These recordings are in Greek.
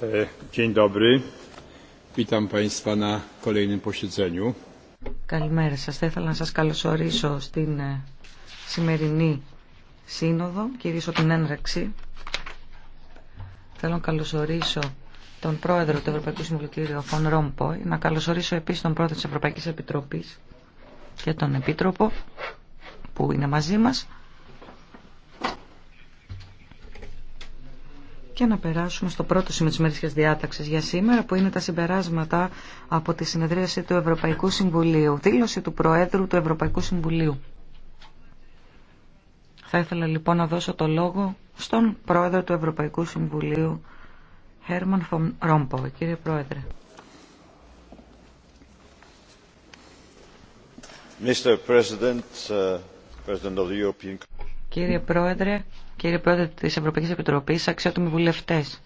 E, Καλημέρα σας. Θα ήθελα να σας καλωσορίσω στην ε, σημερινή σύνοδο, κυρίσω την έναρξη. Θέλω να καλωσορίσω τον πρόεδρο του Ευρωπαϊκού Συμβουλίου, κύριο Φων Ρόμποϊ, να καλωσορίσω επίσης τον πρόεδρο της Ευρωπαϊκής Επιτροπής και τον επίτροπο που είναι μαζί μας. Και να περάσουμε στο πρώτο σημείο τη μερική διάταξη για σήμερα που είναι τα συμπεράσματα από τη συνεδρίαση του Ευρωπαϊκού Συμβουλίου. Δήλωση του Προέδρου του Ευρωπαϊκού Συμβουλίου. Θα ήθελα λοιπόν να δώσω το λόγο στον Πρόεδρο του Ευρωπαϊκού Συμβουλίου, Χέρμαν Φον Ρόμπο. Κύριε Πρόεδρε. Mr. President, uh, President of the European... Κύριε Πρόεδρε, κύριε Πρόεδρε της Ευρωπαϊκής Επιτροπής, αξιότιμοι βουλευτές.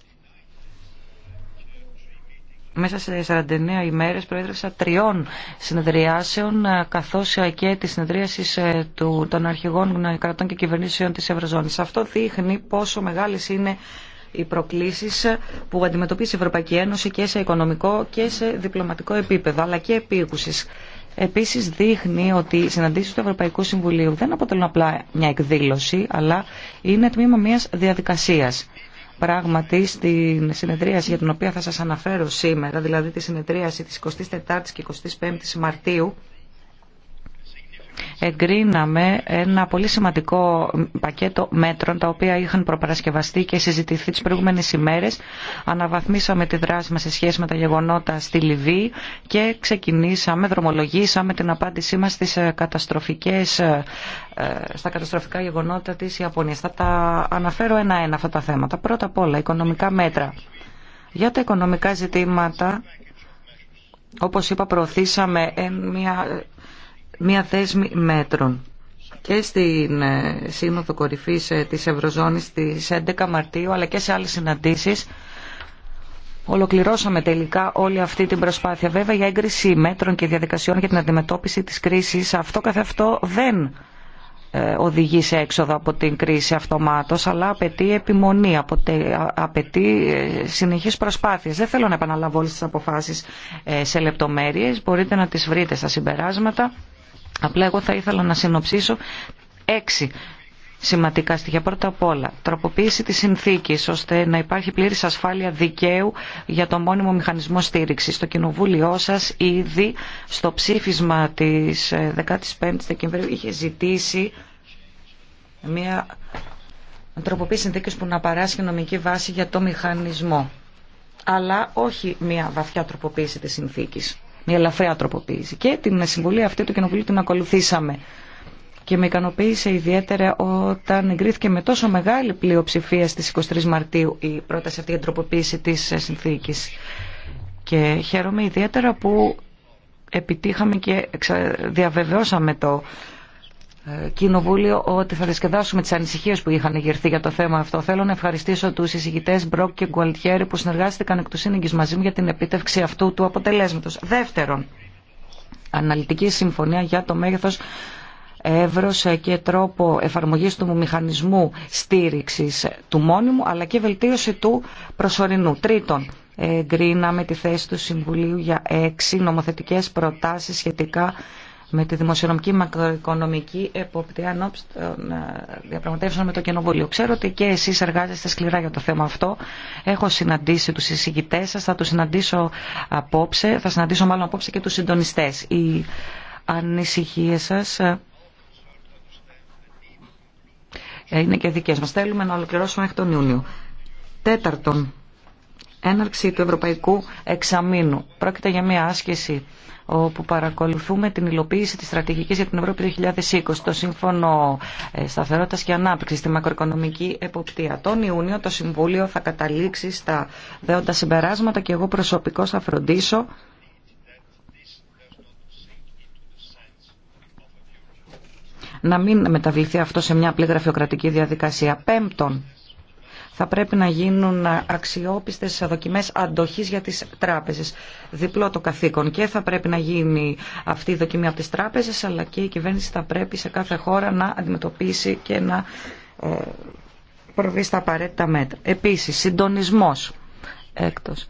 Μέσα σε 49 ημέρες προέδρευσα τριών συνεδριάσεων καθώς και τη συνεδρίαση ε, των αρχηγών κρατών και κυβερνήσεων της Ευρωζώνης. Αυτό δείχνει πόσο μεγάλες είναι οι προκλήσεις που αντιμετωπίζει η Ευρωπαϊκή Ένωση και σε οικονομικό και σε διπλωματικό επίπεδο, αλλά και επίγουσες επίσης δείχνει ότι οι συναντήσει του Ευρωπαϊκού Συμβουλίου δεν αποτελούν απλά μια εκδήλωση, αλλά είναι τμήμα μιας διαδικασίας. Πράγματι, στην συνεδρίαση για την οποία θα σας αναφέρω σήμερα, δηλαδή τη συνεδρίαση τη 24 η και 25 η Μαρτίου, εγκρίναμε ένα πολύ σημαντικό πακέτο μέτρων τα οποία είχαν προπαρασκευαστεί και συζητηθεί τις προηγούμενες ημέρες. Αναβαθμίσαμε τη δράση μας σε σχέση με τα γεγονότα στη Λιβύη και ξεκινήσαμε, δρομολογήσαμε την απάντησή μας στις ε, καταστροφικές ε, ε, στα καταστροφικά γεγονότα της Ιαπωνίας. Θα τα αναφέρω ένα-ένα αυτά τα θέματα. Πρώτα απ' όλα, οικονομικά μέτρα. Για τα οικονομικά ζητήματα όπως είπα προωθήσαμε μια μια θέση μέτρων. Και στην ε, Σύνοδο Κορυφής ε, της Ευρωζώνης στις 11 Μαρτίου αλλά και σε άλλες συναντήσεις Ολοκληρώσαμε τελικά όλη αυτή την προσπάθεια. Βέβαια, για έγκριση μέτρων και διαδικασιών για την αντιμετώπιση της κρίσης, αυτό καθ' αυτό δεν ε, οδηγεί σε έξοδο από την κρίση αυτομάτως, αλλά απαιτεί επιμονή, απαιτεί συνεχείς προσπάθειες. Δεν θέλω να επαναλαμβώ όλες τις αποφάσεις σε λεπτομέρειες, μπορείτε να τις βρείτε στα συμπεράσματα. Απλά εγώ θα ήθελα να συνοψίσω έξι σημαντικά στοιχεία. Πρώτα απ' όλα, τροποποίηση τη συνθήκη ώστε να υπάρχει πλήρη ασφάλεια δικαίου για το μόνιμο μηχανισμό στήριξη. Στο κοινοβούλιο σα ήδη στο ψήφισμα τη 15η ε, Δεκεμβρίου είχε ζητήσει μια τροποποίηση συνθήκη που να παράσχει νομική βάση για το μηχανισμό. Αλλά όχι μια βαθιά τροποποίηση τη συνθήκης μια ελαφρά τροποποίηση. Και την συμβουλή αυτή του Κοινοβουλίου την ακολουθήσαμε. Και με ικανοποίησε ιδιαίτερα όταν εγκρίθηκε με τόσο μεγάλη πλειοψηφία στις 23 Μαρτίου η πρόταση αυτή για τροποποίηση της ε, συνθήκης. Και χαίρομαι ιδιαίτερα που επιτύχαμε και διαβεβαιώσαμε το ε, Κοινοβούλιο ότι θα διασκεδάσουμε τι ανησυχίε που είχαν γερθεί για το θέμα αυτό. Θέλω να ευχαριστήσω του συζητητέ Μπροκ και Γκουαλτιέρη που συνεργάστηκαν εκ του σύνεγγυ μαζί μου για την επίτευξη αυτού του αποτελέσματο. Δεύτερον, αναλυτική συμφωνία για το μέγεθο εύρος και τρόπο εφαρμογής του μηχανισμού στήριξης του μόνιμου αλλά και βελτίωση του προσωρινού. Τρίτον, εγκρίναμε τη θέση του Συμβουλίου για έξι νομοθετικέ προτάσεις σχετικά με τη δημοσιονομική μακροοικονομική εποπτεία ανώψη των ε, διαπραγματεύσεων με το Κοινοβούλιο. Ξέρω ότι και εσεί εργάζεστε σκληρά για το θέμα αυτό. Έχω συναντήσει του συζητητέ σα, θα του συναντήσω απόψε, θα συναντήσω μάλλον απόψε και του συντονιστέ. Οι ανησυχίε σα ε, ε, είναι και δικές μας. Θέλουμε να ολοκληρώσουμε μέχρι τον Ιούνιο. Τέταρτον, έναρξη του Ευρωπαϊκού Εξαμήνου. Πρόκειται για μια άσκηση όπου παρακολουθούμε την υλοποίηση της στρατηγικής για την Ευρώπη 2020, το Σύμφωνο ε, Σταθερότητας και Ανάπτυξης, στη μακροοικονομική εποπτεία. Τον Ιούνιο το Συμβούλιο θα καταλήξει στα δέοντα συμπεράσματα και εγώ προσωπικώς θα φροντίσω να μην μεταβληθεί αυτό σε μια απλή γραφειοκρατική διαδικασία. Πέμπτον, θα πρέπει να γίνουν αξιόπιστες δοκιμές αντοχής για τις τράπεζες. Διπλό το καθήκον και θα πρέπει να γίνει αυτή η δοκιμή από τις τράπεζες αλλά και η κυβέρνηση θα πρέπει σε κάθε χώρα να αντιμετωπίσει και να ε, προβεί στα απαραίτητα μέτρα. Επίσης, συντονισμός έκτος.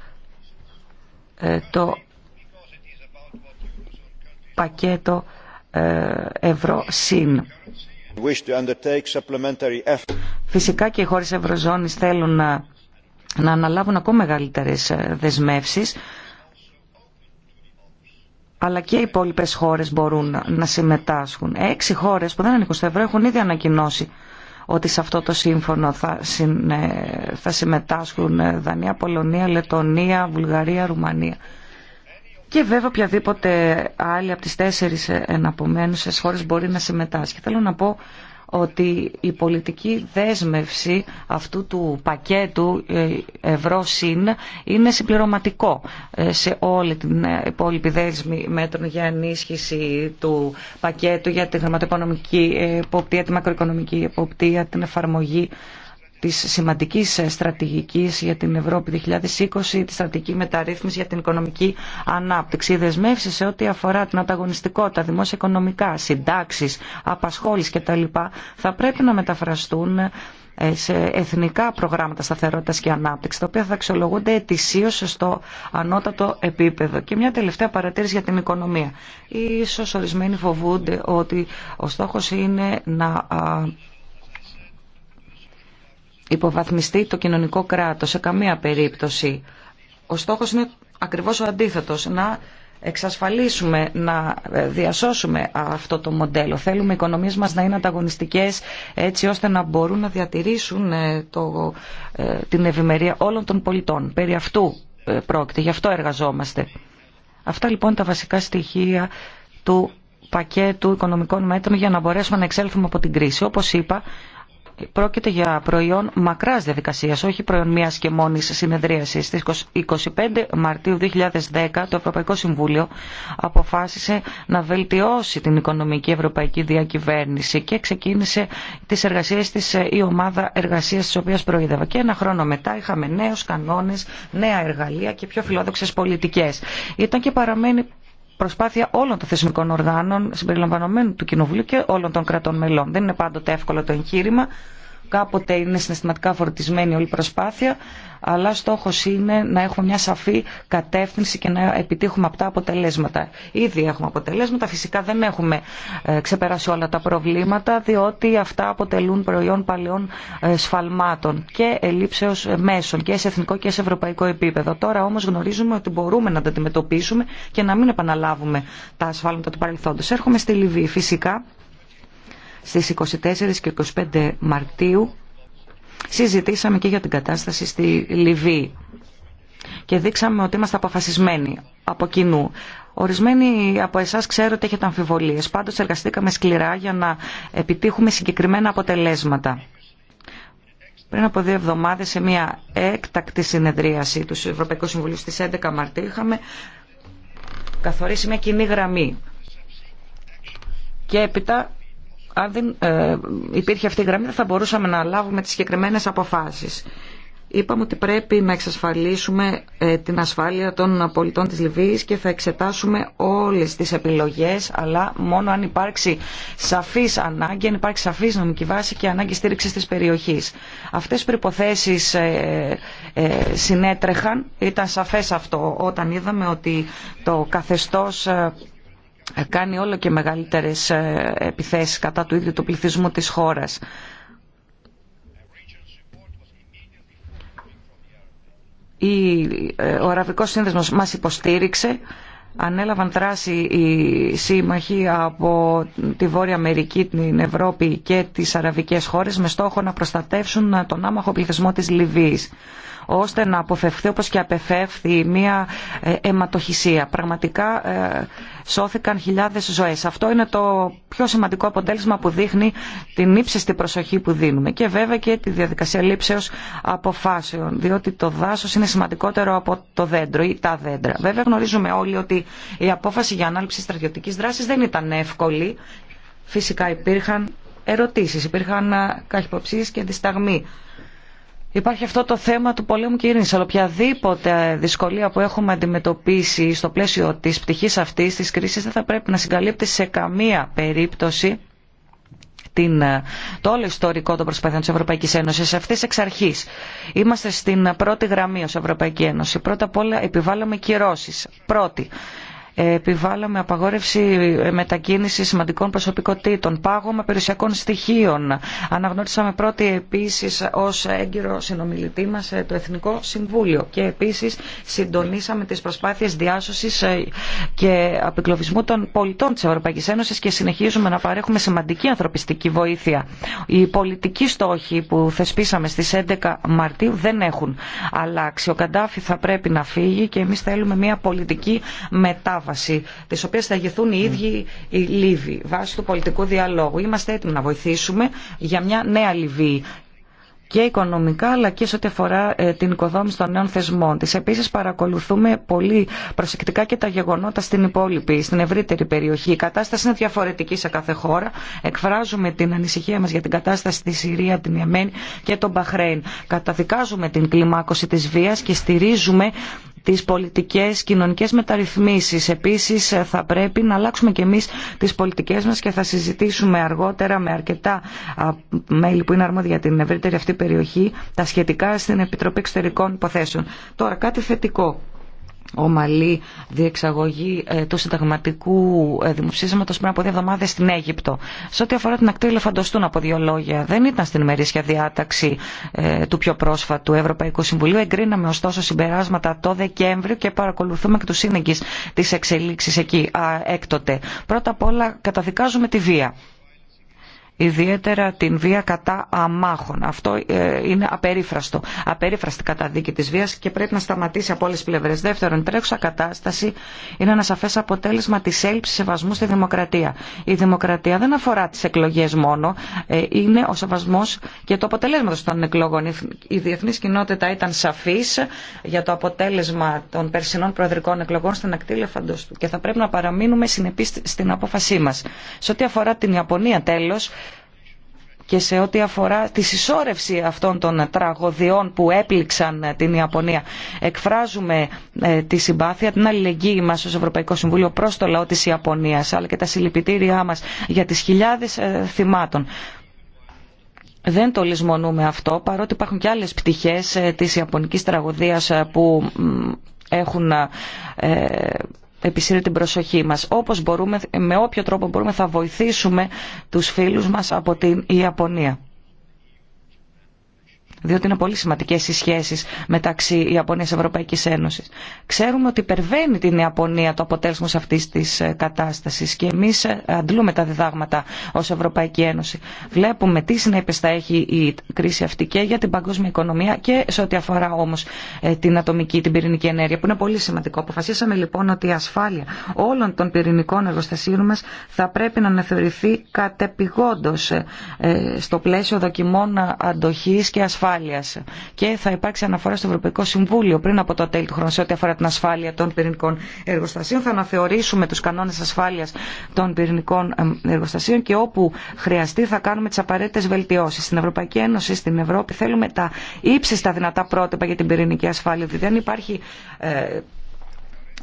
Ε, το πακέτο ε, ευρώ συν Φυσικά και οι χώρες Ευρωζώνης θέλουν να, αναλάβουν ακόμα μεγαλύτερες ε, δεσμεύσεις αλλά και οι υπόλοιπες χώρες μπορούν να συμμετάσχουν. Έξι χώρες που δεν είναι στο ευρώ έχουν ήδη ανακοινώσει ότι σε αυτό το σύμφωνο θα, θα συμμετάσχουν ε, Δανία, Πολωνία, Λετωνία, Βουλγαρία, Ρουμανία και βέβαια οποιαδήποτε άλλη από τις τέσσερις εναπομένουσες χώρες μπορεί να συμμετάσχει. Θέλω να πω ότι η πολιτική δέσμευση αυτού του πακέτου ε, ευρώ-συν είναι συμπληρωματικό ε, σε όλη την υπόλοιπη δέσμη μέτρων για ενίσχυση του πακέτου για τη χρηματοοικονομική εποπτεία, τη μακροοικονομική εποπτεία, την εφαρμογή της σημαντικής στρατηγικής για την Ευρώπη 2020, τη στρατηγική μεταρρύθμιση για την οικονομική ανάπτυξη. Οι δεσμεύσει σε ό,τι αφορά την ανταγωνιστικότητα, δημόσια οικονομικά, συντάξει, απασχόληση κτλ. θα πρέπει να μεταφραστούν ε, σε εθνικά προγράμματα σταθερότητας και ανάπτυξης, τα οποία θα αξιολογούνται ετησίως στο ανώτατο επίπεδο. Και μια τελευταία παρατήρηση για την οικονομία. Ίσως ορισμένοι φοβούνται ότι ο στόχος είναι να υποβαθμιστεί το κοινωνικό κράτος σε καμία περίπτωση. Ο στόχος είναι ακριβώς ο αντίθετος, να εξασφαλίσουμε, να ε, διασώσουμε αυτό το μοντέλο. Θέλουμε οι οικονομίες μας να είναι ανταγωνιστικές έτσι ώστε να μπορούν να διατηρήσουν ε, το, ε, την ευημερία όλων των πολιτών. Περί αυτού πρόκειται, γι' αυτό εργαζόμαστε. Αυτά λοιπόν τα βασικά στοιχεία του πακέτου οικονομικών μέτρων για να μπορέσουμε να εξέλθουμε από την κρίση. Όπως είπα, Πρόκειται για προϊόν μακράς διαδικασίας, όχι προϊόν μίας και μόνης συνεδρίασης. Στις 25 Μαρτίου 2010 το Ευρωπαϊκό Συμβούλιο αποφάσισε να βελτιώσει την οικονομική ευρωπαϊκή διακυβέρνηση και ξεκίνησε τις εργασίες της ε, η ομάδα εργασίας της οποίας προείδευα. Και ένα χρόνο μετά είχαμε νέους κανόνες, νέα εργαλεία και πιο φιλόδοξες πολιτικές. Ήταν και παραμένει προσπάθεια όλων των θεσμικών οργάνων συμπεριλαμβανομένου του Κοινοβουλίου και όλων των κρατών μελών. Δεν είναι πάντοτε εύκολο το εγχείρημα. Κάποτε είναι συναισθηματικά φορτισμένη όλη η προσπάθεια, αλλά στόχος είναι να έχουμε μια σαφή κατεύθυνση και να επιτύχουμε αυτά αποτελέσματα. Ήδη έχουμε αποτελέσματα, φυσικά δεν έχουμε ε, ξεπεράσει όλα τα προβλήματα, διότι αυτά αποτελούν προϊόν παλαιών ε, σφαλμάτων και ελλείψεως ε, μέσων και σε εθνικό και σε ευρωπαϊκό επίπεδο. Τώρα όμως γνωρίζουμε ότι μπορούμε να τα αντιμετωπίσουμε και να μην επαναλάβουμε τα ασφάλματα του παρελθόντος. Έρχομαι στη Λιβύη. Φυσικά στις 24 και 25 Μαρτίου συζητήσαμε και για την κατάσταση στη Λιβύη και δείξαμε ότι είμαστε αποφασισμένοι από κοινού. Ορισμένοι από εσά ξέρω ότι έχετε αμφιβολίε. Πάντω, εργαστήκαμε σκληρά για να επιτύχουμε συγκεκριμένα αποτελέσματα. Πριν από δύο εβδομάδε, σε μια έκτακτη συνεδρίαση του Ευρωπαϊκού Συμβουλίου στι 11 Μαρτίου, είχαμε καθορίσει μια κοινή γραμμή. Και έπειτα αν δεν ε, υπήρχε αυτή η γραμμή δεν θα μπορούσαμε να λάβουμε τις συγκεκριμένε αποφάσεις. Είπαμε ότι πρέπει να εξασφαλίσουμε ε, την ασφάλεια των πολιτών της Λιβύης και θα εξετάσουμε όλες τις επιλογές, αλλά μόνο αν υπάρξει σαφής ανάγκη, αν υπάρξει σαφής νομική βάση και ανάγκη στήριξης της περιοχής. Αυτές οι προϋποθέσεις ε, συνέτρεχαν, ήταν σαφές αυτό όταν είδαμε ότι το καθεστώς κάνει όλο και μεγαλύτερες ε, επιθέσεις κατά του ίδιου του πληθυσμού της χώρας. Ε, ο Αραβικός Σύνδεσμος μας υποστήριξε ανέλαβαν δράση οι σύμμαχοι από τη Βόρεια Αμερική, την Ευρώπη και τις αραβικές χώρες με στόχο να προστατεύσουν τον άμαχο πληθυσμό της Λιβύης ώστε να αποφευχθεί όπως και απεφεύθη μια ε, αιματοχυσία. Πραγματικά ε, σώθηκαν χιλιάδες ζωές. Αυτό είναι το πιο σημαντικό αποτέλεσμα που δείχνει την ύψιστη προσοχή που δίνουμε και βέβαια και τη διαδικασία λήψεως αποφάσεων, διότι το δάσος είναι σημαντικότερο από το δέντρο ή τα δέντρα. Βέβαια γνωρίζουμε όλοι ότι η απόφαση για ανάληψη στρατιωτικής δράσης δεν ήταν εύκολη. Φυσικά υπήρχαν ερωτήσεις, υπήρχαν ε, καχυποψίες και δισταγμοί Υπάρχει αυτό το θέμα του πολέμου κίνησης, αλλά οποιαδήποτε δυσκολία που έχουμε αντιμετωπίσει στο πλαίσιο της πτυχής αυτής της κρίσης δεν θα πρέπει να συγκαλύπτει σε καμία περίπτωση την, το όλο ιστορικό των προσπαθειών της Ευρωπαϊκής Ένωσης. Αυτής εξ αρχής είμαστε στην πρώτη γραμμή ως Ευρωπαϊκή Ένωση. Πρώτα απ' όλα επιβάλλουμε κυρώσεις. Πρώτη, επιβάλαμε απαγόρευση ε, μετακίνηση σημαντικών προσωπικότητων, πάγωμα περιουσιακών στοιχείων. Αναγνώρισαμε πρώτη επίση ω έγκυρο συνομιλητή μα ε, το Εθνικό Συμβούλιο και επίση συντονίσαμε τι προσπάθειε διάσωση ε, και απεκλωβισμού των πολιτών τη Ευρωπαϊκή Ένωση και συνεχίζουμε να παρέχουμε σημαντική ανθρωπιστική βοήθεια. Οι πολιτικοί στόχοι που θεσπίσαμε στι 11 Μαρτίου δεν έχουν αλλάξει. Ο Καντάφη θα πρέπει να φύγει και εμεί θέλουμε μια πολιτική μετάβαση μετάβαση, τις οποίες θα ηγηθούν οι ίδιοι οι Λίβοι βάσει του πολιτικού διαλόγου. Είμαστε έτοιμοι να βοηθήσουμε για μια νέα Λιβύη και οικονομικά αλλά και σε ό,τι αφορά ε, την οικοδόμηση των νέων θεσμών Τη Επίσης παρακολουθούμε πολύ προσεκτικά και τα γεγονότα στην υπόλοιπη, στην ευρύτερη περιοχή. Η κατάσταση είναι διαφορετική σε κάθε χώρα. Εκφράζουμε την ανησυχία μας για την κατάσταση στη Συρία, την Ιεμένη και τον Μπαχρέιν. Καταδικάζουμε την κλιμάκωση της βίας και στηρίζουμε τις πολιτικές κοινωνικές μεταρρυθμίσεις. Επίσης θα πρέπει να αλλάξουμε και εμείς τις πολιτικές μας και θα συζητήσουμε αργότερα με αρκετά μέλη που είναι αρμόδια για την ευρύτερη αυτή περιοχή τα σχετικά στην Επιτροπή Εξωτερικών Υποθέσεων. Τώρα κάτι θετικό ομαλή διεξαγωγή ε, του συνταγματικού ε, δημοψήφισματος πριν από δύο εβδομάδες στην Αίγυπτο. Σε ό,τι αφορά την ακτή ελεφαντοστούν από δύο λόγια, δεν ήταν στην ημερήσια διάταξη ε, του πιο πρόσφατου Ευρωπαϊκού Συμβουλίου. Εγκρίναμε ωστόσο συμπεράσματα το Δεκέμβριο και παρακολουθούμε και του σύνεγγυς της εξελίξης εκεί έκτοτε. Πρώτα απ' όλα καταδικάζουμε τη βία ιδιαίτερα την βία κατά αμάχων. Αυτό ε, είναι απερίφραστο. Απερίφραστη δίκη της βίας και πρέπει να σταματήσει από όλες τις πλευρές. Δεύτερον, η τρέχουσα κατάσταση είναι ένα σαφές αποτέλεσμα της έλλειψης σεβασμού στη δημοκρατία. Η δημοκρατία δεν αφορά τις εκλογές μόνο, ε, είναι ο σεβασμός και το αποτελέσμα των εκλογών. Η διεθνή κοινότητα ήταν σαφής για το αποτέλεσμα των περσινών προεδρικών εκλογών στην ακτή του. και θα πρέπει να παραμείνουμε συνεπείς στην απόφασή μας. Σε ό,τι αφορά την Ιαπωνία τέλος, και σε ό,τι αφορά τη συσσόρευση αυτών των τραγωδιών που έπληξαν ε, την Ιαπωνία. Εκφράζουμε ε, τη συμπάθεια, την αλληλεγγύη μας ως Ευρωπαϊκό Συμβούλιο προς το λαό της Ιαπωνίας, αλλά και τα συλληπιτήριά μας για τις χιλιάδες ε, θυμάτων. Δεν το λησμονούμε αυτό, παρότι υπάρχουν και άλλες πτυχές της Ιαπωνικής τραγωδίας που έχουν επισύρει την προσοχή μας. Όπως μπορούμε, με όποιο τρόπο μπορούμε θα βοηθήσουμε τους φίλους μας από την Ιαπωνία διότι είναι πολύ σημαντικέ οι σχέσει μεταξύ Ιαπωνία-Ευρωπαϊκή Ένωση. Ξέρουμε ότι υπερβαίνει την Ιαπωνία το αποτέλεσμα αυτή τη ε, κατάσταση και εμεί ε, αντλούμε τα διδάγματα ω Ευρωπαϊκή Ένωση. Βλέπουμε τι συνέπειε θα έχει η κρίση αυτή και για την παγκόσμια οικονομία και σε ό,τι αφορά όμω ε, την ατομική, την πυρηνική ενέργεια, που είναι πολύ σημαντικό. Αποφασίσαμε λοιπόν ότι η ασφάλεια όλων των πυρηνικών εργοστασίων μα θα πρέπει να αναθεωρηθεί κατεπηγόντω στο πλαίσιο δοκιμών αντοχή και ασφάλεια και θα υπάρξει αναφορά στο Ευρωπαϊκό Συμβούλιο πριν από το τέλη του χρόνου σε ό,τι αφορά την ασφάλεια των πυρηνικών εργοστασίων. Θα αναθεωρήσουμε τους κανόνες ασφάλειας των πυρηνικών εργοστασίων και όπου χρειαστεί θα κάνουμε τις απαραίτητες βελτιώσεις. Στην Ευρωπαϊκή Ένωση, στην Ευρώπη θέλουμε τα ύψιστα δυνατά πρότυπα για την πυρηνική ασφάλεια. Δηλαδή αν υπάρχει ε,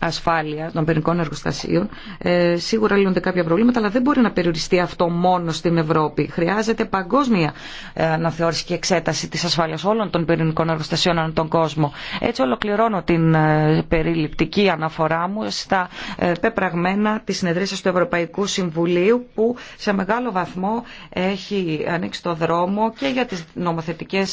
ασφάλεια των πυρηνικών εργοστασίων. Ε, σίγουρα λύνονται κάποια προβλήματα, αλλά δεν μπορεί να περιοριστεί αυτό μόνο στην Ευρώπη. Χρειάζεται παγκόσμια ε, αναθεώρηση και εξέταση τη ασφάλεια όλων των πυρηνικών εργοστασίων ανά τον κόσμο. Έτσι ολοκληρώνω την ε, περιληπτική αναφορά μου στα ε, πεπραγμένα τη συνεδρίαση του Ευρωπαϊκού Συμβουλίου, που σε μεγάλο βαθμό έχει ανοίξει το δρόμο και για τι νομοθετικέ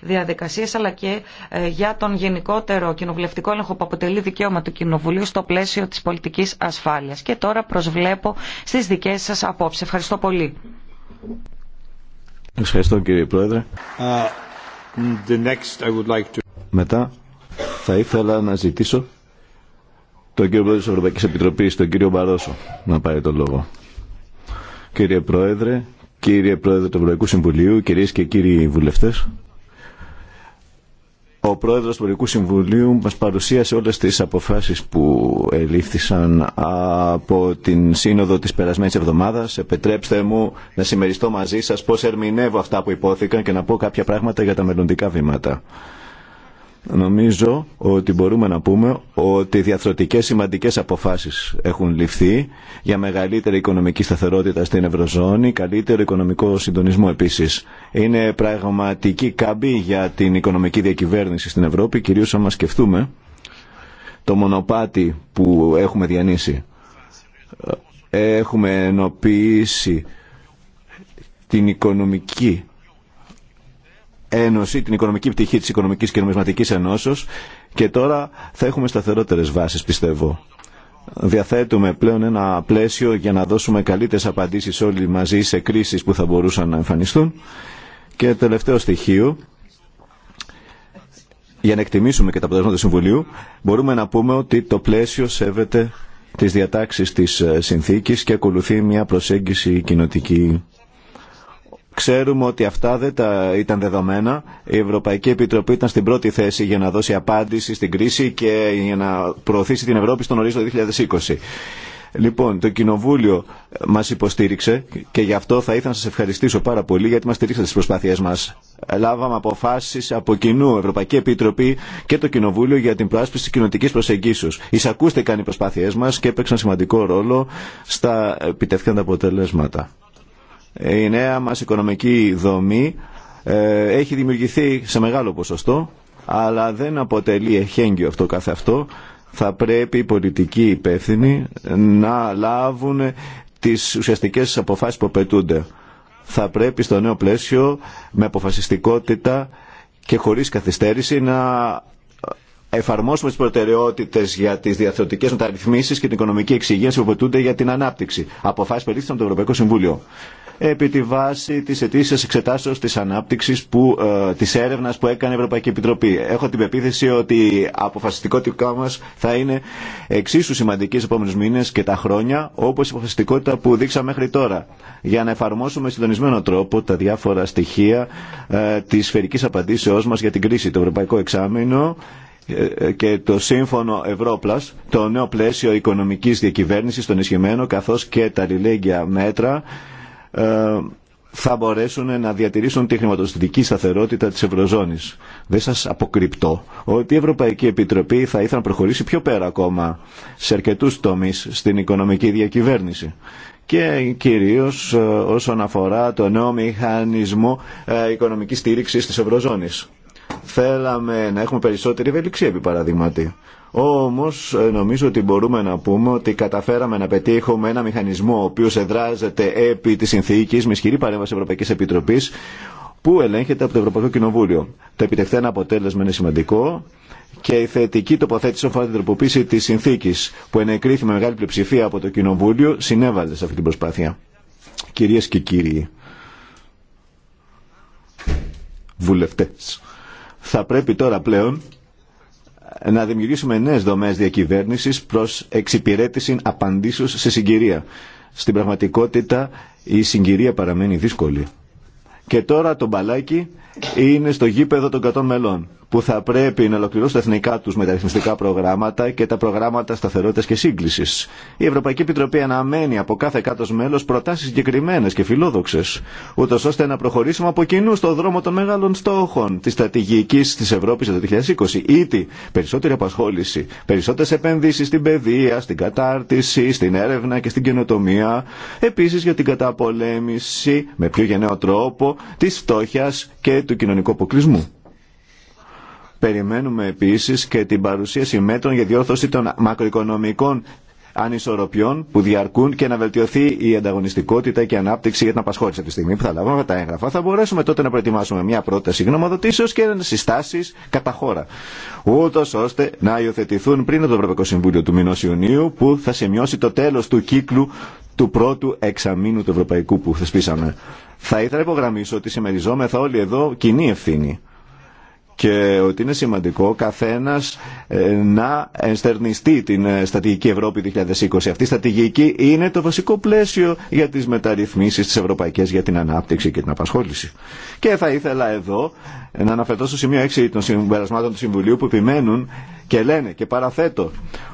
διαδικασίε, αλλά και για τον γενικότερο κοινοβουλευτικό έλεγχο που αποτελεί δικαίωμα του Κοινοβουλίου Κοινοβουλίου στο πλαίσιο της πολιτικής ασφάλειας. Και τώρα προσβλέπω στις δικές σας απόψεις. Ευχαριστώ πολύ. Ευχαριστώ κύριε Πρόεδρε. Uh, the Μετά θα ήθελα να ζητήσω τον κύριο Πρόεδρο της Ευρωπαϊκής Επιτροπής, τον κύριο Μπαρόσο, να πάρει τον λόγο. Κύριε Πρόεδρε, κύριε Πρόεδρε του Ευρωπαϊκού Συμβουλίου, κυρίες και κύριοι βουλευτές, ο πρόεδρος του Πολιτικού Συμβουλίου μας παρουσίασε όλες τις αποφάσεις που ελήφθησαν από την σύνοδο της περασμένης εβδομάδας. Επιτρέψτε μου να συμμεριστώ μαζί σας πώς ερμηνεύω αυτά που υπόθηκαν και να πω κάποια πράγματα για τα μελλοντικά βήματα. Νομίζω ότι μπορούμε να πούμε ότι διαθροτικές σημαντικές αποφάσεις έχουν ληφθεί για μεγαλύτερη οικονομική σταθερότητα στην Ευρωζώνη, καλύτερο οικονομικό συντονισμό επίσης. Είναι πραγματική καμπή για την οικονομική διακυβέρνηση στην Ευρώπη, κυρίως όμως σκεφτούμε το μονοπάτι που έχουμε διανύσει. Έχουμε ενοποιήσει την οικονομική Ένωση, την οικονομική πτυχή της Οικονομικής και Νομισματικής Ενώσεως και τώρα θα έχουμε σταθερότερες βάσεις πιστεύω. Διαθέτουμε πλέον ένα πλαίσιο για να δώσουμε καλύτερες απαντήσεις όλοι μαζί σε κρίσεις που θα μπορούσαν να εμφανιστούν. Και τελευταίο στοιχείο, για να εκτιμήσουμε και τα αποτελέσματα του Συμβουλίου, μπορούμε να πούμε ότι το πλαίσιο σέβεται τις διατάξεις της συνθήκης και ακολουθεί μια προσέγγιση κοινοτική. Ξέρουμε ότι αυτά δεν τα ήταν δεδομένα. Η Ευρωπαϊκή Επιτροπή ήταν στην πρώτη θέση για να δώσει απάντηση στην κρίση και για να προωθήσει την Ευρώπη στον ορίζοντα 2020. Λοιπόν, το Κοινοβούλιο μας υποστήριξε και γι' αυτό θα ήθελα να σας ευχαριστήσω πάρα πολύ γιατί μας στηρίξατε τις προσπάθειές μας. Λάβαμε αποφάσεις από κοινού, Ευρωπαϊκή Επιτροπή και το Κοινοβούλιο για την προάσπιση της κοινωτικής προσεγγίσεως. Εισακούστηκαν οι προσπάθειές μας και έπαιξαν σημαντικό ρόλο στα επιτευχθέντα αποτελέσματα. Η νέα μας οικονομική δομή ε, έχει δημιουργηθεί σε μεγάλο ποσοστό, αλλά δεν αποτελεί εχέγγυο αυτό καθε αυτό. Θα πρέπει οι πολιτικοί υπεύθυνοι να λάβουν τις ουσιαστικές αποφάσεις που απαιτούνται. Θα πρέπει στο νέο πλαίσιο με αποφασιστικότητα και χωρίς καθυστέρηση να εφαρμόσουμε τις προτεραιότητες για τις διαθεωτικές μεταρρυθμίσεις και την οικονομική εξυγίανση που απαιτούνται για την ανάπτυξη. Αποφάσεις περίπτωσης από το Ευρωπαϊκό Συμβούλιο επί τη βάση τη αιτήσια εξετάσεω τη ανάπτυξη ε, τη έρευνα που έκανε η Ευρωπαϊκή Επιτροπή. Έχω την πεποίθηση ότι η αποφασιστικότητά μα θα είναι εξίσου σημαντική στου επόμενου μήνε και τα χρόνια, όπω η αποφασιστικότητα που δείξαμε μέχρι τώρα, για να εφαρμόσουμε συντονισμένο τρόπο τα διάφορα στοιχεία ε, τη σφαιρική απαντήσεώ μα για την κρίση. Το Ευρωπαϊκό Εξάμεινο ε, ε, και το σύμφωνο Ευρώπλας, το νέο πλαίσιο οικονομικής διακυβέρνησης των ισχυμένων καθώς και τα αλληλέγγυα μέτρα ε, θα μπορέσουν να διατηρήσουν τη χρηματοστητική σταθερότητα της Ευρωζώνης. Δεν σας αποκρυπτώ ότι η Ευρωπαϊκή Επιτροπή θα ήθελα να προχωρήσει πιο πέρα ακόμα σε αρκετούς τομείς στην οικονομική διακυβέρνηση και κυρίως ε, όσον αφορά το νέο μηχανισμό ε, οικονομικής στήριξης της Ευρωζώνης. Θέλαμε να έχουμε περισσότερη ευελιξία επί παραδείγματι. Όμως ε, νομίζω ότι μπορούμε να πούμε ότι καταφέραμε να πετύχουμε ένα μηχανισμό ο οποίος εδράζεται επί της συνθήκης με ισχυρή παρέμβαση Ευρωπαϊκής Επιτροπής που ελέγχεται από το Ευρωπαϊκό Κοινοβούλιο. Το επιτευχθένα αποτέλεσμα είναι σημαντικό και η θετική τοποθέτηση αφορά την τροποποίηση της συνθήκης που ενεκρίθη με μεγάλη πλειοψηφία από το Κοινοβούλιο συνέβαλε σε αυτή την προσπάθεια. Κυρίες και κύριοι, βουλευτές, θα πρέπει τώρα πλέον να δημιουργήσουμε νέε δομές διακυβέρνηση προς εξυπηρέτηση απαντήσεω σε συγκυρία. Στην πραγματικότητα η συγκυρία παραμένει δύσκολη. Και τώρα το μπαλάκι είναι στο γήπεδο των 100 μελών που θα πρέπει να ολοκληρώσουν τα εθνικά τους μεταρρυθμιστικά προγράμματα και τα προγράμματα σταθερότητας και σύγκλησης. Η Ευρωπαϊκή Επιτροπή αναμένει από κάθε κάτος μέλος προτάσεις συγκεκριμένε και φιλόδοξες, ούτω ώστε να προχωρήσουμε από κοινού στο δρόμο των μεγάλων στόχων της στρατηγικής της Ευρώπης το 2020. Ήτι περισσότερη απασχόληση, περισσότερες επενδύσεις στην παιδεία, στην κατάρτιση, στην έρευνα και στην καινοτομία, επίσης για την καταπολέμηση με πιο γενναίο τρόπο της φτώχειας και του κοινωνικού αποκλεισμού. Περιμένουμε επίσης και την παρουσίαση μέτρων για διόρθωση των μακροοικονομικών ανισορροπιών που διαρκούν και να βελτιωθεί η ανταγωνιστικότητα και η ανάπτυξη για την απασχόληση. Από τη στιγμή που θα λάβουμε τα έγγραφα, θα μπορέσουμε τότε να προετοιμάσουμε μια πρόταση γνωμοδοτήσεω και συστάσει κατά χώρα. Ούτω ώστε να υιοθετηθούν πριν από το Ευρωπαϊκό Συμβούλιο του μηνό Ιουνίου, που θα σημειώσει το τέλο του κύκλου του πρώτου εξαμήνου του Ευρωπαϊκού που θεσπίσαμε. Θα ήθελα να υπογραμμίσω ότι συμμεριζόμεθα όλοι εδώ κοινή ευθύνη και ότι είναι σημαντικό καθένας ε, να ενστερνιστεί την ε, Στατηγική Ευρώπη 2020. Αυτή η στρατηγική είναι το βασικό πλαίσιο για τις μεταρρυθμίσεις της Ευρωπαϊκής για την ανάπτυξη και την απασχόληση. Και θα ήθελα εδώ ε, να αναφερθώ στο σημείο 6 των συμπερασμάτων του Συμβουλίου που επιμένουν και λένε και παραθέτω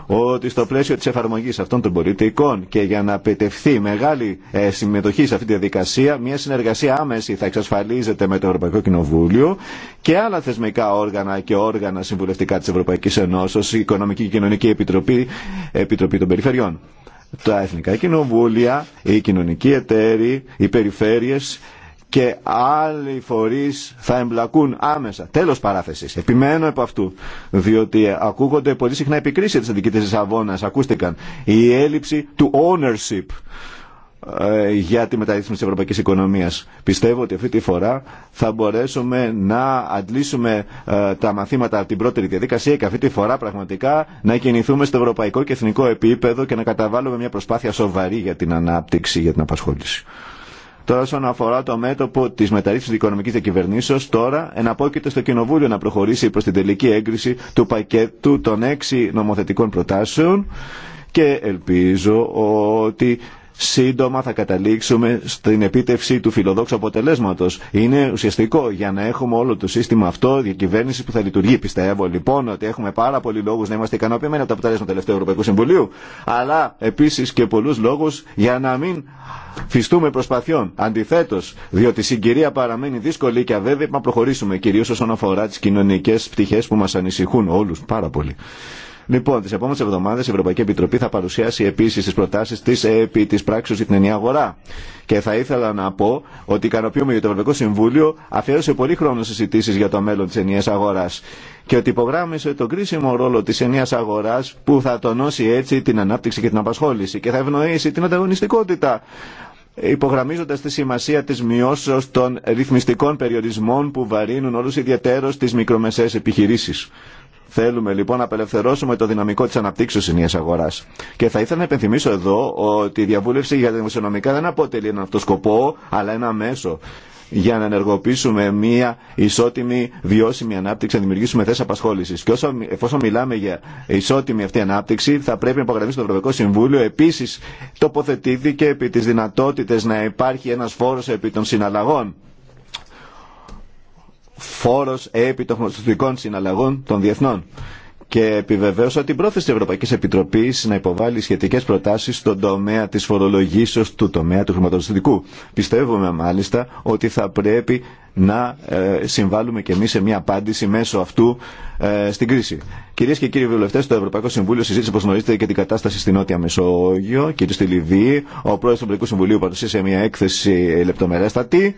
ότι στο πλαίσιο της εφαρμογής αυτών των πολιτικών και για να επιτευχθεί μεγάλη συμμετοχή σε αυτή τη διαδικασία μια συνεργασία άμεση θα εξασφαλίζεται με το Ευρωπαϊκό Κοινοβούλιο και άλλα θεσμικά κά όργανα και όργανα συμβουλευτικά της Ευρωπαϊκής Ενώσεως, η Οικονομική και Κοινωνική Επιτροπή, Επιτροπή των Περιφερειών. Τα Εθνικά Κοινοβούλια, οι κοινωνικοί εταίροι, οι περιφέρειες και άλλοι φορείς θα εμπλακούν άμεσα. Τέλος παράθεσης. Επιμένω από αυτού, διότι ακούγονται πολύ συχνά επικρίσεις της αντικείτησης Αβώνας. Ακούστηκαν η έλλειψη του ownership ε, για τη μεταρρύθμιση της ευρωπαϊκής οικονομίας. Πιστεύω ότι αυτή τη φορά θα μπορέσουμε να αντλήσουμε ε, τα μαθήματα από την πρώτερη διαδικασία και αυτή τη φορά πραγματικά να κινηθούμε στο ευρωπαϊκό και εθνικό επίπεδο και να καταβάλουμε μια προσπάθεια σοβαρή για την ανάπτυξη, για την απασχόληση. Τώρα, όσον αφορά το μέτωπο τη μεταρρύθμιση τη οικονομική διακυβερνήσεω, τώρα εναπόκειται στο Κοινοβούλιο να προχωρήσει προ την τελική έγκριση του πακέτου των έξι νομοθετικών προτάσεων και ελπίζω ότι σύντομα θα καταλήξουμε στην επίτευξη του φιλοδόξου αποτελέσματος. Είναι ουσιαστικό για να έχουμε όλο το σύστημα αυτό διακυβέρνηση που θα λειτουργεί. Πιστεύω λοιπόν ότι έχουμε πάρα πολλοί λόγους να είμαστε ικανοποιημένοι από τα αποτελέσματα του τελευταίου Ευρωπαϊκού Συμβουλίου, αλλά επίσης και πολλούς λόγους για να μην φυστούμε προσπαθειών. Αντιθέτως, διότι η συγκυρία παραμένει δύσκολη και αβέβαιη, να προχωρήσουμε κυρίως όσον αφορά τι κοινωνικές πτυχές που μας ανησυχούν όλους πάρα πολύ. Λοιπόν, τι επόμενε εβδομάδε η Ευρωπαϊκή Επιτροπή θα παρουσιάσει επίση τι προτάσει τη επί τη πράξη για την ενιαία αγορά. Και θα ήθελα να πω ότι ικανοποιούμε για το Ευρωπαϊκό Συμβούλιο αφιέρωσε πολύ χρόνο συζητήσει για το μέλλον τη ενιαία αγορά και ότι υπογράμμισε τον κρίσιμο ρόλο τη ενιαία αγορά που θα τονώσει έτσι την ανάπτυξη και την απασχόληση και θα ευνοήσει την ανταγωνιστικότητα υπογραμμίζοντας τη σημασία τη μειώσεω των ρυθμιστικών περιορισμών που βαρύνουν όλους ιδιαίτερως τις μικρομεσαίες επιχειρήσεις. Θέλουμε λοιπόν να απελευθερώσουμε το δυναμικό τη αναπτύξεω ενία αγορά. Και θα ήθελα να επενθυμίσω εδώ ότι η διαβούλευση για τα δημοσιονομικά δεν αποτελεί έναν αυτό σκοπό, αλλά ένα μέσο για να ενεργοποιήσουμε μια ισότιμη βιώσιμη ανάπτυξη, να δημιουργήσουμε θέσει απασχόληση. Και όσο, εφόσον μιλάμε για ισότιμη αυτή ανάπτυξη, θα πρέπει να υπογραμμίσει το Ευρωπαϊκό Συμβούλιο. Επίση, τοποθετήθηκε επί τι δυνατότητε να υπάρχει ένα φόρο επί των συναλλαγών Φόρο επί των χρηματοδοτικών συναλλαγών των διεθνών. Και επιβεβαίωσα την πρόθεση τη Ευρωπαϊκή Επιτροπή να υποβάλει σχετικέ προτάσει στον τομέα της ως του τομέα του χρηματοδοτικού. Πιστεύουμε μάλιστα ότι θα πρέπει να ε, συμβάλλουμε και εμεί σε μια απάντηση μέσω αυτού ε, στην κρίση. Κυρίες και κύριοι βουλευτέ, το Ευρωπαϊκό Συμβούλιο συζήτησε, όπω γνωρίζετε, και την κατάσταση στη Νότια Μεσόγειο και στη Λιβύη. Ο πρόεδρο του Ευρωπαϊκού Συμβουλίου παρουσίασε μια έκθεση λεπτομερέστατη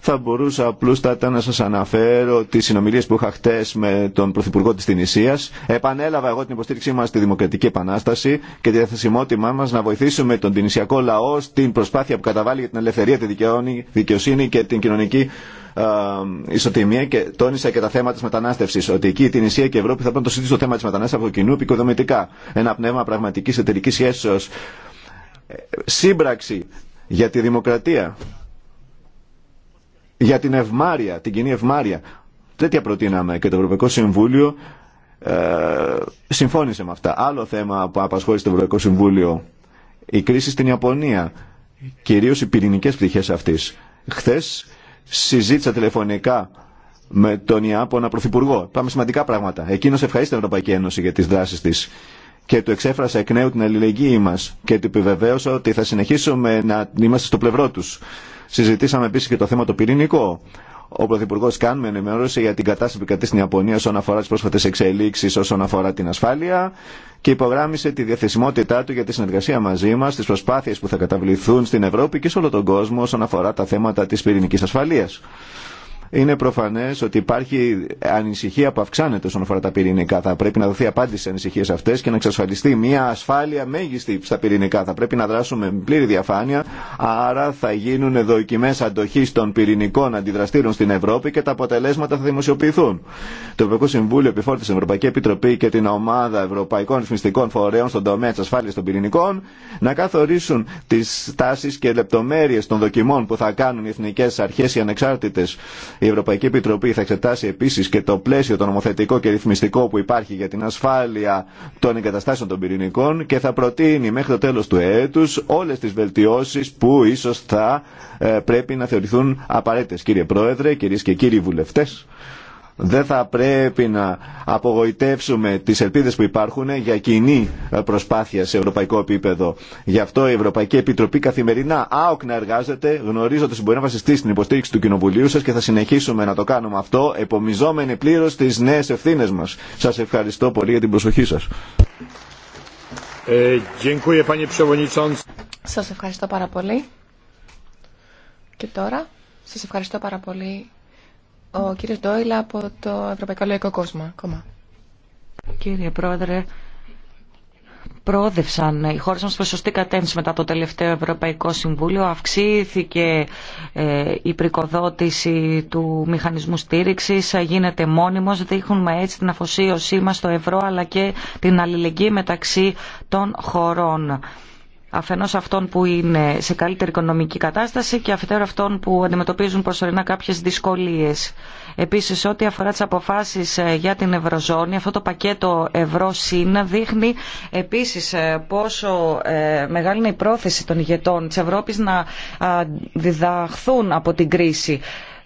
θα μπορούσα απλούστατα να σας αναφέρω τις συνομιλίες που είχα χτε με τον Πρωθυπουργό της Τινησίας. Επανέλαβα εγώ την υποστήριξή μας στη Δημοκρατική Επανάσταση και τη διαθεσιμότητά μας να βοηθήσουμε τον Τινησιακό λαό στην προσπάθεια που καταβάλει για την ελευθερία, τη δικαιοσύνη και την κοινωνική ισοτιμία και τόνισα και τα θέματα τη μετανάστευση. Ότι εκεί η Τινησία και η Ευρώπη θα πρέπει να το συζητήσουν το θέμα τη μετανάστευση από κοινού Ένα πνεύμα πραγματική εταιρική σχέσεω. Ε, σύμπραξη για τη δημοκρατία για την ευμάρεια, την κοινή ευμάρεια. Τέτοια προτείναμε και το Ευρωπαϊκό Συμβούλιο ε, συμφώνησε με αυτά. Άλλο θέμα που απασχόλησε το Ευρωπαϊκό Συμβούλιο, η κρίση στην Ιαπωνία, κυρίως οι πυρηνικές πτυχές αυτής. Χθες συζήτησα τηλεφωνικά με τον Ιάπωνα Πρωθυπουργό. Πάμε σημαντικά πράγματα. Εκείνος ευχαρίστησε την Ευρωπαϊκή Ένωση για τις δράσεις της και του εξέφρασα εκ νέου την αλληλεγγύη μα και του επιβεβαίωσα ότι θα συνεχίσουμε να είμαστε στο πλευρό του. Συζητήσαμε επίση και το θέμα το πυρηνικό. Ο Πρωθυπουργό Καν με ενημερώσε για την κατάσταση που κρατεί στην Ιαπωνία όσον αφορά τι πρόσφατε εξελίξει όσον αφορά την ασφάλεια και υπογράμμισε τη διαθεσιμότητά του για τη συνεργασία μαζί μα, τι προσπάθειε που θα καταβληθούν στην Ευρώπη και σε όλο τον κόσμο όσον αφορά τα θέματα τη πυρηνική ασφαλεία. Είναι προφανέ ότι υπάρχει ανησυχία που αυξάνεται όσον αφορά τα πυρηνικά. Θα πρέπει να δοθεί απάντηση στι ανησυχίε αυτέ και να εξασφαλιστεί μια ασφάλεια μέγιστη στα πυρηνικά. Θα πρέπει να δράσουμε με πλήρη διαφάνεια. Άρα θα γίνουν δοκιμέ αντοχή των πυρηνικών αντιδραστήρων στην Ευρώπη και τα αποτελέσματα θα δημοσιοποιηθούν. Το Ευρωπαϊκό Συμβούλιο επιφόρτησε την Ευρωπαϊκή Επιτροπή και την Ομάδα Ευρωπαϊκών Ρυθμιστικών Φορέων στον τομέα τη ασφάλεια των πυρηνικών να καθορίσουν τι τάσει και λεπτομέρειε των δοκιμών που θα κάνουν οι εθνικέ αρχέ οι ανεξάρτητε η Ευρωπαϊκή Επιτροπή θα εξετάσει επίση και το πλαίσιο το νομοθετικό και ρυθμιστικό που υπάρχει για την ασφάλεια των εγκαταστάσεων των πυρηνικών και θα προτείνει μέχρι το τέλο του έτου όλε τι βελτιώσει που ίσω θα ε, πρέπει να θεωρηθούν απαραίτητε. Κύριε Πρόεδρε, κυρίε και κύριοι βουλευτέ, δεν θα πρέπει να απογοητεύσουμε τις ελπίδες που υπάρχουν για κοινή ε, προσπάθεια σε ευρωπαϊκό επίπεδο. Γι' αυτό η Ευρωπαϊκή Επιτροπή καθημερινά άοκνα εργάζεται, γνωρίζοντα ότι μπορεί να βασιστεί στην υποστήριξη του Κοινοβουλίου σα και θα συνεχίσουμε να το κάνουμε αυτό, επομιζόμενοι πλήρω τις νέε ευθύνε μα. Σα ευχαριστώ πολύ για την προσοχή σα. Ε, σας ευχαριστώ πάρα πολύ. Και τώρα, σας ευχαριστώ πάρα πολύ ο κύριος Ντόιλα από το Ευρωπαϊκό Λαϊκό Κόσμο. Κόμμα. Κύριε Πρόεδρε, πρόοδευσαν οι χώρες μας προς σωστή μετά το τελευταίο Ευρωπαϊκό Συμβούλιο. Αυξήθηκε ε, η πρικοδότηση του μηχανισμού στήριξης, γίνεται μόνιμος. Δείχνουμε έτσι την αφοσίωσή μας στο ευρώ αλλά και την αλληλεγγύη μεταξύ των χωρών αφενός αυτών που είναι σε καλύτερη οικονομική κατάσταση και αφετέρου αυτών που αντιμετωπίζουν προσωρινά κάποιες δυσκολίες. Επίσης, ό,τι αφορά τις αποφάσεις ε, για την Ευρωζώνη, αυτό το πακέτο ΣΥΝ δείχνει επίσης ε, πόσο ε, μεγάλη είναι η πρόθεση των ηγετών της Ευρώπης να διδαχθούν από την κρίση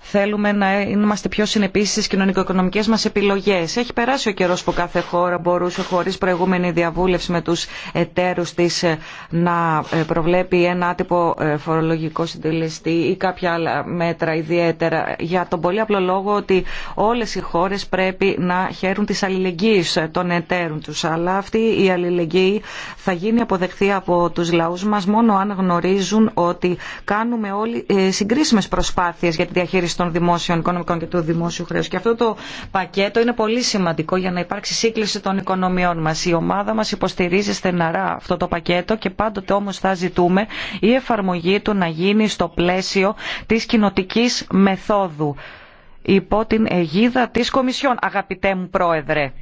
θέλουμε να είμαστε πιο συνεπείς στις κοινωνικο-οικονομικές μας επιλογές. Έχει περάσει ο καιρός που κάθε χώρα μπορούσε χωρίς προηγούμενη διαβούλευση με τους εταίρους της ε, να ε, προβλέπει ένα άτυπο ε, φορολογικό συντελεστή ή κάποια άλλα μέτρα ιδιαίτερα για τον πολύ απλό λόγο ότι όλες οι χώρες πρέπει να χαίρουν της αλληλεγγύη των εταίρων τους. Αλλά αυτή η αλληλεγγύη θα γίνει αποδεκτή από τους λαούς μας μόνο αν γνωρίζουν ότι κάνουμε όλοι συγκρίσιμε προσπάθειες για τη διαχείριση των δημόσιων οικονομικών και του δημόσιου χρέου. Και αυτό το πακέτο είναι πολύ σημαντικό για να υπάρξει σύγκληση των οικονομιών μα. Η ομάδα μα υποστηρίζει στεναρά αυτό το πακέτο και πάντοτε όμω θα ζητούμε η εφαρμογή του να γίνει στο πλαίσιο τη κοινοτική μεθόδου υπό την αιγίδα της Κομισιόν, αγαπητέ μου Πρόεδρε.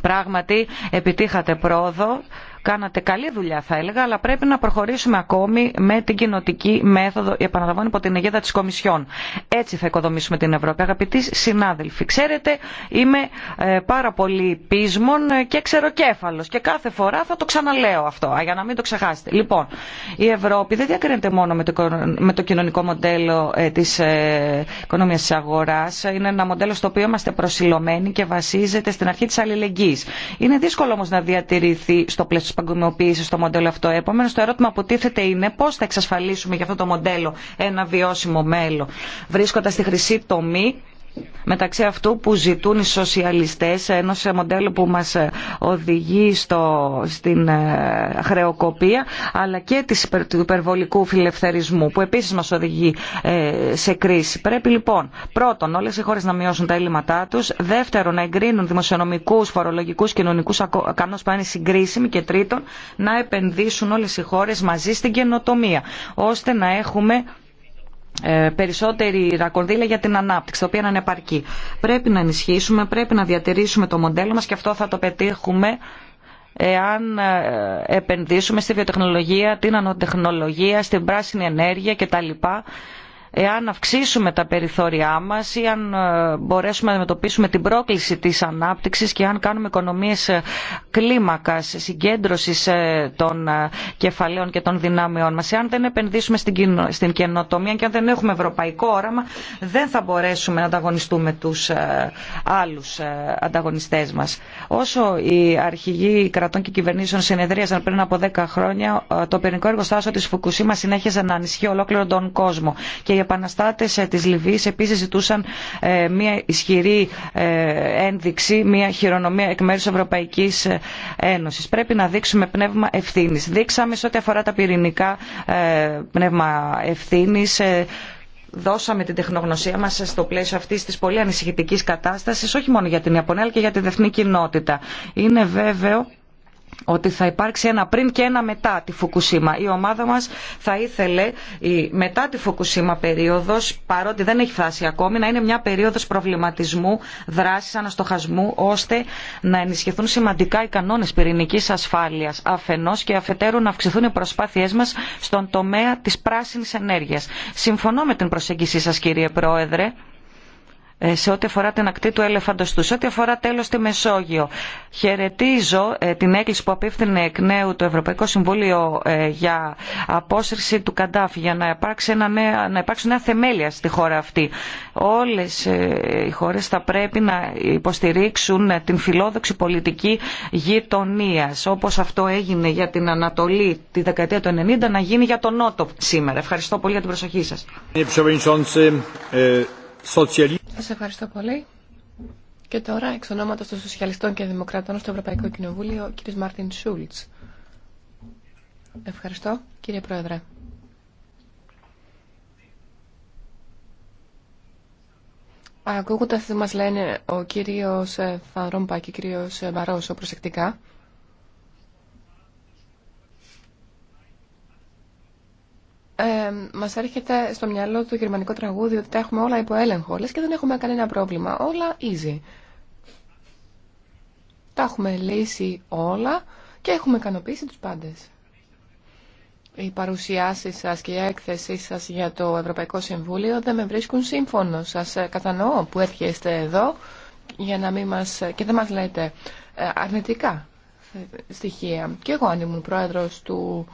Πράγματι, επιτύχατε πρόοδο Κάνατε καλή δουλειά θα έλεγα, αλλά πρέπει να προχωρήσουμε ακόμη με την κοινοτική μέθοδο, επαναλαμβάνω υπό την αιγέδα τη Κομισιόν. Έτσι θα οικοδομήσουμε την Ευρώπη. Αγαπητοί συνάδελφοι, ξέρετε είμαι ε, πάρα πολύ πείσμων και ξεροκέφαλο και κάθε φορά θα το ξαναλέω αυτό, για να μην το ξεχάσετε. Λοιπόν, η Ευρώπη δεν διακρίνεται μόνο με το, με το κοινωνικό μοντέλο ε, της ε, οικονομία τη αγοράς. Είναι ένα μοντέλο στο οποίο είμαστε προσιλωμένοι και βασίζεται στην αρχή τη αλληλεγγύη. Είναι δύσκολο όμω να διατηρηθεί στο πλαίσιο τη παγκοσμιοποίηση στο μοντέλο αυτό. Επομένω, το ερώτημα που τίθεται είναι πώ θα εξασφαλίσουμε για αυτό το μοντέλο ένα βιώσιμο μέλλον, βρίσκοντα τη χρυσή τομή μεταξύ αυτού που ζητούν οι σοσιαλιστές ενό μοντέλο που μας οδηγεί στο, στην ε, χρεοκοπία αλλά και της του υπερβολικού φιλευθερισμού που επίσης μας οδηγεί ε, σε κρίση. Πρέπει λοιπόν πρώτον όλες οι χώρες να μειώσουν τα έλλειμματά τους, δεύτερον να εγκρίνουν δημοσιονομικούς, φορολογικούς, κοινωνικούς κανόνες που είναι συγκρίσιμοι και τρίτον να επενδύσουν όλες οι χώρες μαζί στην καινοτομία ώστε να έχουμε ε, περισσότερη ρακορδίλα για την ανάπτυξη, το οποίο είναι ανεπαρκή. Πρέπει να ενισχύσουμε, πρέπει να διατηρήσουμε το μοντέλο μας και αυτό θα το πετύχουμε εάν ε, επενδύσουμε στη βιοτεχνολογία, την ανοτεχνολογία, στην πράσινη ενέργεια κτλ εάν αυξήσουμε τα περιθώριά μας ή αν ε, μπορέσουμε να αντιμετωπίσουμε την πρόκληση της ανάπτυξης και αν κάνουμε οικονομίες ε, κλίμακας, συγκέντρωσης ε, των κεφαλαίων και των δυνάμεών μας. Εάν δεν επενδύσουμε στην καινοτομία και αν δεν έχουμε ευρωπαϊκό όραμα, δεν θα μπορέσουμε να ανταγωνιστούμε τους άλλους ανταγωνιστές μας. Όσο οι αρχηγοί κρατών και κυβερνήσεων συνεδρίαζαν πριν από 10 χρόνια, το πυρηνικό εργοστάσιο της Φουκουσίμα συνέχιζε να ανισχύει ολόκληρο τον κόσμο. Και επαναστάτε ε, τη Λιβύη επίσης ζητούσαν ε, μια ισχυρή ε, ένδειξη, μια χειρονομία εκ μέρου Ευρωπαϊκής Ένωσης. Πρέπει να δείξουμε πνεύμα ευθύνη. Δείξαμε σε ό,τι αφορά τα πυρηνικά πνεύμα ευθύνης δώσαμε την τεχνογνωσία μας στο πλαίσιο αυτής της πολύ ανησυχητικής κατάστασης, όχι μόνο για την Ιαπωνία αλλά και για τη διεθνή κοινότητα. Είναι βέβαιο ότι θα υπάρξει ένα πριν και ένα μετά τη Φουκουσίμα. Η ομάδα μας θα ήθελε η μετά τη Φουκουσίμα περίοδος, παρότι δεν έχει φτάσει ακόμη, να είναι μια περίοδος προβληματισμού, δράσης, αναστοχασμού, ώστε να ενισχυθούν σημαντικά οι κανόνες πυρηνικής ασφάλειας αφενός και αφετέρου να αυξηθούν οι προσπάθειές μας στον τομέα της πράσινης ενέργειας. Συμφωνώ με την προσέγγιση σας κύριε Πρόεδρε ε, σε ό,τι αφορά την ακτή του Ελεφαντοστού. Σε ό,τι αφορά τέλος τη Μεσόγειο, χαιρετίζω ε, την έκκληση που απίφθινε εκ νέου το Ευρωπαϊκό Συμβούλιο ε, για απόσυρση του Καντάφη, για να, υπάρξει ένα νέα, να υπάρξουν νέα θεμέλια στη χώρα αυτή. Όλες οι χώρες θα πρέπει να υποστηρίξουν την φιλόδοξη πολιτική γειτονία, όπως αυτό έγινε για την Ανατολή τη δεκαετία του 90, να γίνει για τον Νότο σήμερα. Ευχαριστώ πολύ για την προσοχή σας. Σας ευχαριστώ πολύ. Και τώρα, εξ των Σοσιαλιστών και Δημοκρατών στο Ευρωπαϊκό Κοινοβούλιο, ο κ. Μάρτιν Σούλτς. Ευχαριστώ, κύριε Πρόεδρε. Ακούγοντα τι μα λένε ο κύριο ε, Φαρόμπα και ο κύριο Μπαρόσο ε, προσεκτικά, ε, μας έρχεται στο μυαλό το γερμανικό τραγούδι ότι τα έχουμε όλα υπό έλεγχο, λες και δεν έχουμε κανένα πρόβλημα, όλα easy. Τα έχουμε λύσει όλα και έχουμε ικανοποιήσει τους πάντες. Οι παρουσιάσεις σας και η έκθεσή σας για το Ευρωπαϊκό Συμβούλιο δεν με βρίσκουν σύμφωνο. Σας ε, κατανοώ που έρχεστε εδώ για να μην ε, και δεν μας λέτε ε, αρνητικά στοιχεία. Και εγώ αν ήμουν πρόεδρος του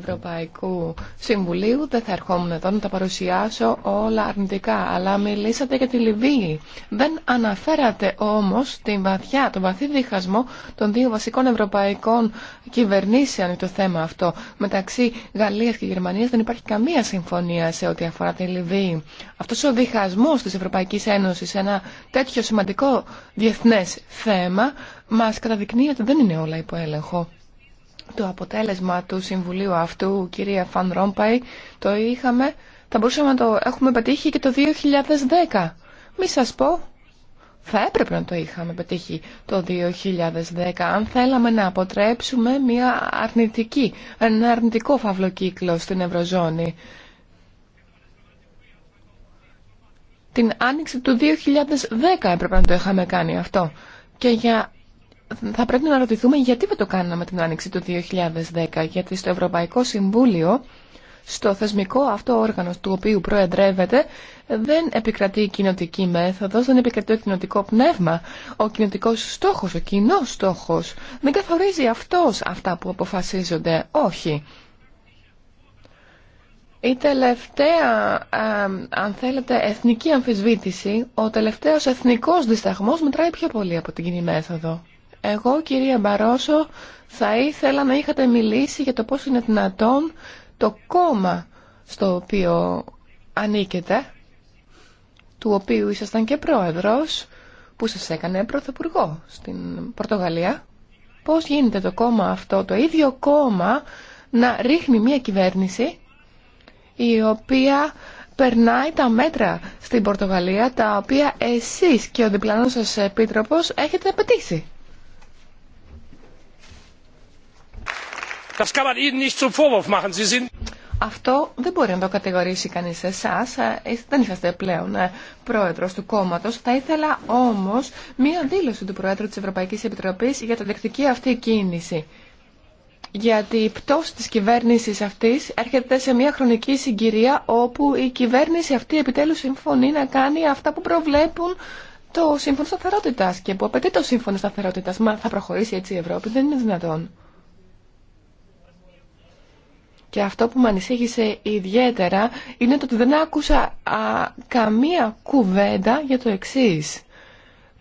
Ευρωπαϊκού Συμβουλίου δεν θα ερχόμουν εδώ να τα παρουσιάσω όλα αρνητικά. Αλλά μιλήσατε για τη Λιβύη. Δεν αναφέρατε όμως την βαθιά, τον βαθύ διχασμό των δύο βασικών ευρωπαϊκών κυβερνήσεων για το θέμα αυτό. Μεταξύ Γαλλίας και Γερμανίας δεν υπάρχει καμία συμφωνία σε ό,τι αφορά τη Λιβύη. Αυτός ο διχασμός της Ευρωπαϊκής Ένωσης σε ένα τέτοιο σημαντικό θέμα μας καταδεικνύει ότι δεν είναι όλα υπό έλεγχο. Το αποτέλεσμα του συμβουλίου αυτού, κυρία Φαν Ρόμπαϊ, το είχαμε, θα μπορούσαμε να το έχουμε πετύχει και το 2010. Μη σας πω, θα έπρεπε να το είχαμε πετύχει το 2010, αν θέλαμε να αποτρέψουμε μια αρνητική, ένα αρνητικό φαυλοκύκλο στην Ευρωζώνη. Την άνοιξη του 2010 έπρεπε να το είχαμε κάνει αυτό. Και για θα πρέπει να ρωτηθούμε γιατί δεν το κάναμε την άνοιξη του 2010, γιατί στο Ευρωπαϊκό Συμβούλιο, στο θεσμικό αυτό όργανο του οποίου προεδρεύεται, δεν επικρατεί η κοινοτική μέθοδος, δεν επικρατεί το κοινοτικό πνεύμα, ο κοινοτικός στόχος, ο κοινό στόχος. Δεν καθορίζει αυτός αυτά που αποφασίζονται, όχι. Η τελευταία, αν θέλετε, εθνική αμφισβήτηση, ο τελευταίος εθνικός δισταγμός μετράει πιο πολύ από την κοινή μέθοδο. Εγώ, κυρία Μπαρόσο, θα ήθελα να είχατε μιλήσει για το πώς είναι δυνατόν το κόμμα στο οποίο ανήκετε, του οποίου ήσασταν και πρόεδρος, που σας έκανε πρωθυπουργό στην Πορτογαλία. Πώς γίνεται το κόμμα αυτό, το ίδιο κόμμα, να ρίχνει μια κυβέρνηση η οποία περνάει τα μέτρα στην Πορτογαλία τα οποία εσείς και ο διπλανός σας επίτροπος έχετε πετύσει. Αυτό δεν μπορεί να το κατηγορήσει κανείς εσάς. Ε, ε, δεν είσαστε πλέον ε, πρόεδρος του κόμματος. Θα ήθελα όμως μία δήλωση του Προέδρου της Ευρωπαϊκής Επιτροπής για την δεκτική αυτή κίνηση. Γιατί η πτώση της κυβέρνησης αυτής έρχεται σε μία χρονική συγκυρία όπου η κυβέρνηση αυτή επιτέλους συμφωνεί να κάνει αυτά που προβλέπουν το Σύμφωνο Σταθερότητας και που απαιτεί το Σύμφωνο Σταθερότητας. Μα θα προχωρήσει έτσι η Ευρώπη, δεν είναι δυνατόν. Και αυτό που με ανησύχησε ιδιαίτερα είναι το ότι δεν άκουσα καμία κουβέντα για το εξή.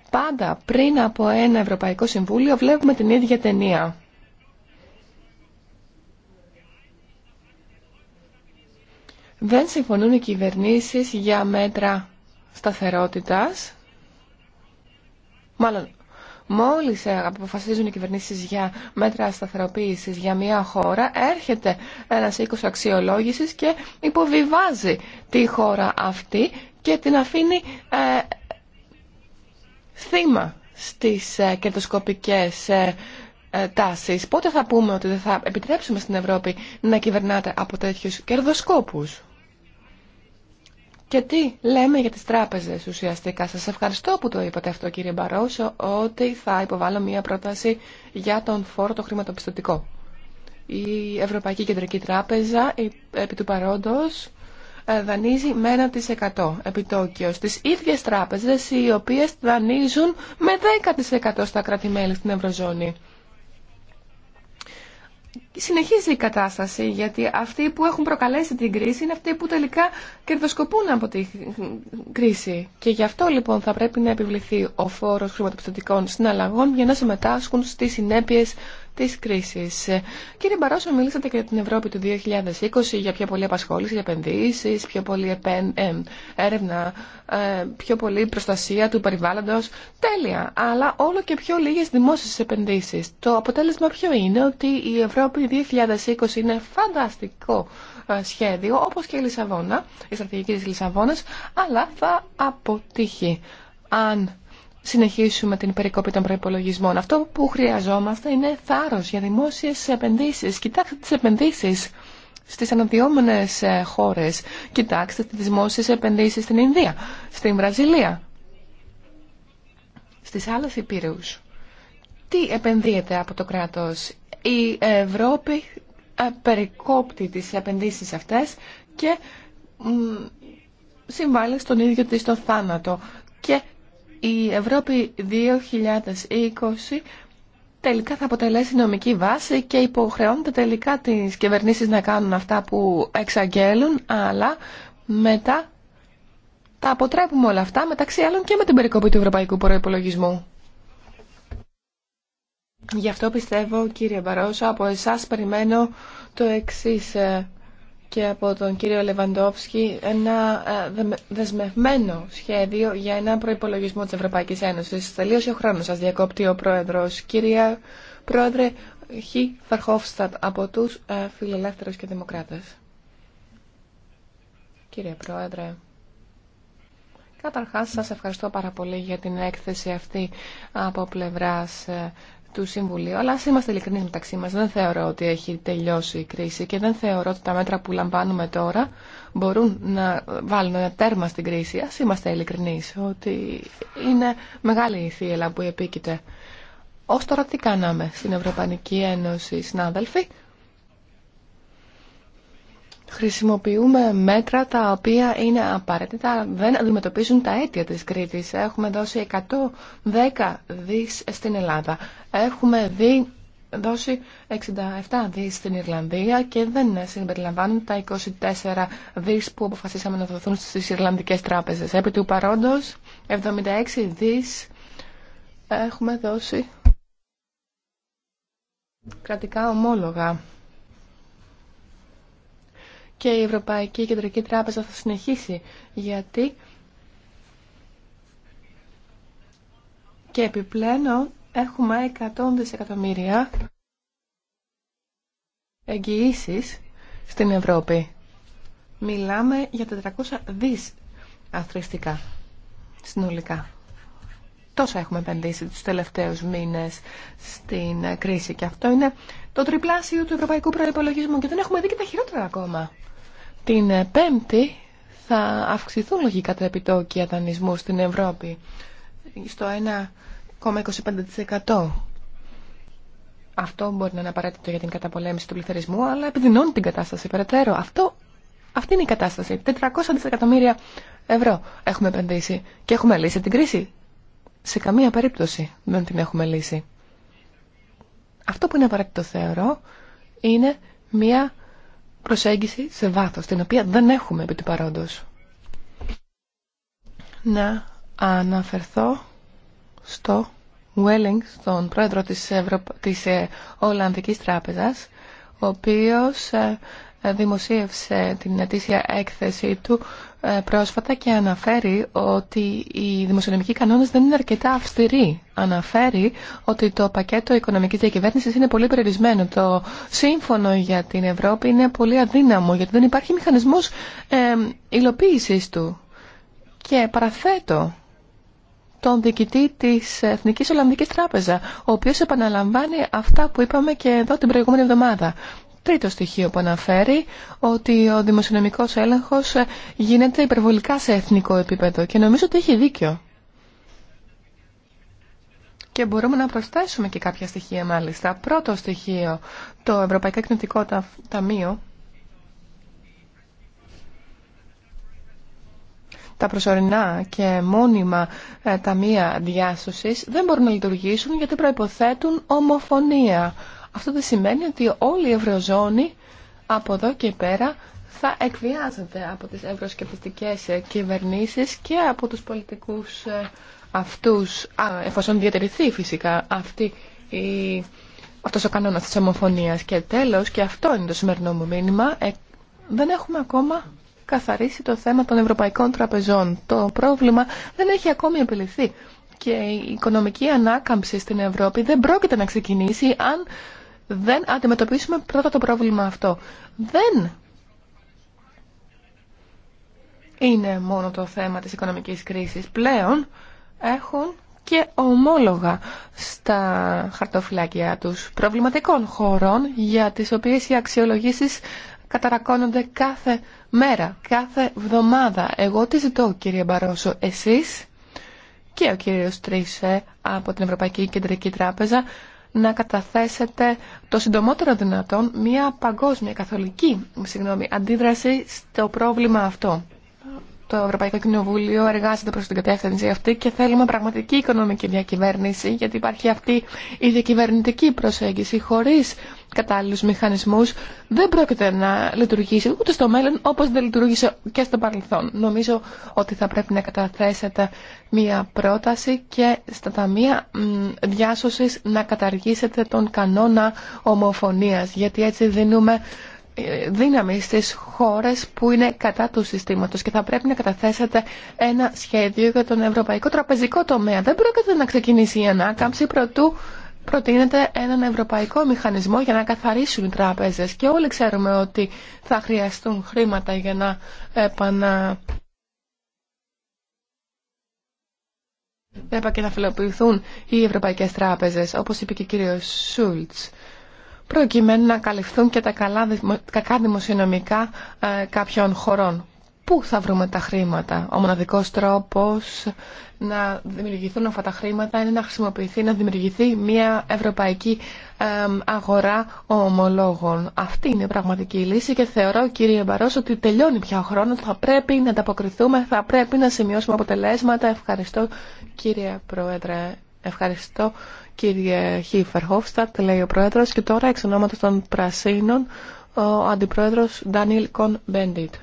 Πάντα πριν από ένα Ευρωπαϊκό Συμβούλιο βλέπουμε την ίδια ταινία. Δεν συμφωνούν οι κυβερνήσεις για μέτρα σταθερότητας. Μάλλον Μόλις ε, αποφασίζουν οι κυβερνήσει για μέτρα σταθεροποίηση για μια χώρα, έρχεται ένας οίκο αξιολόγηση και υποβιβάζει τη χώρα αυτή και την αφήνει ε, θύμα στις ε, κερδοσκοπικές ε, τάσεις. Πότε θα πούμε ότι δεν θα επιτρέψουμε στην Ευρώπη να κυβερνάται από τέτοιους κερδοσκόπους. Και τι λέμε για τις τράπεζες ουσιαστικά. Σας ευχαριστώ που το είπατε αυτό κύριε Μπαρόσο, ότι θα υποβάλω μία πρόταση για τον φόρο το χρηματοπιστωτικό. Η Ευρωπαϊκή Κεντρική Τράπεζα επί του παρόντος ε, δανείζει με 1% επιτόκιο στις ίδιες τράπεζες οι οποίες δανείζουν με 10% στα κράτη-μέλη στην Ευρωζώνη συνεχίζει η κατάσταση, γιατί αυτοί που έχουν προκαλέσει την κρίση είναι αυτοί που τελικά κερδοσκοπούν από την κρίση. Και γι' αυτό λοιπόν θα πρέπει να επιβληθεί ο φόρος χρηματοπιστωτικών συναλλαγών για να συμμετάσχουν στις συνέπειες Τη κρίση. Κύριε Μπαρόσο, μιλήσατε και για την Ευρώπη του 2020, για πιο πολλή απασχόληση, για επενδύσεις, πιο πολλή ε, έρευνα, ε, πιο πολλή προστασία του περιβάλλοντο. Τέλεια, αλλά όλο και πιο λίγε δημόσιε επενδύσει. Το αποτέλεσμα ποιο είναι, ότι η Ευρώπη 2020 είναι φανταστικό ε, σχέδιο, όπως και η Λισαβόνα, η στρατηγική της Λισαβόνας, αλλά θα αποτύχει αν συνεχίσουμε την περικόπη των προπολογισμών. Αυτό που χρειαζόμαστε είναι θάρρος για δημόσιες επενδύσεις. Κοιτάξτε τις επενδύσεις στις αναδυόμενες ε, χώρες. Κοιτάξτε τις δημόσιες επενδύσεις στην Ινδία, στην Βραζιλία, στις άλλες υπήρους. Τι επενδύεται από το κράτος. Η Ευρώπη ε, περικόπτει τις επενδύσεις αυτές και συμβάλλει στον ίδιο της το θάνατο και η Ευρώπη 2020 τελικά θα αποτελέσει νομική βάση και υποχρεώνεται τελικά τις κυβερνήσεις να κάνουν αυτά που εξαγγέλουν, αλλά μετά τα αποτρέπουμε όλα αυτά, μεταξύ άλλων και με την περικοπή του Ευρωπαϊκού Προϋπολογισμού. Γι' αυτό πιστεύω, κύριε Μπαρόσο, από εσάς περιμένω το εξής ε, και από τον κύριο Λεβαντόφσκι ένα ε, δεσμευμένο σχέδιο για ένα προϋπολογισμό της Ευρωπαϊκής Ένωσης. Τελείωσε ο χρόνος σας, διακόπτει ο Πρόεδρος. Κυρία Πρόεδρε Χι Φαρχόφστατ από τους ε, Φιλελεύθερους και Δημοκράτες. Κύριε Πρόεδρε, καταρχάς σας ευχαριστώ πάρα πολύ για την έκθεση αυτή από πλευράς ε, του Συμβουλίου. Αλλά α είμαστε ειλικρινεί μεταξύ μα. Δεν θεωρώ ότι έχει τελειώσει η κρίση και δεν θεωρώ ότι τα μέτρα που λαμβάνουμε τώρα μπορούν να βάλουν ένα τέρμα στην κρίση. α είμαστε ειλικρινεί ότι είναι μεγάλη η θύελα που επίκειται. Ω τώρα τι κάναμε στην Ευρωπαϊκή Ένωση, συνάδελφοι, χρησιμοποιούμε μέτρα τα οποία είναι απαραίτητα, δεν αντιμετωπίζουν τα αίτια της Κρήτης. Έχουμε δώσει 110 δις στην Ελλάδα. Έχουμε δώσει 67 δις στην Ιρλανδία και δεν συμπεριλαμβάνουν τα 24 δις που αποφασίσαμε να δοθούν στις Ιρλανδικές τράπεζες. Επί του παρόντος, 76 δις έχουμε δώσει κρατικά ομόλογα και η Ευρωπαϊκή Κεντρική Τράπεζα θα συνεχίσει γιατί και επιπλέον έχουμε 100 δισεκατομμύρια εγγυήσει στην Ευρώπη. Μιλάμε για 400 δις αθρηστικά συνολικά. Τόσα έχουμε επενδύσει τους τελευταίους μήνες στην κρίση και αυτό είναι το τριπλάσιο του ευρωπαϊκού προϋπολογισμού και δεν έχουμε δει και τα χειρότερα ακόμα. Την Πέμπτη θα αυξηθούν λογικά τα επιτόκια δανεισμού στην Ευρώπη στο 1,25%. Αυτό μπορεί να είναι απαραίτητο για την καταπολέμηση του πληθωρισμού, αλλά επιδεινώνει την κατάσταση περαιτέρω. Αυτό, αυτή είναι η κατάσταση. 400 δισεκατομμύρια ευρώ έχουμε επενδύσει και έχουμε λύσει την κρίση. Σε καμία περίπτωση δεν την έχουμε λύσει. Αυτό που είναι απαραίτητο θεωρώ είναι μια προσέγγιση σε βάθος, την οποία δεν έχουμε επί του παρόντος. Να αναφερθώ στο Welling, στον πρόεδρο της, Ευρω... της ε, Ολλανδικής Τράπεζας, ο οποίος ε, δημοσίευσε την ετήσια έκθεση του ε, πρόσφατα και αναφέρει ότι οι δημοσιονομικοί κανόνες δεν είναι αρκετά αυστηροί. Αναφέρει ότι το πακέτο οικονομικής διακυβέρνησης είναι πολύ περιορισμένο. Το σύμφωνο για την Ευρώπη είναι πολύ αδύναμο γιατί δεν υπάρχει μηχανισμός ε, υλοποίησης του. Και παραθέτω τον διοικητή της Εθνικής Ολλανδικής Τράπεζα, ο οποίος επαναλαμβάνει αυτά που είπαμε και εδώ την προηγούμενη εβδομάδα. Τρίτο στοιχείο που αναφέρει ότι ο δημοσιονομικός έλεγχος γίνεται υπερβολικά σε εθνικό επίπεδο και νομίζω ότι έχει δίκιο. Και μπορούμε να προσθέσουμε και κάποια στοιχεία μάλιστα. Πρώτο στοιχείο, το Ευρωπαϊκό Εκνοτικό Ταμείο. Τα προσωρινά και μόνιμα ε, ταμεία διάσωσης δεν μπορούν να λειτουργήσουν γιατί προϋποθέτουν ομοφωνία αυτό δεν σημαίνει ότι όλη η Ευρωζώνη από εδώ και πέρα θα εκβιάζεται από τις ευρωσκεπτικές κυβερνήσεις και από τους πολιτικούς ε, αυτούς, εφόσον διατηρηθεί φυσικά αυτή η, αυτός ο κανόνα της ομοφωνίας. Και τέλος, και αυτό είναι το σημερινό μου μήνυμα, ε, δεν έχουμε ακόμα καθαρίσει το θέμα των ευρωπαϊκών τραπεζών. Το πρόβλημα δεν έχει ακόμη επιληθεί. Και η οικονομική ανάκαμψη στην Ευρώπη δεν πρόκειται να ξεκινήσει αν δεν αντιμετωπίσουμε πρώτα το πρόβλημα αυτό. Δεν είναι μόνο το θέμα της οικονομικής κρίσης. Πλέον έχουν και ομόλογα στα χαρτοφυλάκια τους προβληματικών χωρών για τις οποίες οι αξιολογήσεις καταρακώνονται κάθε μέρα, κάθε βδομάδα. Εγώ τι ζητώ κύριε Μπαρόσο, εσείς και ο κύριος Τρίσε από την Ευρωπαϊκή Κεντρική Τράπεζα να καταθέσετε το συντομότερο δυνατόν μια παγκόσμια καθολική συγγνώμη, αντίδραση στο πρόβλημα αυτό το Ευρωπαϊκό Κοινοβούλιο εργάζεται προ την κατεύθυνση αυτή και θέλουμε πραγματική οικονομική διακυβέρνηση γιατί υπάρχει αυτή η διακυβερνητική προσέγγιση χωρί κατάλληλου μηχανισμού. δεν πρόκειται να λειτουργήσει ούτε στο μέλλον όπω δεν λειτουργήσε και στο παρελθόν. Νομίζω ότι θα πρέπει να καταθέσετε μία πρόταση και στα ταμεία διάσωση να καταργήσετε τον κανόνα ομοφωνία, γιατί έτσι δίνουμε δύναμη στις χώρες που είναι κατά του συστήματος και θα πρέπει να καταθέσετε ένα σχέδιο για τον ευρωπαϊκό τραπεζικό τομέα. Δεν πρόκειται να ξεκινήσει η ανάκαμψη προτού προτείνεται έναν ευρωπαϊκό μηχανισμό για να καθαρίσουν οι τράπεζες και όλοι ξέρουμε ότι θα χρειαστούν χρήματα για να επανα... επακεφαλοποιηθούν οι ευρωπαϊκές τράπεζες όπως είπε και ο κύριος Σούλτς προκειμένου να καλυφθούν και τα καλά, κακά δημοσιονομικά ε, κάποιων χωρών. Πού θα βρούμε τα χρήματα. Ο μοναδικός τρόπος να δημιουργηθούν αυτά τα χρήματα είναι να χρησιμοποιηθεί, να δημιουργηθεί μια ευρωπαϊκή ε, αγορά ομολόγων. Αυτή είναι η πραγματική λύση και θεωρώ κύριε Μπαρός ότι τελειώνει πια ο χρόνος. Θα πρέπει να ανταποκριθούμε, θα πρέπει να σημειώσουμε αποτελέσματα. Ευχαριστώ κύριε Πρόεδρε. Ευχαριστώ κύριε Χίφερ Χόφστατ, λέει ο Πρόεδρος και τώρα εξ ονόματος των Πρασίνων ο Αντιπρόεδρος Ντανίλ Κον Μπέντιτ.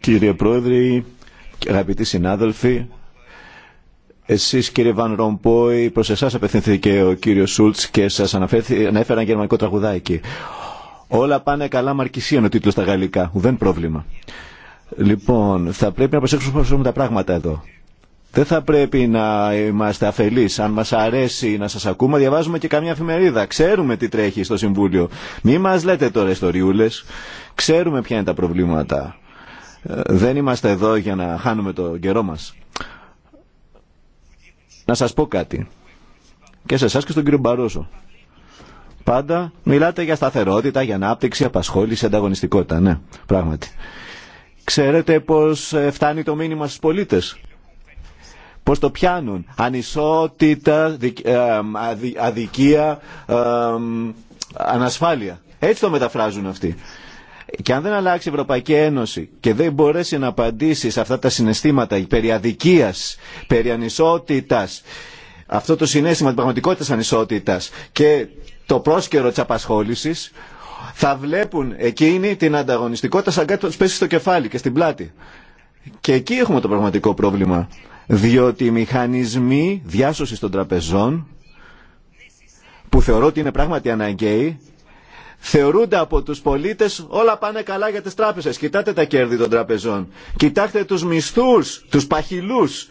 Κύριε Πρόεδρε, αγαπητοί συνάδελφοι, εσείς κύριε Βαν Ρομπόι, προς εσάς απευθυνθήκε ο κύριος Σούλτς και σας ανέφεραν γερμανικό τραγουδάκι. Όλα πάνε καλά είναι ο τίτλος στα γαλλικά, ουδέν πρόβλημα. Λοιπόν, θα πρέπει να προσέξουμε τα πράγματα εδώ. Δεν θα πρέπει να είμαστε αφελείς. Αν μας αρέσει να σας ακούμε, διαβάζουμε και καμία εφημερίδα. Ξέρουμε τι τρέχει στο Συμβούλιο. Μη μας λέτε τώρα ιστοριούλε. Ξέρουμε ποια είναι τα προβλήματα. Ε, δεν είμαστε εδώ για να χάνουμε το καιρό μας. Να σας πω κάτι. Και σε εσά και στον κύριο Μπαρόζο. Πάντα μιλάτε για σταθερότητα, για ανάπτυξη, απασχόληση, ανταγωνιστικότητα. Ναι, πράγματι. Ξέρετε πώς ε, φτάνει το μήνυμα στους πολίτες πώς το πιάνουν. Ανισότητα, ε, αδικία, ε, ανασφάλεια. Έτσι το μεταφράζουν αυτοί. Και αν δεν αλλάξει η Ευρωπαϊκή Ένωση και δεν μπορέσει να απαντήσει σε αυτά τα συναισθήματα περί αδικίας, περί ανισότητας, αυτό το συνέστημα της πραγματικότητας ανισότητας και το πρόσκαιρο της απασχόλησης, θα βλέπουν εκείνη την ανταγωνιστικότητα σαν κάτι που πέσει στο κεφάλι και στην πλάτη. Και εκεί έχουμε το πραγματικό πρόβλημα διότι οι μηχανισμοί διάσωσης των τραπεζών που θεωρώ ότι είναι πράγματι αναγκαίοι θεωρούνται από τους πολίτες όλα πάνε καλά για τις τράπεζες. Κοιτάτε τα κέρδη των τραπεζών. Κοιτάξτε τους μισθούς, τους παχυλούς.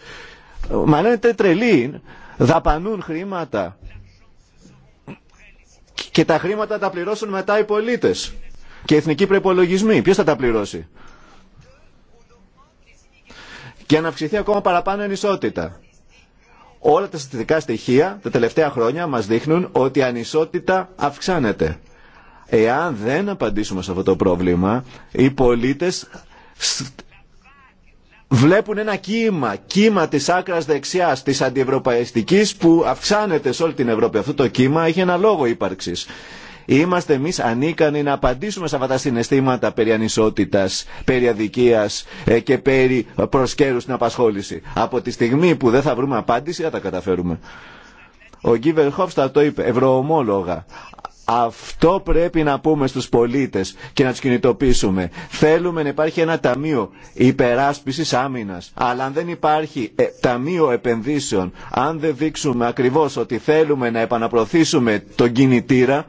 Μα λένε τρελοί, δαπανούν χρήματα και τα χρήματα τα πληρώσουν μετά οι πολίτες και οι εθνικοί προπολογισμοί. Ποιος θα τα πληρώσει και να αυξηθεί ακόμα παραπάνω η ανισότητα. Όλα τα στατιστικά στοιχεία τα τελευταία χρόνια μας δείχνουν ότι η ανισότητα αυξάνεται. Εάν δεν απαντήσουμε σε αυτό το πρόβλημα, οι πολίτες βλέπουν ένα κύμα, κύμα της άκρας δεξιάς, της αντιευρωπαϊστικής που αυξάνεται σε όλη την Ευρώπη. Αυτό το κύμα έχει ένα λόγο ύπαρξης. Είμαστε εμεί ανίκανοι να απαντήσουμε σε αυτά τα συναισθήματα περί ανισότητα, περί ε, και περί προσκέρου στην απασχόληση. Από τη στιγμή που δεν θα βρούμε απάντηση, θα τα καταφέρουμε. Ο Γκίβερ Χόφστα το είπε, ευρωομόλογα. Αυτό πρέπει να πούμε στους πολίτες και να τους κινητοποιήσουμε. Θέλουμε να υπάρχει ένα ταμείο υπεράσπισης άμυνας. Αλλά αν δεν υπάρχει ε, ταμείο επενδύσεων, αν δεν δείξουμε ακριβώς ότι θέλουμε να επαναπροωθήσουμε τον κινητήρα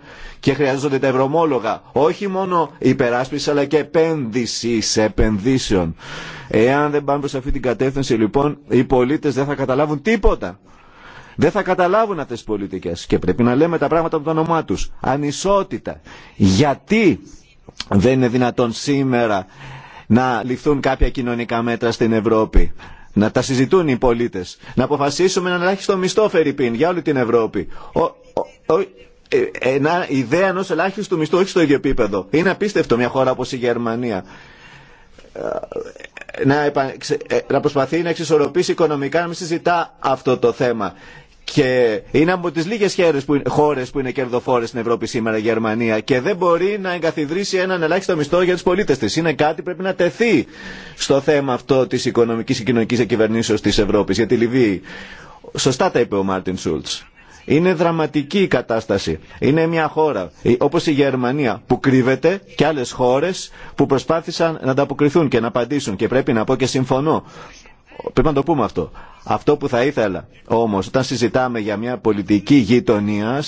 και χρειάζονται τα ευρωμόλογα. Όχι μόνο υπεράσπιση αλλά και επένδυση σε επενδύσεων. Εάν δεν πάμε προς αυτή την κατεύθυνση λοιπόν οι πολίτες δεν θα καταλάβουν τίποτα. Δεν θα καταλάβουν αυτές τις πολιτικές και πρέπει να λέμε τα πράγματα από το όνομά τους. Ανισότητα. Γιατί δεν είναι δυνατόν σήμερα να ληφθούν κάποια κοινωνικά μέτρα στην Ευρώπη. Να τα συζητούν οι πολίτες. Να αποφασίσουμε έναν ελάχιστο μισθό, Φερρυπίν, για όλη την Ευρώπη. Ε, ένα ιδέα ενό ελάχιστου μισθού, όχι στο ίδιο επίπεδο. Είναι απίστευτο μια χώρα όπω η Γερμανία ε, ε, να, προσπαθεί να εξισορροπήσει οικονομικά, να μην συζητά αυτό το θέμα. Και είναι από τι λίγε χώρε που είναι κερδοφόρε στην Ευρώπη σήμερα η Γερμανία και δεν μπορεί να εγκαθιδρύσει έναν ελάχιστο μισθό για του πολίτε τη. Είναι κάτι που πρέπει να τεθεί στο θέμα αυτό τη οικονομική και κοινωνική κυβερνήσεω τη Ευρώπη για τη Λιβύη. Σωστά τα είπε ο Μάρτιν Σούλτ. Είναι δραματική η κατάσταση. Είναι μια χώρα όπως η Γερμανία που κρύβεται και άλλες χώρες που προσπάθησαν να ανταποκριθούν και να απαντήσουν και πρέπει να πω και συμφωνώ. Πρέπει να το πούμε αυτό. Αυτό που θα ήθελα όμως όταν συζητάμε για μια πολιτική γειτονία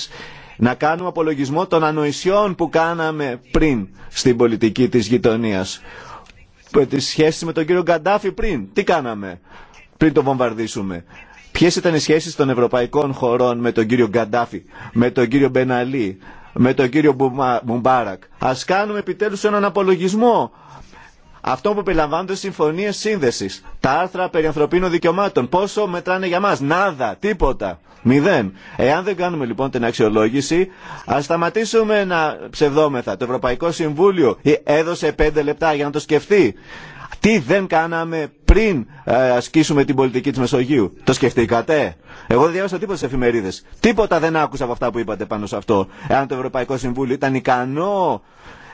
να κάνουμε απολογισμό των ανοησιών που κάναμε πριν στην πολιτική της γειτονίας. Τη σχέση με τον κύριο Γκαντάφη πριν. Τι κάναμε πριν το βομβαρδίσουμε. Ποιες ήταν οι σχέσεις των ευρωπαϊκών χωρών με τον κύριο Γκαντάφη, με τον κύριο Μπεναλή, με τον κύριο Μουμπάρακ. Ας κάνουμε επιτέλους έναν απολογισμό αυτό που περιλαμβάνονται συμφωνίες σύνδεσης. Τα άρθρα περί ανθρωπίνων δικαιωμάτων. Πόσο μετράνε για μας. Νάδα. Τίποτα. Μηδέν. Εάν δεν κάνουμε λοιπόν την αξιολόγηση, ας σταματήσουμε να ψευδόμεθα. Το Ευρωπαϊκό Συμβούλιο ε, έδωσε πέντε λεπτά για να το σκεφτεί. Τι δεν κάναμε πριν ε, ασκήσουμε την πολιτική της Μεσογείου. Το σκεφτήκατε. Εγώ δεν διάβασα τίποτα σε εφημερίδες. Τίποτα δεν άκουσα από αυτά που είπατε πάνω σε αυτό. Εάν το Ευρωπαϊκό Συμβούλιο ήταν ικανό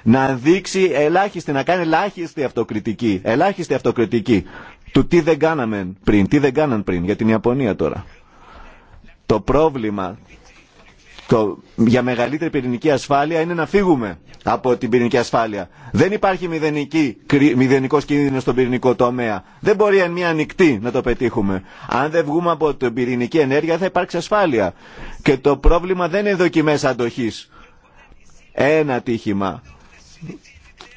να δείξει ελάχιστη, να κάνει ελάχιστη αυτοκριτική. Ελάχιστη αυτοκριτική του τι δεν κάναμε πριν, τι δεν κάναν πριν για την Ιαπωνία τώρα. Το πρόβλημα το, για μεγαλύτερη πυρηνική ασφάλεια είναι να φύγουμε από την πυρηνική ασφάλεια. Δεν υπάρχει μηδενική, μηδενικός κίνδυνος στον πυρηνικό τομέα. Δεν μπορεί εν μία ανοιχτή να το πετύχουμε. Αν δεν βγούμε από την πυρηνική ενέργεια θα υπάρξει ασφάλεια. Και το πρόβλημα δεν είναι δοκιμές αντοχής. Ένα τύχημα.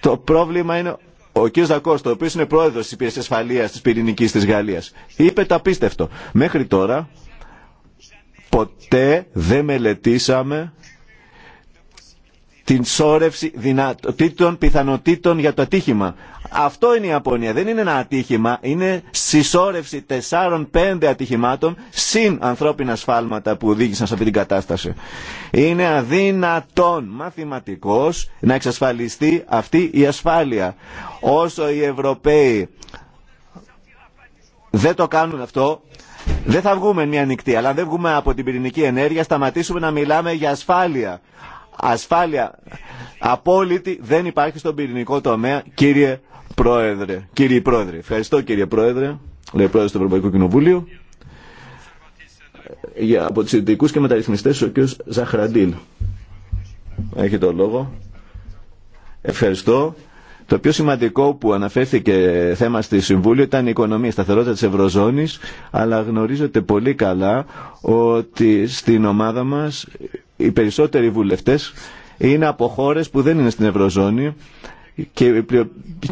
Το πρόβλημα είναι ο κ. Δακώστο, ο οποίο είναι πρόεδρο τη Υπηρεσία Ασφαλεία τη Πυρηνική τη Γαλλία, είπε το απίστευτο. Μέχρι τώρα ποτέ δεν μελετήσαμε την σόρευση δυνατοτήτων, πιθανοτήτων για το ατύχημα. Αυτό είναι η Ιαπωνία. Δεν είναι ένα ατύχημα. Είναι συσσόρευση 4-5 ατυχημάτων συν ανθρώπινα σφάλματα που οδήγησαν σε αυτή την κατάσταση. Είναι αδύνατον μαθηματικός να εξασφαλιστεί αυτή η ασφάλεια. Όσο οι Ευρωπαίοι δεν το κάνουν αυτό, δεν θα βγούμε μια νυχτή, αλλά αν δεν βγούμε από την πυρηνική ενέργεια, σταματήσουμε να μιλάμε για ασφάλεια. Ασφάλεια απόλυτη δεν υπάρχει στον πυρηνικό τομέα, κύριε Πρόεδρε. Κύριε Πρόεδρε. Ευχαριστώ κύριε Πρόεδρε, λέει Πρόεδρος του Ευρωπαϊκού Κοινοβουλίου. Για, από τους ειδικού και μεταρρυθμιστές ο κ. Ζαχραντήλ. Έχει το λόγο. Ευχαριστώ. Το πιο σημαντικό που αναφέρθηκε θέμα στη Συμβούλιο ήταν η οικονομία, η σταθερότητα της Ευρωζώνης, αλλά γνωρίζετε πολύ καλά ότι στην ομάδα μας οι περισσότεροι βουλευτές είναι από χώρε που δεν είναι στην Ευρωζώνη και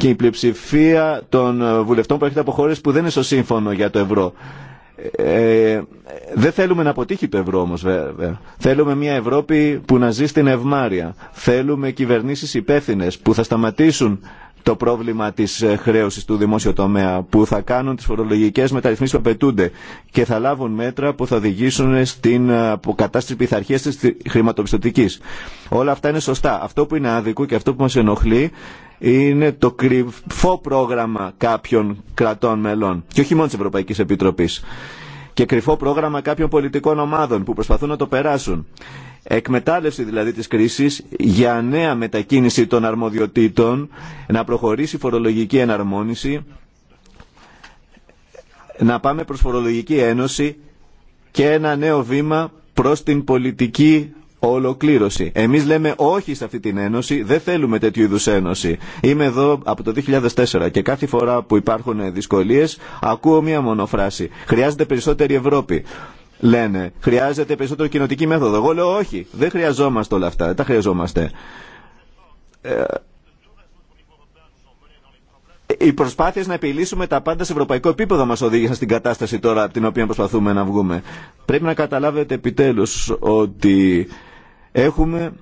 η πλειοψηφία των βουλευτών έρχεται από χώρε που δεν είναι στο σύμφωνο για το ευρώ. Ε, δεν θέλουμε να αποτύχει το ευρώ όμως βέβαια. Θέλουμε μια Ευρώπη που να ζει στην ευμάρεια. Θέλουμε κυβερνήσεις υπεύθυνε που θα σταματήσουν το πρόβλημα της ε, χρέωσης του δημόσιου τομέα που θα κάνουν τις φορολογικές μεταρρυθμίσεις που απαιτούνται και θα λάβουν μέτρα που θα οδηγήσουν στην ε, αποκατάσταση πειθαρχίας της χρηματοπιστωτικής. Όλα αυτά είναι σωστά. Αυτό που είναι άδικο και αυτό που μας ενοχλεί είναι το κρυφό πρόγραμμα κάποιων κρατών μελών και όχι μόνο της Ευρωπαϊκής Επιτροπής και κρυφό πρόγραμμα κάποιων πολιτικών ομάδων που προσπαθούν να το περάσουν. Εκμετάλλευση δηλαδή της κρίσης για νέα μετακίνηση των αρμοδιοτήτων, να προχωρήσει φορολογική εναρμόνιση, να πάμε προς φορολογική ένωση και ένα νέο βήμα προς την πολιτική ολοκλήρωση. Εμείς λέμε όχι σε αυτή την ένωση, δεν θέλουμε τέτοιου είδου ένωση. Είμαι εδώ από το 2004 και κάθε φορά που υπάρχουν δυσκολίε ακούω μία μονοφράση. Χρειάζεται περισσότερη Ευρώπη. Λένε, χρειάζεται περισσότερο κοινοτική μέθοδο. Εγώ λέω όχι, δεν χρειαζόμαστε όλα αυτά, δεν τα χρειαζόμαστε. Ε, οι προσπάθειε να επιλύσουμε τα πάντα σε ευρωπαϊκό επίπεδο μα οδήγησαν στην κατάσταση τώρα από την οποία προσπαθούμε να βγούμε. Πρέπει να καταλάβετε επιτέλου ότι Έχουμε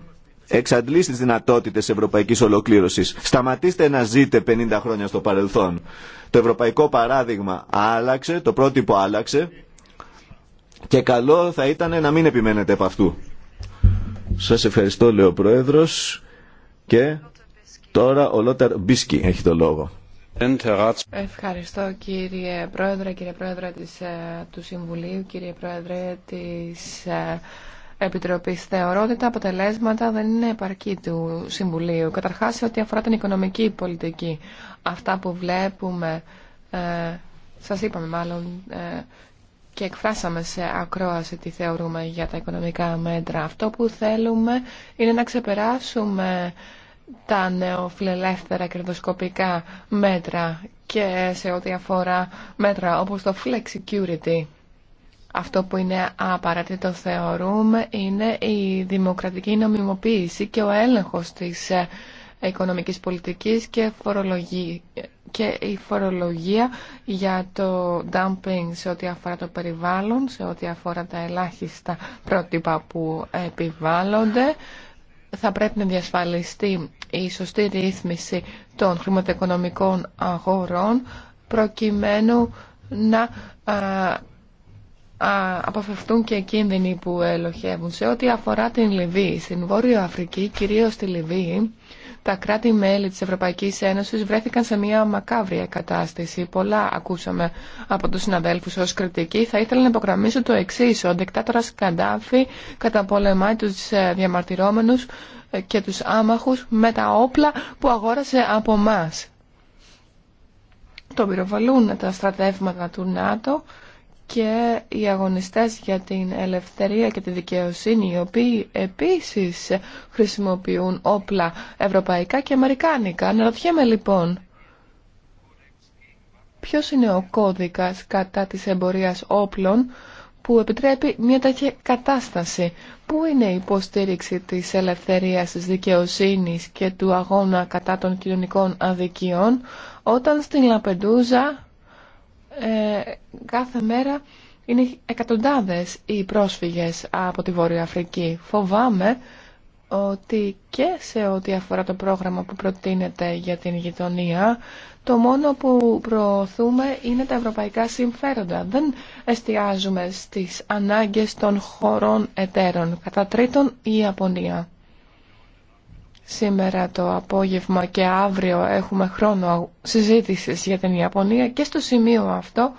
εξαντλήσει τις δυνατότητες ευρωπαϊκής ολοκλήρωσης. Σταματήστε να ζείτε 50 χρόνια στο παρελθόν. Το ευρωπαϊκό παράδειγμα άλλαξε, το πρότυπο άλλαξε και καλό θα ήταν να μην επιμένετε από αυτού. Σας ευχαριστώ, λέει ο Πρόεδρος. Και τώρα ο Λόταρ Μπίσκι έχει το λόγο. Ευχαριστώ κύριε Πρόεδρε, κύριε Πρόεδρε της, ε, του Συμβουλίου, κύριε Πρόεδρε της ε, Επιτροπής. Θεωρώ ότι τα αποτελέσματα δεν είναι επαρκή του Συμβουλίου. Καταρχάς, ό,τι αφορά την οικονομική πολιτική. Αυτά που βλέπουμε, ε, σας είπαμε μάλλον, ε, και εκφράσαμε σε ακρόαση τι θεωρούμε για τα οικονομικά μέτρα. Αυτό που θέλουμε είναι να ξεπεράσουμε τα νεοφιλελεύθερα κερδοσκοπικά μέτρα και σε ό,τι αφορά μέτρα όπως το Flex Security. Αυτό που είναι απαραίτητο θεωρούμε είναι η δημοκρατική νομιμοποίηση και ο έλεγχος της ε, οικονομικής πολιτικής και, και η φορολογία για το dumping σε ό,τι αφορά το περιβάλλον, σε ό,τι αφορά τα ελάχιστα πρότυπα που επιβάλλονται. Θα πρέπει να διασφαλιστεί η σωστή ρύθμιση των χρηματοοικονομικών αγορών προκειμένου να ε, αποφευθούν και κίνδυνοι που ελοχεύουν. Σε ό,τι αφορά την Λιβύη, στην Βόρειο Αφρική, κυρίως στη Λιβύη, τα κράτη-μέλη της Ευρωπαϊκής Ένωσης βρέθηκαν σε μια μακάβρια κατάσταση. Πολλά ακούσαμε από τους συναδέλφους ως κριτική. Θα ήθελα να υπογραμμίσω το εξής. Ο δικτάτορας Καντάφη καταπολεμάει τους ε, διαμαρτυρόμενους ε, και τους άμαχους με τα όπλα που αγόρασε από εμά. Το πυροβολούν τα στρατεύματα του ΝΑΤΟ και οι αγωνιστές για την ελευθερία και τη δικαιοσύνη οι οποίοι επίσης χρησιμοποιούν όπλα ευρωπαϊκά και αμερικάνικα. Αναρωτιέμαι λοιπόν ποιος είναι ο κώδικας κατά της εμπορίας όπλων που επιτρέπει μια τέτοια κατάσταση. Πού είναι η υποστήριξη της ελευθερίας, της δικαιοσύνης και του αγώνα κατά των κοινωνικών αδικιών όταν στην Λαπεντούζα ε, κάθε μέρα είναι εκατοντάδες οι πρόσφυγες από τη Βόρεια Αφρική. Φοβάμαι ότι και σε ό,τι αφορά το πρόγραμμα που προτείνεται για την γειτονία, το μόνο που προωθούμε είναι τα ευρωπαϊκά συμφέροντα. Δεν εστιάζουμε στις ανάγκες των χωρών εταίρων. Κατά τρίτον, η Ιαπωνία. Σήμερα το απόγευμα και αύριο έχουμε χρόνο συζήτησης για την Ιαπωνία και στο σημείο αυτό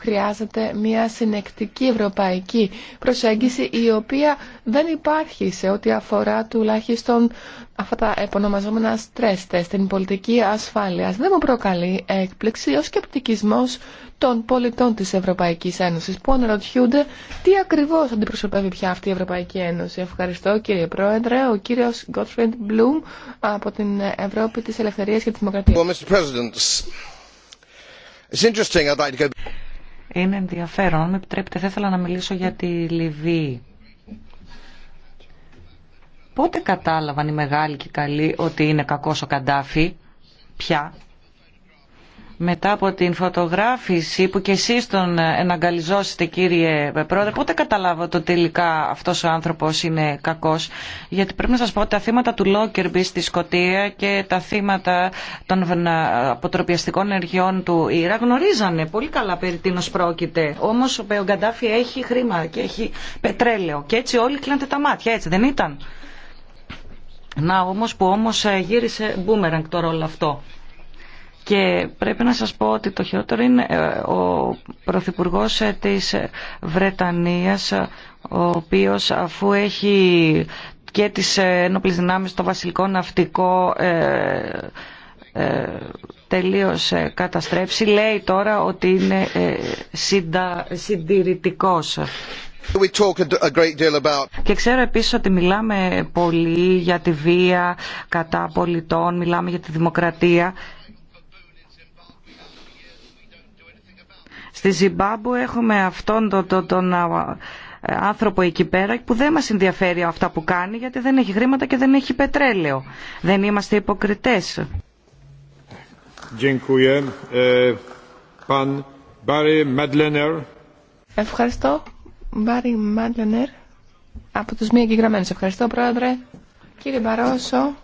Χρειάζεται μια συνεκτική ευρωπαϊκή προσέγγιση η οποία δεν υπάρχει σε ό,τι αφορά τουλάχιστον αυτά τα επωνομαζόμενα stress στην την πολιτική ασφάλειας. Δεν μου προκαλεί έκπληξη ο σκεπτικισμός των πολιτών της Ευρωπαϊκής Ένωσης που αναρωτιούνται τι ακριβώς αντιπροσωπεύει πια αυτή η Ευρωπαϊκή Ένωση. Ευχαριστώ κύριε Πρόεδρε, ο κύριος Gottfried Bloom από την Ευρώπη της Ελευθερίας και της Δημοκρατίας. Well, είναι ενδιαφέρον. με επιτρέπετε, θα ήθελα να μιλήσω για τη Λιβύη. Πότε κατάλαβαν οι μεγάλοι και οι καλοί ότι είναι κακός ο Καντάφη, πια, μετά από την φωτογράφηση που και εσείς τον εναγκαλιζώσετε κύριε Πρόεδρε, πότε ότι τελικά αυτός ο άνθρωπος είναι κακός. Γιατί πρέπει να σας πω ότι τα θύματα του Λόκερμπι στη Σκωτία και τα θύματα των αποτροπιαστικών ενεργειών του Ήρα γνωρίζανε πολύ καλά περί τίνος πρόκειται. Όμως ο Γκαντάφη έχει χρήμα και έχει πετρέλαιο και έτσι όλοι κλείνετε τα μάτια, έτσι δεν ήταν. Να όμως που όμως γύρισε μπούμεραγκ το ρόλο αυτό. Και πρέπει να σας πω ότι το χειρότερο είναι ε, ο Πρωθυπουργό ε, της Βρετανίας, ε, ο οποίος αφού έχει και τις ενόπλες δυνάμεις, στο βασιλικό ναυτικό, τελείως καταστρέψει, λέει τώρα ότι είναι συντα... συντηρητικός. Και ξέρω επίσης ότι μιλάμε πολύ για τη βία κατά πολιτών, μιλάμε για τη δημοκρατία. Στη Ζιμπάμπου έχουμε αυτόν τον, τον, τον άνθρωπο εκεί πέρα που δεν μας ενδιαφέρει αυτά που κάνει γιατί δεν έχει χρήματα και δεν έχει πετρέλαιο. Δεν είμαστε υποκριτές. Ε, Ευχαριστώ. Μπάρι Μάντλενερ από τους μη εγγεγραμμένους. Ευχαριστώ πρόεδρε. Κύριε Μπαρόσο,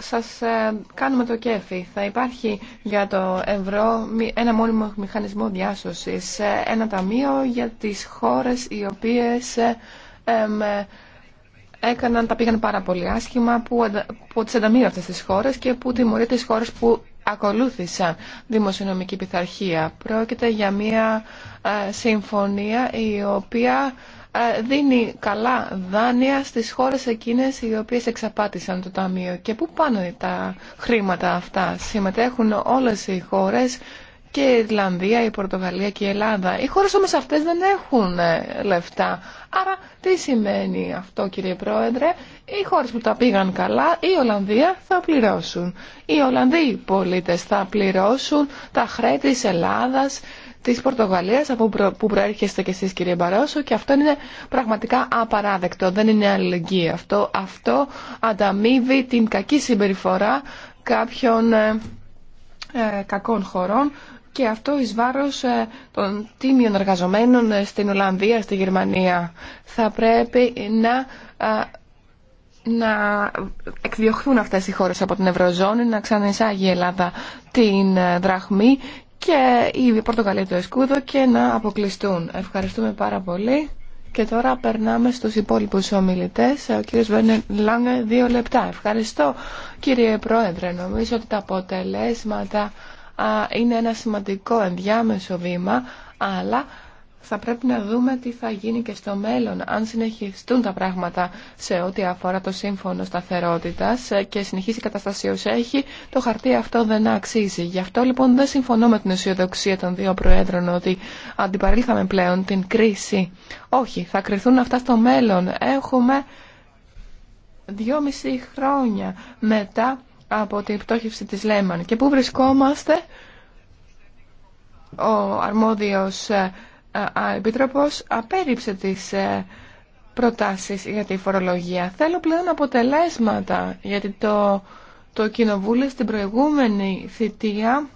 σας ε, κάνουμε το κέφι. Θα υπάρχει για το ευρώ ένα μόνιμο μηχανισμό διάσωσης, ε, ένα ταμείο για τις χώρες οι οποίες ε, έκαναν, τα πήγαν πάρα πολύ άσχημα, που, που τις ενταμείω αυτές τις χώρες και που τιμωρεί τις χώρες που ακολούθησαν δημοσιονομική πειθαρχία. Πρόκειται για μια συμφωνία η οποία δίνει καλά δάνεια στις χώρες εκείνες οι οποίες εξαπάτησαν το Ταμείο. Και πού πάνε τα χρήματα αυτά. Συμμετέχουν όλες οι χώρες και η Ιρλανδία, η Πορτογαλία και η Ελλάδα. Οι χώρες όμως αυτές δεν έχουν ε, λεφτά. Άρα τι σημαίνει αυτό κύριε Πρόεδρε. Οι χώρες που τα πήγαν καλά, η Ολλανδία θα πληρώσουν. Οι Ολλανδοί πολίτες θα πληρώσουν τα χρέη της Ελλάδας, της Πορτογαλίας από που προέρχεστε κι εσεί, κύριε Μπαρόσο και αυτό είναι πραγματικά απαράδεκτο, δεν είναι αλληλεγγύη αυτό. Αυτό ανταμείβει την κακή συμπεριφορά κάποιων ε, ε κακών χωρών και αυτό εις βάρος ε, των τίμιων εργαζομένων ε, στην Ολλανδία, στη Γερμανία. Θα πρέπει να να εκδιωχθούν αυτές οι χώρες από την Ευρωζώνη, να ξαναεισάγει η Ελλάδα την δραχμή και η Πορτοκαλία το Εσκούδο και να αποκλειστούν. Ευχαριστούμε πάρα πολύ. Και τώρα περνάμε στους υπόλοιπους ομιλητές. Ο κύριος Βέρνερ Λάγκε, δύο λεπτά. Ευχαριστώ κύριε Πρόεδρε. Νομίζω ότι τα αποτελέσματα είναι ένα σημαντικό ενδιάμεσο βήμα, αλλά θα πρέπει να δούμε τι θα γίνει και στο μέλλον αν συνεχιστούν τα πράγματα σε ό,τι αφορά το σύμφωνο σταθερότητας ε, και συνεχίσει η κατάσταση όσο έχει, το χαρτί αυτό δεν αξίζει. Γι' αυτό λοιπόν δεν συμφωνώ με την αισιοδοξία των δύο προέδρων ότι αντιπαρήλθαμε πλέον την κρίση. Όχι, θα κρυθούν αυτά στο μέλλον. Έχουμε δυόμιση χρόνια μετά από την πτώχευση της Λέμαν. Και πού βρισκόμαστε ο αρμόδιος ε, ε, Επίτροπος απέριψε τις ε, προτάσεις για τη φορολογία. Θέλω πλέον αποτελέσματα, γιατί το, το Κοινοβούλιο στην προηγούμενη θητεία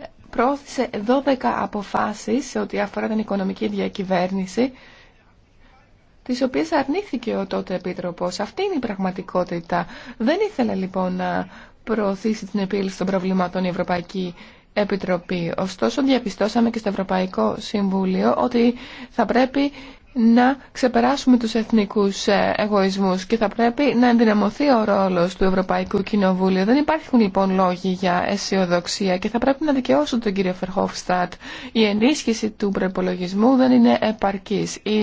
ε, πρόωθησε 12 αποφάσεις σε ό,τι αφορά την οικονομική διακυβέρνηση, τις οποίες αρνήθηκε ο τότε Επίτροπος. Αυτή είναι η πραγματικότητα. Δεν ήθελε λοιπόν να προωθήσει την επίλυση των προβλημάτων η Ευρωπαϊκή Επιτροπή. Ωστόσο, διαπιστώσαμε και στο Ευρωπαϊκό Συμβούλιο ότι θα πρέπει να ξεπεράσουμε τους εθνικούς ε, εγωισμούς και θα πρέπει να ενδυναμωθεί ο ρόλος του Ευρωπαϊκού Κοινοβούλιο. Δεν υπάρχουν λοιπόν λόγοι για αισιοδοξία και θα πρέπει να δικαιώσουν τον κύριο Φερχόφστατ. Η ενίσχυση του προπολογισμού δεν είναι επαρκής. Η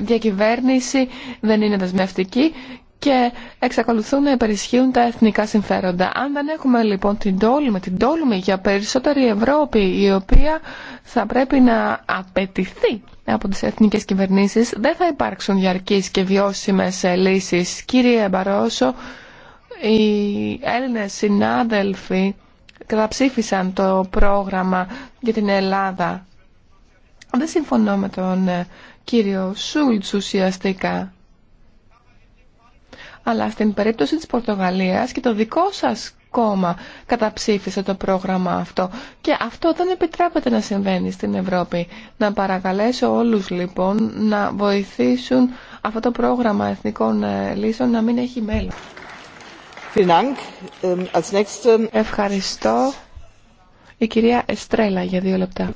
διακυβέρνηση δεν είναι δεσμευτική και εξακολουθούν να υπερισχύουν τα εθνικά συμφέροντα. Αν δεν έχουμε λοιπόν την τόλμη, την τόλμη για περισσότερη Ευρώπη η οποία θα πρέπει να απαιτηθεί από τις εθνικές κυβερνήσεις δεν θα υπάρξουν διαρκείς και βιώσιμες ε, λύσεις. Κύριε Μπαρόσο, οι Έλληνες συνάδελφοι καταψήφισαν το πρόγραμμα για την Ελλάδα. Δεν συμφωνώ με τον ε, κύριο Σούλτς ουσιαστικά αλλά στην περίπτωση της Πορτογαλίας και το δικό σας κόμμα καταψήφισε το πρόγραμμα αυτό. Και αυτό δεν επιτρέπεται να συμβαίνει στην Ευρώπη. Να παρακαλέσω όλους λοιπόν να βοηθήσουν αυτό το πρόγραμμα εθνικών ε, λύσεων να μην έχει μέλλον. Ähm, Ευχαριστώ. Η κυρία Εστρέλα για δύο λεπτά.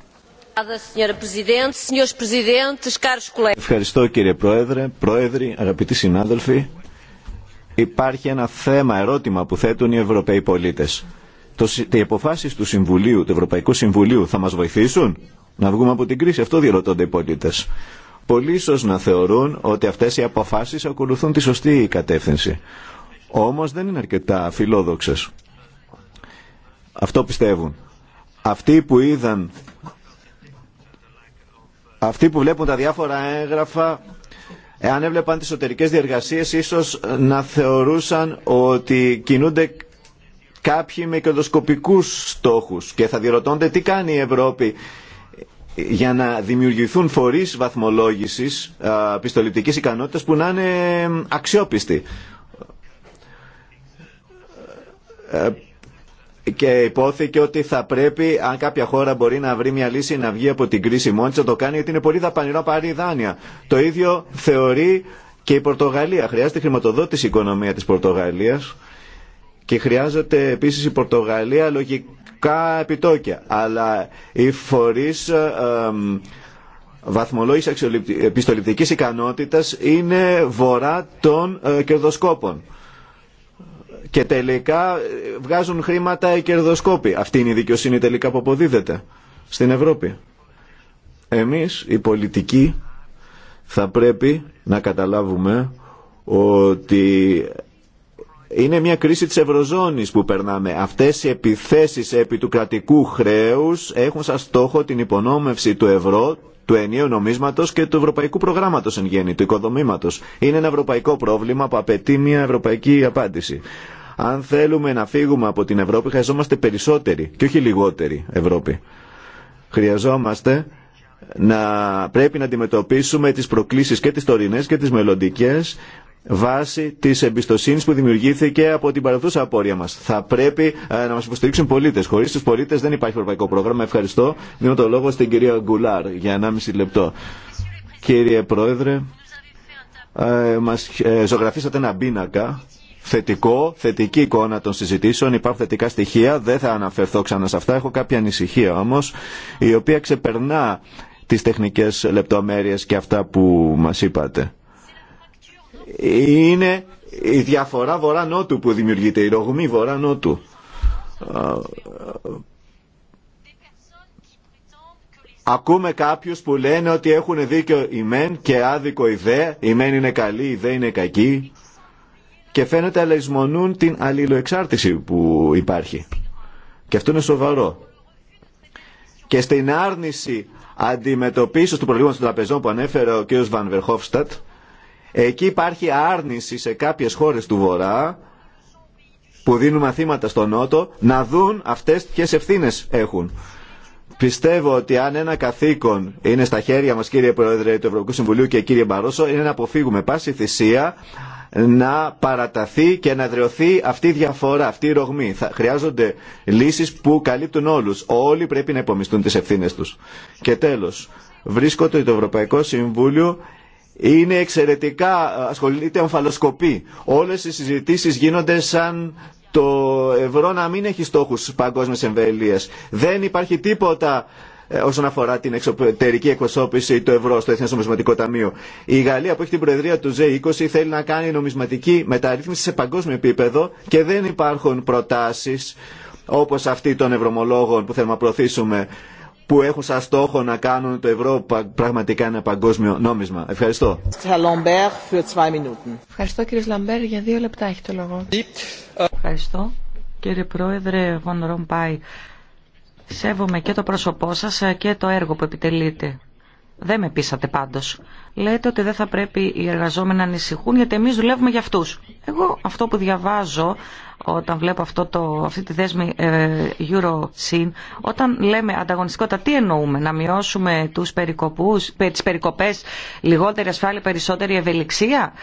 Ευχαριστώ κύριε Πρόεδρε, Πρόεδροι, αγαπητοί συνάδελφοι υπάρχει ένα θέμα, ερώτημα που θέτουν οι Ευρωπαίοι πολίτες. Το, οι αποφάσει του Συμβουλίου, του Ευρωπαϊκού Συμβουλίου θα μας βοηθήσουν να βγούμε από την κρίση. Αυτό διερωτώνται οι πολίτες. Πολλοί ίσως να θεωρούν ότι αυτές οι αποφάσεις ακολουθούν τη σωστή κατεύθυνση. Όμως δεν είναι αρκετά φιλόδοξες. Αυτό πιστεύουν. Αυτοί που είδαν, αυτοί που βλέπουν τα διάφορα έγγραφα Εάν έβλεπαν τις εσωτερικές διεργασίες ίσως να θεωρούσαν ότι κινούνται κάποιοι με κερδοσκοπικούς στόχους και θα διερωτώνται τι κάνει η Ευρώπη για να δημιουργηθούν φορείς βαθμολόγησης πιστοληπτικής ικανότητας που να είναι αξιόπιστοι ε, και υπόθηκε ότι θα πρέπει, αν κάποια χώρα μπορεί να βρει μια λύση να βγει από την κρίση μόνη να το κάνει, γιατί είναι πολύ δαπανηρό πάρει δάνεια. Το ίδιο θεωρεί και η Πορτογαλία. Χρειάζεται χρηματοδότηση η οικονομία της Πορτογαλίας και χρειάζεται επίσης η Πορτογαλία λογικά επιτόκια. Αλλά οι φορείς βαθμολόγηση επιστοληπτικής ικανότητας είναι βορρά των ε, κερδοσκόπων και τελικά ε, βγάζουν χρήματα οι κερδοσκόποι. Αυτή είναι η δικαιοσύνη τελικά που αποδίδεται στην Ευρώπη. Εμείς οι πολιτικοί θα πρέπει να καταλάβουμε ότι είναι μια κρίση της Ευρωζώνης που περνάμε. Αυτές οι επιθέσεις επί του κρατικού χρέους έχουν σαν στόχο την υπονόμευση του ευρώ, του ενίου νομίσματος και του ευρωπαϊκού προγράμματος εν γέννη, του οικοδομήματος. Είναι ένα ευρωπαϊκό πρόβλημα που απαιτεί μια ευρωπαϊκή απάντηση. Αν θέλουμε να φύγουμε από την Ευρώπη, χρειαζόμαστε περισσότερη και όχι λιγότερη Ευρώπη. Χρειαζόμαστε να πρέπει να αντιμετωπίσουμε τις προκλήσεις και τις τωρινές και τις μελλοντικέ βάσει της εμπιστοσύνης που δημιουργήθηκε από την παραδούσα απορία μας. Θα πρέπει ε, να μας υποστηρίξουν πολίτες. Χωρίς τους πολίτες δεν υπάρχει ευρωπαϊκό πρόγραμμα. Ευχαριστώ. Δίνω το λόγο στην κυρία Γκουλάρ για 1,5 λεπτό. Κύριε Πρόεδρε, ε, μας ε, ζωγραφίσατε ένα θετικό, θετική εικόνα των συζητήσεων. Υπάρχουν θετικά στοιχεία, δεν θα αναφερθώ ξανά σε αυτά. Έχω κάποια ανησυχία όμω, η οποία ξεπερνά τις τεχνικές λεπτομέρειες και αυτά που μας είπατε. Είναι η διαφορά βορρά-νότου που δημιουργείται, η ρογμή βορρά-νότου. Ακούμε κάποιους που λένε ότι έχουν δίκιο η μεν και άδικο η δε, η μεν είναι καλή, η δε είναι κακή και φαίνεται την αλληλοεξάρτηση που υπάρχει. Και αυτό είναι σοβαρό. Και στην άρνηση αντιμετωπίσεως του προβλήματος των τραπεζών που ανέφερε ο κ. Βαν εκεί υπάρχει άρνηση σε κάποιες χώρες του Βορρά που δίνουν μαθήματα στον Νότο να δουν αυτές ποιες ευθύνε έχουν. Πιστεύω ότι αν ένα καθήκον είναι στα χέρια μας κύριε Πρόεδρε του Ευρωπαϊκού Συμβουλίου και κύριε Μπαρόσο είναι να αποφύγουμε πάση θυσία να παραταθεί και να δρεωθεί αυτή η διαφορά, αυτή η ρογμή. χρειάζονται λύσεις που καλύπτουν όλους. Όλοι πρέπει να υπομιστούν τις ευθύνες τους. Και τέλος, βρίσκονται ότι το Ευρωπαϊκό Συμβούλιο είναι εξαιρετικά, ασχολείται ομφαλοσκοπή. Όλες οι συζητήσεις γίνονται σαν το ευρώ να μην έχει στόχους παγκόσμιας εμβέλειας. Δεν υπάρχει τίποτα ε, όσον αφορά την εξωτερική εκπροσώπηση του ευρώ στο Εθνικό Νομισματικό Ταμείο. Η Γαλλία που έχει την προεδρία του z 20 θέλει να κάνει νομισματική μεταρρύθμιση σε παγκόσμιο επίπεδο και δεν υπάρχουν προτάσει όπω αυτή των ευρωμολόγων που θέλουμε να προωθήσουμε που έχουν σαν στόχο να κάνουν το ευρώ πραγματικά ένα παγκόσμιο νόμισμα. Ευχαριστώ. Ευχαριστώ κύριε Λαμπέρ για δύο λεπτά έχει το λόγο. Σέβομαι και το πρόσωπό σας ε, και το έργο που επιτελείτε. Δεν με πείσατε πάντως. Λέτε ότι δεν θα πρέπει οι εργαζόμενοι να ανησυχούν γιατί εμείς δουλεύουμε για αυτούς. Εγώ αυτό που διαβάζω όταν βλέπω αυτό το, αυτή τη δέσμη ε, EuroSyn, όταν λέμε ανταγωνιστικότητα, τι εννοούμε, να μειώσουμε τους περικοπούς, ε, τις περικοπές, λιγότερη ασφάλεια, περισσότερη ευελιξία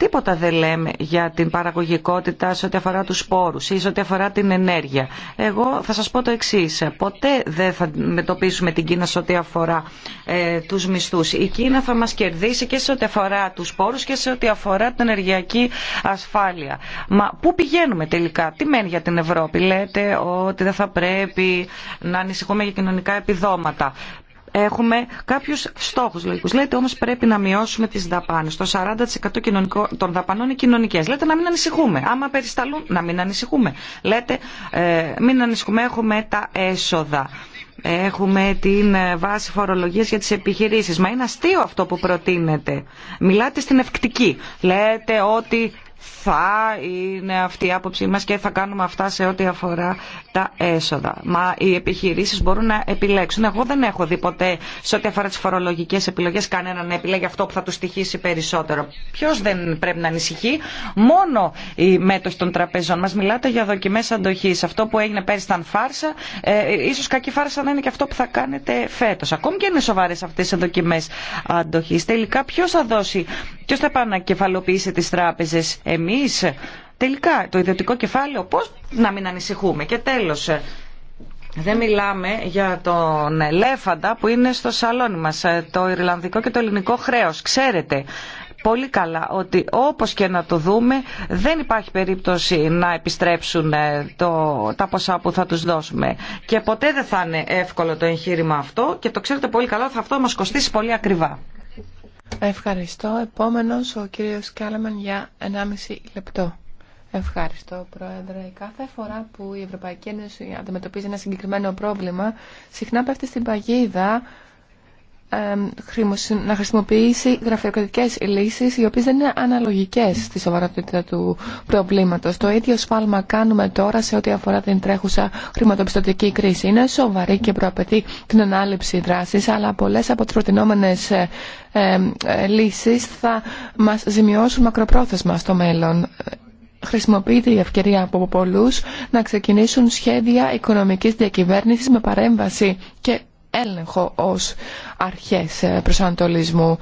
Τίποτα δεν λέμε για την παραγωγικότητα σε ό,τι αφορά τους σπόρους ή σε ό,τι αφορά την ενέργεια. Εγώ θα σας πω το εξή. Ποτέ δεν θα μετωπίσουμε την Κίνα σε ό,τι αφορά ε, τους μισθούς. Η Κίνα θα μας κερδίσει και σε ό,τι αφορά τους σπόρους και σε ό,τι αφορά την ενεργειακή ασφάλεια. Μα πού πηγαίνουμε τελικά, τι μένει για την Ευρώπη. Λέτε ότι δεν θα πρέπει να ανησυχούμε για κοινωνικά επιδόματα έχουμε κάποιου στόχου λογικού. Λέτε όμω πρέπει να μειώσουμε τι δαπάνε. Το 40% των δαπανών είναι κοινωνικέ. Λέτε να μην ανησυχούμε. Άμα περισταλούν, να μην ανησυχούμε. Λέτε ε, μην ανησυχούμε, έχουμε τα έσοδα. Έχουμε την ε, βάση φορολογίας για τις επιχειρήσεις. Μα είναι αστείο αυτό που προτείνετε. Μιλάτε στην ευκτική. Λέτε ότι θα είναι αυτή η άποψή μας και θα κάνουμε αυτά σε ό,τι αφορά τα έσοδα. Μα οι επιχειρήσεις μπορούν να επιλέξουν. Εγώ δεν έχω δει ποτέ σε ό,τι αφορά τις φορολογικές επιλογές κανέναν να επιλέγει αυτό που θα του στοιχήσει περισσότερο. Ποιος δεν πρέπει να ανησυχεί. Μόνο η μέτοχοι των τραπεζών. Μας μιλάτε για δοκιμές αντοχής. Αυτό που έγινε πέρυσι ήταν φάρσα. Ε, ίσως κακή φάρσα να είναι και αυτό που θα κάνετε φέτος. Ακόμη και είναι σοβαρές αυτές οι δοκιμές αντοχής. Τελικά ποιος θα δώσει Ποιο θα επανακεφαλοποιήσει τι τράπεζε, εμεί. Τελικά, το ιδιωτικό κεφάλαιο, πώ να μην ανησυχούμε. Και τέλο, δεν μιλάμε για τον ελέφαντα που είναι στο σαλόνι μας, το Ιρλανδικό και το ελληνικό χρέος. Ξέρετε πολύ καλά ότι όπως και να το δούμε δεν υπάρχει περίπτωση να επιστρέψουν ε, το, τα ποσά που θα τους δώσουμε. Και ποτέ δεν θα είναι εύκολο το εγχείρημα αυτό και το ξέρετε πολύ καλά ότι αυτό μας κοστίσει πολύ ακριβά. Ευχαριστώ. Επόμενος ο κύριος Κάλεμαν για 1,5 λεπτό. Ευχαριστώ, Πρόεδρε. Κάθε φορά που η Ευρωπαϊκή Ένωση αντιμετωπίζει ένα συγκεκριμένο πρόβλημα, συχνά πέφτει στην παγίδα να χρησιμοποιήσει γραφειοκρατικές λύσεις οι οποίες δεν είναι αναλογικές στη σοβαρότητα του προβλήματος. Το ίδιο σφάλμα κάνουμε τώρα σε ό,τι αφορά την τρέχουσα χρηματοπιστωτική κρίση. Είναι σοβαρή και προαπαιτεί την ανάληψη δράσης, αλλά πολλές από τις προτινόμενες ε, ε, λύσεις θα μας ζημιώσουν μακροπρόθεσμα στο μέλλον χρησιμοποιείται η ευκαιρία από πολλούς να ξεκινήσουν σχέδια οικονομικής διακυβέρνησης με παρέμβαση και έλεγχο ως αρχές προσανατολισμού.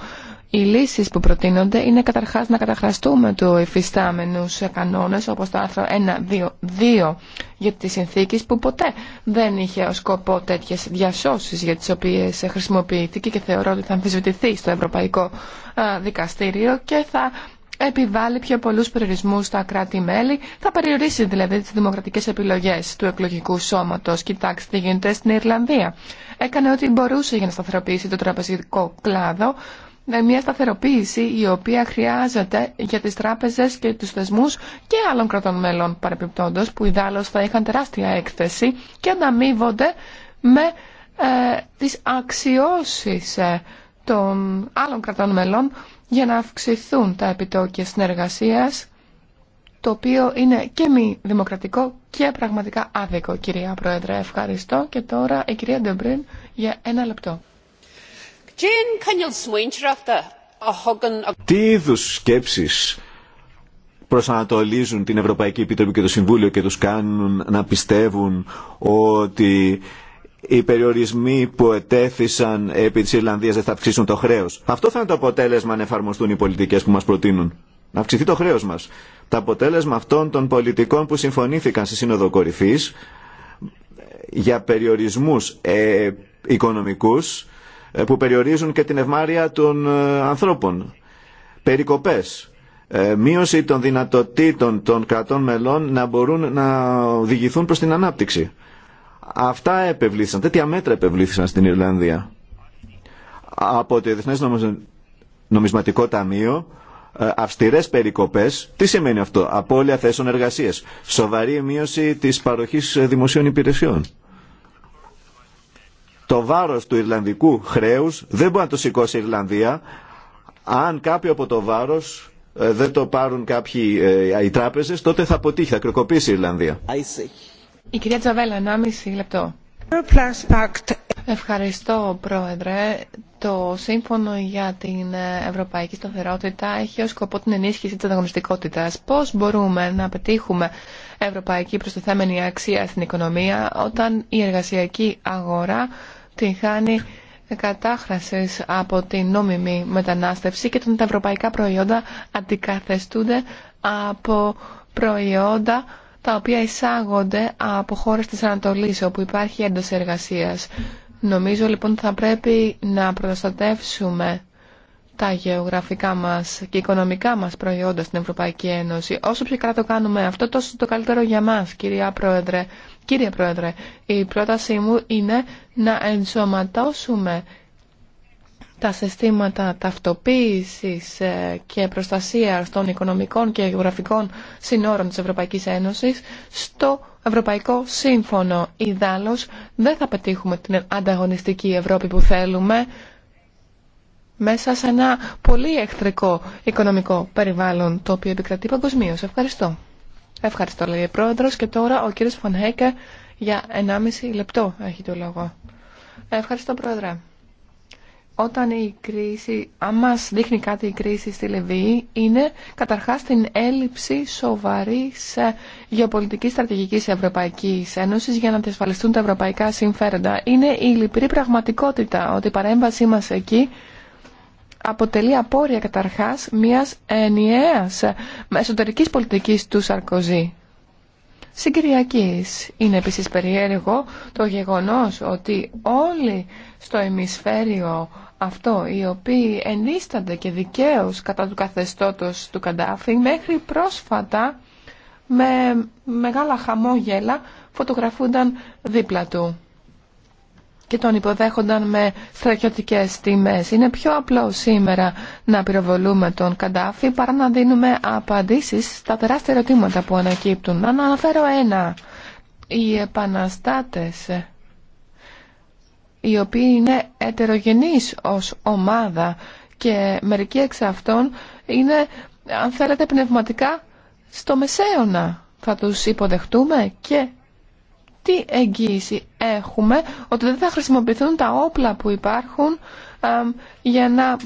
Οι λύσεις που προτείνονται είναι καταρχάς να καταχραστούμε του εφιστάμενους κανόνες όπως το άρθρο 1-2-2 για τις συνθήκες που ποτέ δεν είχε ως σκοπό τέτοιες διασώσεις για τις οποίες χρησιμοποιήθηκε και θεωρώ ότι θα αμφισβητηθεί στο Ευρωπαϊκό ε, Δικαστήριο και θα επιβάλλει πιο πολλού περιορισμού στα κράτη-μέλη, θα περιορίσει δηλαδή τι δημοκρατικέ επιλογέ του εκλογικού σώματο. Κοιτάξτε τι γίνεται στην Ιρλανδία. Έκανε ό,τι μπορούσε για να σταθεροποιήσει το τραπεζικό κλάδο, μια σταθεροποίηση η οποία χρειάζεται για τις τράπεζες και τους θεσμούς και άλλων κρατών μέλων παρεπιπτόντος που ιδάλλως θα είχαν τεράστια έκθεση και ανταμείβονται με ε, τις αξιώσεις ε, των άλλων κρατών μελών για να αυξηθούν τα επιτόκια συνεργασίας, το οποίο είναι και μη δημοκρατικό και πραγματικά άδικο, κυρία Πρόεδρε. Ευχαριστώ και τώρα η κυρία Ντεμπρίν για ένα λεπτό. Uh, Τι είδου σκέψεις προσανατολίζουν την Ευρωπαϊκή Επιτροπή και το Συμβούλιο και τους κάνουν να πιστεύουν ότι οι περιορισμοί που ετέθησαν επί της Ιρλανδίας δεν θα αυξήσουν το χρέος. Αυτό θα είναι το αποτέλεσμα αν εφαρμοστούν οι πολιτικές που μας προτείνουν. Να αυξηθεί το χρέος μας. Το αποτέλεσμα αυτών των πολιτικών που συμφωνήθηκαν στη Σύνοδο Κορυφής για περιορισμούς ε, οικονομικούς ε, που περιορίζουν και την ευμάρεια των ε, ανθρώπων. Περικοπές. Ε, μείωση των δυνατοτήτων των κρατών μελών να μπορούν να οδηγηθούν προς την ανάπτυξη. Αυτά επευλήθησαν, τέτοια μέτρα επευλήθησαν στην Ιρλανδία. Από το Διεθνές Νομισματικό Ταμείο, ε, αυστηρές περικοπές. Τι σημαίνει αυτό, απώλεια θέσεων εργασίας, σοβαρή μείωση της παροχής δημοσίων υπηρεσιών. Το βάρος του Ιρλανδικού χρέους δεν μπορεί να το σηκώσει η Ιρλανδία αν κάποιο από το βάρος ε, δεν το πάρουν κάποιοι ε, οι τράπεζες, τότε θα αποτύχει, θα η Ιρλανδία. Η κυρία Τζαβέλα, 1,5 λεπτό. Ευχαριστώ, Πρόεδρε. Το Σύμφωνο για την Ευρωπαϊκή Σταθερότητα έχει ως σκοπό την ενίσχυση της ανταγωνιστικότητας. Πώς μπορούμε να πετύχουμε ευρωπαϊκή προστιθέμενη αξία στην οικονομία όταν η εργασιακή αγορά τη χάνει κατάχρασης από την νόμιμη μετανάστευση και όταν τα ευρωπαϊκά προϊόντα αντικαθεστούνται από προϊόντα τα οποία εισάγονται από χώρες της Ανατολής όπου υπάρχει έντοση εργασίας. Νομίζω λοιπόν θα πρέπει να προστατεύσουμε τα γεωγραφικά μας και οικονομικά μας προϊόντα στην Ευρωπαϊκή Ένωση. Όσο πιο καλά το κάνουμε αυτό, τόσο το καλύτερο για μας, κυρία Πρόεδρε. Κύριε Πρόεδρε, η πρότασή μου είναι να ενσωματώσουμε τα συστήματα ταυτοποίησης ε, και προστασία των οικονομικών και γεωγραφικών συνόρων της Ευρωπαϊκής Ένωσης στο Ευρωπαϊκό Σύμφωνο. Ιδάλλως δεν θα πετύχουμε την ανταγωνιστική Ευρώπη που θέλουμε μέσα σε ένα πολύ εχθρικό οικονομικό περιβάλλον το οποίο επικρατεί παγκοσμίω. Ευχαριστώ. Ευχαριστώ λέει ο Πρόεδρος και τώρα ο κύριος Φανχέκε για 1,5 λεπτό έχει το λόγο. Ευχαριστώ Πρόεδρε όταν η κρίση, αν μας δείχνει κάτι η κρίση στη Λιβύη, είναι καταρχάς την έλλειψη σοβαρής ε, γεωπολιτικής στρατηγικής Ευρωπαϊκής Ένωσης για να διασφαλιστούν τα ευρωπαϊκά συμφέροντα. Είναι η λυπηρή πραγματικότητα ότι η παρέμβασή μας εκεί αποτελεί απόρρια καταρχάς μιας ενιαίας ε, εσωτερικής πολιτικής του Σαρκοζή. Συγκυριακής είναι επίσης περίεργο το γεγονός ότι όλοι στο ημισφαίριο αυτό, οι οποίοι ενίστανται και δικαίως κατά του καθεστώτος του Καντάφη, μέχρι πρόσφατα με μεγάλα χαμόγελα φωτογραφούνταν δίπλα του και τον υποδέχονταν με στρατιωτικές τιμές. Είναι πιο απλό σήμερα να πυροβολούμε τον Καντάφη παρά να δίνουμε απαντήσεις στα τεράστια ερωτήματα που ανακύπτουν. Να αναφέρω ένα. Οι επαναστάτες οι οποίοι είναι ετερογενείς ως ομάδα και μερικοί εξ αυτών είναι, αν θέλετε, πνευματικά στο μεσαίωνα. Θα τους υποδεχτούμε και τι εγγύηση έχουμε ότι δεν θα χρησιμοποιηθούν τα όπλα που υπάρχουν για να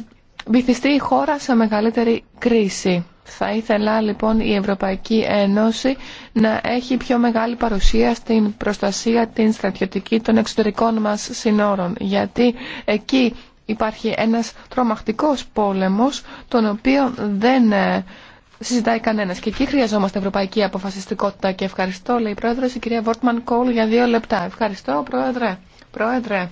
βυθιστεί η χώρα σε μεγαλύτερη κρίση. Θα ήθελα λοιπόν η Ευρωπαϊκή Ένωση να έχει πιο μεγάλη παρουσία στην προστασία την στρατιωτική των εξωτερικών μας συνόρων γιατί εκεί υπάρχει ένας τρομακτικός πόλεμος τον οποίο δεν ε, συζητάει κανένας και εκεί χρειαζόμαστε ευρωπαϊκή αποφασιστικότητα και ευχαριστώ λέει η Πρόεδρος η κυρία Βόρτμαν Κόλ για δύο λεπτά. Ευχαριστώ Πρόεδρε. Πρόεδρε.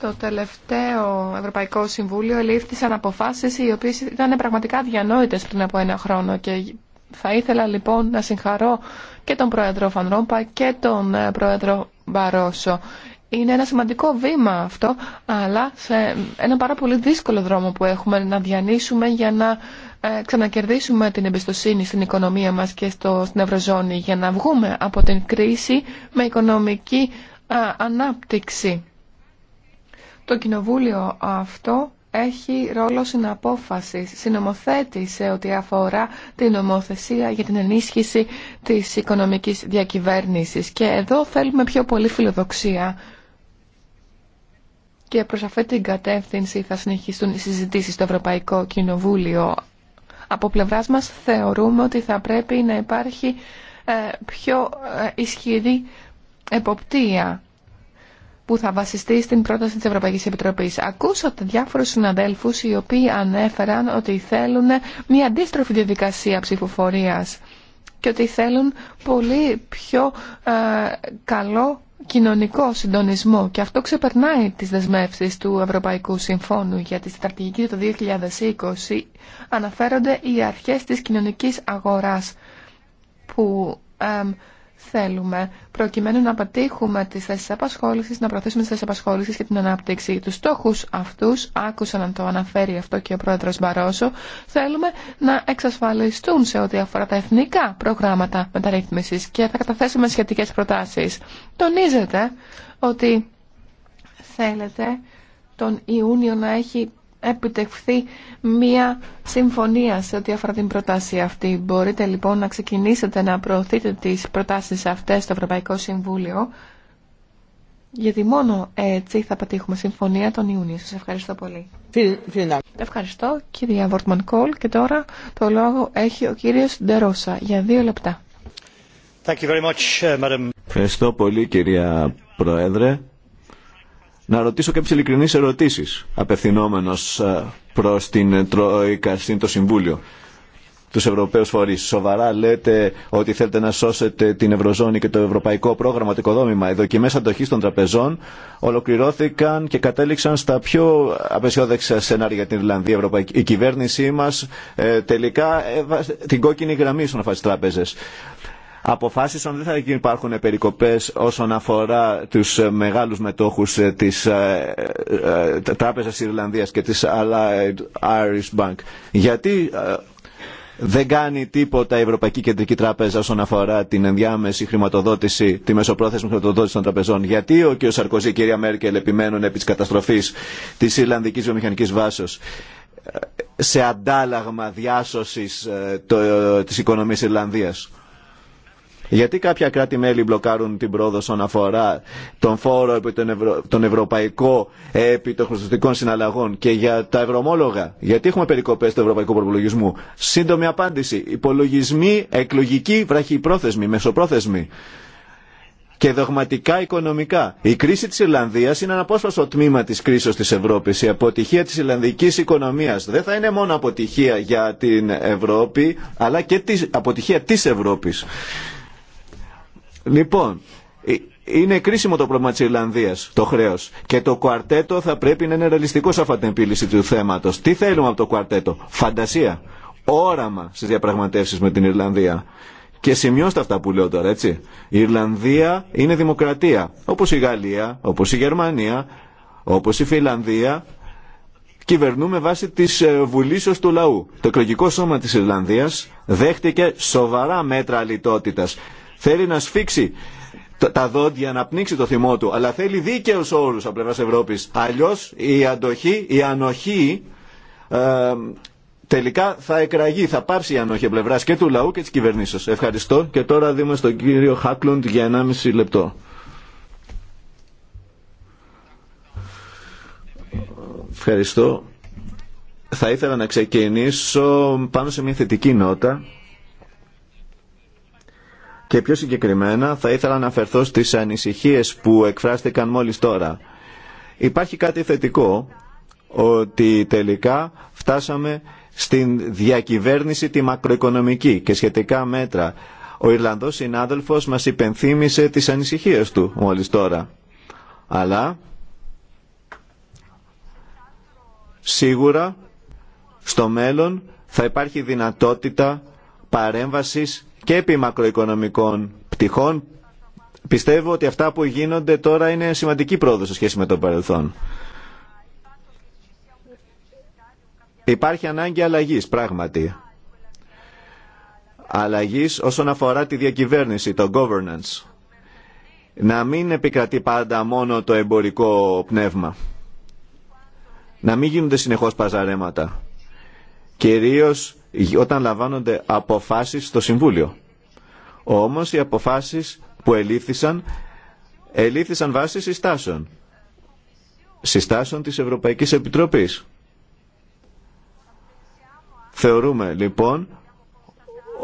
Το τελευταίο Ευρωπαϊκό Συμβούλιο ελήφθησαν αποφάσεις οι οποίες ήταν πραγματικά διανόητες πριν από ένα χρόνο και θα ήθελα λοιπόν να συγχαρώ και τον Πρόεδρο Φανρόμπα και τον ε, Πρόεδρο Μπαρόσο. Είναι ένα σημαντικό βήμα αυτό, αλλά σε ένα πάρα πολύ δύσκολο δρόμο που έχουμε να διανύσουμε για να ε, ξανακερδίσουμε την εμπιστοσύνη στην οικονομία μας και στο, στην Ευρωζώνη, για να βγούμε από την κρίση με οικονομική ε, ανάπτυξη. Το κοινοβούλιο αυτό έχει ρόλο συναπόφαση, συνομοθέτη σε ό,τι αφορά την νομοθεσία για την ενίσχυση της οικονομικής διακυβέρνησης. Και εδώ θέλουμε πιο πολύ φιλοδοξία. Και προς αυτή την κατεύθυνση θα συνεχιστούν οι συζητήσεις στο Ευρωπαϊκό Κοινοβούλιο. Από πλευράς μας θεωρούμε ότι θα πρέπει να υπάρχει ε, πιο ε, ισχυρή εποπτεία που θα βασιστεί στην πρόταση της Ευρωπαϊκής Επιτροπής. Ακούσατε διάφορους συναδέλφους οι οποίοι ανέφεραν ότι θέλουν μια αντίστροφη διαδικασία ψηφοφορίας και ότι θέλουν πολύ πιο ε, καλό κοινωνικό συντονισμό και αυτό ξεπερνάει τις δεσμεύσεις του Ευρωπαϊκού Συμφώνου για τη στρατηγική του 2020 αναφέρονται οι αρχές της κοινωνικής αγοράς που ε, θέλουμε προκειμένου να πετύχουμε τις θέσεις απασχόλησης, να προωθήσουμε τις θέσεις απασχόλησης και την ανάπτυξη. Τους στόχους αυτούς, άκουσα να το αναφέρει αυτό και ο πρόεδρος Μπαρόσο, θέλουμε να εξασφαλιστούν σε ό,τι αφορά τα εθνικά προγράμματα μεταρρύθμισης και θα καταθέσουμε σχετικές προτάσεις. Τονίζεται ότι θέλετε τον Ιούνιο να έχει επιτευχθεί μία συμφωνία σε ό,τι αφορά την προτάση αυτή. Μπορείτε λοιπόν να ξεκινήσετε να προωθείτε τις προτάσεις αυτές στο Ευρωπαϊκό Συμβούλιο, γιατί μόνο έτσι θα πετύχουμε συμφωνία τον Ιούνιο. Σας ευχαριστώ πολύ. Ευχαριστώ κυρία Βόρτμαν Κόλ και τώρα το λόγο έχει ο κύριος Ντερόσα για δύο λεπτά. Thank you very much, uh, Madam. Ευχαριστώ πολύ κυρία Πρόεδρε να ρωτήσω κάποιε ειλικρινεί ερωτήσεις απευθυνόμενο ε, προς την Τρόικα, στην το Συμβούλιο του Ευρωπαίου φορεί. Σοβαρά λέτε ότι θέλετε να σώσετε την Ευρωζώνη και το Ευρωπαϊκό Πρόγραμμα το οικοδόμημα. Οι δοκιμέ αντοχή των τραπεζών ολοκληρώθηκαν και κατέληξαν στα πιο απεσιόδεξα σενάρια για την Ιρλανδία. Η κυβέρνησή μας ε, τελικά την κόκκινη γραμμή στον αφάσι τράπεζε αποφάσεις ότι δεν θα υπάρχουν περικοπές όσον αφορά τους μεγάλους μετόχους ε, της ε, ε, Τράπεζας Ιρλανδίας και της Allied Irish Bank. Γιατί δεν κάνει τίποτα η Ευρωπαϊκή Κεντρική Τράπεζα όσον αφορά την ενδιάμεση χρηματοδότηση, τη μεσοπρόθεσμη χρηματοδότηση των τραπεζών. Γιατί ο κ. Σαρκοζή και η κυρία Μέρκελ επιμένουν επί τη καταστροφή τη Ιρλανδική βιομηχανική βάσεω σε αντάλλαγμα διάσωση τη οικονομία Ιρλανδίας. Γιατί κάποια κράτη-μέλη μπλοκάρουν την πρόοδο όσον αφορά τον φόρο επί τον, Ευρω... τον ευρωπαϊκό επί των χρησιμοποιητικών συναλλαγών και για τα ευρωμόλογα. Γιατί έχουμε περικοπές του ευρωπαϊκού προπολογισμού. Σύντομη απάντηση. Υπολογισμοί εκλογικοί, βραχυπρόθεσμοι, μεσοπρόθεσμοι και δογματικά οικονομικά. Η κρίση της Ιρλανδίας είναι ένα απόσπαστο τμήμα της κρίσης της Ευρώπης. Η αποτυχία της Ιρλανδικής οικονομίας δεν θα είναι μόνο αποτυχία για την Ευρώπη, αλλά και της αποτυχία της Ευρώπης. Λοιπόν, ε, είναι κρίσιμο το πρόβλημα τη Ιρλανδία, το χρέο. Και το κουαρτέτο θα πρέπει να είναι ρεαλιστικό σε αυτή την επίλυση του θέματο. Τι θέλουμε από το κουαρτέτο, φαντασία, όραμα στι διαπραγματεύσει με την Ιρλανδία. Και σημειώστε αυτά που λέω τώρα, έτσι. Η Ιρλανδία είναι δημοκρατία. Όπω η Γαλλία, όπω η Γερμανία, όπω η Φιλανδία. Κυβερνούμε βάσει τη ε, βουλήσεω του λαού. Το εκλογικό σώμα τη Ιρλανδία δέχτηκε σοβαρά μέτρα λιτότητα Θέλει να σφίξει τα δόντια να πνίξει το θυμό του, αλλά θέλει δίκαιου όρου από πλευρά Ευρώπη. Αλλιώ η αντοχή, η ανοχή ε, τελικά θα εκραγεί, θα πάψει η ανοχή πλευρά και του λαού και τη κυβερνήσεω. Ευχαριστώ και τώρα δούμε στον κύριο Χάκλοντ για 1,5 λεπτό. Ευχαριστώ. Θα ήθελα να ξεκινήσω πάνω σε μια θετική νότα. Και πιο συγκεκριμένα θα ήθελα να αναφερθώ στις ανησυχίες που εκφράστηκαν μόλις τώρα. Υπάρχει κάτι θετικό ότι τελικά φτάσαμε στην διακυβέρνηση τη μακροοικονομική και σχετικά μέτρα. Ο Ιρλανδός συνάδελφος μας υπενθύμησε τις ανησυχίες του μόλις τώρα. Αλλά σίγουρα στο μέλλον θα υπάρχει δυνατότητα παρέμβασης και επί μακροοικονομικών πτυχών. Πιστεύω ότι αυτά που γίνονται τώρα είναι σημαντική πρόοδο σε σχέση με το παρελθόν. Υπάρχει ανάγκη αλλαγής, πράγματι. Αλλαγής όσον αφορά τη διακυβέρνηση, το governance. Να μην επικρατεί πάντα μόνο το εμπορικό πνεύμα. Να μην γίνονται συνεχώς παζαρέματα. Κυρίως όταν λαμβάνονται αποφάσεις στο Συμβούλιο. Όμως οι αποφάσεις που ελήφθησαν, ελήφθησαν βάσει συστάσεων. Συστάσεων της Ευρωπαϊκής Επιτροπής. Θεωρούμε λοιπόν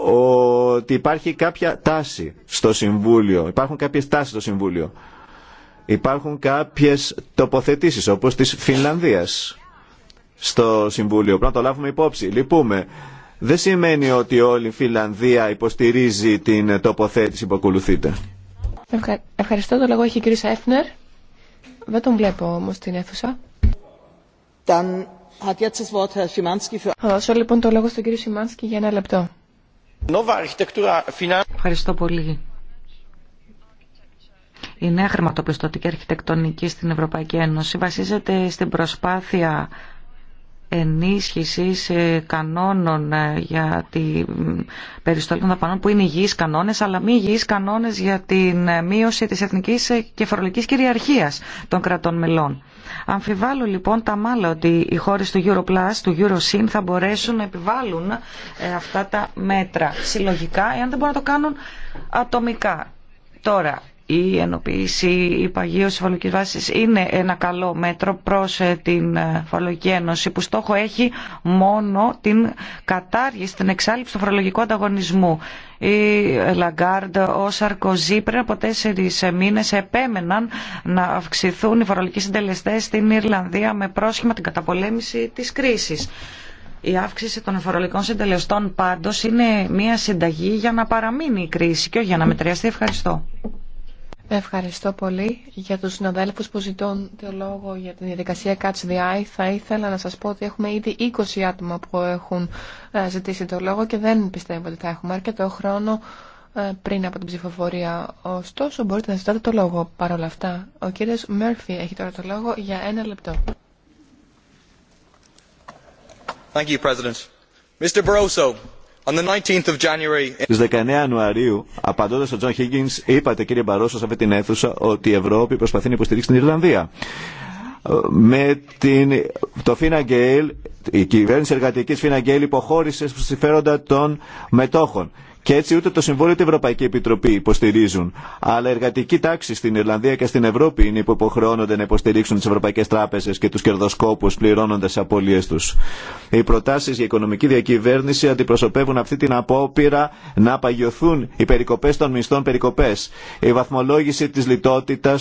ότι υπάρχει κάποια τάση στο Συμβούλιο. Υπάρχουν κάποιες τάσεις στο Συμβούλιο. Υπάρχουν κάποιες τοποθετήσεις όπως της Φινλανδίας στο Συμβούλιο. Πρέπει να το λάβουμε υπόψη. Λυπούμε δεν σημαίνει ότι όλη η Φιλανδία υποστηρίζει την τοποθέτηση που ακολουθείται. Ευχαριστώ. Το λόγο έχει η κυρία Έφνερ. Δεν τον βλέπω όμως στην αίθουσα. Dann hat jetzt das Wort Herr für... δώσω λοιπόν το λόγο στον κύριο Σιμάνσκι για ένα λεπτό. Ευχαριστώ πολύ. Η νέα χρηματοπιστωτική αρχιτεκτονική στην Ευρωπαϊκή Ένωση βασίζεται στην προσπάθεια ενίσχυσης κανόνων ε, για την περιστολή των δαπανών που είναι υγιείς κανόνες αλλά μη υγιείς κανόνες για την ε, μείωση της εθνικής ε, και φορολογικής κυριαρχίας των κρατών μελών. Αμφιβάλλω λοιπόν τα μάλλα ότι οι χώρες του Europlus, του Eurosyn θα μπορέσουν να επιβάλλουν αυτά τα μέτρα συλλογικά εάν δεν μπορούν να το κάνουν ατομικά. Τώρα, η ενοποίηση, η παγίωση φορολογική βάση είναι ένα καλό μέτρο προ ε, την ε, φορολογική ένωση που στόχο έχει μόνο την κατάργηση, την εξάλληψη του φορολογικού ανταγωνισμού. Η Λαγκάρντ, ο Σαρκοζή πριν από τέσσερι ε, μήνε επέμεναν να αυξηθούν οι φορολογικοί συντελεστέ στην Ιρλανδία με πρόσχημα την καταπολέμηση τη κρίση. Η αύξηση των φορολογικών συντελεστών πάντως είναι μια συνταγή για να παραμείνει η κρίση και όχι για να μετριαστεί. Ευχαριστώ. Ευχαριστώ πολύ για τους συναδέλφους που ζητούν το λόγο για την διαδικασία Catch the Eye. Θα ήθελα να σας πω ότι έχουμε ήδη 20 άτομα που έχουν ε, ζητήσει το λόγο και δεν πιστεύω ότι θα έχουμε αρκετό χρόνο ε, πριν από την ψηφοφορία. Ωστόσο, μπορείτε να ζητάτε το λόγο παρόλα αυτά. Ο κύριος Μέρφυ έχει τώρα το λόγο για ένα λεπτό. Στις 19 Ιανουαρίου, απαντώντας στον Τζον Χίγγινς, είπατε κύριε Μπαρόσο σε αυτή την αίθουσα ότι η Ευρώπη προσπαθεί να υποστηρίξει την Ιρλανδία. Με την... το Φίνα η κυβέρνηση εργατικής Φίνα υποχώρησε στους συμφέροντα των μετόχων και έτσι ούτε το Συμβόλαιο ούτε η Ευρωπαϊκή Επιτροπή υποστηρίζουν. Αλλά εργατική τάξη στην Ιρλανδία και στην Ευρώπη είναι που υποχρεώνονται να υποστηρίξουν τι ευρωπαϊκέ τράπεζε και του κερδοσκόπου πληρώνοντα τι απώλειέ του. Οι προτάσει για οικονομική διακυβέρνηση αντιπροσωπεύουν αυτή την απόπειρα να παγιωθούν οι περικοπέ των μισθών περικοπέ. Η βαθμολόγηση τη λιτότητα,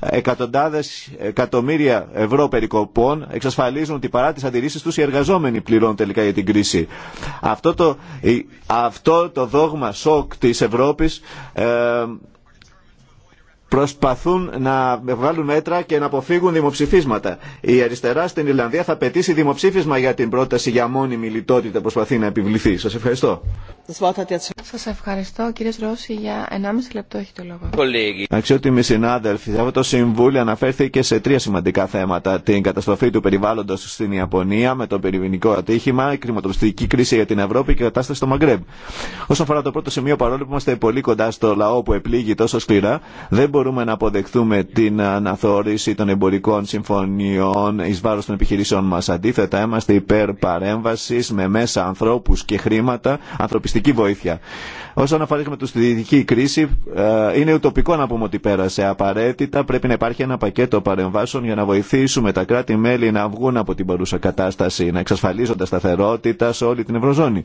εκατοντάδε εκατομμύρια ευρώ περικοπών εξασφαλίζουν ότι παρά τι αντιρρήσει του οι εργαζόμενοι πληρώνουν τελικά για την κρίση. Αυτό το, αυτό δόγμα σοκ της Ευρώπης ε, προσπαθούν να βγάλουν μέτρα και να αποφύγουν δημοψηφίσματα. Η αριστερά στην Ιρλανδία θα πετήσει δημοψήφισμα για την πρόταση για μόνιμη λιτότητα που προσπαθεί να επιβληθεί. Σας ευχαριστώ. Σα ευχαριστώ κύριε Ρώση για 1,5 λεπτό έχει το λόγο. Αξιότιμοι συνάδελφοι, αυτό το Συμβούλιο αναφέρθηκε σε τρία σημαντικά θέματα. Την καταστροφή του περιβάλλοντο στην Ιαπωνία με το περιβηνικό ατύχημα, η κρηματοπιστική κρίση για την Ευρώπη και η κατάσταση στο Μαγκρέμπ. Όσον αφορά το πρώτο σημείο, παρόλο που είμαστε πολύ κοντά στο λαό που επλήγει τόσο σκληρά, δεν μπορούμε να αποδεχθούμε την αναθόρηση των εμπορικών συμφωνιών ει βάρο των επιχειρήσεων μα. Αντίθετα, είμαστε υπέρ παρέμβαση με μέσα ανθρώπου και χρήματα, ανθρωπιστική βοήθεια. Όσον αφορά με τη ειδική κρίση, ε, είναι ουτοπικό να πούμε ότι πέρασε. Απαραίτητα πρέπει να υπάρχει ένα πακέτο παρεμβάσεων για να βοηθήσουμε τα κράτη-μέλη να βγουν από την παρούσα κατάσταση, να εξασφαλίζονται σταθερότητα σε όλη την Ευρωζώνη.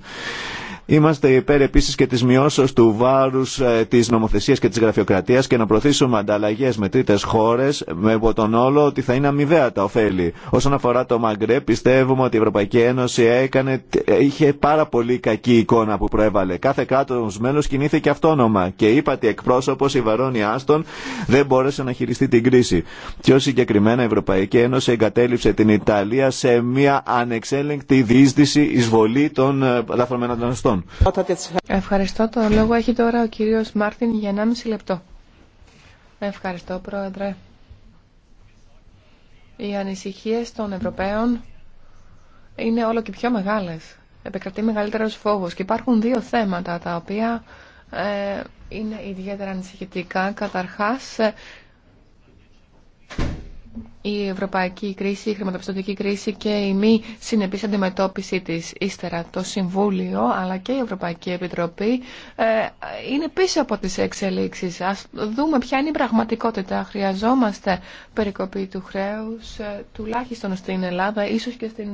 Είμαστε υπέρ επίση και τη μειώσεω του βάρου ε, τη νομοθεσία και τη γραφειοκρατία και να προωθήσουμε ανταλλαγέ με τρίτε χώρε με τον όλο ότι θα είναι αμοιβαία τα ωφέλη. Όσον αφορά το Μαγκρέ, πιστεύουμε ότι η Ευρωπαϊκή Ένωση έκανε, είχε πάρα πολύ κακή εικόνα που προέβαλε. Κάθε κράτο Μέλος κινήθηκε αυτόνομα και είπα ότι εκπρόσωπο η Βαρόνι Άστον δεν μπόρεσε να χειριστεί την κρίση. Πιο συγκεκριμένα η Ευρωπαϊκή Ένωση εγκατέλειψε την Ιταλία σε μια ανεξέλεγκτη διείσδυση εισβολή των άστων ε, Ευχαριστώ. Το λόγο έχει τώρα ο κύριο Μάρτιν για 1,5 λεπτό. Ευχαριστώ, Πρόεδρε. Οι ανησυχίες των Ευρωπαίων είναι όλο και πιο μεγάλες επικρατεί μεγαλύτερος φόβος. Και υπάρχουν δύο θέματα τα οποία ε, είναι ιδιαίτερα ανησυχητικά. Καταρχάς, ε, η ευρωπαϊκή κρίση, η χρηματοπιστωτική κρίση και η μη συνεπής αντιμετώπιση της ύστερα το Συμβούλιο αλλά και η Ευρωπαϊκή Επιτροπή ε, είναι πίσω από τις εξελίξεις. Ας δούμε ποια είναι η πραγματικότητα. Χρειαζόμαστε περικοπή του χρέους τουλάχιστον στην Ελλάδα, ίσως και στην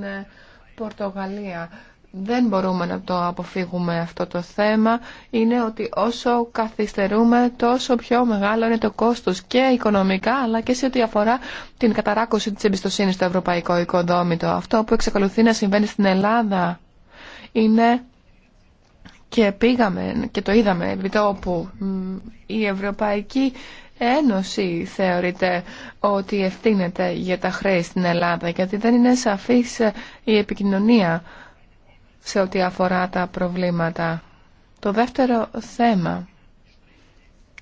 Πορτογαλία δεν μπορούμε να το αποφύγουμε αυτό το θέμα είναι ότι όσο καθυστερούμε τόσο πιο μεγάλο είναι το κόστος και οικονομικά αλλά και σε ό,τι αφορά την καταράκωση της εμπιστοσύνης στο ευρωπαϊκό οικοδόμητο. Αυτό που εξακολουθεί να συμβαίνει στην Ελλάδα είναι και πήγαμε και το είδαμε επί όπου η Ευρωπαϊκή Ένωση θεωρείται ότι ευθύνεται για τα χρέη στην Ελλάδα γιατί δεν είναι σαφής η επικοινωνία σε ό,τι αφορά τα προβλήματα. Το δεύτερο θέμα,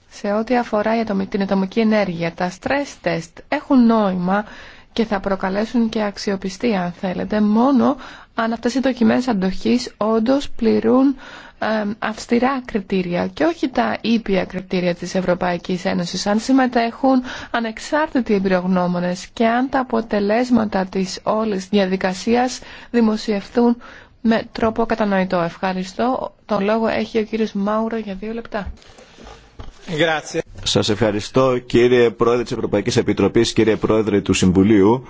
σε ό,τι αφορά την ατομική ενέργεια, τα stress test έχουν νόημα και θα προκαλέσουν και αξιοπιστία, αν θέλετε, μόνο αν αυτές οι δοκιμές αντοχής όντως πληρούν αυστηρά κριτήρια και όχι τα ήπια κριτήρια της Ευρωπαϊκής Ένωσης. Αν συμμετέχουν ανεξάρτητοι εμπειρογνώμονες και αν τα αποτελέσματα της όλης διαδικασίας δημοσιευτούν με τρόπο κατανοητό. Ευχαριστώ. Το λόγο έχει ο κύριος Μάουρο για δύο λεπτά. Σας ευχαριστώ κύριε Πρόεδρε της Ευρωπαϊκής Επιτροπής, κύριε Πρόεδρε του Συμβουλίου.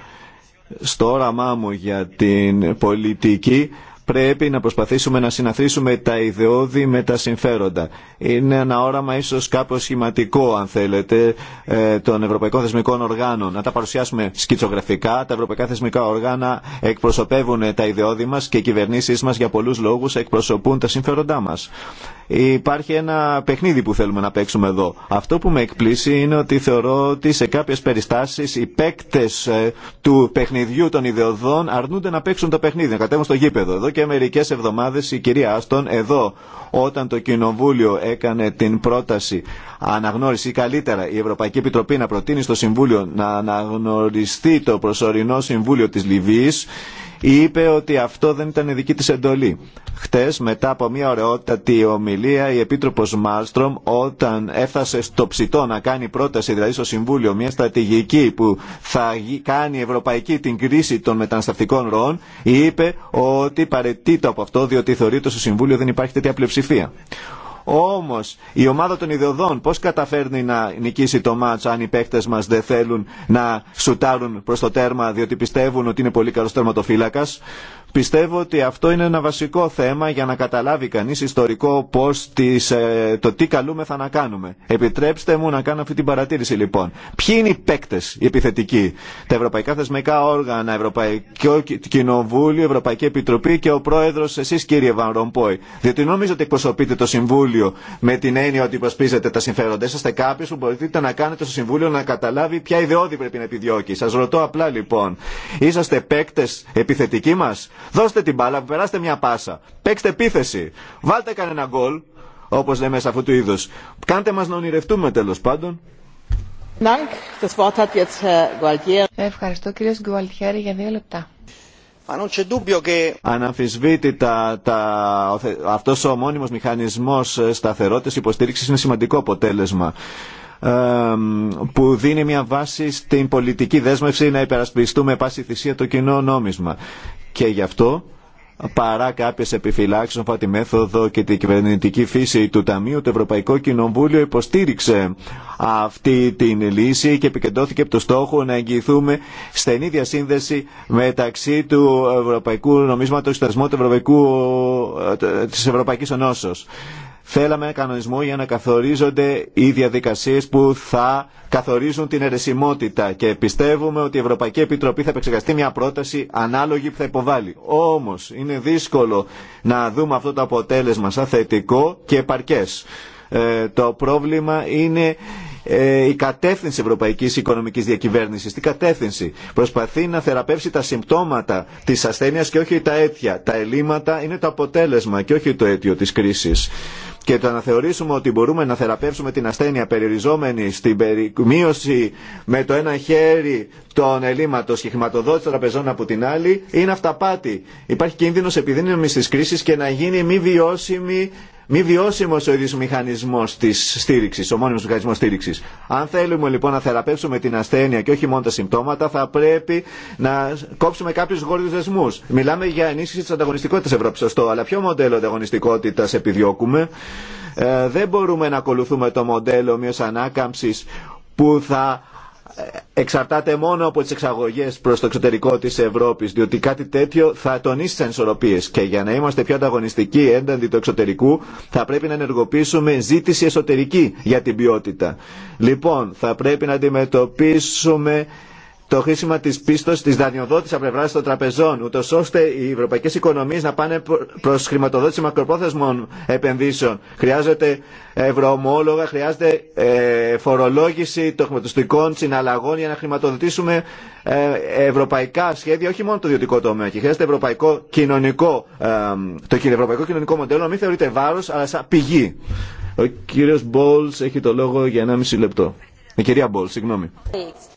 Στο όραμά μου για την πολιτική πρέπει να προσπαθήσουμε να συναθρήσουμε τα ιδεώδη με τα συμφέροντα. Είναι ένα όραμα ίσως κάπως σχηματικό, αν θέλετε, ε, των ευρωπαϊκών θεσμικών οργάνων. Να τα παρουσιάσουμε σκητσογραφικά. Τα ευρωπαϊκά θεσμικά οργάνα εκπροσωπεύουν τα ιδεώδη μας και οι κυβερνήσεις μας για πολλούς λόγους εκπροσωπούν τα συμφέροντά μας. Υπάρχει ένα παιχνίδι που θέλουμε να παίξουμε εδώ. Αυτό που με εκπλήσει είναι ότι θεωρώ ότι σε κάποιες περιστάσεις οι παίκτες ε, του παιχνιδιού των ιδεωδών αρνούνται να παίξουν το παιχνίδι, να κατέβουν στο Εδώ και μερικές εβδομάδες η κυρία Άστον εδώ όταν το Κοινοβούλιο έκανε την πρόταση αναγνώριση ή καλύτερα η Ευρωπαϊκή Επιτροπή να προτείνει στο Συμβούλιο να αναγνωριστεί το προσωρινό Συμβούλιο της Λιβύης είπε ότι αυτό δεν ήταν η δική της εντολή. Χτες μετά από μια ωραιότατη ομιλία η Επίτροπος Μάλστρομ όταν έφτασε στο ψητό να κάνει πρόταση δηλαδή στο Συμβούλιο μια στρατηγική που θα κάνει η Ευρωπαϊκή την κρίση των μεταναστευτικών ροών είπε ότι παρετείται από αυτό διότι θεωρείται στο Συμβούλιο δεν υπάρχει τέτοια πλειοψηφία. Όμως η ομάδα των ιδεωδών πώς καταφέρνει να νικήσει το μάτσο αν οι παίκτες μας δεν θέλουν να σουτάρουν προς το τέρμα διότι πιστεύουν ότι είναι πολύ καλός τερματοφύλακας. Πιστεύω ότι αυτό είναι ένα βασικό θέμα για να καταλάβει κανείς ιστορικό πώς τις, ε, το τι καλούμε θα να κάνουμε. Επιτρέψτε μου να κάνω αυτή την παρατήρηση λοιπόν. Ποιοι είναι οι παίκτες, οι επιθετικοί, τα ευρωπαϊκά θεσμικά όργανα, Ευρωπαϊκό Κοινοβούλιο, Ευρωπαϊκή Επιτροπή και ο πρόεδρος εσείς κύριε Βαν Ρομπόη. Διότι νομίζω ότι εκπροσωπείτε το Συμβούλιο με την έννοια ότι υποσπίζετε τα συμφέροντα. είστε κάποιο που μπορείτε να κάνετε στο Συμβούλιο να καταλάβει ποια ιδεώδη πρέπει να επιδιώκει. Σα ρωτώ απλά λοιπόν, είσαστε παίκτε επιθετικοί μα. Δώστε την μπάλα, περάστε μια πάσα. Παίξτε επίθεση. Βάλτε κανένα γκολ, όπω λέμε σε αυτού του είδου. Κάντε μα να ονειρευτούμε τέλο πάντων. Ευχαριστώ κύριο Γκουαλτιέρη για δύο λεπτά. Αναμφισβήτητα τα, αυτός ο μόνιμος μηχανισμός σταθερότητας υποστήριξης είναι σημαντικό αποτέλεσμα που δίνει μια βάση στην πολιτική δέσμευση να υπερασπιστούμε πάση θυσία το κοινό νόμισμα. Και γι' αυτό παρά κάποιε επιφυλάξει από τη μέθοδο και την κυβερνητική φύση του Ταμείου, το Ευρωπαϊκό Κοινοβούλιο υποστήριξε αυτή την λύση και επικεντρώθηκε από το στόχο να εγγυηθούμε στενή διασύνδεση μεταξύ του Ευρωπαϊκού Νομίσματος και του Ευρωπαϊκού, ε, της Ευρωπαϊκής Ενώσεως. Θέλαμε ένα κανονισμό για να καθορίζονται οι διαδικασίες που θα καθορίζουν την αιρεσιμότητα και πιστεύουμε ότι η Ευρωπαϊκή Επιτροπή θα επεξεργαστεί μια πρόταση ανάλογη που θα υποβάλει. Όμως είναι δύσκολο να δούμε αυτό το αποτέλεσμα σαν θετικό και επαρκές. Ε, το πρόβλημα είναι ε, η κατεύθυνση ευρωπαϊκής οικονομικής διακυβέρνησης. Τι κατεύθυνση. Προσπαθεί να θεραπεύσει τα συμπτώματα της ασθένειας και όχι τα αίτια. Τα ελλείμματα είναι το αποτέλεσμα και όχι το αίτιο της κρίσης και το να θεωρήσουμε ότι μπορούμε να θεραπεύσουμε την ασθένεια περιοριζόμενη στην περιμείωση με το ένα χέρι των ελλείμματο και χρηματοδότηση τραπεζών από την άλλη, είναι αυταπάτη. Υπάρχει κίνδυνο επιδείνωση τη κρίση και να γίνει μη βιώσιμη μη βιώσιμο ο ίδιο μηχανισμό τη στήριξη, ο μόνιμο μηχανισμό στήριξη. Αν θέλουμε λοιπόν να θεραπεύσουμε την ασθένεια και όχι μόνο τα συμπτώματα, θα πρέπει να κόψουμε κάποιου γόρδιου δεσμού. Μιλάμε για ενίσχυση τη ανταγωνιστικότητα Ευρώπη, σωστό, αλλά ποιο μοντέλο ανταγωνιστικότητα επιδιώκουμε. Ε, δεν μπορούμε να ακολουθούμε το μοντέλο μια ανάκαμψη που θα εξαρτάται μόνο από τις εξαγωγές προς το εξωτερικό της Ευρώπης, διότι κάτι τέτοιο θα τονίσει τις ανισορροπίες και για να είμαστε πιο ανταγωνιστικοί ένταντι του εξωτερικού θα πρέπει να ενεργοποιήσουμε ζήτηση εσωτερική για την ποιότητα. Λοιπόν, θα πρέπει να αντιμετωπίσουμε το χρήσιμα τη πίστος, τη δανειοδότησης από πλευράς των τραπεζών, ούτω ώστε οι ευρωπαϊκές οικονομίες να πάνε προς χρηματοδότηση μακροπρόθεσμων επενδύσεων. Χρειάζεται ευρωομόλογα, χρειάζεται ε, φορολόγηση των χρηματοστικών συναλλαγών για να χρηματοδοτήσουμε ε, ευρωπαϊκά σχέδια, όχι μόνο το ιδιωτικό τομέα. Και χρειάζεται ευρωπαϊκό κοινωνικό, ε, το ευρωπαϊκό κοινωνικό μοντέλο να μην θεωρείται βάρος, αλλά σαν πηγή. Ο κύριο Μπόλ έχει το λόγο για 1,5 λεπτό. Η ε, κυρία Μπολ, συγγνώμη.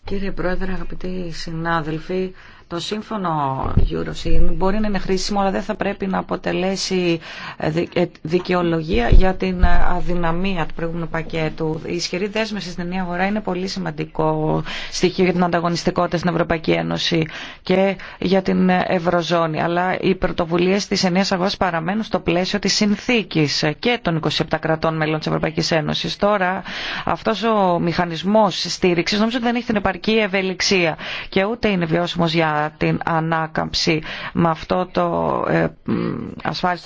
Κύριε Πρόεδρε, αγαπητοί συνάδελφοι, το σύμφωνο Eurosyn μπορεί να είναι χρήσιμο, αλλά δεν θα πρέπει να αποτελέσει ε, ε, δικαιολογία για την ε, αδυναμία του προηγούμενου πακέτου. Η ισχυρή δέσμευση στην ενιαία αγορά είναι πολύ σημαντικό στοιχείο για την ανταγωνιστικότητα στην Ευρωπαϊκή Ένωση και για την Ευρωζώνη. Αλλά οι πρωτοβουλίε τη ενιαία αγορά παραμένουν στο πλαίσιο τη συνθήκη και των 27 κρατών μελών τη Ευρωπαϊκή Ένωση. Τώρα αυτό ο μηχανισμό στήριξη νομίζω ότι δεν έχει την επαρκή ευελιξία και ούτε είναι βιώσιμο για την ανάκαμψη με αυτό το ε,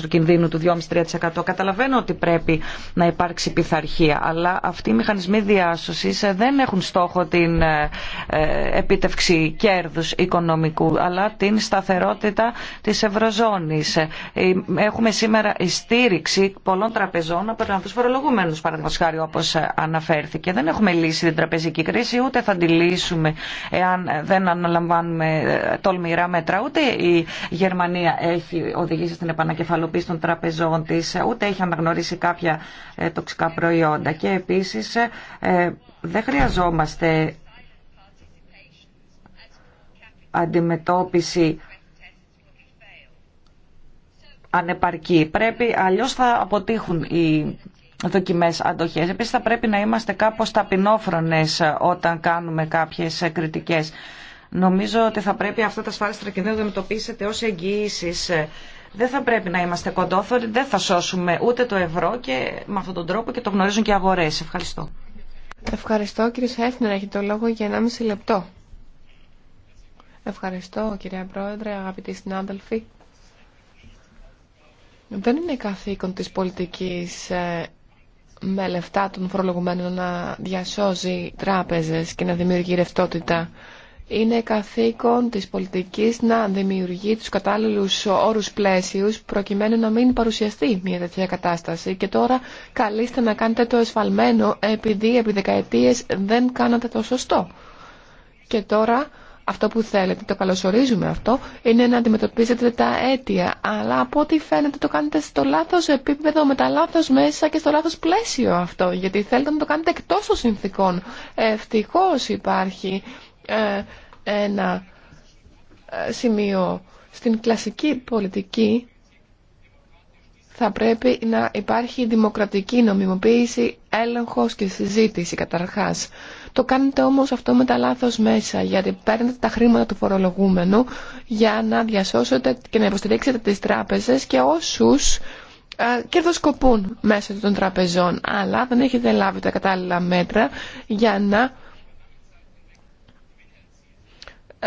κινδύνου του 2,5-3%. Καταλαβαίνω ότι πρέπει να υπάρξει πειθαρχία, αλλά αυτοί οι μηχανισμοί διάσωσης ε, δεν έχουν στόχο την ε, ε, επίτευξη κέρδους οικονομικού, αλλά την σταθερότητα της Ευρωζώνης. Έχουμε σήμερα η στήριξη πολλών τραπεζών από τους φορολογούμενους, παραδείγματος χάρη όπως αναφέρθηκε. Δεν έχουμε λύσει την τραπεζική κρίση, ούτε θα τη λύσουμε εάν δεν αναλαμβάνουμε τολμηρά μέτρα. Ούτε η Γερμανία έχει οδηγήσει στην επανακεφαλοποίηση των τραπεζών τη, ούτε έχει αναγνωρίσει κάποια ε, τοξικά προϊόντα. Και επίση ε, δεν χρειαζόμαστε αντιμετώπιση ανεπαρκή. Πρέπει, αλλιώς θα αποτύχουν οι δοκιμές αντοχές. Επίσης θα πρέπει να είμαστε κάπως ταπεινόφρονες όταν κάνουμε κάποιες κριτικές Νομίζω ότι θα πρέπει αυτά τα ασφάλιστρα κινδύνου να αντιμετωπίσετε ω εγγυήσει. Δεν θα πρέπει να είμαστε κοντόθωροι, δεν θα σώσουμε ούτε το ευρώ και με αυτόν τον τρόπο και το γνωρίζουν και οι αγορέ. Ευχαριστώ. Ευχαριστώ. Κύριε Σέφνερ, έχει το λόγο για 1,5 λεπτό. Ευχαριστώ, κυρία Πρόεδρε, αγαπητοί συνάδελφοι. Δεν είναι καθήκον της πολιτικής ε, με λεφτά των φορολογουμένων να διασώζει τράπεζες και να δημιουργεί ρευτότητα είναι καθήκον της πολιτικής να δημιουργεί τους κατάλληλους όρους πλαίσιους προκειμένου να μην παρουσιαστεί μια τέτοια κατάσταση. Και τώρα καλείστε να κάνετε το εσφαλμένο επειδή επί δεκαετίες δεν κάνατε το σωστό. Και τώρα αυτό που θέλετε, το καλωσορίζουμε αυτό, είναι να αντιμετωπίζετε τα αίτια. Αλλά από ό,τι φαίνεται το κάνετε στο λάθος επίπεδο, με τα λάθος μέσα και στο λάθος πλαίσιο αυτό. Γιατί θέλετε να το κάνετε εκτός των συνθήκων. Ευτυχώς υπάρχει ε, ένα ε, σημείο. Στην κλασική πολιτική θα πρέπει να υπάρχει δημοκρατική νομιμοποίηση, έλεγχος και συζήτηση καταρχάς. Το κάνετε όμως αυτό με τα λάθος μέσα, γιατί παίρνετε τα χρήματα του φορολογούμενου για να διασώσετε και να υποστηρίξετε τις τράπεζες και όσους ε, κερδοσκοπούν μέσω των τραπεζών, αλλά δεν έχετε λάβει τα κατάλληλα μέτρα για να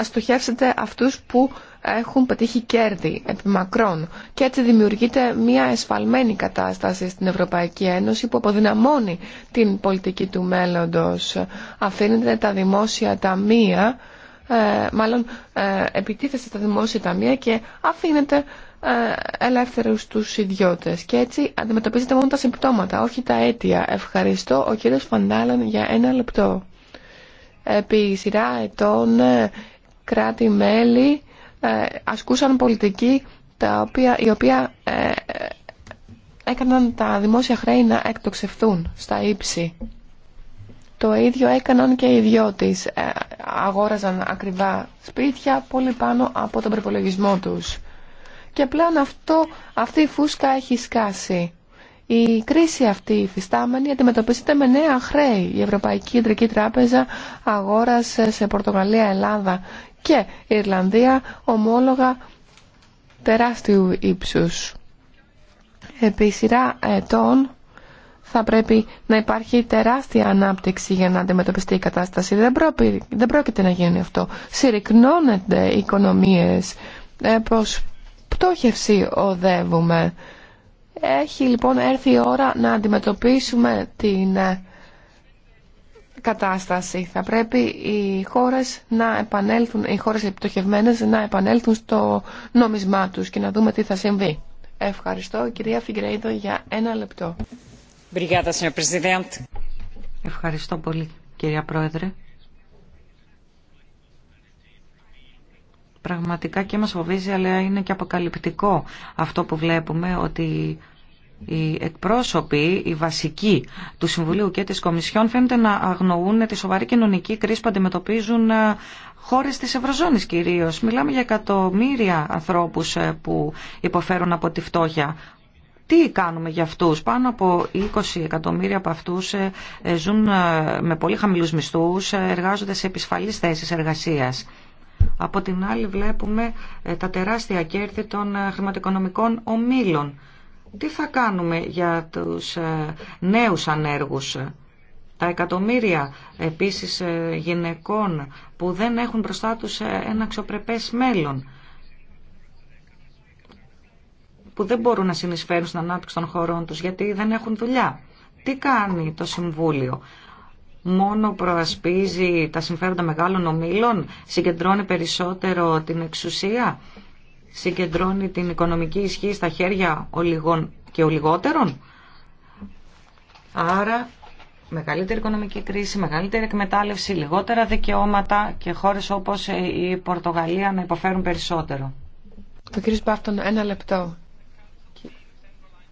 στοχεύσετε αυτούς που έχουν πετύχει κέρδη επί μακρόν. Και έτσι δημιουργείται μια εσφαλμένη κατάσταση στην Ευρωπαϊκή Ένωση που αποδυναμώνει την πολιτική του μέλλοντος. Αφήνεται τα δημόσια ταμεία, ε, μάλλον ε, επιτίθεται τα δημόσια ταμεία και αφήνεται ε, ελεύθερου του ιδιώτες. Και έτσι αντιμετωπίζεται μόνο τα συμπτώματα, όχι τα αίτια. Ευχαριστώ ο κύριος Φαντάλαν για ένα λεπτό επί σειρά ετών κράτη-μέλη ε, ασκούσαν πολιτική τα οποία, η οποία ε, έκαναν τα δημόσια χρέη να εκτοξευθούν στα ύψη. Το ίδιο έκαναν και οι δυο ε, αγόραζαν ακριβά σπίτια πολύ πάνω από τον προπολογισμό τους. Και πλέον αυτό, αυτή η φούσκα έχει σκάσει. Η κρίση αυτή η φυστάμενη αντιμετωπίζεται με νέα χρέη. Η Ευρωπαϊκή Κεντρική Τράπεζα αγόρασε σε Πορτογαλία, Ελλάδα και η Ιρλανδία ομόλογα τεράστιου ύψους. Επί σειρά ετών θα πρέπει να υπάρχει τεράστια ανάπτυξη για να αντιμετωπιστεί η κατάσταση. Δεν, πρόκειται να γίνει αυτό. Συρρυκνώνονται οι οικονομίες. Ε, προς πτώχευση οδεύουμε. Έχει λοιπόν έρθει η ώρα να αντιμετωπίσουμε την ε, κατάσταση. Θα πρέπει οι χώρες να επανέλθουν, οι χώρες επιτοχευμένες να επανέλθουν στο νόμισμά τους και να δούμε τι θα συμβεί. Ευχαριστώ κυρία Φιγκρέιδο για ένα λεπτό. Ευχαριστώ πολύ κυρία Πρόεδρε. Πραγματικά και μας φοβίζει αλλά είναι και αποκαλυπτικό αυτό που βλέπουμε ότι οι εκπρόσωποι, οι βασικοί του Συμβουλίου και της Κομισιόν φαίνεται να αγνοούν τη σοβαρή κοινωνική κρίση που αντιμετωπίζουν ε, χώρες της Ευρωζώνης κυρίως. Μιλάμε για εκατομμύρια ανθρώπους ε, που υποφέρουν από τη φτώχεια. Τι κάνουμε για αυτούς. Πάνω από 20 εκατομμύρια από αυτούς ε, ζουν με πολύ χαμηλούς μισθούς, εργάζονται σε επισφαλείς θέσεις εργασίας. Από την άλλη βλέπουμε τα τεράστια κέρδη των χρηματοοικονομικών ομίλων τι θα κάνουμε για τους ε, νέους ανέργους, τα εκατομμύρια επίσης ε, γυναικών που δεν έχουν μπροστά τους ε, ένα αξιοπρεπές μέλλον, που δεν μπορούν να συνεισφέρουν στην ανάπτυξη των χωρών τους γιατί δεν έχουν δουλειά. Τι κάνει το Συμβούλιο. Μόνο προασπίζει τα συμφέροντα μεγάλων ομήλων, συγκεντρώνει περισσότερο την εξουσία συγκεντρώνει την οικονομική ισχύ στα χέρια ολιγών και ολιγότερων. Άρα μεγαλύτερη οικονομική κρίση, μεγαλύτερη εκμετάλλευση, λιγότερα δικαιώματα και χώρες όπως η Πορτογαλία να υποφέρουν περισσότερο. Το κύριο ένα λεπτό.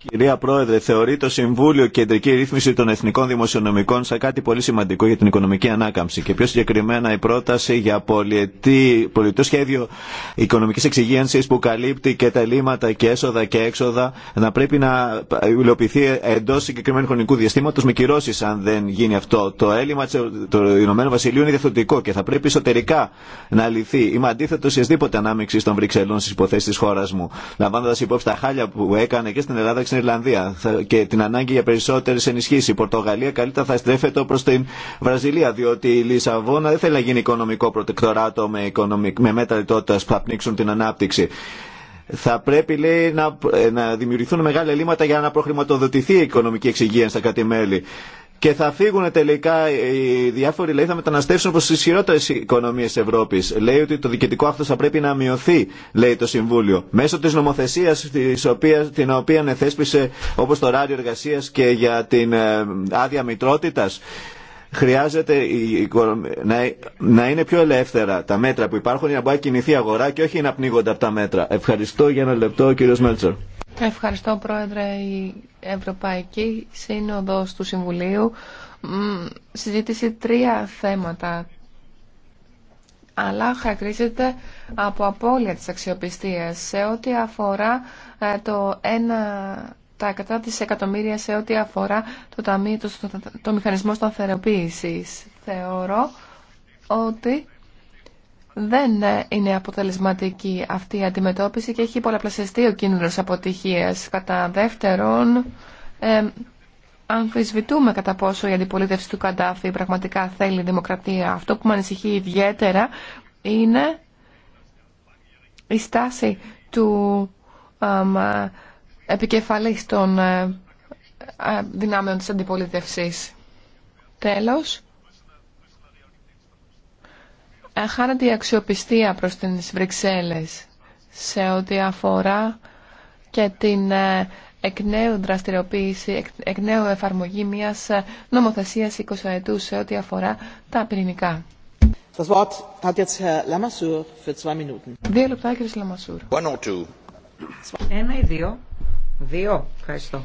Κυρία Πρόεδρε, θεωρεί το Συμβούλιο Κεντρική Ρύθμιση των Εθνικών Δημοσιονομικών σαν κάτι πολύ σημαντικό για την οικονομική ανάκαμψη και πιο συγκεκριμένα η πρόταση για πολιτικό σχέδιο οικονομικής εξυγίανσης που καλύπτει και τα ελλείμματα και έσοδα και έξοδα να πρέπει να υλοποιηθεί εντός συγκεκριμένου χρονικού διαστήματος με κυρώσεις αν δεν γίνει αυτό. Το έλλειμμα του Ηνωμένου Βασιλείου είναι διευθυντικό και θα πρέπει εσωτερικά να λυθεί. Είμαι αντίθετο σε ανάμειξη των Βρυξελών στι υποθέσει τη χώρα μου. Λαμβάνοντα υπόψη τα χάλια που έκανε και στην Ελλάδα στην Ιρλανδία και την ανάγκη για περισσότερε ενισχύσει. Η Πορτογαλία καλύτερα θα στρέφεται προ την Βραζιλία, διότι η Λισαβόνα δεν θέλει να γίνει οικονομικό προτεκτοράτο με, οικονομικ... με μέτρα λιτότητα που θα πνίξουν την ανάπτυξη. Θα πρέπει λέει, να, να δημιουργηθούν μεγάλα ελλείμματα για να προχρηματοδοτηθεί η οικονομική εξυγίανση στα κάτι μελη και θα φύγουν τελικά οι διάφοροι λέει, θα μεταναστεύσουν προ τι ισχυρότερε οικονομίε Ευρώπη. Λέει ότι το διοικητικό άκτο θα πρέπει να μειωθεί, λέει το Συμβούλιο. Μέσω τη νομοθεσία την οποία εθέσπισε όπω το ράδιο εργασία και για την ε, άδεια μητρότητα. Χρειάζεται να είναι πιο ελεύθερα τα μέτρα που υπάρχουν για να μπορεί να κινηθεί η αγορά και όχι να πνίγονται από τα μέτρα. Ευχαριστώ για ένα λεπτό, κύριο Μέλτσορ. Ευχαριστώ, Πρόεδρε. Ευρωπαϊκή Σύνοδος του Συμβουλίου συζήτησε τρία θέματα αλλά χαρακτηρίζεται από απώλεια της αξιοπιστίας σε ό,τι αφορά ε, το ένα, τα 100 εκατομμύρια σε ό,τι αφορά το, ταμείο, το, το, το μηχανισμό σταθεροποίησης. Θεωρώ ότι δεν είναι αποτελεσματική αυτή η αντιμετώπιση και έχει πολλαπλασιαστεί ο κίνδυνος αποτυχίας. Κατά δεύτερον, ε, αμφισβητούμε κατά πόσο η αντιπολίτευση του Καντάφη πραγματικά θέλει δημοκρατία. Αυτό που με ανησυχεί ιδιαίτερα είναι η στάση του ε, επικεφαλής των ε, ε, δυνάμεων της αντιπολίτευσης. Τέλος, χάνεται η αξιοπιστία προς τις Βρυξέλλες σε ό,τι αφορά και την ε, εκ νέου δραστηριοποίηση, εκ νέου εφαρμογή μιας ε, νομοθεσίας 20 ετούς σε ό,τι αφορά τα πυρηνικά. Δύο λεπτά, κύριε Λαμασούρ. Ένα ή δύο. Δύο. Ευχαριστώ.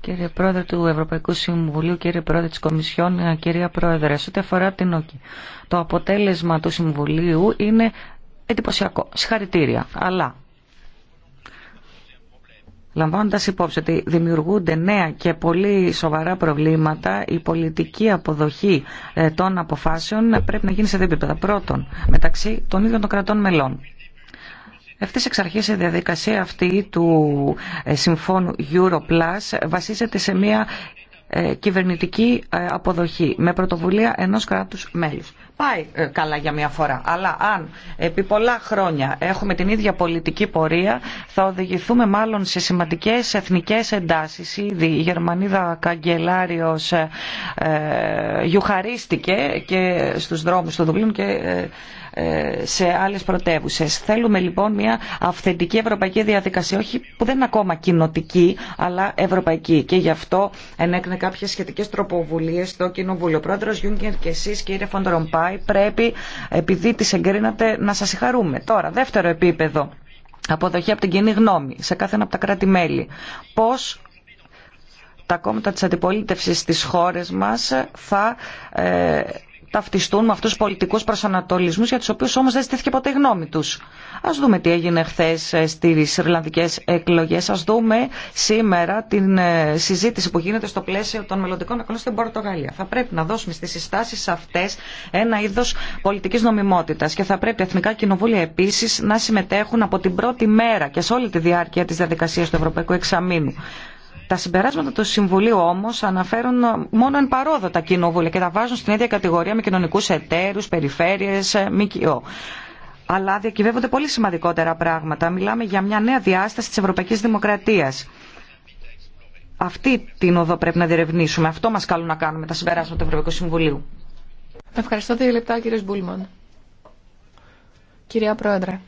Κύριε Πρόεδρε του Ευρωπαϊκού Συμβουλίου, κύριε Πρόεδρε της Κομισιόν, ε, κυρία Πρόεδρε, σε ό,τι αφορά την ΟΚΙ, το αποτέλεσμα του Συμβουλίου είναι εντυπωσιακό. Συγχαρητήρια. Αλλά Λαμβάνοντα υπόψη ότι δημιουργούνται νέα και πολύ σοβαρά προβλήματα, η πολιτική αποδοχή ε, των αποφάσεων πρέπει να γίνει σε δύο επίπεδα. Πρώτον, μεταξύ των ίδιων των κρατών μελών. Ευθύς εξ αρχής η διαδικασία αυτή του ε, συμφώνου Europlus βασίζεται σε μια ε, κυβερνητική ε, αποδοχή με πρωτοβουλία ενός κράτους μέλους. Πάει καλά για μια φορά, αλλά αν επί πολλά χρόνια έχουμε την ίδια πολιτική πορεία θα οδηγηθούμε μάλλον σε σημαντικές εθνικές εντάσεις. Ήδη η Γερμανίδα καγκελάριος ε, γιουχαρίστηκε και στους δρόμους του Δουβλίνου και ε, σε άλλε πρωτεύουσε. Θέλουμε λοιπόν μια αυθεντική ευρωπαϊκή διαδικασία, όχι που δεν είναι ακόμα κοινοτική, αλλά ευρωπαϊκή. Και γι' αυτό ενέκρινε κάποιε σχετικέ τροποβουλίες στο Κοινοβούλιο. Ο Γιούγκερ και εσεί, κύριε Φοντρομπάη πρέπει, επειδή τι εγκρίνατε, να σα συγχαρούμε. Τώρα, δεύτερο επίπεδο. Αποδοχή από την κοινή γνώμη σε κάθε ένα από τα κράτη-μέλη. Πώς τα κόμματα της αντιπολίτευση στις χώρες μας θα ε, ταυτιστούν με αυτούς τους πολιτικούς προσανατολισμούς για τους οποίους όμως δεν στήθηκε ποτέ η γνώμη τους. Ας δούμε τι έγινε χθε ε, στις Ιρλανδικές εκλογές. Ας δούμε σήμερα την ε, συζήτηση που γίνεται στο πλαίσιο των μελλοντικών εκλογών στην Πορτογαλία. Θα πρέπει να δώσουμε στις συστάσεις αυτές ένα είδος πολιτικής νομιμότητας και θα πρέπει εθνικά κοινοβούλια επίσης να συμμετέχουν από την πρώτη μέρα και σε όλη τη διάρκεια της διαδικασίας του Ευρωπαϊκού Εξαμήνου. Τα συμπεράσματα του Συμβουλίου όμω αναφέρουν μόνο εν παρόδο τα κοινοβούλια και τα βάζουν στην ίδια κατηγορία με κοινωνικούς εταίρους, περιφέρειες, ΜΚΟ αλλά διακυβεύονται πολύ σημαντικότερα πράγματα. Μιλάμε για μια νέα διάσταση τη Ευρωπαϊκή Δημοκρατία. Αυτή την οδό πρέπει να διερευνήσουμε. Αυτό μα καλούν να κάνουμε τα συμπεράσματα του Ευρωπαϊκού Συμβουλίου. Ευχαριστώ δύο λεπτά κύριε Μπούλμαν. Κυρία Πρόεδρε,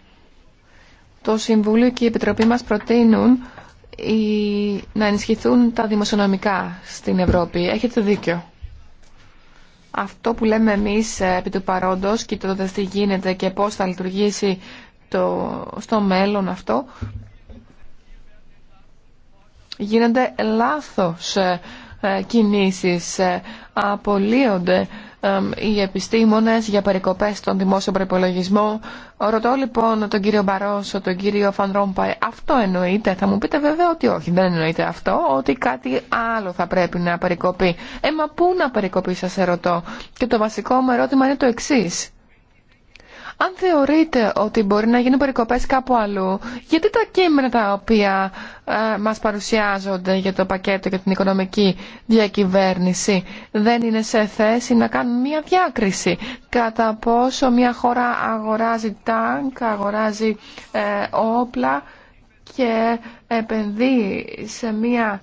το Συμβούλιο και η Επιτροπή μας προτείνουν να ενισχυθούν τα δημοσιονομικά στην Ευρώπη. Έχετε δίκιο. Αυτό που λέμε εμείς ε, επί του παρόντος, κοιτώντας τι γίνεται και πώς θα λειτουργήσει το, στο μέλλον αυτό, γίνονται λάθος ε, ε, κινήσεις, απολύονται οι επιστήμονε για περικοπέ στον δημόσιο προπολογισμό. Ρωτώ λοιπόν τον κύριο Μπαρόσο, τον κύριο Φανρόμπα, αυτό εννοείται. Θα μου πείτε βέβαια ότι όχι, δεν εννοείται αυτό, ότι κάτι άλλο θα πρέπει να περικοπεί. Ε, μα πού να περικοπεί σας ερωτώ. Και το βασικό μου ερώτημα είναι το εξή. Αν θεωρείτε ότι μπορεί να γίνουν περικοπές κάπου αλλού, γιατί τα κείμενα τα οποία ε, μας παρουσιάζονται για το πακέτο και την οικονομική διακυβέρνηση δεν είναι σε θέση να κάνουν μια διάκριση κατά πόσο μια χώρα αγοράζει τάγκ, αγοράζει ε, όπλα και επενδύει σε μια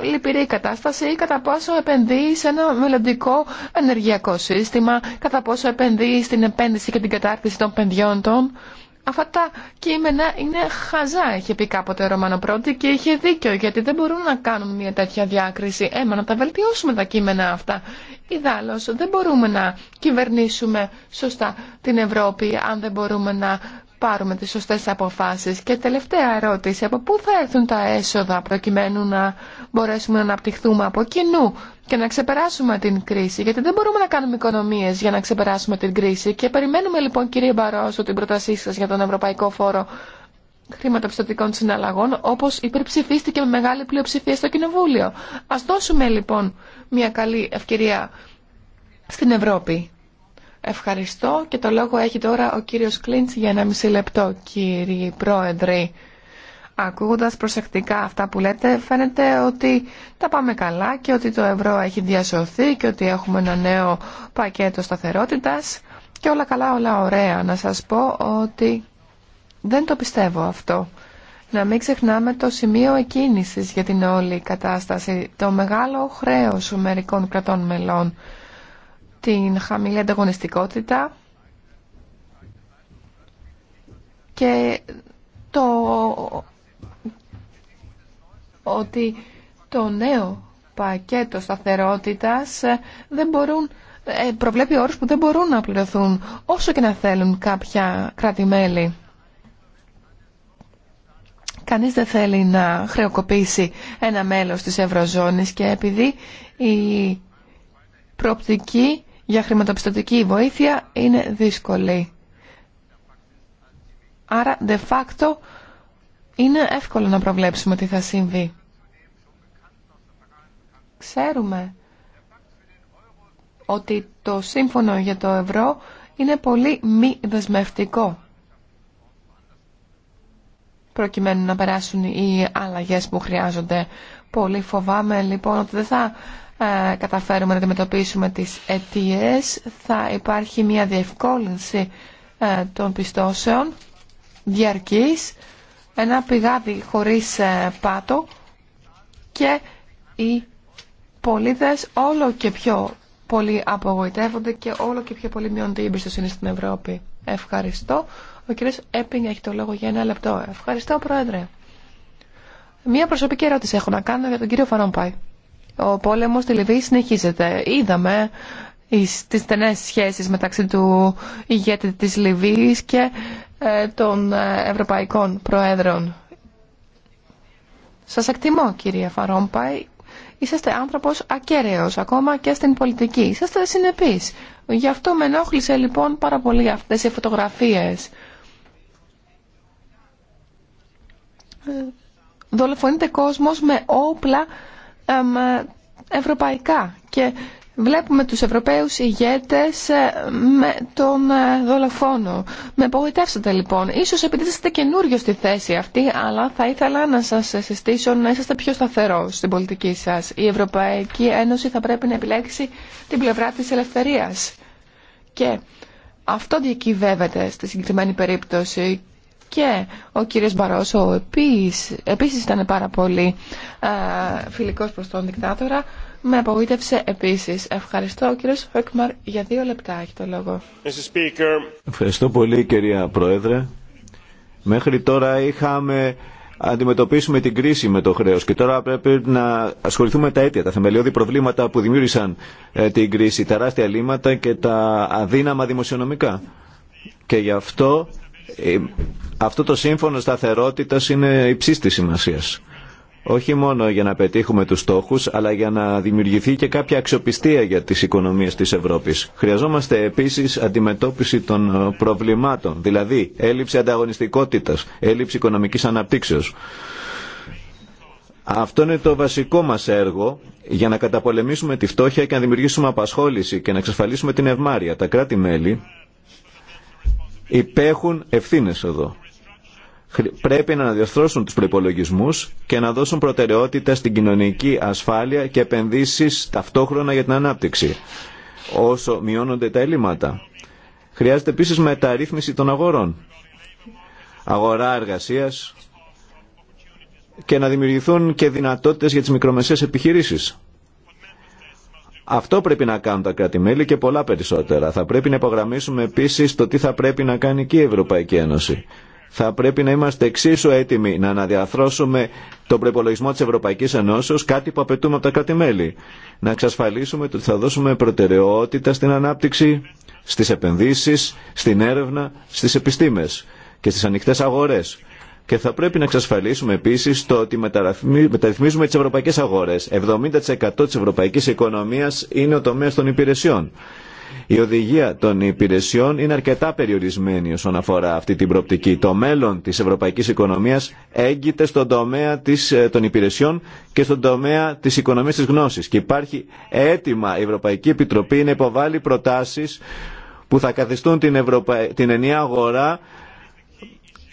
λυπηρή κατάσταση ή κατά πόσο επενδύει σε ένα μελλοντικό ενεργειακό σύστημα, κατά πόσο επενδύει στην επένδυση και την κατάρτιση των παιδιών των. Αυτά τα κείμενα είναι χαζά, είχε πει κάποτε ο πρώτη και είχε δίκιο, γιατί δεν μπορούν να κάνουν μια τέτοια διάκριση. Έμα ε, να τα βελτιώσουμε τα κείμενα αυτά. Ιδάλω, δεν μπορούμε να κυβερνήσουμε σωστά την Ευρώπη, αν δεν μπορούμε να πάρουμε τις σωστές αποφάσεις. Και τελευταία ερώτηση, από πού θα έρθουν τα έσοδα προκειμένου να μπορέσουμε να αναπτυχθούμε από κοινού και να ξεπεράσουμε την κρίση. Γιατί δεν μπορούμε να κάνουμε οικονομίες για να ξεπεράσουμε την κρίση. Και περιμένουμε λοιπόν κύριε Μπαρόσο την πρότασή σας για τον Ευρωπαϊκό Φόρο χρηματοπιστωτικών συναλλαγών, όπως υπερψηφίστηκε με μεγάλη πλειοψηφία στο Κοινοβούλιο. Ας δώσουμε λοιπόν μια καλή ευκαιρία στην Ευρώπη Ευχαριστώ και το λόγο έχει τώρα ο κύριος Κλίντς για ένα μισή λεπτό. κύριοι πρόεδροι. ακούγοντας προσεκτικά αυτά που λέτε, φαίνεται ότι τα πάμε καλά και ότι το ευρώ έχει διασωθεί και ότι έχουμε ένα νέο πακέτο σταθερότητας και όλα καλά, όλα ωραία. Να σας πω ότι δεν το πιστεύω αυτό. Να μην ξεχνάμε το σημείο εκκίνησης για την όλη κατάσταση, το μεγάλο χρέος μερικών κρατών μελών την χαμηλή ανταγωνιστικότητα και το ότι το νέο πακέτο σταθερότητας δεν μπορούν, ε, προβλέπει όρους που δεν μπορούν να πληρωθούν όσο και να θέλουν κάποια κράτη-μέλη. Κανείς δεν θέλει να χρεοκοπήσει ένα μέλος της Ευρωζώνης και επειδή η προοπτική για χρηματοπιστωτική βοήθεια είναι δύσκολη. Άρα, de facto, είναι εύκολο να προβλέψουμε τι θα συμβεί. Ξέρουμε ότι το σύμφωνο για το ευρώ είναι πολύ μη δεσμευτικό προκειμένου να περάσουν οι αλλαγές που χρειάζονται Πολύ φοβάμαι λοιπόν ότι δεν θα ε, καταφέρουμε να αντιμετωπίσουμε τις αιτίε. Θα υπάρχει μια διευκόλυνση ε, των πιστώσεων διαρκής, ένα πηγάδι χωρίς ε, πάτο και οι πολίτες όλο και πιο πολύ απογοητεύονται και όλο και πιο πολύ μειώνεται η εμπιστοσύνη στην Ευρώπη. Ευχαριστώ. Ο κύριος Έπινγκ έχει το λόγο για ένα λεπτό. Ευχαριστώ, Πρόεδρε. Μία προσωπική ερώτηση έχω να κάνω για τον κύριο Φαρόμπαϊ. Ο πόλεμος στη Λιβύη συνεχίζεται. Είδαμε τις στενές σχέσεις μεταξύ του ηγέτη της Λιβύης και ε, των ε, Ευρωπαϊκών Προέδρων. Σας εκτιμώ κύριε Φαρόμπαϊ. Είσαστε άνθρωπος ακέραιος ακόμα και στην πολιτική. Είσαστε συνεπεί. Γι' αυτό με ενόχλησε λοιπόν πάρα πολύ αυτέ οι φωτογραφίε δολοφονείται κόσμος με όπλα ευρωπαϊκά και βλέπουμε τους Ευρωπαίους ηγέτες με τον ε, δολοφόνο. Με απογοητεύσατε λοιπόν. Ίσως επειδή είστε καινούριο στη θέση αυτή, αλλά θα ήθελα να σας συστήσω να είσαστε πιο σταθερός στην πολιτική σας. Η Ευρωπαϊκή Ένωση θα πρέπει να επιλέξει την πλευρά της ελευθερίας. Και αυτό διακυβεύεται στη συγκεκριμένη περίπτωση και ο κύριος Μπαρόσο επίσης, επίσης ήταν πάρα πολύ ε, φιλικός προς τον δικτάτορα. Με απογοήτευσε επίσης. Ευχαριστώ ο κύριος Φεκμαρ για δύο λεπτά έχει το λόγο. Ευχαριστώ πολύ κυρία Πρόεδρε. Μέχρι τώρα είχαμε αντιμετωπίσουμε την κρίση με το χρέος Και τώρα πρέπει να ασχοληθούμε τα αίτια, τα θεμελιώδη προβλήματα που δημιούργησαν ε, την κρίση, τα τεράστια λύματα και τα αδύναμα δημοσιονομικά. Και γι' αυτό ε, αυτό το σύμφωνο σταθερότητας είναι υψής της σημασίας. Όχι μόνο για να πετύχουμε τους στόχους, αλλά για να δημιουργηθεί και κάποια αξιοπιστία για τις οικονομίες της Ευρώπης. Χρειαζόμαστε επίσης αντιμετώπιση των ε, προβλημάτων, δηλαδή έλλειψη ανταγωνιστικότητας, έλλειψη οικονομικής αναπτύξεως. Αυτό είναι το βασικό μας έργο για να καταπολεμήσουμε τη φτώχεια και να δημιουργήσουμε απασχόληση και να εξασφαλίσουμε την ευμάρεια. Τα κράτη-μέλη υπέχουν ευθύνες εδώ. Πρέπει να αναδιαστρώσουν τους προϋπολογισμούς και να δώσουν προτεραιότητα στην κοινωνική ασφάλεια και επενδύσεις ταυτόχρονα για την ανάπτυξη, όσο μειώνονται τα έλλειμματα. Χρειάζεται επίσης μεταρρύθμιση των αγορών, αγορά εργασίας και να δημιουργηθούν και δυνατότητες για τις μικρομεσαίες επιχειρήσεις. Αυτό πρέπει να κάνουν τα κράτη-μέλη και πολλά περισσότερα. Θα πρέπει να υπογραμμίσουμε επίση το τι θα πρέπει να κάνει και η Ευρωπαϊκή Ένωση. Θα πρέπει να είμαστε εξίσου έτοιμοι να αναδιαθρώσουμε τον προπολογισμό τη Ευρωπαϊκή Ενώσεω, κάτι που απαιτούμε από τα κράτη-μέλη. Να εξασφαλίσουμε ότι θα δώσουμε προτεραιότητα στην ανάπτυξη, στι επενδύσει, στην έρευνα, στι επιστήμε και στι ανοιχτέ αγορέ και θα πρέπει να εξασφαλίσουμε επίση το ότι μεταρρυθμίζουμε τι ευρωπαϊκέ αγορέ. 70% τη ευρωπαϊκή οικονομία είναι ο τομέα των υπηρεσιών. Η οδηγία των υπηρεσιών είναι αρκετά περιορισμένη όσον αφορά αυτή την προοπτική. Το μέλλον της ευρωπαϊκής οικονομίας έγκυται στον τομέα της, ε, των υπηρεσιών και στον τομέα της οικονομίας της γνώσης. Και υπάρχει έτοιμα η Ευρωπαϊκή Επιτροπή να υποβάλει προτάσεις που θα καθιστούν την, Ευρωπα... την ενιαία αγορά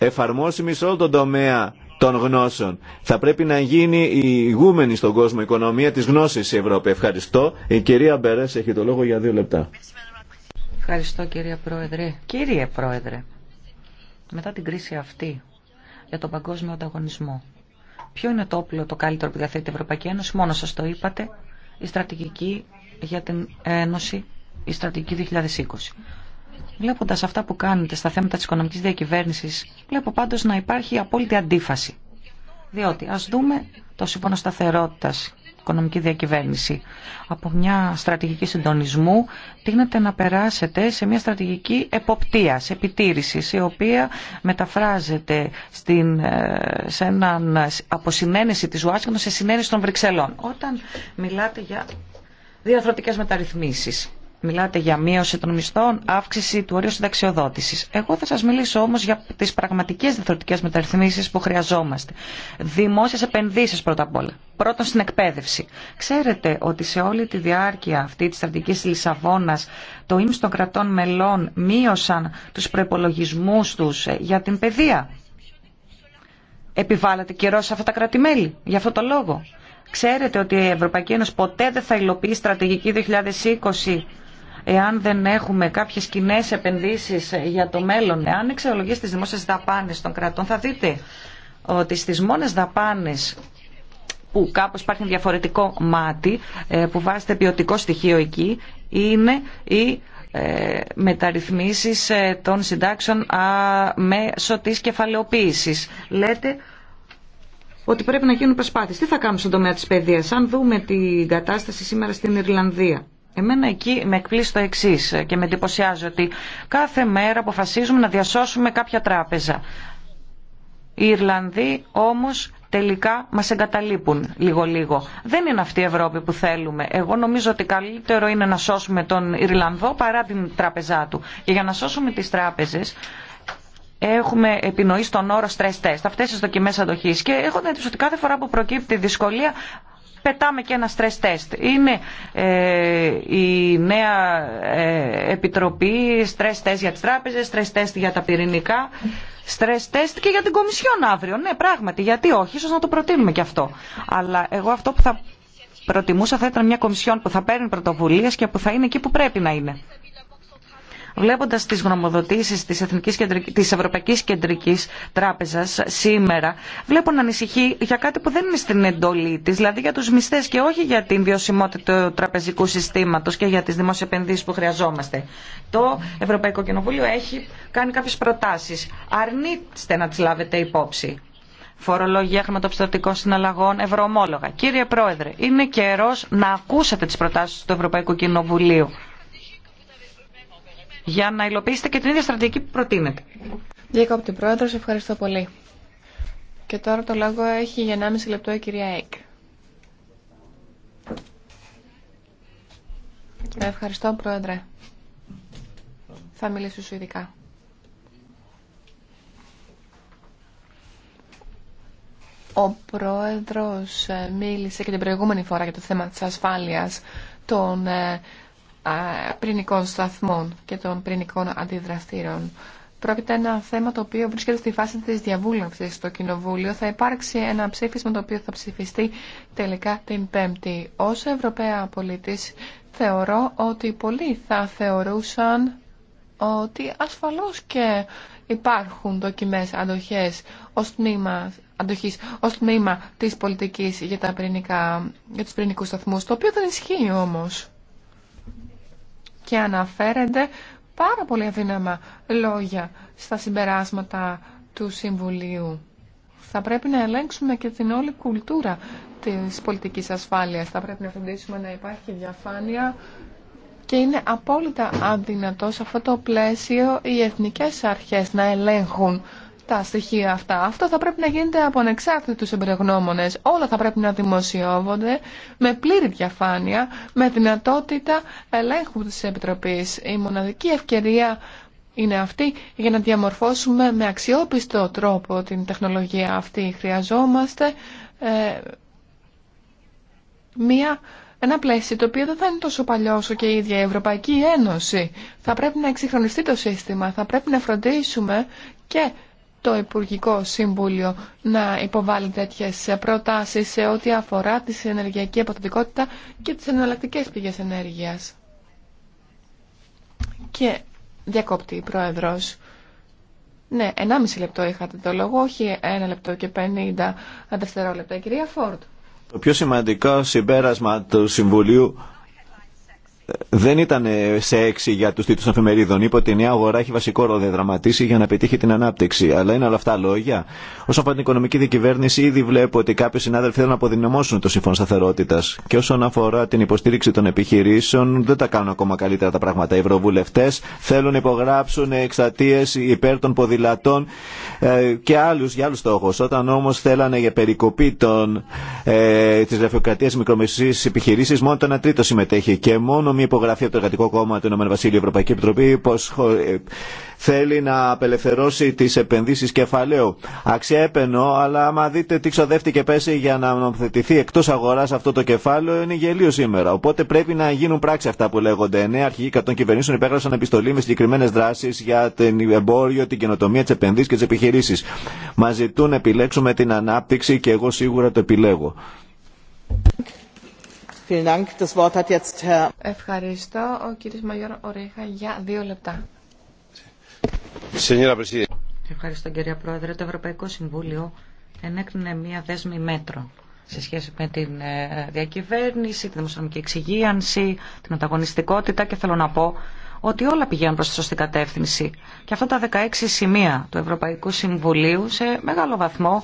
εφαρμόσιμη σε όλο τον τομέα των γνώσεων. Θα πρέπει να γίνει η ηγούμενη στον κόσμο οικονομία της γνώσης η Ευρώπη. Ευχαριστώ. Η κυρία Μπερές έχει το λόγο για δύο λεπτά. Ευχαριστώ κυρία Πρόεδρε. Κύριε Πρόεδρε, μετά την κρίση αυτή για τον παγκόσμιο ανταγωνισμό, ποιο είναι το όπλο το καλύτερο που διαθέτει η Ευρωπαϊκή Ένωση, μόνο σας το είπατε, η στρατηγική για την Ένωση, η στρατηγική 2020. Βλέποντα αυτά που κάνετε στα θέματα τη οικονομική διακυβέρνηση, βλέπω πάντω να υπάρχει απόλυτη αντίφαση. Διότι α δούμε το Σύμφωνο Σταθερότητα, οικονομική διακυβέρνηση. Από μια στρατηγική συντονισμού τίνεται να περάσετε σε μια στρατηγική εποπτείας, επιτήρηση η οποία μεταφράζεται στην, ε, σε έναν, από συνένεση της Ουάσιγκτον σε συνένεση των Βρυξελών. Όταν μιλάτε για διαφορετικέ μεταρρυθμίσει. Μιλάτε για μείωση των μισθών, αύξηση του ορίου συνταξιοδότηση. Εγώ θα σα μιλήσω όμω για τι πραγματικέ διαφορετικέ μεταρρυθμίσει που χρειαζόμαστε. Δημόσιε επενδύσει πρώτα απ' όλα. Πρώτον στην εκπαίδευση. Ξέρετε ότι σε όλη τη διάρκεια αυτή τη στρατηγική τη Λισαβόνα το ίμιση των κρατών μελών μείωσαν του προπολογισμού του ε, για την παιδεία. Επιβάλλατε καιρό σε αυτά τα κρατημέλη. Για αυτό το λόγο. Ξέρετε ότι η Ευρωπαϊκή Ένωση ποτέ δεν θα υλοποιεί στρατηγική 2020 εάν δεν έχουμε κάποιες κοινέ επενδύσεις για το μέλλον, εάν εξαιολογείς τις δημόσιες δαπάνες των κρατών, θα δείτε ότι στις μόνες δαπάνες που κάπως υπάρχει διαφορετικό μάτι, ε, που βάζετε ποιοτικό στοιχείο εκεί, είναι η ε, μεταρρυθμίσεις ε, των συντάξεων με της κεφαλαιοποίησης. Λέτε ότι πρέπει να γίνουν προσπάθειες. Τι θα κάνουμε στον τομέα της παιδείας, αν δούμε την κατάσταση σήμερα στην Ιρλανδία. Εμένα εκεί με εκπλήσει το εξή και με εντυπωσιάζει ότι κάθε μέρα αποφασίζουμε να διασώσουμε κάποια τράπεζα. Οι Ιρλανδοί όμως τελικά μας εγκαταλείπουν λίγο-λίγο. Δεν είναι αυτή η Ευρώπη που θέλουμε. Εγώ νομίζω ότι καλύτερο είναι να σώσουμε τον Ιρλανδό παρά την τράπεζά του. Και για να σώσουμε τις τράπεζες έχουμε επινοήσει τον όρο stress test, αυτές τις δοκιμές αντοχής. Και έχω την ότι κάθε φορά που προκύπτει δυσκολία πετάμε και ένα stress test. Είναι ε, η νέα ε, επιτροπή stress test για τις τράπεζες, stress test για τα πυρηνικά, stress test και για την Κομισιόν αύριο. Ναι, πράγματι, γιατί όχι, ίσως να το προτείνουμε και αυτό. Αλλά εγώ αυτό που θα προτιμούσα θα ήταν μια Κομισιόν που θα παίρνει πρωτοβουλίες και που θα είναι εκεί που πρέπει να είναι. Βλέποντα τι γνωμοδοτήσει τη της Ευρωπαϊκή Κεντρική Τράπεζα σήμερα, βλέπω να ανησυχεί για κάτι που δεν είναι στην εντολή τη, δηλαδή για του μισθέ και όχι για την βιωσιμότητα του τραπεζικού συστήματο και για τι δημόσιε επενδύσει που χρειαζόμαστε. Το Ευρωπαϊκό Κοινοβούλιο έχει κάνει κάποιε προτάσει. Αρνείστε να τι λάβετε υπόψη φορολογία χρηματοπιστωτικών συναλλαγών, ευρωομόλογα. Κύριε Πρόεδρε, είναι καιρό να ακούσετε τι προτάσει του Ευρωπαϊκού Κοινοβουλίου για να υλοποιήσετε και την ίδια στρατηγική που προτείνετε. Διακόπτη πρόεδρο, ευχαριστώ πολύ. Και τώρα το λόγο έχει για 1,5 λεπτό η κυρία Εκ. Ευχαριστώ Πρόεδρε. Θα μιλήσω σου ειδικά. Ο Πρόεδρος ε, μίλησε και την προηγούμενη φορά για το θέμα της ασφάλειας των ε, πρινικών σταθμών και των πρινικών αντιδραστήρων. Πρόκειται ένα θέμα το οποίο βρίσκεται στη φάση της διαβούλευσης στο Κοινοβούλιο. Θα υπάρξει ένα ψήφισμα το οποίο θα ψηφιστεί τελικά την Πέμπτη. Ως Ευρωπαία πολίτης θεωρώ ότι πολλοί θα θεωρούσαν ότι ασφαλώς και υπάρχουν δοκιμές αντοχές ως τμήμα, αντοχής, ως της πολιτικής για, τα πρινικά, για τους πρινικούς σταθμούς, το οποίο δεν ισχύει όμως και αναφέρεται πάρα πολύ αδύναμα λόγια στα συμπεράσματα του Συμβουλίου. Θα πρέπει να ελέγξουμε και την όλη κουλτούρα της πολιτικής ασφάλειας. Θα πρέπει να φροντίσουμε να υπάρχει διαφάνεια και είναι απόλυτα αδυνατό σε αυτό το πλαίσιο οι εθνικές αρχές να ελέγχουν τα στοιχεία αυτά. Αυτό θα πρέπει να γίνεται από ανεξάρτητους εμπειρογνώμονε. Όλα θα πρέπει να δημοσιεύονται με πλήρη διαφάνεια, με δυνατότητα ελέγχου της Επιτροπής. Η μοναδική ευκαιρία είναι αυτή για να διαμορφώσουμε με αξιόπιστο τρόπο την τεχνολογία αυτή. Χρειαζόμαστε ε, μία ένα πλαίσιο το οποίο δεν θα είναι τόσο παλιό όσο και η ίδια η Ευρωπαϊκή Ένωση. Θα πρέπει να εξυγχρονιστεί το σύστημα, θα πρέπει να φροντίσουμε και το Υπουργικό Σύμβουλιο να υποβάλει τέτοιε προτάσεις σε ό,τι αφορά τη ενεργειακή αποδοτικότητα και τις εναλλακτικέ πηγές ενέργειας. Και διακόπτει η Πρόεδρος. Ναι, 1,5 λεπτό είχατε το λόγο, όχι 1 λεπτό και 50 δευτερόλεπτα. κυρία Φόρτ. Το πιο σημαντικό συμπέρασμα του Συμβουλίου δεν ήταν σε έξι για του τίτλου των εφημερίδων. Είπε ότι η νέα αγορά έχει βασικό ρόλο διαδραματίσει για να πετύχει την ανάπτυξη. Αλλά είναι όλα αυτά λόγια. Όσον αφορά την οικονομική διακυβέρνηση, ήδη βλέπω ότι κάποιοι συνάδελφοι θέλουν να αποδυναμώσουν το σύμφωνο σταθερότητα. Και όσον αφορά την υποστήριξη των επιχειρήσεων, δεν τα κάνουν ακόμα καλύτερα τα πράγματα. Οι ευρωβουλευτέ θέλουν να υπογράψουν εκστατείε υπέρ των ποδηλατών ε, και άλλου για άλλου στόχου. Όταν όμω θέλανε για περικοπή ε, τη γραφειοκρατία μικρομεσή μόνο το 1 τρίτο συμμετέχει και μόνο μη υπογραφή από το Εργατικό Κόμμα του Ηνωμένου Βασίλειου Ευρωπαϊκή Επιτροπή πως ε, θέλει να απελευθερώσει τις επενδύσεις κεφαλαίου. Αξιέπαινο, αλλά άμα δείτε τι ξοδεύτηκε πέσει για να νομοθετηθεί εκτός αγοράς αυτό το κεφάλαιο είναι γελίο σήμερα. Οπότε πρέπει να γίνουν πράξη αυτά που λέγονται. Νέα αρχηγοί κατών κυβερνήσεων υπέγραψαν επιστολή με συγκεκριμένε δράσει για την εμπόριο, την καινοτομία, τι επενδύσει και τι επιχειρήσει. Μα ζητούν επιλέξουμε την ανάπτυξη και εγώ σίγουρα το επιλέγω. Ευχαριστώ. Ο Ευχαριστώ κύριε Πρόεδρε. Το Ευρωπαϊκό Συμβούλιο ενέκρινε μία δέσμη μέτρων σε σχέση με την ε, διακυβέρνηση, τη δημοσιονομική εξυγίανση, την ανταγωνιστικότητα και θέλω να πω ότι όλα πηγαίνουν προς τη σωστή κατεύθυνση. Και αυτά τα 16 σημεία του Ευρωπαϊκού Συμβουλίου σε μεγάλο βαθμό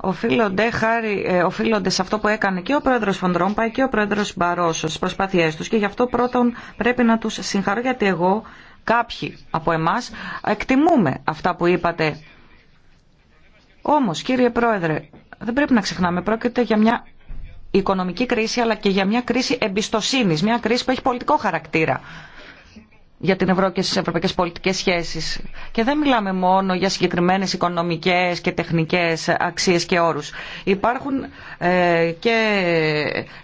οφείλονται, χάρη, ε, οφείλονται σε αυτό που έκανε και ο πρόεδρος Φοντρόμπα και ο πρόεδρος Μπαρόσο στις προσπάθειές τους και γι' αυτό πρώτον πρέπει να τους συγχαρώ γιατί εγώ κάποιοι από εμάς εκτιμούμε αυτά που είπατε. Όμως κύριε πρόεδρε δεν πρέπει να ξεχνάμε πρόκειται για μια οικονομική κρίση αλλά και για μια κρίση εμπιστοσύνης, μια κρίση που έχει πολιτικό χαρακτήρα για την Ευρώπη και στις ευρωπαϊκές πολιτικές σχέσεις. Και δεν μιλάμε μόνο για συγκεκριμένες οικονομικές και τεχνικές αξίες και όρους. Υπάρχουν ε, και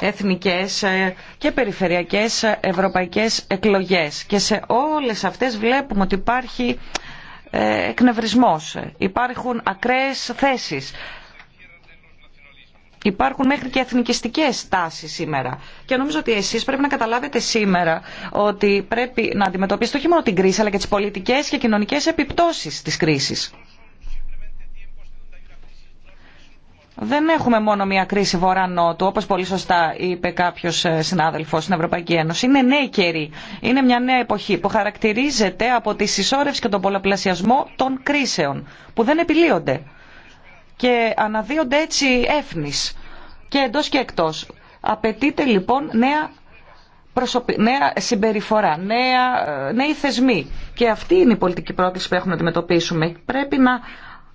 εθνικές ε, και περιφερειακές ευρωπαϊκές εκλογές. Και σε όλες αυτές βλέπουμε ότι υπάρχει ε, εκνευρισμός. Υπάρχουν ακραίες θέσεις. Υπάρχουν μέχρι και εθνικιστικές τάσεις σήμερα. Και νομίζω ότι εσείς πρέπει να καταλάβετε σήμερα ότι πρέπει να αντιμετωπίσετε όχι μόνο την κρίση αλλά και τις πολιτικές και κοινωνικές επιπτώσεις της κρίσης. Δεν έχουμε μόνο μια κρίση βορρά-νότου, όπω πολύ σωστά είπε κάποιο ε, συνάδελφο στην Ευρωπαϊκή Ένωση. Είναι νέοι καιροί. Είναι μια νέα εποχή που χαρακτηρίζεται από τη συσσόρευση και τον πολλαπλασιασμό των κρίσεων που δεν επιλύονται και αναδύονται έτσι έφνης και εντός και εκτός. Απαιτείται λοιπόν νέα, νέα συμπεριφορά, νέα... Ε, νέοι θεσμοί. Και αυτή είναι η πολιτική πρόκληση που έχουμε να αντιμετωπίσουμε. Πρέπει να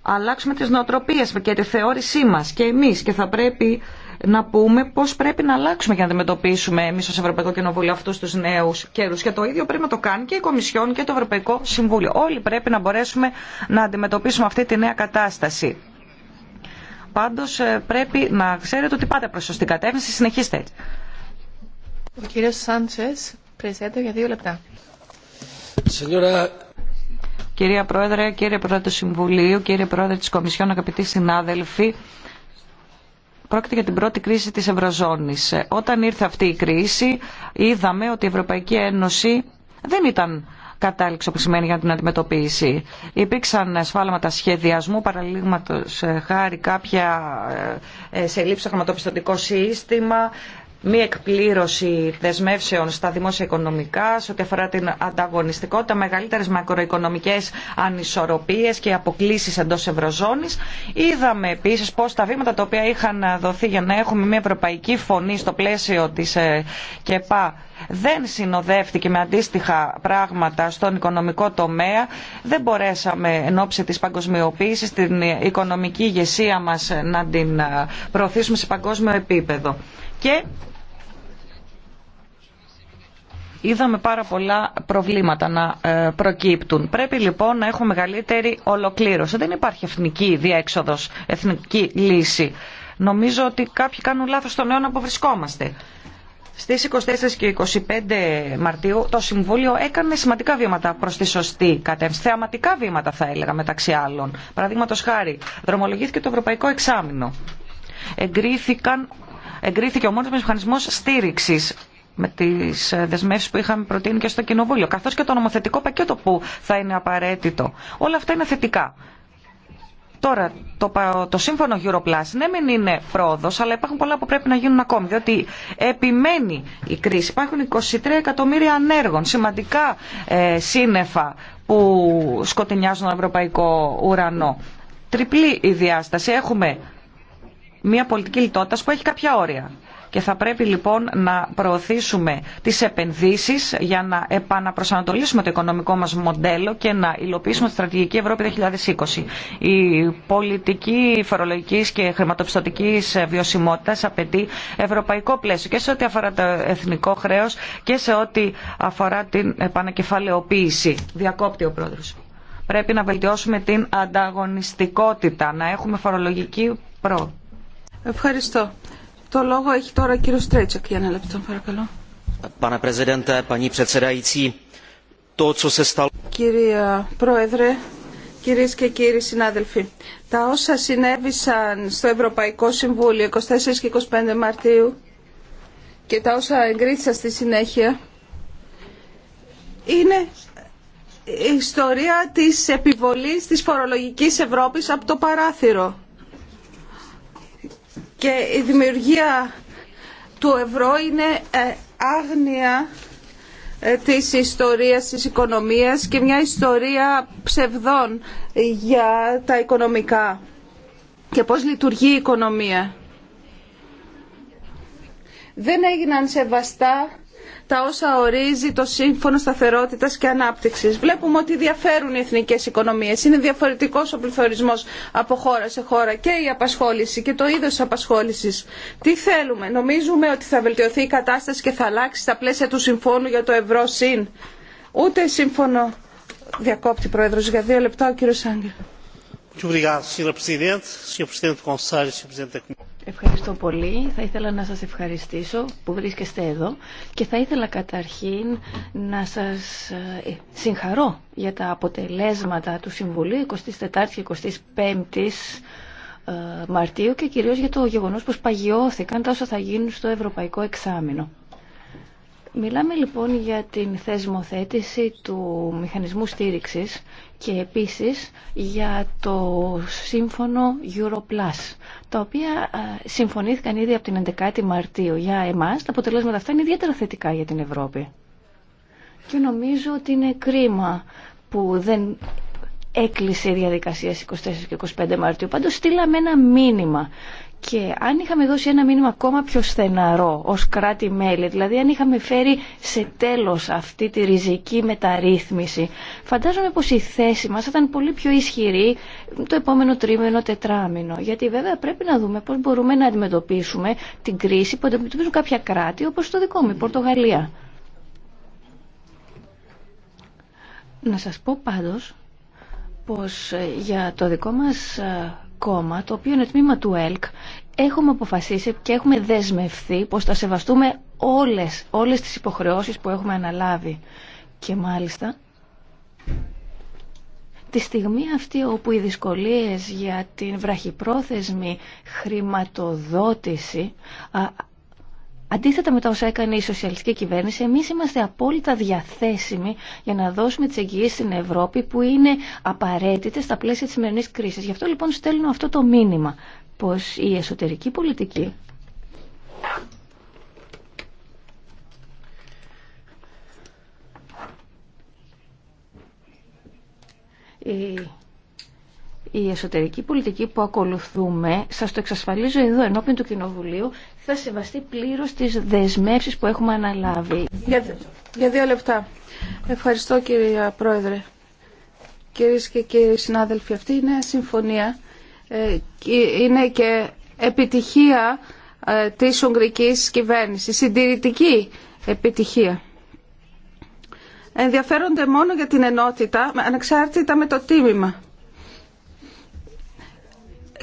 αλλάξουμε τις νοοτροπίες και τη θεώρησή μας και εμείς και θα πρέπει να πούμε πώς πρέπει να αλλάξουμε για να αντιμετωπίσουμε εμείς ως Ευρωπαϊκό Κοινοβούλιο αυτούς τους νέους καιρούς. Και το ίδιο πρέπει να το κάνει και η Κομισιόν και το Ευρωπαϊκό Συμβούλιο. Όλοι πρέπει να μπορέσουμε να αντιμετωπίσουμε αυτή τη νέα κατάσταση. Πάντως ε, πρέπει να ξέρετε ότι πάτε προς σωστή κατεύθυνση, συνεχίστε έτσι. Ο κύριος Σάντσες, πρεσέντο για δύο λεπτά. Κυρία Πρόεδρε, κύριε Πρόεδρε του Συμβουλίου, κύριε Πρόεδρε της Κομισιόν, αγαπητοί συνάδελφοι, Πρόκειται για την πρώτη κρίση της Ευρωζώνης. Ε, όταν ήρθε αυτή η κρίση, είδαμε ότι η Ευρωπαϊκή Ένωση δεν ήταν κατάληξη όπω σημαίνει για την αντιμετωπίση. Υπήρξαν σφάλματα σχεδιασμού, παραλίγματος ε, χάρη κάποια ε, ε, σε λήψη χρηματοπιστωτικό σύστημα, μη εκπλήρωση δεσμεύσεων στα δημόσια οικονομικά, σε ό,τι αφορά την ανταγωνιστικότητα, μεγαλύτερε μακροοικονομικέ ανισορροπίε και αποκλήσει εντό Ευρωζώνη. Είδαμε επίση πώ τα βήματα τα οποία είχαν δοθεί για να έχουμε μια ευρωπαϊκή φωνή στο πλαίσιο τη ε, ΚΕΠΑ δεν συνοδεύτηκε με αντίστοιχα πράγματα στον οικονομικό τομέα. Δεν μπορέσαμε εν ώψη της παγκοσμιοποίησης την οικονομική ηγεσία μας να την ε, προωθήσουμε σε παγκόσμιο επίπεδο. Και είδαμε πάρα πολλά προβλήματα να ε, προκύπτουν. Πρέπει λοιπόν να έχουμε μεγαλύτερη ολοκλήρωση. Δεν υπάρχει εθνική διέξοδος, εθνική λύση. Νομίζω ότι κάποιοι κάνουν λάθος στον αιώνα που βρισκόμαστε. Στις 24 και 25 Μαρτίου το Συμβούλιο έκανε σημαντικά βήματα προς τη σωστή κατεύθυνση, θεαματικά βήματα θα έλεγα μεταξύ άλλων. Παραδείγματο χάρη, δρομολογήθηκε το Ευρωπαϊκό Εξάμεινο. Εγκρίθηκαν, εγκρίθηκε ο μόνος μηχανισμός στήριξης με τι ε, δεσμεύσεις που είχαμε προτείνει και στο Κοινοβούλιο, καθώ και το νομοθετικό πακέτο που θα είναι απαραίτητο. Όλα αυτά είναι θετικά. Τώρα, το, το σύμφωνο Europlus ναι μην είναι πρόοδο, αλλά υπάρχουν πολλά που πρέπει να γίνουν ακόμη, διότι επιμένει η κρίση. Υπάρχουν 23 εκατομμύρια ανέργων, σημαντικά ε, σύννεφα που σκοτεινιάζουν τον ευρωπαϊκό ουρανό. Τριπλή η διάσταση. Έχουμε μια πολιτική λιτότητα που έχει κάποια όρια. Και θα πρέπει λοιπόν να προωθήσουμε τις επενδύσεις για να επαναπροσανατολίσουμε το οικονομικό μας μοντέλο και να υλοποιήσουμε τη στρατηγική Ευρώπη 2020. Η πολιτική φορολογικής και χρηματοπιστωτικής βιωσιμότητας απαιτεί ευρωπαϊκό πλαίσιο και σε ό,τι αφορά το εθνικό χρέος και σε ό,τι αφορά την επανακεφαλαιοποίηση. Διακόπτει ο πρόεδρος. Πρέπει να βελτιώσουμε την ανταγωνιστικότητα, να έχουμε φορολογική πρόοδο. Ευχαριστώ. Το λόγο έχει τώρα ο κύριος Τρέτσακ για ένα λεπτό παρακαλώ. Κύριε Πρόεδρε, κυρίες και κύριοι συνάδελφοι, τα όσα συνέβησαν στο Ευρωπαϊκό Συμβούλιο 24 και 25 Μαρτίου και τα όσα εγκρίθησαν στη συνέχεια είναι η ιστορία της επιβολής της φορολογικής Ευρώπης από το παράθυρο και η δημιουργία του ευρώ είναι ε, άγνοια ε, της ιστορίας της οικονομίας και μια ιστορία ψευδών για τα οικονομικά και πώς λειτουργεί η οικονομία. Δεν έγιναν σεβαστά τα όσα ορίζει το Σύμφωνο Σταθερότητας και Ανάπτυξης. Βλέπουμε ότι διαφέρουν οι εθνικέ οικονομίες. Είναι διαφορετικό ο πληθωρισμό από χώρα σε χώρα και η απασχόληση και το είδο της απασχόλησης. Τι θέλουμε. Νομίζουμε ότι θα βελτιωθεί η κατάσταση και θα αλλάξει στα πλαίσια του Συμφώνου για το Ευρώ ΣΥΝ. Ούτε σύμφωνο διακόπτη, Πρόεδρος, για δύο λεπτά ο κύριος Άγγελ. Ευχαριστώ πολύ. Θα ήθελα να σας ευχαριστήσω που βρίσκεστε εδώ και θα ήθελα καταρχήν να σας ε, συγχαρώ για τα αποτελέσματα του Συμβουλίου 24 και 25 ε, Μαρτίου και κυρίως για το γεγονός πως παγιώθηκαν τα όσα θα γίνουν στο Ευρωπαϊκό Εξάμεινο. Μιλάμε λοιπόν για την θεσμοθέτηση του μηχανισμού στήριξης και επίσης για το σύμφωνο Europlus, τα οποία ε, συμφωνήθηκαν ήδη από την 11η Μαρτίου. Για εμάς τα αποτελέσματα αυτά είναι ιδιαίτερα θετικά για την Ευρώπη. Και νομίζω ότι είναι κρίμα που δεν έκλεισε η διαδικασία στις 24 και 25 Μαρτίου. Πάντως στείλαμε ένα μήνυμα και αν είχαμε δώσει ένα μήνυμα ακόμα πιο στεναρό ως κράτη-μέλη, δηλαδή αν είχαμε φέρει σε τέλος αυτή τη ριζική μεταρρύθμιση, φαντάζομαι πως η θέση μας ήταν πολύ πιο ισχυρή το επόμενο τρίμηνο, τετράμινο. Γιατί βέβαια πρέπει να δούμε πώς μπορούμε να αντιμετωπίσουμε την κρίση που αντιμετωπίζουν κάποια κράτη, όπως το δικό μου, η Πορτογαλία. Να σας πω πάντως πως ε, για το δικό μας ε, κόμμα, το οποίο είναι τμήμα του ΕΛΚ, έχουμε αποφασίσει και έχουμε δεσμευθεί πως θα σεβαστούμε όλες, όλες τις υποχρεώσεις που έχουμε αναλάβει. Και μάλιστα, τη στιγμή αυτή όπου οι δυσκολίες για την βραχυπρόθεσμη χρηματοδότηση Αντίθετα με τα όσα έκανε η σοσιαλιστική κυβέρνηση, εμείς είμαστε απόλυτα διαθέσιμοι για να δώσουμε τις εγγυήσεις στην Ευρώπη που είναι απαραίτητες στα πλαίσια της σημερινής κρίσης. Γι' αυτό λοιπόν στέλνω αυτό το μήνυμα, πως η εσωτερική πολιτική η η εσωτερική πολιτική που ακολουθούμε, σας το εξασφαλίζω εδώ ενώπιον του Κοινοβουλίου, θα σεβαστεί πλήρως τις δεσμεύσει που έχουμε αναλάβει. Για, δύο λεπτά. Ευχαριστώ κύριε Πρόεδρε. Κυρίες και κύριοι συνάδελφοι, αυτή είναι συμφωνία. Ε, είναι και επιτυχία ε, της Ουγγρικής κυβέρνησης, συντηρητική επιτυχία. Ενδιαφέρονται μόνο για την ενότητα, ανεξάρτητα με το τίμημα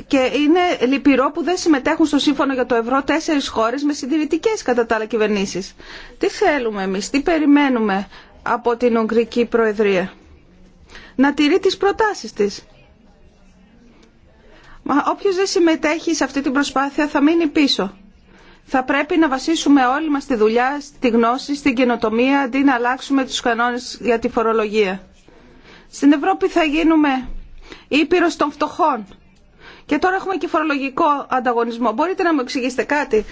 και είναι λυπηρό που δεν συμμετέχουν στο σύμφωνο για το ευρώ τέσσερι χώρε με συντηρητικέ κατά τα άλλα κυβερνήσει. Τι θέλουμε εμεί, τι περιμένουμε από την Ουγγρική Προεδρία. Να τηρεί τι προτάσει της. Μα όποιο δεν συμμετέχει σε αυτή την προσπάθεια θα μείνει πίσω. Θα πρέπει να βασίσουμε όλοι μας τη δουλειά, τη γνώση, στην καινοτομία, αντί να αλλάξουμε τους κανόνες για τη φορολογία. Στην Ευρώπη θα γίνουμε ήπειρος των φτωχών και τώρα έχουμε και φορολογικό ανταγωνισμό. Μπορείτε να μου εξηγήσετε κάτι.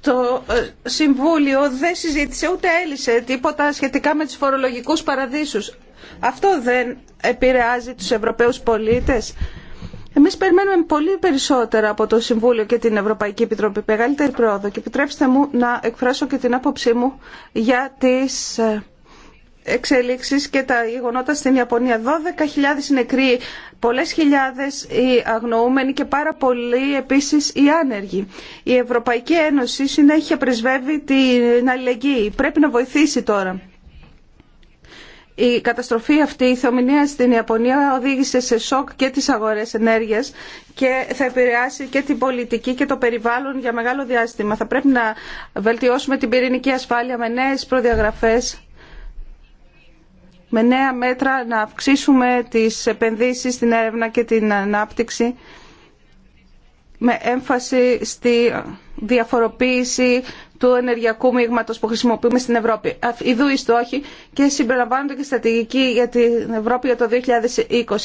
Το ε, Συμβούλιο δεν συζήτησε ούτε έλυσε τίποτα σχετικά με τους φορολογικούς παραδείσους. Αυτό δεν επηρεάζει τους Ευρωπαίους πολίτες. Εμείς περιμένουμε πολύ περισσότερα από το Συμβούλιο και την Ευρωπαϊκή Επιτροπή. Μεγαλύτερη πρόοδο. Και επιτρέψτε μου να εκφράσω και την άποψή μου για τις ε, εξελίξεις και τα γεγονότα στην Ιαπωνία. 12.000 νεκροί, πολλές χιλιάδες οι αγνοούμενοι και πάρα πολλοί επίσης οι άνεργοι. Η Ευρωπαϊκή Ένωση συνέχεια πρεσβεύει την αλληλεγγύη. Πρέπει να βοηθήσει τώρα. Η καταστροφή αυτή, η θεομηνία στην Ιαπωνία οδήγησε σε σοκ και τις αγορές ενέργειας και θα επηρεάσει και την πολιτική και το περιβάλλον για μεγάλο διάστημα. Θα πρέπει να βελτιώσουμε την πυρηνική ασφάλεια με νέες προδιαγραφές με νέα μέτρα να αυξήσουμε τις επενδύσεις στην έρευνα και την ανάπτυξη με έμφαση στη διαφοροποίηση του ενεργειακού μείγματος που χρησιμοποιούμε στην Ευρώπη. Ιδού η στόχοι και συμπεριλαμβάνονται και στρατηγική για την Ευρώπη για το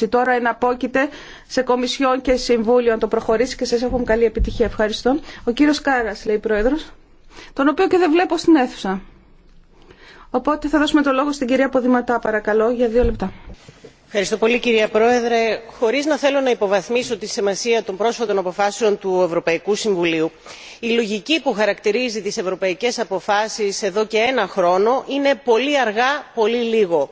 2020. Τώρα εναπόκειται σε Κομισιόν και Συμβούλιο να το προχωρήσει και σας έχουμε καλή επιτυχία. Ευχαριστώ. Ο κύριος Κάρας, λέει Πρόεδρος, τον οποίο και δεν βλέπω στην αίθουσα. Οπότε θα δώσουμε το λόγο στην κυρία Ποδηματά, παρακαλώ, για δύο λεπτά. Ευχαριστώ πολύ κυρία Πρόεδρε. Χωρίς να θέλω να υποβαθμίσω τη σημασία των πρόσφατων αποφάσεων του Ευρωπαϊκού Συμβουλίου, η λογική που χαρακτηρίζει τις ευρωπαϊκές αποφάσεις εδώ και ένα χρόνο είναι πολύ αργά, πολύ λίγο.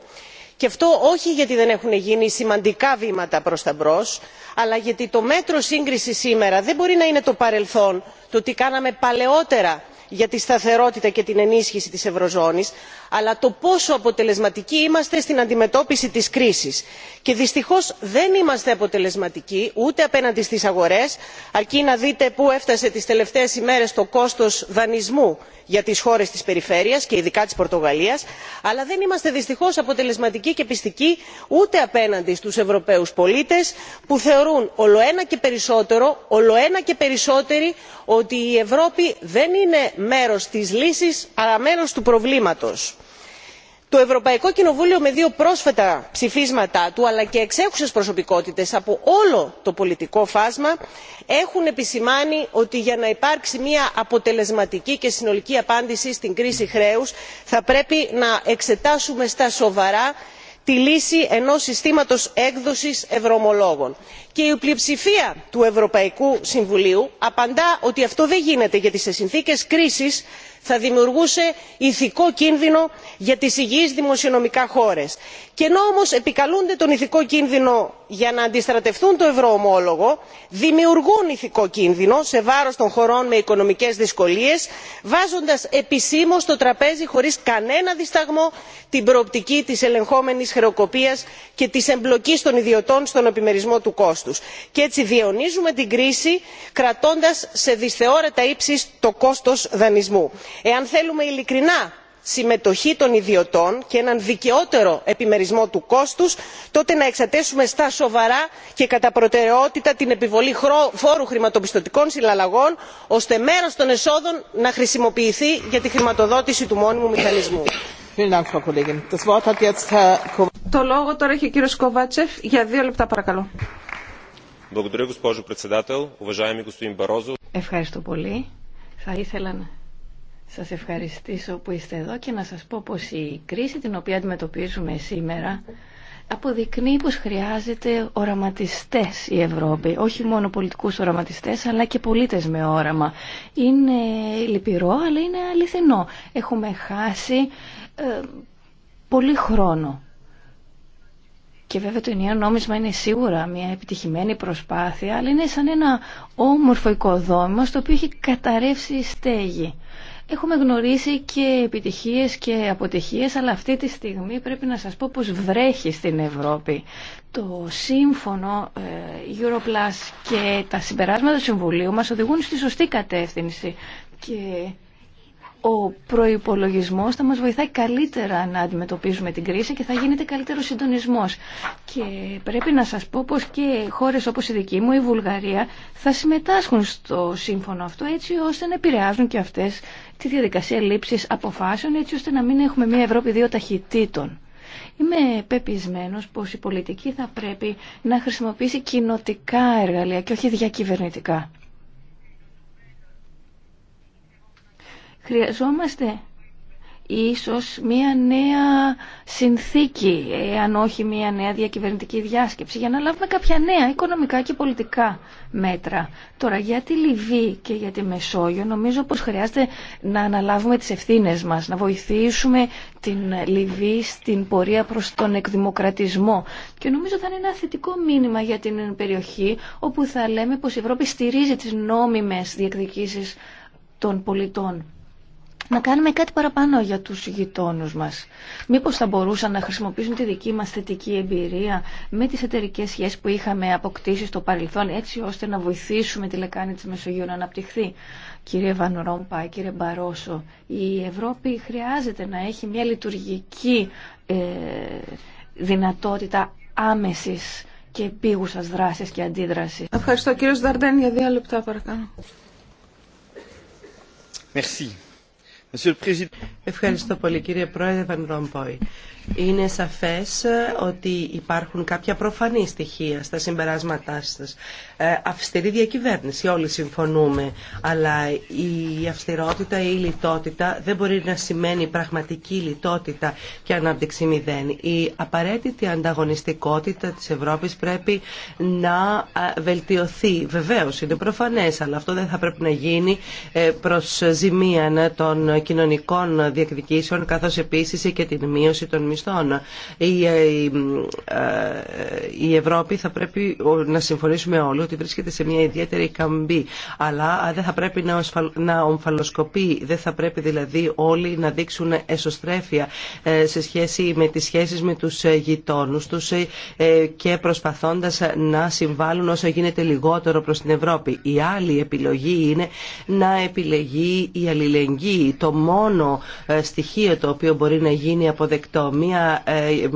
Και αυτό όχι γιατί δεν έχουν γίνει σημαντικά βήματα προς τα μπρος, αλλά γιατί το μέτρο σύγκριση σήμερα δεν μπορεί να είναι το παρελθόν, το τι κάναμε παλαιότερα για τη σταθερότητα και την ενίσχυση της ευρωζώνης αλλά το πόσο αποτελεσματικοί είμαστε στην αντιμετώπιση της κρίσης και δυστυχώς δεν είμαστε αποτελεσματικοί ούτε απέναντι στις αγορές αρκεί να δείτε πού έφτασε τις τελευταίες ημέρες το κόστος δανεισμού για τις χώρες της περιφέρειας και ειδικά της πορτογαλίας αλλά δεν είμαστε δυστυχώς αποτελεσματικοί και πιστικοί ούτε απέναντι στους ευρωπαίους πολίτες που θεωρούν ολοένα και περισσότερο και περισσότεροι ότι η ευρώπη δεν είναι μέρος της λύσης αλλά μέρος του προβλήματος το ευρωπαϊκό κοινοβούλιο με δύο πρόσφατα ψηφίσματά του αλλά και εξέχουσες προσωπικότητες από όλο το πολιτικό φάσμα έχουν επισημάνει ότι για να υπάρξει μια αποτελεσματική και συνολική απάντηση στην κρίση χρέους θα πρέπει να εξετάσουμε στα σοβαρά τη λύση ενός συστήματος έκδοσης ευρωομολόγων και η πλειοψηφία του ευρωπαϊκού συμβουλίου απαντά ότι αυτό δεν γίνεται γιατί σε συνθήκες κρίσης θα δημιουργούσε ηθικό κίνδυνο για τις υγιείς δημοσιονομικά χώρες και ενώ όμως επικαλούνται τον ηθικό κίνδυνο για να αντιστρατευτούν το ευρωομόλογο δημιουργούν ηθικό κίνδυνο σε βάρος των χωρών με οικονομικές δυσκολίες βάζοντας επισήμως στο τραπέζι χωρίς κανένα δισταγμό την προοπτική της ελεγχόμενης χρεοκοπίας και της εμπλοκής των ιδιωτών στον επιμερισμό του κόστους και έτσι διαιωνίζουμε την κρίση κρατώντας σε δυσθεώρητα ύψη το κόστος δανεισμού. εάν θέλουμε ειλικρινά συμμετοχή των ιδιωτών και έναν δικαιότερο επιμερισμό του κόστους τότε να εξατέσουμε στα σοβαρά και κατά προτεραιότητα την επιβολή φόρου χρηματοπιστωτικών συναλλαγών ώστε μέρος των εσόδων να χρησιμοποιηθεί για τη χρηματοδότηση του μόνιμου μηχανισμού. Το λόγο τώρα έχει ο κύριος Κοβάτσεφ. Για δύο λεπτά παρακαλώ. Ευχαριστώ πολύ. Θα ήθελα σας ευχαριστήσω που είστε εδώ και να σας πω πως η κρίση την οποία αντιμετωπίζουμε σήμερα αποδεικνύει πως χρειάζεται οραματιστές η Ευρώπη, όχι μόνο πολιτικούς οραματιστές αλλά και πολίτες με όραμα. Είναι λυπηρό αλλά είναι αληθινό. Έχουμε χάσει ε, πολύ χρόνο. Και βέβαια το ενιαίο νόμισμα είναι σίγουρα μια επιτυχημένη προσπάθεια, αλλά είναι σαν ένα όμορφο οικοδόμημα στο οποίο έχει καταρρεύσει η στέγη. Έχουμε γνωρίσει και επιτυχίες και αποτυχίες, αλλά αυτή τη στιγμή πρέπει να σας πω πως βρέχει στην Ευρώπη. Το σύμφωνο ε, Europlus και τα συμπεράσματα του Συμβουλίου μας οδηγούν στη σωστή κατεύθυνση και ο προπολογισμό θα μα βοηθάει καλύτερα να αντιμετωπίζουμε την κρίση και θα γίνεται καλύτερο συντονισμό. Και πρέπει να σα πω πω και χώρε όπω η δική μου, η Βουλγαρία, θα συμμετάσχουν στο σύμφωνο αυτό έτσι ώστε να επηρεάζουν και αυτέ τη διαδικασία λήψη αποφάσεων έτσι ώστε να μην έχουμε μια Ευρώπη δύο ταχυτήτων. Είμαι πεπισμένο πω η πολιτική θα πρέπει να χρησιμοποιήσει κοινοτικά εργαλεία και όχι διακυβερνητικά. Χρειαζόμαστε ίσως μία νέα συνθήκη, αν όχι μία νέα διακυβερνητική διάσκεψη, για να λάβουμε κάποια νέα οικονομικά και πολιτικά μέτρα. Τώρα, για τη Λιβύη και για τη Μεσόγειο, νομίζω πως χρειάζεται να αναλάβουμε τις ευθύνες μας, να βοηθήσουμε την Λιβύη στην πορεία προς τον εκδημοκρατισμό. Και νομίζω θα είναι ένα θετικό μήνυμα για την περιοχή, όπου θα λέμε πως η Ευρώπη στηρίζει τις νόμιμες διεκδικήσεις των πολιτών να κάνουμε κάτι παραπάνω για τους γειτόνους μας. Μήπως θα μπορούσαν να χρησιμοποιήσουν τη δική μας θετική εμπειρία με τις εταιρικέ σχέσεις που είχαμε αποκτήσει στο παρελθόν έτσι ώστε να βοηθήσουμε τη λεκάνη της Μεσογείου να αναπτυχθεί. Κύριε Βαν Ρόμπα, κύριε Μπαρόσο, η Ευρώπη χρειάζεται να έχει μια λειτουργική ε, δυνατότητα άμεσης και επίγουσας δράσης και αντίδρασης. Ευχαριστώ κύριος Δαρντέν για δύο λεπτά παρακαλώ. Merci. Ευχαριστώ πολύ κύριε Πρόεδρε Βαν Ρομπόη. Είναι σαφές ότι υπάρχουν κάποια προφανή στοιχεία στα συμπεράσματά σας. Ε, αυστηρή διακυβέρνηση, όλοι συμφωνούμε, αλλά η αυστηρότητα ή η λιτότητα δεν μπορεί να σημαίνει πραγματική λιτότητα και ανάπτυξη μηδέν. Η απαραίτητη ανταγωνιστικότητα της Ευρώπης πρέπει να ε, βελτιωθεί. Βεβαίως, είναι προφανές, αλλά αυτό δεν θα πρέπει να γίνει ε, προς ζημία των κοινωνικών διεκδικήσεων, καθώς επίσης και την μείωση των μισθών. Ε, ε, η Ευρώπη θα πρέπει να συμφωνήσουμε όλοι ότι βρίσκεται σε μια ιδιαίτερη καμπή. Αλλά δεν θα πρέπει να ομφαλοσκοπεί. Δεν θα πρέπει δηλαδή όλοι να δείξουν εσωστρέφεια ε, σε σχέση με τις σχέσεις με τους γειτόνους τους και προσπαθώντας να συμβάλλουν όσο γίνεται λιγότερο προς την Ευρώπη. Η άλλη επιλογή είναι να επιλεγεί η αλληλεγγύη, το μόνο στοιχείο το οποίο μπορεί να γίνει αποδεκτό μια ε,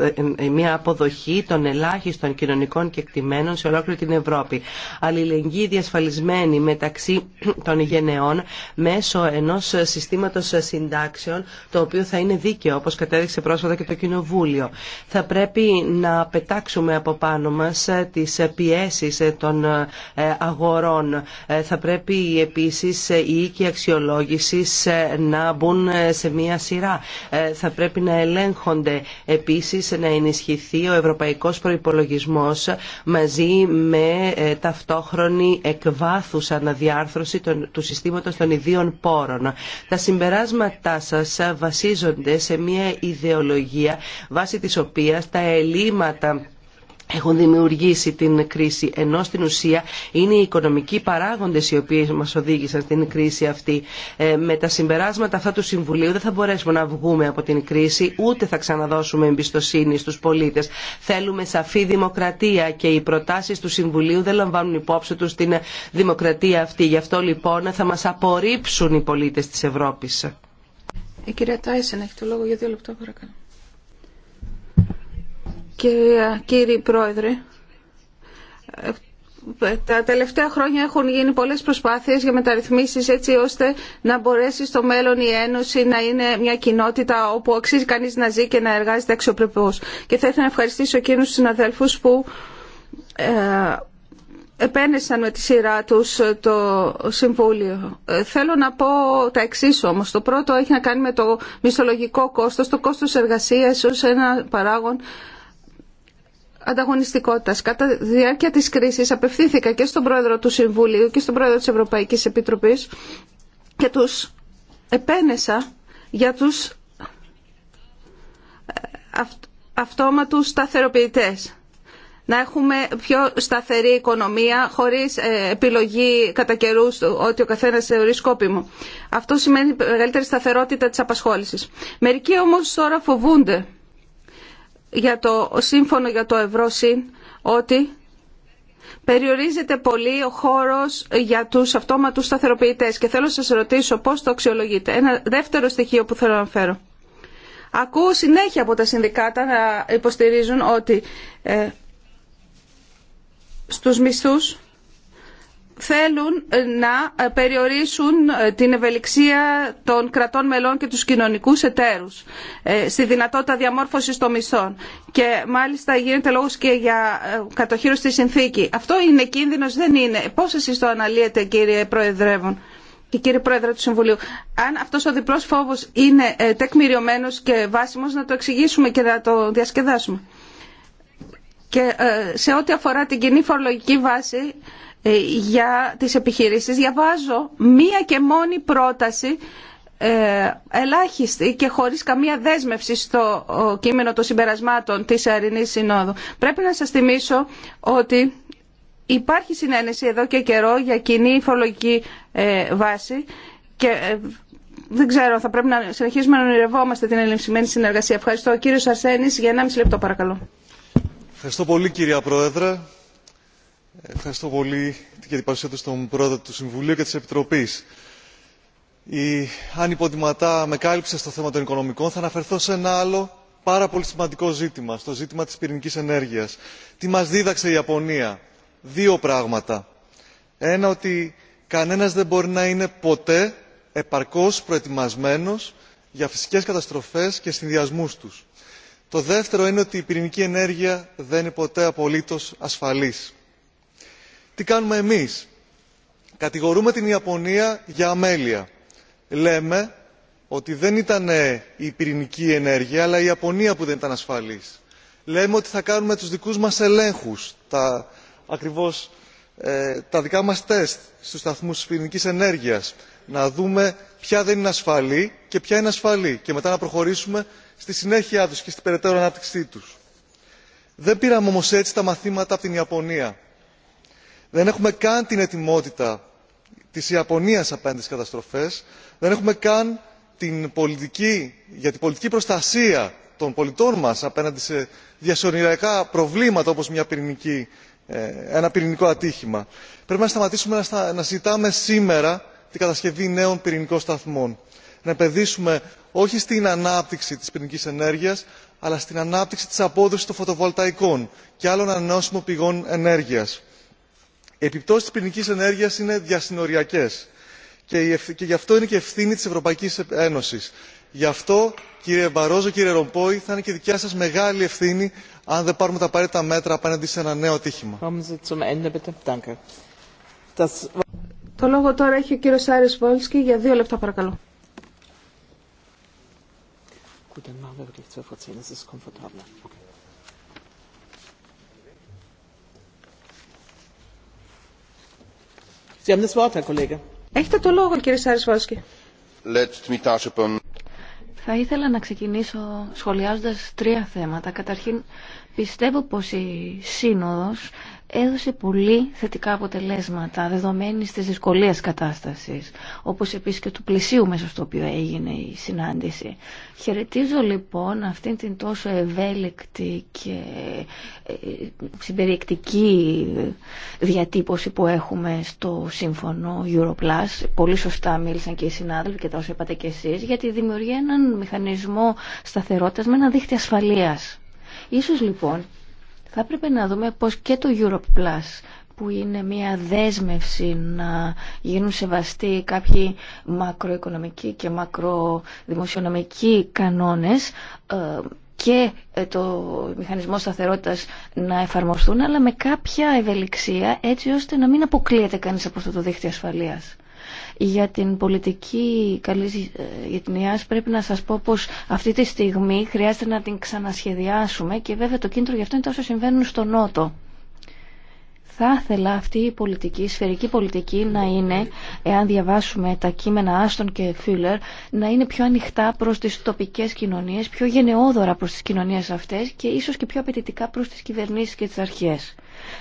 ε, ε, μια αποδοχή των ελάχιστων κοινωνικών κεκτημένων σε ολόκληρη την Ευρώπη. Αλληλεγγύη διασφαλισμένη μεταξύ των γενεών μέσω ενός συστήματος συντάξεων το οποίο θα είναι δίκαιο όπως κατέδειξε πρόσφατα και το Κοινοβούλιο. Θα πρέπει να πετάξουμε από πάνω μας ε, τις πιέσει των αγορών. Θα πρέπει επίση οι οίκοι αξιολόγηση να μπουν σε μια σειρά. Θα πρέπει να ελέγχονται επίση επίσης να ενισχυθεί ο ευρωπαϊκός προϋπολογισμός μαζί με ε, ταυτόχρονη εκβάθους αναδιάρθρωση του συστήματος των ιδίων πόρων. Τα συμπεράσματά σας βασίζονται σε μια ιδεολογία βάσει της οποίας τα ελλείμματα έχουν δημιουργήσει την κρίση, ενώ στην ουσία είναι οι οικονομικοί παράγοντες οι οποίοι μας οδήγησαν στην κρίση αυτή. Ε, με τα συμπεράσματα αυτά του Συμβουλίου δεν θα μπορέσουμε να βγούμε από την κρίση, ούτε θα ξαναδώσουμε εμπιστοσύνη στους πολίτες. Θέλουμε σαφή δημοκρατία και οι προτάσεις του Συμβουλίου δεν λαμβάνουν υπόψη τους την δημοκρατία αυτή. Γι' αυτό λοιπόν θα μας απορρίψουν οι πολίτες της Ευρώπης. Η ε, κυρία Τάισεν έχει το λόγο για δύο λεπτά παρακαλώ. Κύριε κύριοι πρόεδρε, ε, τα τελευταία χρόνια έχουν γίνει πολλές προσπάθειες για μεταρρυθμίσεις έτσι ώστε να μπορέσει στο μέλλον η Ένωση να είναι μια κοινότητα όπου αξίζει κανείς να ζει και να εργάζεται αξιοπρεπώς. Και θα ήθελα να ευχαριστήσω εκείνους τους συναδέλφους που ε, επένεσαν με τη σειρά τους το Συμβούλιο. Ε, θέλω να πω τα εξή όμως. Το πρώτο έχει να κάνει με το μισθολογικό κόστος, το κόστος εργασίας ως ένα παράγον ανταγωνιστικότητας. Κατά τη διάρκεια της κρίσης απευθύνθηκα και στον πρόεδρο του Συμβουλίου και στον πρόεδρο της Ευρωπαϊκής Επιτροπής και τους επένεσα για τους ε, αυτόματους σταθεροποιητές. Να έχουμε πιο σταθερή οικονομία χωρίς ε, επιλογή κατά καιρού ότι ο καθένας θεωρεί σκόπιμο. Αυτό σημαίνει μεγαλύτερη σταθερότητα της απασχόλησης. Μερικοί όμως τώρα φοβούνται για το σύμφωνο για το Ευρώσυν ότι περιορίζεται πολύ ο χώρος για τους αυτόματους σταθεροποιητές και θέλω να σας ρωτήσω πώς το αξιολογείτε. Ένα δεύτερο στοιχείο που θέλω να φέρω. Ακούω συνέχεια από τα συνδικάτα να υποστηρίζουν ότι ε, στους μισθούς θέλουν ε, να ε, περιορίσουν ε, την ευελιξία των κρατών μελών και τους κοινωνικούς εταίρους στη δυνατότητα διαμόρφωσης των μισθών. Και μάλιστα γίνεται λόγος και για κατοχήρωση στη συνθήκη. Αυτό είναι κίνδυνος, δεν είναι. Πώς εσείς το αναλύετε κύριε Προεδρεύον και κύριε Πρόεδρε του Συμβουλίου, αν αυτός ο διπλός φόβος είναι τεκμηριωμένος και βάσιμος, να το εξηγήσουμε και να το διασκεδάσουμε. Και σε ό,τι αφορά την κοινή φορολογική βάση, ε, για τις επιχειρήσεις. Διαβάζω μία και μόνη πρόταση ε, ελάχιστη και χωρίς καμία δέσμευση στο κείμενο των συμπερασμάτων της Αρινής Συνόδου. Πρέπει να σας θυμίσω ότι υπάρχει συνένεση εδώ και καιρό για κοινή φορολογική ε, βάση και δεν ξέρω, θα πρέπει να συνεχίσουμε να ονειρευόμαστε την ελευσιμένη συνεργασία. Ευχαριστώ. Κύριος Αρσένης, για 1,5 λεπτό παρακαλώ. Ευχαριστώ πολύ κυρία Πρόεδρε. Ευχαριστώ πολύ για την παρουσία του στον πρόεδρο του Συμβουλίου και τη Επιτροπή. Η Άννη Ποντιματά με κάλυψε στο θέμα των οικονομικών. Θα αναφερθώ σε ένα άλλο πάρα πολύ σημαντικό ζήτημα, στο ζήτημα τη πυρηνική ενέργεια. Τι μα δίδαξε η Ιαπωνία. Δύο πράγματα. Ένα ότι κανένα δεν μπορεί να είναι ποτέ επαρκώ προετοιμασμένο για φυσικέ καταστροφέ και συνδυασμού του. Το δεύτερο είναι ότι η πυρηνική ενέργεια δεν είναι ποτέ απολύτω ασφαλή τι κάνουμε εμείς. Κατηγορούμε την Ιαπωνία για αμέλεια. Λέμε ότι δεν ήταν ε, η πυρηνική ενέργεια αλλά η Ιαπωνία που δεν ήταν ασφαλής. Λέμε ότι θα κάνουμε τους δικούς μας ελέγχους, τα, ακριβώς ε, τα δικά μας τεστ στους σταθμούς της πυρηνικής ενέργειας, να δούμε ποια δεν είναι ασφαλή και ποια είναι ασφαλή και μετά να προχωρήσουμε στη συνέχεια τους και στην περαιτέρω ανάπτυξή τους. Δεν πήραμε όμως έτσι τα μαθήματα από την Ιαπωνία δεν έχουμε καν την ετοιμότητα της ιαπωνίας απέναντι στις καταστροφές δεν έχουμε καν την πολιτική για την πολιτική προστασία των πολιτών μας απέναντι σε διασυνοριακά προβλήματα όπως ε, ένα πυρηνικό ατύχημα. Πρέπει να σταματήσουμε να ζητάμε σήμερα την κατασκευή νέων πυρηνικών σταθμών. Να επενδύσουμε όχι στην ανάπτυξη της πυρηνικής ενέργειας, αλλά στην ανάπτυξη της απόδοσης των φωτοβολταϊκών και άλλων ανανεώσιμων πηγών ενέργειας οι επιπτώσει τη πυρηνική ενέργεια είναι διασυνοριακέ και γι' αυτό είναι και ευθύνη τη ευρωπαϊκή ένωση. γι' αυτό κύριε μπαρόζο κύριε Ρομπόη, θα είναι και δικιά σα μεγάλη ευθύνη αν δεν πάρουμε τα απαραίτητα μέτρα απέναντι σε ένα νέο ατύχημα. Το λόγο τώρα έχει ο Έχετε το λόγο, κύριε Σάρισβάσκη. Θα ήθελα να ξεκινήσω σχολιάζοντας τρία θέματα. Καταρχήν, πιστεύω πως η Σύνοδος έδωσε πολύ θετικά αποτελέσματα δεδομένη της δυσκολίας κατάστασης, όπως επίσης και του πλησίου μέσα στο οποίο έγινε η συνάντηση. Χαιρετίζω λοιπόν αυτήν την τόσο ευέλικτη και ε, συμπεριεκτική διατύπωση που έχουμε στο σύμφωνο Europlus. Πολύ σωστά μίλησαν και οι συνάδελφοι και τα όσα είπατε και εσείς γιατί δημιουργεί έναν μηχανισμό σταθερότητας με ένα δίχτυ ασφαλείας. Ίσως λοιπόν θα έπρεπε να δούμε πως και το Europe Plus που είναι μια δέσμευση να γίνουν σεβαστοί κάποιοι μακροοικονομικοί και μακροδημοσιονομικοί κανόνες ε, και ε, το μηχανισμό σταθερότητας να εφαρμοστούν αλλά με κάποια ευελιξία έτσι ώστε να μην αποκλείεται κανείς από αυτό το δίχτυο ασφαλείας. Για την πολιτική καλή ε, γειτονιά πρέπει να σας πω πως αυτή τη στιγμή χρειάζεται να την ξανασχεδιάσουμε και βέβαια το κίνητρο γι' αυτό είναι τόσο συμβαίνουν στο Νότο. Θα ήθελα αυτή η πολιτική, η σφαιρική πολιτική να είναι, εάν διαβάσουμε τα κείμενα Άστον και Φίλερ, να είναι πιο ανοιχτά προς τις τοπικές κοινωνίες, πιο γενναιόδωρα προς τις κοινωνίες αυτές και ίσως και πιο απαιτητικά προς τις κυβερνήσεις και τις αρχές.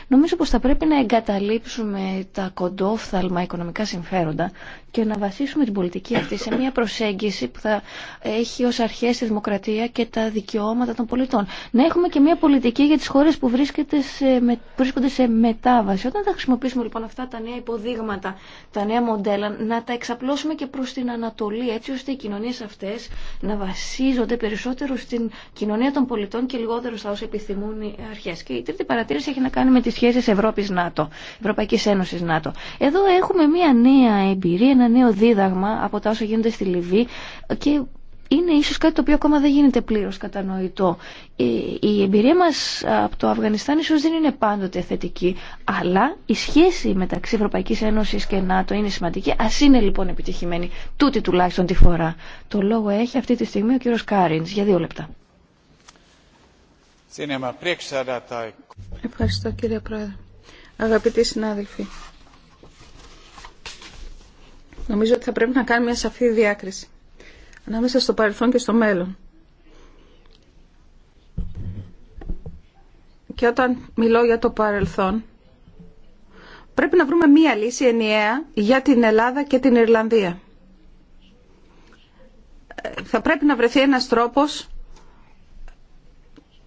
Νομίζω πως θα πρέπει να εγκαταλείψουμε τα κοντόφθαλμα οικονομικά συμφέροντα και να βασίσουμε την πολιτική αυτή σε μια προσέγγιση που θα έχει ως αρχές τη δημοκρατία και τα δικαιώματα των πολιτών. Να έχουμε και μια πολιτική για τις χώρες που βρίσκονται σε, βρίσκονται σε μετάβαση. Όταν θα χρησιμοποιήσουμε λοιπόν αυτά τα νέα υποδείγματα, τα νέα μοντέλα, να τα εξαπλώσουμε και προς την Ανατολή, έτσι ώστε οι κοινωνίες αυτές να βασίζονται περισσότερο στην κοινωνία των πολιτών και λιγότερο στα όσα επιθυμούν οι αρχές. Και η τρίτη παρατήρηση έχει να κάνει με τις σχέσεις Ευρώπης-ΝΑΤΟ, Ευρωπαϊκής Ένωσης-ΝΑΤΟ. Εδώ έχουμε μια νέα εμπειρία, νέο δίδαγμα από τα όσα γίνονται στη Λιβύη και είναι ίσως κάτι το οποίο ακόμα δεν γίνεται πλήρως κατανοητό. Ε, η εμπειρία μας από το Αφγανιστάν ίσως δεν είναι πάντοτε θετική, αλλά η σχέση μεταξύ Ευρωπαϊκής Ένωσης και ΝΑΤΟ είναι σημαντική, ας είναι λοιπόν επιτυχημένη, τούτη τουλάχιστον τη φορά. Το λόγο έχει αυτή τη στιγμή ο κύριος Κάριντς. για δύο λεπτά. Ευχαριστώ κύριε Πρόεδρε. Αγαπητοί συνάδελφοι, Νομίζω ότι θα πρέπει να κάνουμε μια σαφή διάκριση ανάμεσα στο παρελθόν και στο μέλλον. Και όταν μιλώ για το παρελθόν, πρέπει να βρούμε μία λύση ενιαία για την Ελλάδα και την Ιρλανδία. Θα πρέπει να βρεθεί ένας τρόπος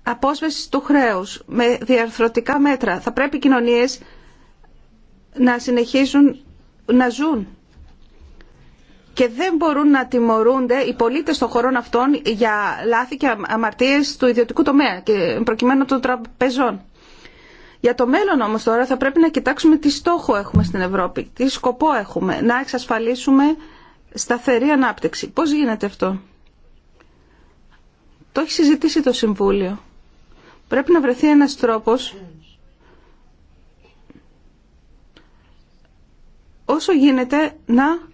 απόσβεσης του χρέους με διαρθρωτικά μέτρα. Θα πρέπει οι κοινωνίες να συνεχίσουν να ζουν και δεν μπορούν να τιμωρούνται οι πολίτες των χωρών αυτών για λάθη και αμαρτίες του ιδιωτικού τομέα και προκειμένου των τραπεζών. Για το μέλλον όμως τώρα θα πρέπει να κοιτάξουμε τι στόχο έχουμε στην Ευρώπη, τι σκοπό έχουμε, να εξασφαλίσουμε σταθερή ανάπτυξη. Πώς γίνεται αυτό. Το έχει συζητήσει το Συμβούλιο. Πρέπει να βρεθεί ένας τρόπος όσο γίνεται να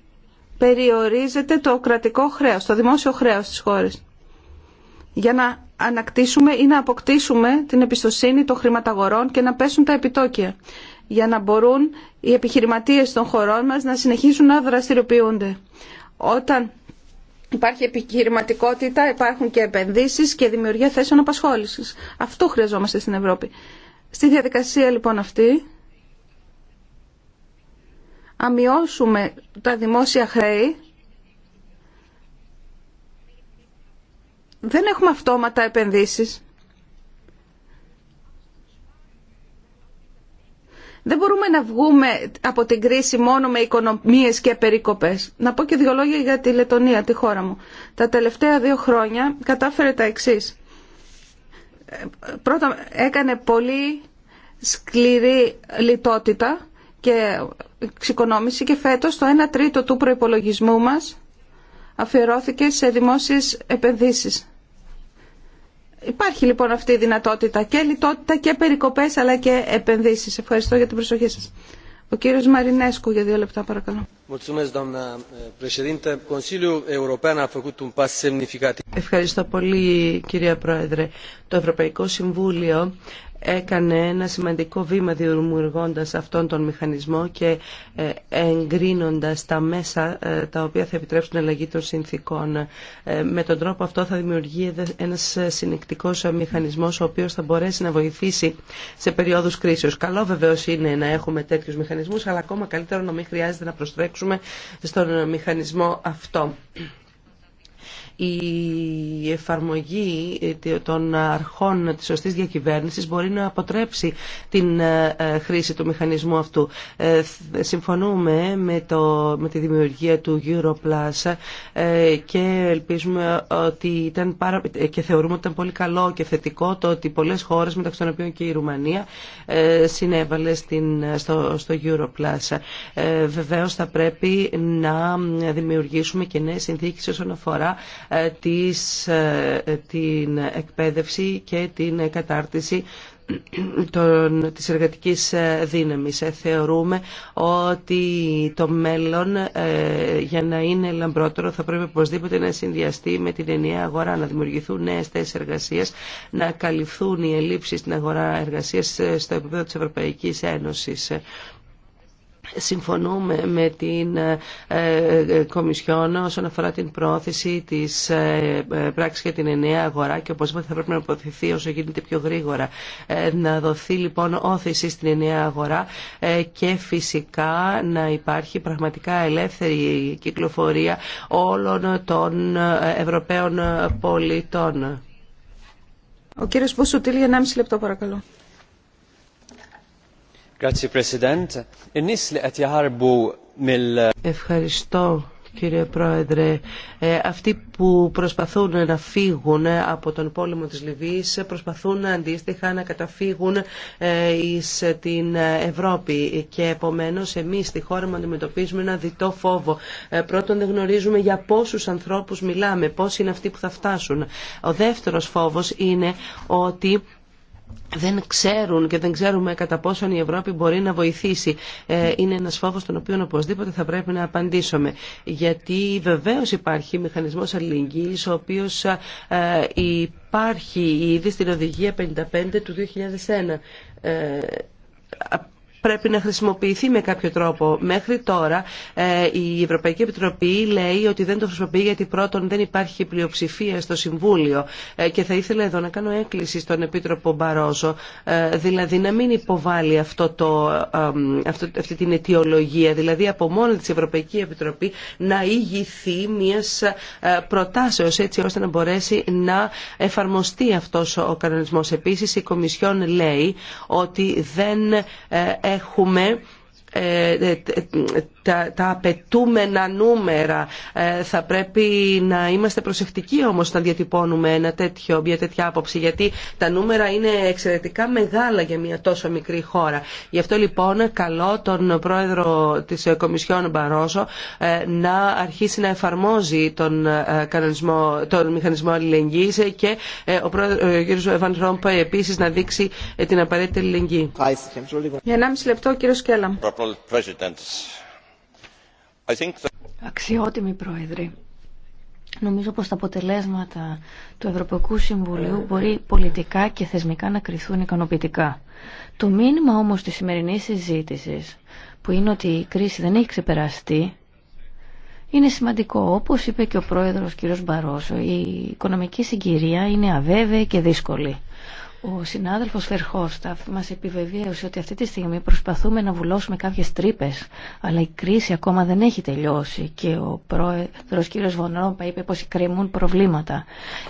περιορίζεται το κρατικό χρέος, το δημόσιο χρέος της χώρας. Για να ανακτήσουμε ή να αποκτήσουμε την εμπιστοσύνη των χρηματαγορών και να πέσουν τα επιτόκια. Για να μπορούν οι επιχειρηματίες των χωρών μας να συνεχίσουν να δραστηριοποιούνται. Όταν υπάρχει επιχειρηματικότητα, υπάρχουν και επενδύσεις και δημιουργία θέσεων απασχόλησης. Αυτό χρειαζόμαστε στην Ευρώπη. Στη διαδικασία λοιπόν αυτή αμειώσουμε τα δημόσια χρέη, δεν έχουμε αυτόματα επενδύσεις. Δεν μπορούμε να βγούμε από την κρίση μόνο με οικονομίες και περίκοπες. Να πω και δύο λόγια για τη Λετωνία, τη χώρα μου. Τα τελευταία δύο χρόνια κατάφερε τα εξής. Ε, πρώτα έκανε πολύ σκληρή λιτότητα και εξοικονόμηση και φέτος το 1 τρίτο του προϋπολογισμού μας αφιερώθηκε σε δημόσιες επενδύσεις. Υπάρχει λοιπόν αυτή η δυνατότητα και λιτότητα και περικοπές αλλά και επενδύσεις. Ευχαριστώ για την προσοχή σας. Ο κύριος Μαρινέσκου για δύο λεπτά παρακαλώ. Ε, Ευχαριστώ πολύ κυρία Πρόεδρε. Το Ευρωπαϊκό Συμβούλιο έκανε ένα σημαντικό βήμα δημιουργώντας αυτόν τον μηχανισμό και ε, εγκρίνοντας τα μέσα ε, τα οποία θα επιτρέψουν αλλαγή των συνθήκων. Ε, με τον τρόπο αυτό θα δημιουργεί ένας συνεκτικός μηχανισμός ο οποίος θα μπορέσει να βοηθήσει σε περιόδους κρίσεως. Καλό βεβαίως είναι να έχουμε τέτοιους μηχανισμούς αλλά ακόμα καλύτερο να μην χρειάζεται να προστρέξουμε στον μηχανισμό αυτό η εφαρμογή ε, των αρχών της σωστής διακυβέρνησης μπορεί να αποτρέψει την ε, ε, χρήση του μηχανισμού αυτού. Συμφωνούμε με, το, με τη δημιουργία του Europlus και ελπίζουμε ότι ήταν και θεωρούμε ότι ήταν πολύ καλό και θετικό το ότι πολλές χώρες μεταξύ των οποίων και η Ρουμανία συνέβαλε στην, στο, στο Europlus. Βεβαίως θα πρέπει να δημιουργήσουμε και νέες συνθήκες όσον αφορά ε, της, ε, την εκπαίδευση και την κατάρτιση των, της εργατικής ε, δύναμης. Θεωρούμε ότι το μέλλον για να είναι λαμπρότερο θα πρέπει οπωσδήποτε να συνδυαστεί με την ενιαία αγορά, να δημιουργηθούν νέες θέσεις εργασίας, να καλυφθούν οι ελλείψεις στην αγορά εργασίας στο επίπεδο της Ευρωπαϊκής Ένωσης συμφωνούμε με την ε, ε, Κομισιόν όσον αφορά την πρόθεση της ε, πράξης για την ενιαία αγορά και οπωσδήποτε θα πρέπει να προωθηθεί όσο γίνεται πιο γρήγορα. Να δοθεί λοιπόν όθηση στην ενιαία αγορά και φυσικά να υπάρχει πραγματικά ελεύθερη κυκλοφορία όλων των Ευρωπαίων πολιτών. Ο κύριος Μπουσουτήλ για 1,5 λεπτό παρακαλώ. Ευχαριστώ κύριε Πρόεδρε. Ε, αυτοί που προσπαθούν να φύγουν από τον πόλεμο της Λιβύης προσπαθούν αντίστοιχα να καταφύγουν ε, εις την Ευρώπη και επομένως εμείς στη χώρα μας αντιμετωπίζουμε ένα διτό φόβο. Ε, πρώτον δεν γνωρίζουμε για πόσους ανθρώπους μιλάμε, πόσοι είναι αυτοί που θα φτάσουν. Ο δεύτερος φόβος είναι ότι δεν ξέρουν και δεν ξέρουμε κατά πόσον η Ευρώπη μπορεί να βοηθήσει. Ε, είναι ένας φόβος τον οποίο οπωσδήποτε θα πρέπει να απαντήσουμε. Γιατί βεβαίως υπάρχει μηχανισμός αλληλεγγύης ο οποίος ε, υπάρχει ήδη στην Οδηγία 55 του 2001 πρέπει να χρησιμοποιηθεί με κάποιο τρόπο. Μέχρι τώρα ε, η Ευρωπαϊκή Επιτροπή λέει ότι δεν το χρησιμοποιεί γιατί πρώτον δεν υπάρχει πλειοψηφία στο Συμβούλιο ε, και θα ήθελα εδώ να κάνω έκκληση στον Επίτροπο Μπαρόζο ε, δηλαδή να μην υποβάλει αυτό το, αυτή την αιτιολογία δηλαδή από μόνη της Ευρωπαϊκή Επιτροπή να ηγηθεί μιας προτάσεως έτσι ώστε να μπορέσει να εφαρμοστεί αυτός ο κανονισμός. Επίσης η Κομισιόν λέει ότι δεν έχουμε ε, ε, ε, τα, απαιτούμενα νούμερα. Ε, θα πρέπει να είμαστε προσεκτικοί όμως να διατυπώνουμε ένα τέτοιο, μια τέτοια άποψη γιατί τα νούμερα είναι εξαιρετικά μεγάλα για μια τόσο μικρή χώρα. Γι' αυτό λοιπόν καλώ τον πρόεδρο της Κομισιόν Μπαρόσο ε, να αρχίσει να εφαρμόζει τον, ε, κανονισμό, τον μηχανισμό αλληλεγγύης και ο, πρόεδρος, ο κ. επίσης να δείξει την απαραίτητη αλληλεγγύη. Για 1,5 λεπτό ο Πρόεδρε, νομίζω πως τα αποτελέσματα του Ευρωπαϊκού Συμβουλίου μπορεί πολιτικά και θεσμικά να κριθούν ικανοποιητικά. Το μήνυμα όμως της σημερινής συζήτησης, που είναι ότι η κρίση δεν έχει ξεπεραστεί, είναι σημαντικό. Όπως είπε και ο πρόεδρος κ. Μπαρόσο, η οικονομική συγκυρία είναι αβέβαιη και δύσκολη. Ο συνάδελφος Φερχόσταφ μας επιβεβαίωσε ότι αυτή τη στιγμή προσπαθούμε να βουλώσουμε κάποιες τρύπε, αλλά η κρίση ακόμα δεν έχει τελειώσει και ο πρόεδρος κύριος Βονρόμπα είπε πως κρεμούν προβλήματα.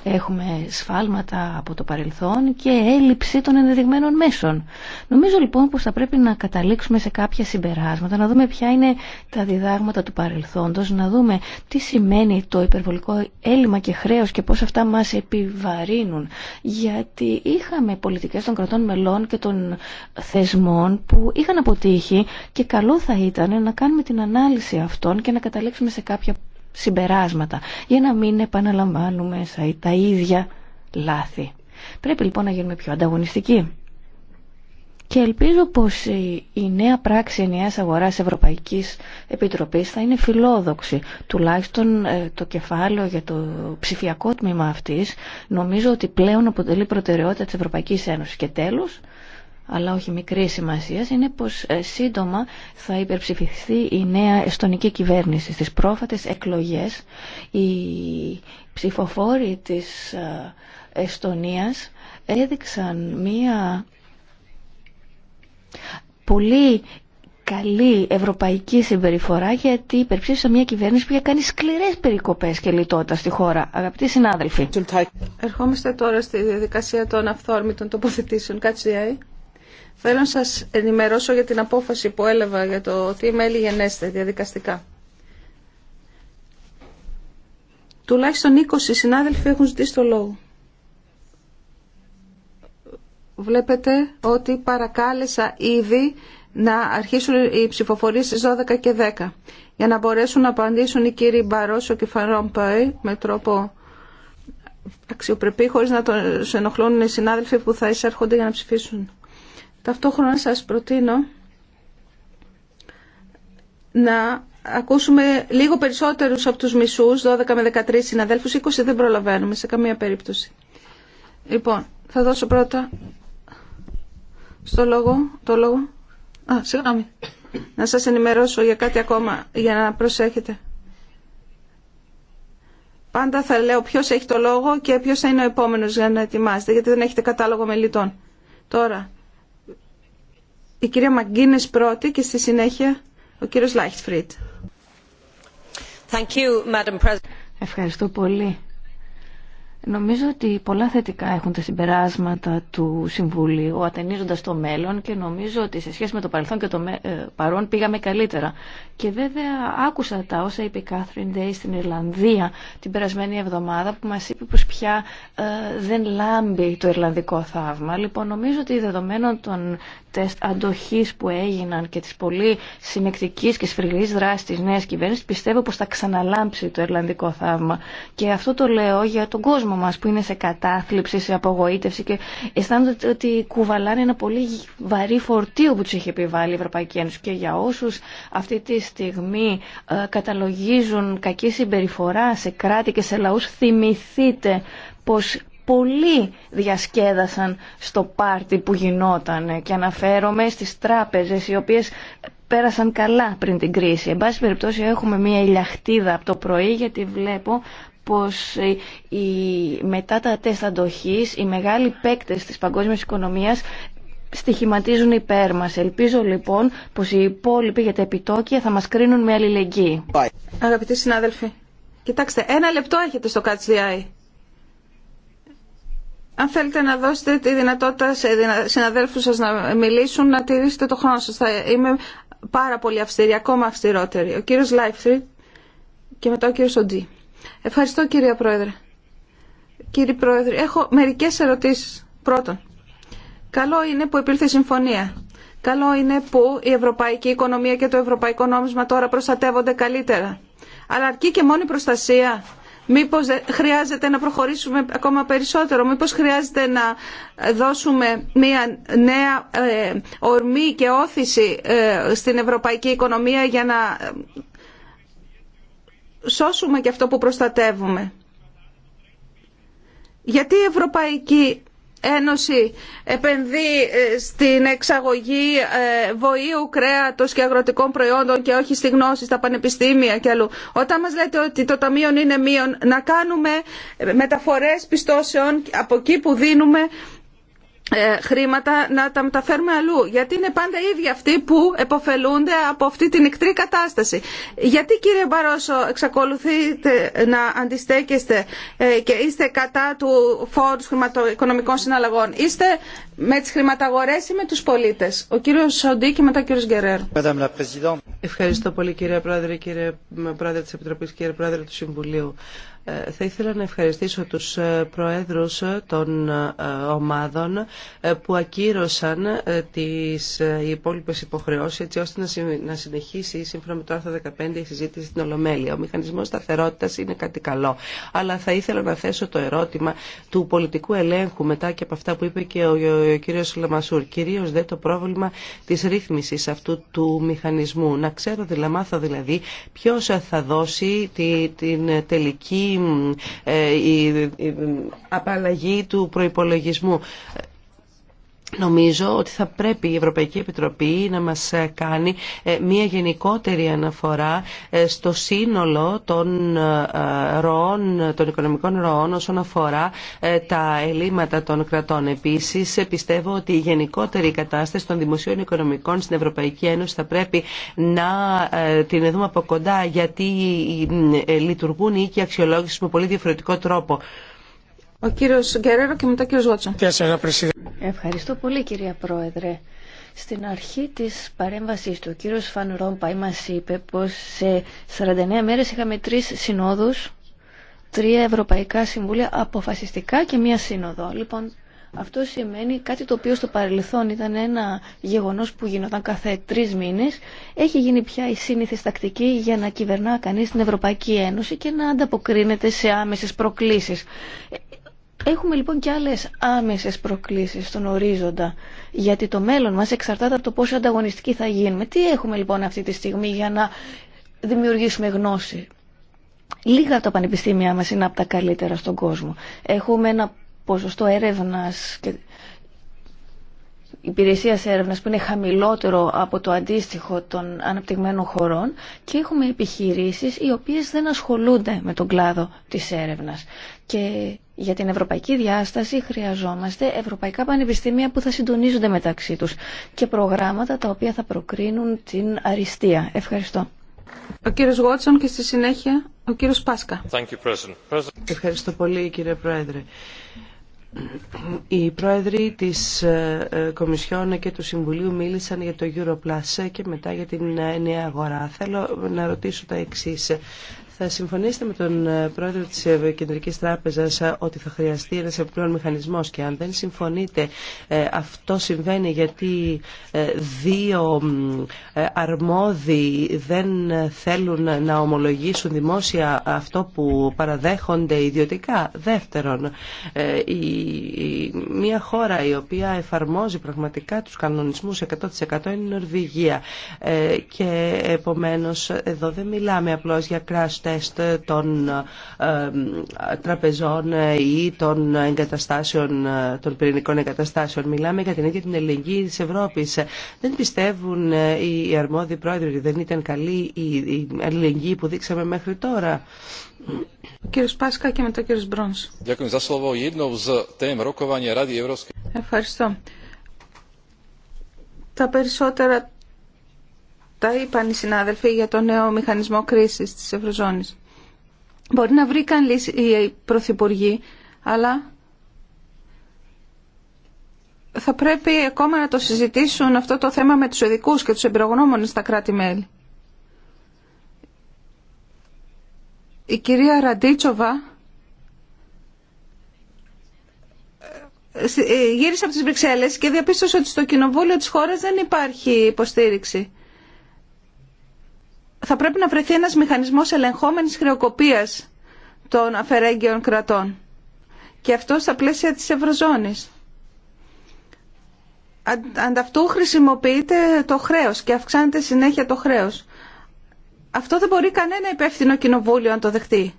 Έχουμε σφάλματα από το παρελθόν και έλλειψη των ενδεδειγμένων μέσων. Νομίζω λοιπόν πως θα πρέπει να καταλήξουμε σε κάποια συμπεράσματα, να δούμε ποια είναι τα διδάγματα του παρελθόντος, να δούμε τι σημαίνει το υπερβολικό έλλειμμα και χρέος και πώς αυτά μας επιβαρύνουν. Γιατί είχα με πολιτικές των κρατών μελών και των θεσμών που είχαν αποτύχει και καλό θα ήταν να κάνουμε την ανάλυση αυτών και να καταλήξουμε σε κάποια συμπεράσματα για να μην επαναλαμβάνουμε τα ίδια λάθη. Πρέπει λοιπόν να γίνουμε πιο ανταγωνιστικοί και ελπίζω πως η νέα πράξη ενιαίας αγοράς Ευρωπαϊκής Επιτροπής θα είναι φιλόδοξη. Τουλάχιστον ε, το κεφάλαιο για το ψηφιακό τμήμα αυτής νομίζω ότι πλέον αποτελεί προτεραιότητα της Ευρωπαϊκής Ένωσης. Και τέλος, αλλά όχι μικρή σημασία, είναι πως ε, σύντομα θα υπερψηφιστεί η νέα εστονική κυβέρνηση. Στις πρόφατες εκλογές οι ψηφοφόροι της ε, Εστονίας έδειξαν μία πολύ καλή ευρωπαϊκή συμπεριφορά γιατί υπερψήφισα μια κυβέρνηση που είχε κάνει σκληρές περικοπές και λιτότητα στη χώρα. Αγαπητοί συνάδελφοι. Ερχόμαστε τώρα στη διαδικασία των αυθόρμητων τοποθετήσεων. Κάτσε Θέλω να σας ενημερώσω για την απόφαση που έλαβα για το τι μέλη γενέστε διαδικαστικά. Τουλάχιστον 20 συνάδελφοι έχουν ζητήσει το λόγο βλέπετε ότι παρακάλεσα ήδη να αρχίσουν οι ψηφοφορίε στις 12 και 10 για να μπορέσουν να απαντήσουν οι κύριοι Μπαρόσο και Φαρόμπαϊ με τρόπο αξιοπρεπή χωρίς να τον ενοχλώνουν οι συνάδελφοι που θα εισέρχονται για να ψηφίσουν. Ταυτόχρονα σας προτείνω να ακούσουμε λίγο περισσότερους από τους μισούς, 12 με 13 συναδέλφους, 20 δεν προλαβαίνουμε σε καμία περίπτωση. Λοιπόν, θα δώσω πρώτα στο λόγο, το λόγο. Α, συγγνώμη. Να σας ενημερώσω για κάτι ακόμα, για να προσέχετε. Πάντα θα λέω ποιος έχει το λόγο και ποιος θα είναι ο επόμενος για να ετοιμάσετε, γιατί δεν έχετε κατάλογο μελητών. Τώρα, η κυρία Μαγκίνες πρώτη και στη συνέχεια ο κύριος Λάιχτφριτ. Ευχαριστώ πολύ Νομίζω ότι πολλά θετικά έχουν τα συμπεράσματα του Συμβουλίου ατενίζοντας το μέλλον και νομίζω ότι σε σχέση με το παρελθόν και το ε, παρόν πήγαμε καλύτερα. Και βέβαια άκουσα τα όσα είπε η Κάθριν Ντέι στην Ιρλανδία την περασμένη εβδομάδα που μας είπε πως πια ε, δεν λάμπει το Ιρλανδικό θαύμα. Λοιπόν νομίζω ότι δεδομένων των τεστ αντοχής που έγιναν και της πολύ συνεκτικής και σφριγγυλής δράσης της νέας κυβέρνησης πιστεύω πως θα ξαναλάμψει το Ιρλανδικό θαύμα. Και αυτό το λέω για τον κόσμο που είναι σε κατάθλιψη, σε απογοήτευση και αισθάνονται ότι κουβαλάνε ένα πολύ βαρύ φορτίο που του έχει επιβάλει η Ευρωπαϊκή Ένωση και για όσους αυτή τη στιγμή ε, καταλογίζουν κακή συμπεριφορά σε κράτη και σε λαούς θυμηθείτε πως πολλοί διασκέδασαν στο πάρτι που γινόταν και αναφέρομαι στις τράπεζες οι οποίες πέρασαν καλά πριν την κρίση. Εν πάση περιπτώσει έχουμε μια ηλιαχτίδα από το πρωί γιατί βλέπω πως ε, η, μετά τα τεστ αντοχής οι μεγάλοι παίκτες της παγκόσμιας οικονομίας στοιχηματίζουν υπέρ μας. Ελπίζω λοιπόν πως οι υπόλοιποι για τα επιτόκια θα μας κρίνουν με αλληλεγγύη. Αγαπητοί συνάδελφοι, κοιτάξτε, ένα λεπτό έχετε στο ΚΑΤΣΔΙ. Αν θέλετε να δώσετε τη δυνατότητα σε συναδέλφους σας να μιλήσουν, να τηρήσετε το χρόνο σας. Θα είμαι πάρα πολύ αυστηρή, ακόμα αυστηρότερη. Ο κύριος Λάιφρυντ και μετά ο κύριος Οντζή. Ευχαριστώ κυρία Πρόεδρε. Κύριε Πρόεδρε, έχω μερικές ερωτήσεις. Πρώτον, καλό είναι που επήλθε συμφωνία. Καλό είναι που η ευρωπαϊκή οικονομία και το ευρωπαϊκό νόμισμα τώρα προστατεύονται καλύτερα. Αλλά αρκεί και μόνη προστασία. Μήπως χρειάζεται να προχωρήσουμε ακόμα περισσότερο, μήπως χρειάζεται να δώσουμε μια νέα ε, ορμή και όθηση ε, στην ευρωπαϊκή οικονομία για να σώσουμε και αυτό που προστατεύουμε. Γιατί η Ευρωπαϊκή Ένωση επενδύει ε, στην εξαγωγή ε, βοήου κρέατος και αγροτικών προϊόντων και όχι στη γνώση, στα πανεπιστήμια και αλλού. Όταν μας λέτε ότι το ταμείο είναι μείον, να κάνουμε μεταφορές πιστώσεων από εκεί που δίνουμε ε, χρήματα να τα μεταφέρουμε αλλού. Γιατί είναι πάντα οι ίδιοι αυτοί που επωφελούνται από αυτή την εκτρή κατάσταση. Γιατί κύριε Μπαρόσο εξακολουθείτε να αντιστέκεστε ε, και είστε κατά του φόρου χρηματοοικονομικών συναλλαγών. Είστε με τις χρηματαγορές ή με τους πολίτες. Ο κύριος Σοντή και μετά ο κύριος Γκερέρ. Ευχαριστώ πολύ κύριε Πρόεδρε, κύριε Πρόεδρε της Επιτροπής, κύριε Πρόεδρε του Συμβουλίου. Ε, θα ήθελα να ευχαριστήσω τους ε, προέδρους ε, των ομάδων που ακύρωσαν τις υπόλοιπες υποχρεώσεις έτσι ώστε να συνεχίσει σύμφωνα με το άρθρο 15 η συζήτηση στην Ολομέλεια. Ο μηχανισμός σταθερότητας είναι κάτι καλό. Αλλά θα ήθελα να θέσω το ερώτημα του πολιτικού ελέγχου μετά και από αυτά που είπε και ο κύριος Λαμασούρ. Κυρίως δε το πρόβλημα της ρύθμισης αυτού του μηχανισμού. Να ξέρω, μάθω δηλαδή, ποιος θα δώσει την τελική ε, η απαλλαγή του προϋπολογισμού. Νομίζω ότι θα πρέπει η Ευρωπαϊκή Επιτροπή να μας κάνει ε, μια γενικότερη αναφορά ε, στο σύνολο των, ε, ροών, των οικονομικών ροών όσον αφορά τα ελλείμματα των κρατών. Επίσης, πιστεύω ότι η γενικότερη κατάσταση των δημοσίων οικονομικών στην Ευρωπαϊκή Ένωση θα πρέπει να την δούμε από κοντά γιατί λειτουργούν οι οίκοι αξιολόγησης με πολύ διαφορετικό τρόπο. Ο κύριο Γκερέρο και μετά ο κύριο Βότσον. Ευχαριστώ πολύ κυρία Πρόεδρε. Στην αρχή τη παρέμβαση του ο κύριο Φαν Ρόμπαϊ μα είπε πω σε 49 μέρε είχαμε τρει συνόδου, τρία ευρωπαϊκά συμβούλια αποφασιστικά και μία σύνοδο. Λοιπόν, αυτό σημαίνει κάτι το οποίο στο παρελθόν ήταν ένα γεγονός που γινόταν κάθε τρει μήνες. Έχει γίνει πια η σύνηθε τακτική για να κυβερνά κανείς την Ευρωπαϊκή Ένωση και να ανταποκρίνεται σε άμεσες προκλήσεις. Έχουμε λοιπόν και άλλες άμεσες προκλήσεις στον ορίζοντα, γιατί το μέλλον μας εξαρτάται από το πόσο ανταγωνιστική θα γίνουμε. Τι έχουμε λοιπόν αυτή τη στιγμή για να δημιουργήσουμε γνώση. Λίγα από τα πανεπιστήμια μας είναι από τα καλύτερα στον κόσμο. Έχουμε ένα ποσοστό έρευνας και υπηρεσίας έρευνας που είναι χαμηλότερο από το αντίστοιχο των αναπτυγμένων χωρών και έχουμε επιχειρήσεις οι οποίες δεν ασχολούνται με τον κλάδο της έρευνας. Και για την ευρωπαϊκή διάσταση χρειαζόμαστε ευρωπαϊκά πανεπιστήμια που θα συντονίζονται μεταξύ τους και προγράμματα τα οποία θα προκρίνουν την αριστεία. Ευχαριστώ. Ο κύριος Γότσον και στη συνέχεια ο κύριος Πάσκα. President. Ευχαριστώ πολύ κύριε Πρόεδρε. Οι πρόεδροι της ε, ε, Κομισιόν και του Συμβουλίου μίλησαν για το Europlus και μετά για την ε, νέα αγορά. Θέλω να ρωτήσω τα εξής. Θα συμφωνήσετε με τον ε, πρόεδρο της ε, Κεντρικής Τράπεζας ε, ότι θα χρειαστεί ένας επιπλέον μηχανισμός και αν δεν συμφωνείτε αυτό συμβαίνει γιατί δύο αρμόδιοι δεν θέλουν να ομολογήσουν δημόσια αυτό που παραδέχονται ιδιωτικά. Δεύτερον, μια χώρα η οποία εφαρμόζει πραγματικά τους κανονισμούς 100% είναι η Νορβηγία και επομένως εδώ δεν μιλάμε απλώς για crash τεστ των ε, τραπεζών ή των εγκαταστάσεων, των πυρηνικών εγκαταστάσεων. Μιλάμε για την ίδια την ελληνική τη Ευρώπης. Δεν πιστεύουν ε, οι αρμόδιοι πρόεδροι ότι δεν ήταν καλή η αλληλεγγύη που δείξαμε μέχρι τώρα. Ο κύριος Πάσκα και μετά ο κύριος Μπρόνς. Ευχαριστώ. Τα περισσότερα τα είπαν οι συνάδελφοι για το νέο μηχανισμό κρίσης της Ευρωζώνης. Μπορεί να βρήκαν λύση οι πρωθυπουργοί, αλλά θα πρέπει ακόμα να το συζητήσουν αυτό το θέμα με τους ειδικούς και τους εμπειρογνώμονες στα κράτη-μέλη. Η κυρία Ραντίτσοβα ε, γύρισε από τις Βρυξέλλες και διαπίστωσε ότι στο κοινοβούλιο της χώρας δεν υπάρχει υποστήριξη θα πρέπει να βρεθεί ένας μηχανισμός ελεγχόμενης χρεοκοπίας των αφαιρέγγιων κρατών. Και αυτό στα πλαίσια της Ευρωζώνης. Ανταυτού χρησιμοποιείται το χρέος και αυξάνεται συνέχεια το χρέος. Αυτό δεν μπορεί κανένα υπεύθυνο κοινοβούλιο να το δεχτεί.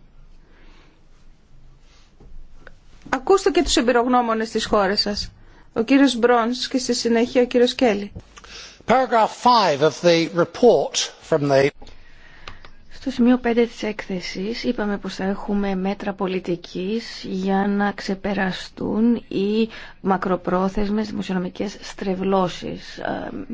Ακούστε και τους εμπειρογνώμονες της χώρας σας. Ο κύριος Μπρόνς και στη συνέχεια ο κύριος Κέλλη. 5 στο σημείο 5 της έκθεσης είπαμε πως θα έχουμε μέτρα πολιτικής για να ξεπεραστούν οι μακροπρόθεσμες δημοσιονομικές στρεβλώσεις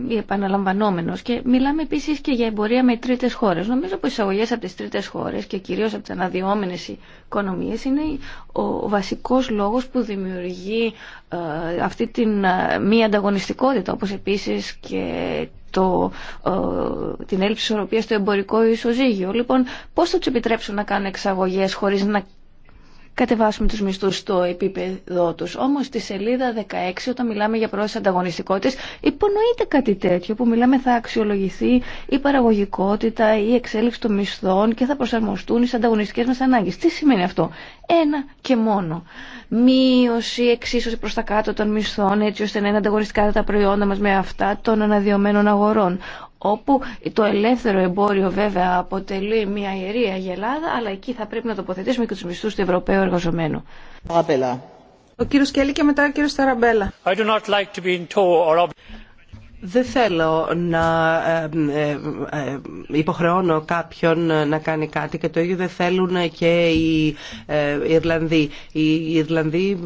ή ε, επαναλαμβανόμενος και μιλάμε επίσης και για εμπορία με τρίτες χώρες. Νομίζω πως οι εισαγωγές από τις τρίτες χώρες και κυρίως από τις αναδυόμενες οικονομίες είναι ο βασικός λόγος που δημιουργεί ε, αυτή την ε, μη ανταγωνιστικότητα όπως επίσης και το, ε, την έλλειψη ισορροπίας στο εμπορικό ισοζύγιο. Λοιπόν, πώς θα του επιτρέψουν να κάνουν εξαγωγές χωρίς να κατεβάσουμε τους μισθούς στο επίπεδό τους. Όμως στη σελίδα 16 όταν μιλάμε για πρόσθεση ανταγωνιστικότητας υπονοείται κάτι τέτοιο που μιλάμε θα αξιολογηθεί η παραγωγικότητα, η εξέλιξη των μισθών και θα προσαρμοστούν οι ανταγωνιστικές μας ανάγκες. Τι σημαίνει αυτό. Ένα και μόνο. Μείωση, εξίσωση προς τα κάτω των μισθών έτσι ώστε να είναι ανταγωνιστικά τα προϊόντα μας με αυτά των αναδειωμένων αγορών όπου το ελεύθερο εμπόριο βέβαια αποτελεί μια ιερή αγελάδα, αλλά εκεί θα πρέπει να τοποθετήσουμε και τους μισθούς του Ευρωπαίου εργαζομένου. Ο κύριος Κέλλη και μετά ο κύριος Ταραμπέλα. Δεν θέλω να ε, ε, ε, υποχρεώνω κάποιον να κάνει κάτι και το ίδιο δεν θέλουν και οι Ιρλανδοί. Οι Ιρλανδοί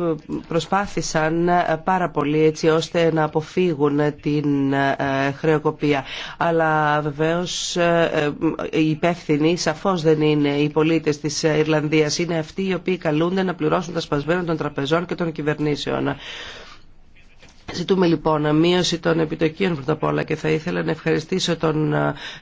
προσπάθησαν πάρα πολύ έτσι ώστε να αποφύγουν την χρεοκοπία. Αλλά βεβαίως οι υπεύθυνοι σαφώς δεν είναι οι πολίτες της Ιρλανδίας. Είναι αυτοί οι οποίοι καλούνται να πληρώσουν τα σπασμένα των τραπεζών και των κυβερνήσεων. Ζητούμε λοιπόν μείωση των επιτοκίων πρώτα απ' όλα και θα ήθελα να ευχαριστήσω τον,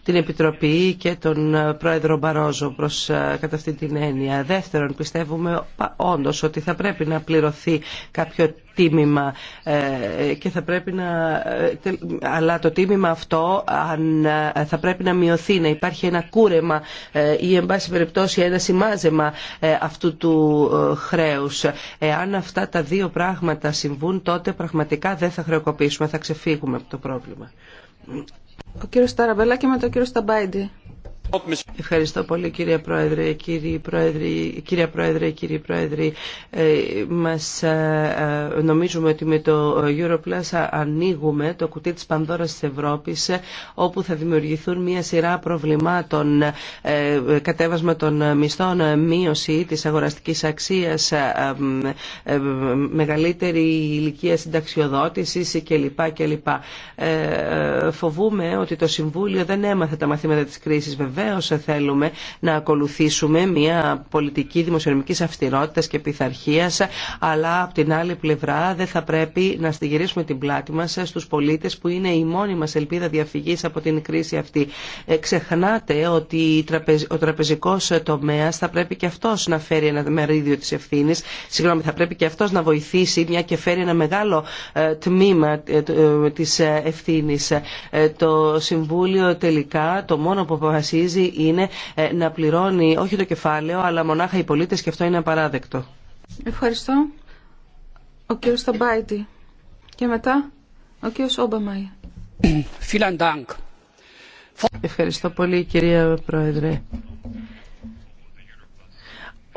την Επιτροπή και τον Πρόεδρο Μπαρόζο προς, κατά αυτή την έννοια. Δεύτερον, πιστεύουμε όντως ότι θα πρέπει να πληρωθεί κάποιο τίμημα ε, και θα πρέπει να... Ε, αλλά το τίμημα αυτό αν, ε, θα πρέπει να μειωθεί, να υπάρχει ένα κούρεμα ή εν πάση περιπτώσει ένα σημάζεμα αυτού του χρέους. Εάν αυτά τα δύο πράγματα συμβούν τότε πραγματικά δεν θα χρεοκοπήσουμε, θα ξεφύγουμε από το πρόβλημα. Ο κύριος Ταραμπέλα και με τον κύριο Σταμπάιντι. Ευχαριστώ πολύ κύριε Πρόεδρε, κύριε Πρόεδρε, κύριε Πρόεδρε, κύριε Πρόεδρε. μας ε, ε, νομίζουμε ότι με το Europlus ανοίγουμε το κουτί της Πανδώρας της Ευρώπης ε, όπου θα δημιουργηθούν μια σειρά προβλημάτων κατέβασμα των μισθών, μείωση της αγοραστικής αξίας, μεγαλύτερη ηλικία συνταξιοδότησης κλπ. κλπ. Φοβούμε ότι το Συμβούλιο δεν έμαθε τα μαθήματα της κρίσης βεβαίως θέλουμε να ακολουθήσουμε μια πολιτική δημοσιονομικής αυστηρότητας και πειθαρχίας, αλλά από την άλλη πλευρά δεν θα πρέπει να στηγυρίσουμε την πλάτη μας στους πολίτες που είναι η μόνη μας ελπίδα διαφυγής από την κρίση αυτή. Ε, ξεχνάτε ότι ο τραπεζικός τομέας θα πρέπει και αυτός να φέρει ένα μερίδιο της ευθύνης, συγγνώμη, θα πρέπει και αυτός να βοηθήσει μια και φέρει ένα μεγάλο ε, τμήμα ε, της ευθύνης. Το Συμβούλιο τελικά το μόνο που αποφασίζει κερδίζει είναι ε, να πληρώνει όχι το κεφάλαιο αλλά μονάχα οι πολίτες και αυτό είναι απαράδεκτο. Ευχαριστώ. Ο κύριος Σταμπάιτη. Και μετά ο κύριος Όμπαμαϊ. Ευχαριστώ πολύ κυρία Πρόεδρε.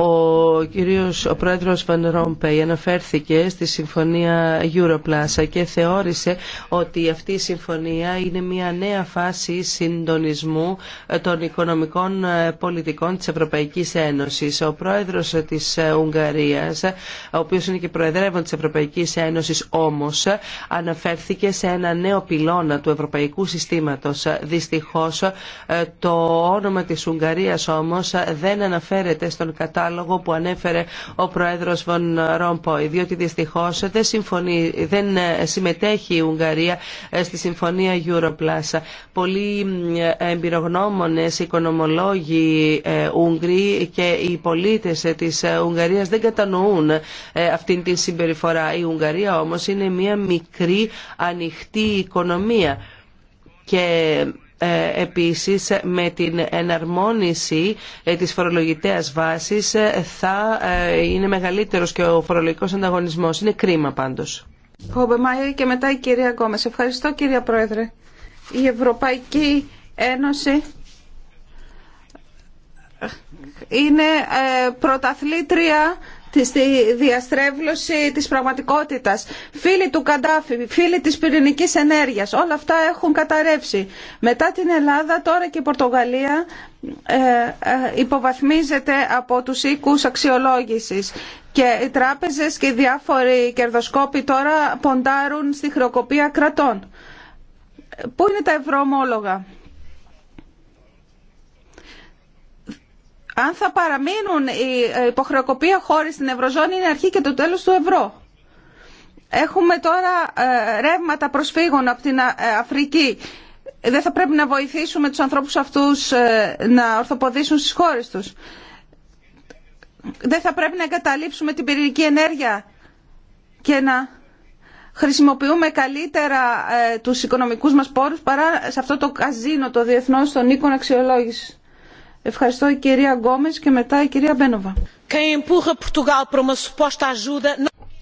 Ο κύριος, ο πρόεδρος Βαν Ρόμπεϊ αναφέρθηκε στη συμφωνία Europlus και θεώρησε ότι αυτή η συμφωνία είναι μια νέα φάση συντονισμού των οικονομικών πολιτικών της Ευρωπαϊκής Ένωσης. Ο πρόεδρος της Ουγγαρίας, ο οποίος είναι και προεδρεύον της Ευρωπαϊκής Ένωσης όμως, αναφέρθηκε σε ένα νέο πυλώνα του Ευρωπαϊκού Συστήματος. Δυστυχώς το όνομα της Ουγγαρίας όμως δεν αναφέρεται στον κατάλληλο διάλογο που ανέφερε ο Πρόεδρος Βον Ρόμποϊ, διότι δυστυχώς δεν, δεν ε, συμμετέχει η Ουγγαρία ε, στη Συμφωνία Europlus. Πολλοί ε, εμπειρογνώμονες, οικονομολόγοι Ούγγροι και οι πολίτες της Ουγγαρίας δεν κατανοούν αυτήν την συμπεριφορά. Η Ουγγαρία όμως είναι μια μικρή ανοιχτή οικονομία και ε, επίσης με την εναρμόνιση ε, της φορολογητέας βάσης ε, θα είναι μεγαλύτερος και ο φορολογικός ανταγωνισμός. Είναι κρίμα πάντως. και μετά η κυρία Γκόμες. Ευχαριστώ κυρία Πρόεδρε. Η Ευρωπαϊκή Ένωση είναι πρωταθλήτρια τη διαστρέβλωση της πραγματικότητας, φίλοι του Καντάφη, φίλοι της πυρηνικής ενέργειας. Όλα αυτά έχουν καταρρεύσει. Μετά την Ελλάδα τώρα και η Πορτογαλία ε, ε, υποβαθμίζεται από τους οίκους αξιολόγησης και οι τράπεζες και οι διάφοροι κερδοσκόποι τώρα ποντάρουν στη χρεοκοπία κρατών. Πού είναι τα ευρωομόλογα. αν θα παραμείνουν οι ε, υποχρεοκοπία χώρες στην Ευρωζώνη είναι αρχή και το τέλος του ευρώ. Έχουμε τώρα ε, ρεύματα προσφύγων από την ε, Αφρική. Δεν θα πρέπει να βοηθήσουμε τους ανθρώπους αυτούς να ορθοποδήσουν στις χώρες τους. Δεν θα πρέπει να εγκαταλείψουμε την πυρηνική ενέργεια και να χρησιμοποιούμε καλύτερα τους οικονομικούς μας πόρους παρά σε αυτό το καζίνο το διεθνώς των οίκων αξιολόγησης. Ευχαριστώ η κυρία Γκόμες και μετά η κυρία Μπένοβα.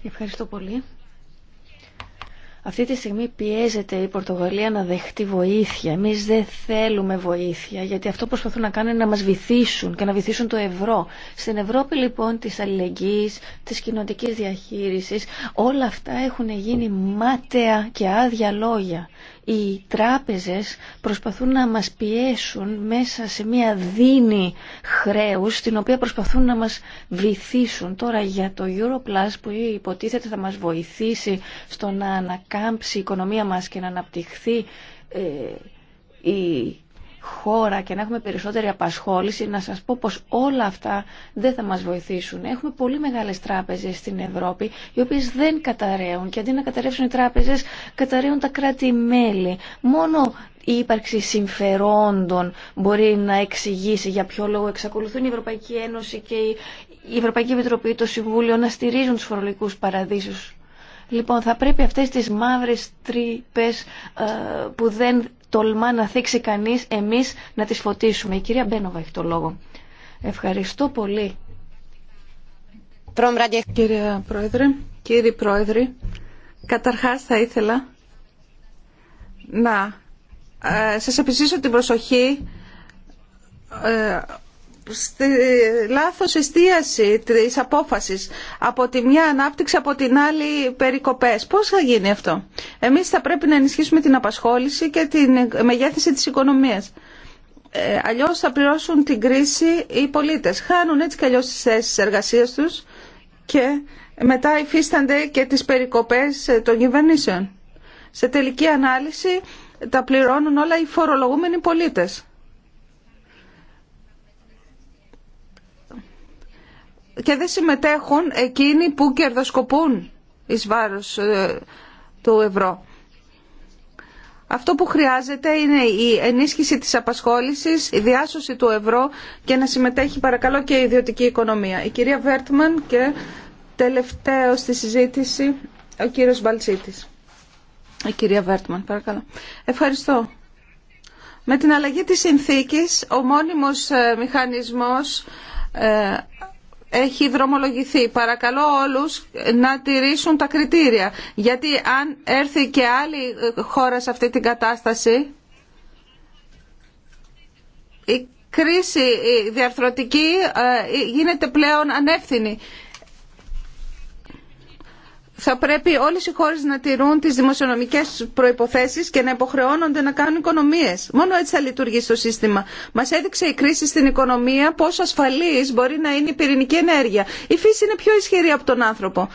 Ευχαριστώ πολύ. Αυτή τη στιγμή πιέζεται η Πορτογαλία να δεχτεί βοήθεια. Εμεί δεν θέλουμε βοήθεια, γιατί αυτό προσπαθούν να κάνουν είναι να μα βυθίσουν και να βυθίσουν το ευρώ. Στην Ευρώπη λοιπόν τη αλληλεγγύη, τη κοινωνική διαχείριση, όλα αυτά έχουν γίνει μάταια και άδεια λόγια οι τράπεζες προσπαθούν να μας πιέσουν μέσα σε μια δίνη χρέους στην οποία προσπαθούν να μας βυθίσουν. Τώρα για το Europlus που υποτίθεται θα μας βοηθήσει στο να ανακάμψει η οικονομία μας και να αναπτυχθεί ε, η χώρα και να έχουμε περισσότερη απασχόληση, να σας πω πως όλα αυτά δεν θα μας βοηθήσουν. Έχουμε πολύ μεγάλες τράπεζες στην Ευρώπη, οι οποίες δεν καταραίουν και αντί να καταρρεύσουν οι τράπεζες, καταραίουν τα κράτη-μέλη. Μόνο η ύπαρξη συμφερόντων μπορεί να εξηγήσει για ποιο λόγο εξακολουθούν η Ευρωπαϊκή Ένωση και η Ευρωπαϊκή Επιτροπή, το Συμβούλιο να στηρίζουν τους φορολογικούς παραδείσους Λοιπόν, θα πρέπει αυτές τις μαύρες τρύπες ε, που δεν τολμά να θίξει κανείς, εμείς να τις φωτίσουμε. Η κυρία Μπένοβα έχει το λόγο. Ευχαριστώ πολύ. Κύριε Πρόεδρε, κύριοι Πρόεδροι, καταρχάς θα ήθελα να ε, σας επιστήσω την προσοχή ε, στη λάθος εστίαση της απόφασης από τη μια ανάπτυξη, από την άλλη περικοπές. Πώς θα γίνει αυτό. Εμείς θα πρέπει να ενισχύσουμε την απασχόληση και τη μεγέθυνση της οικονομίας. Ε, αλλιώς θα πληρώσουν την κρίση οι πολίτες. Χάνουν έτσι κι αλλιώς τις θέσεις τους και μετά υφίστανται και τις περικοπές ε, των κυβερνήσεων. Σε τελική ανάλυση τα πληρώνουν όλα οι φορολογούμενοι πολίτες. και δεν συμμετέχουν εκείνοι που κερδοσκοπούν εις βάρος ε, του ευρώ. Αυτό που χρειάζεται είναι η ενίσχυση της απασχόλησης, η διάσωση του ευρώ και να συμμετέχει παρακαλώ και η ιδιωτική οικονομία. Η κυρία Βέρτμαν και τελευταίο στη συζήτηση ο κύριος Μπαλτσίτης. Η κυρία Βέρτμαν, παρακαλώ. Ευχαριστώ. Με την αλλαγή της συνθήκης, ο μόνιμος ε, μηχανισμός ε, έχει δρομολογηθεί. Παρακαλώ όλους να τηρήσουν τα κριτήρια. Γιατί αν έρθει και άλλη χώρα σε αυτή την κατάσταση, η κρίση διαρθρωτική ε, γίνεται πλέον ανεύθυνη θα πρέπει όλες οι χώρες να τηρούν τις δημοσιονομικές προϋποθέσεις και να υποχρεώνονται να κάνουν οικονομίες. Μόνο έτσι θα λειτουργήσει το σύστημα. Μας έδειξε η κρίση στην οικονομία πόσο ασφαλής μπορεί να είναι η πυρηνική ενέργεια. Η φύση είναι πιο ισχυρή από τον άνθρωπο.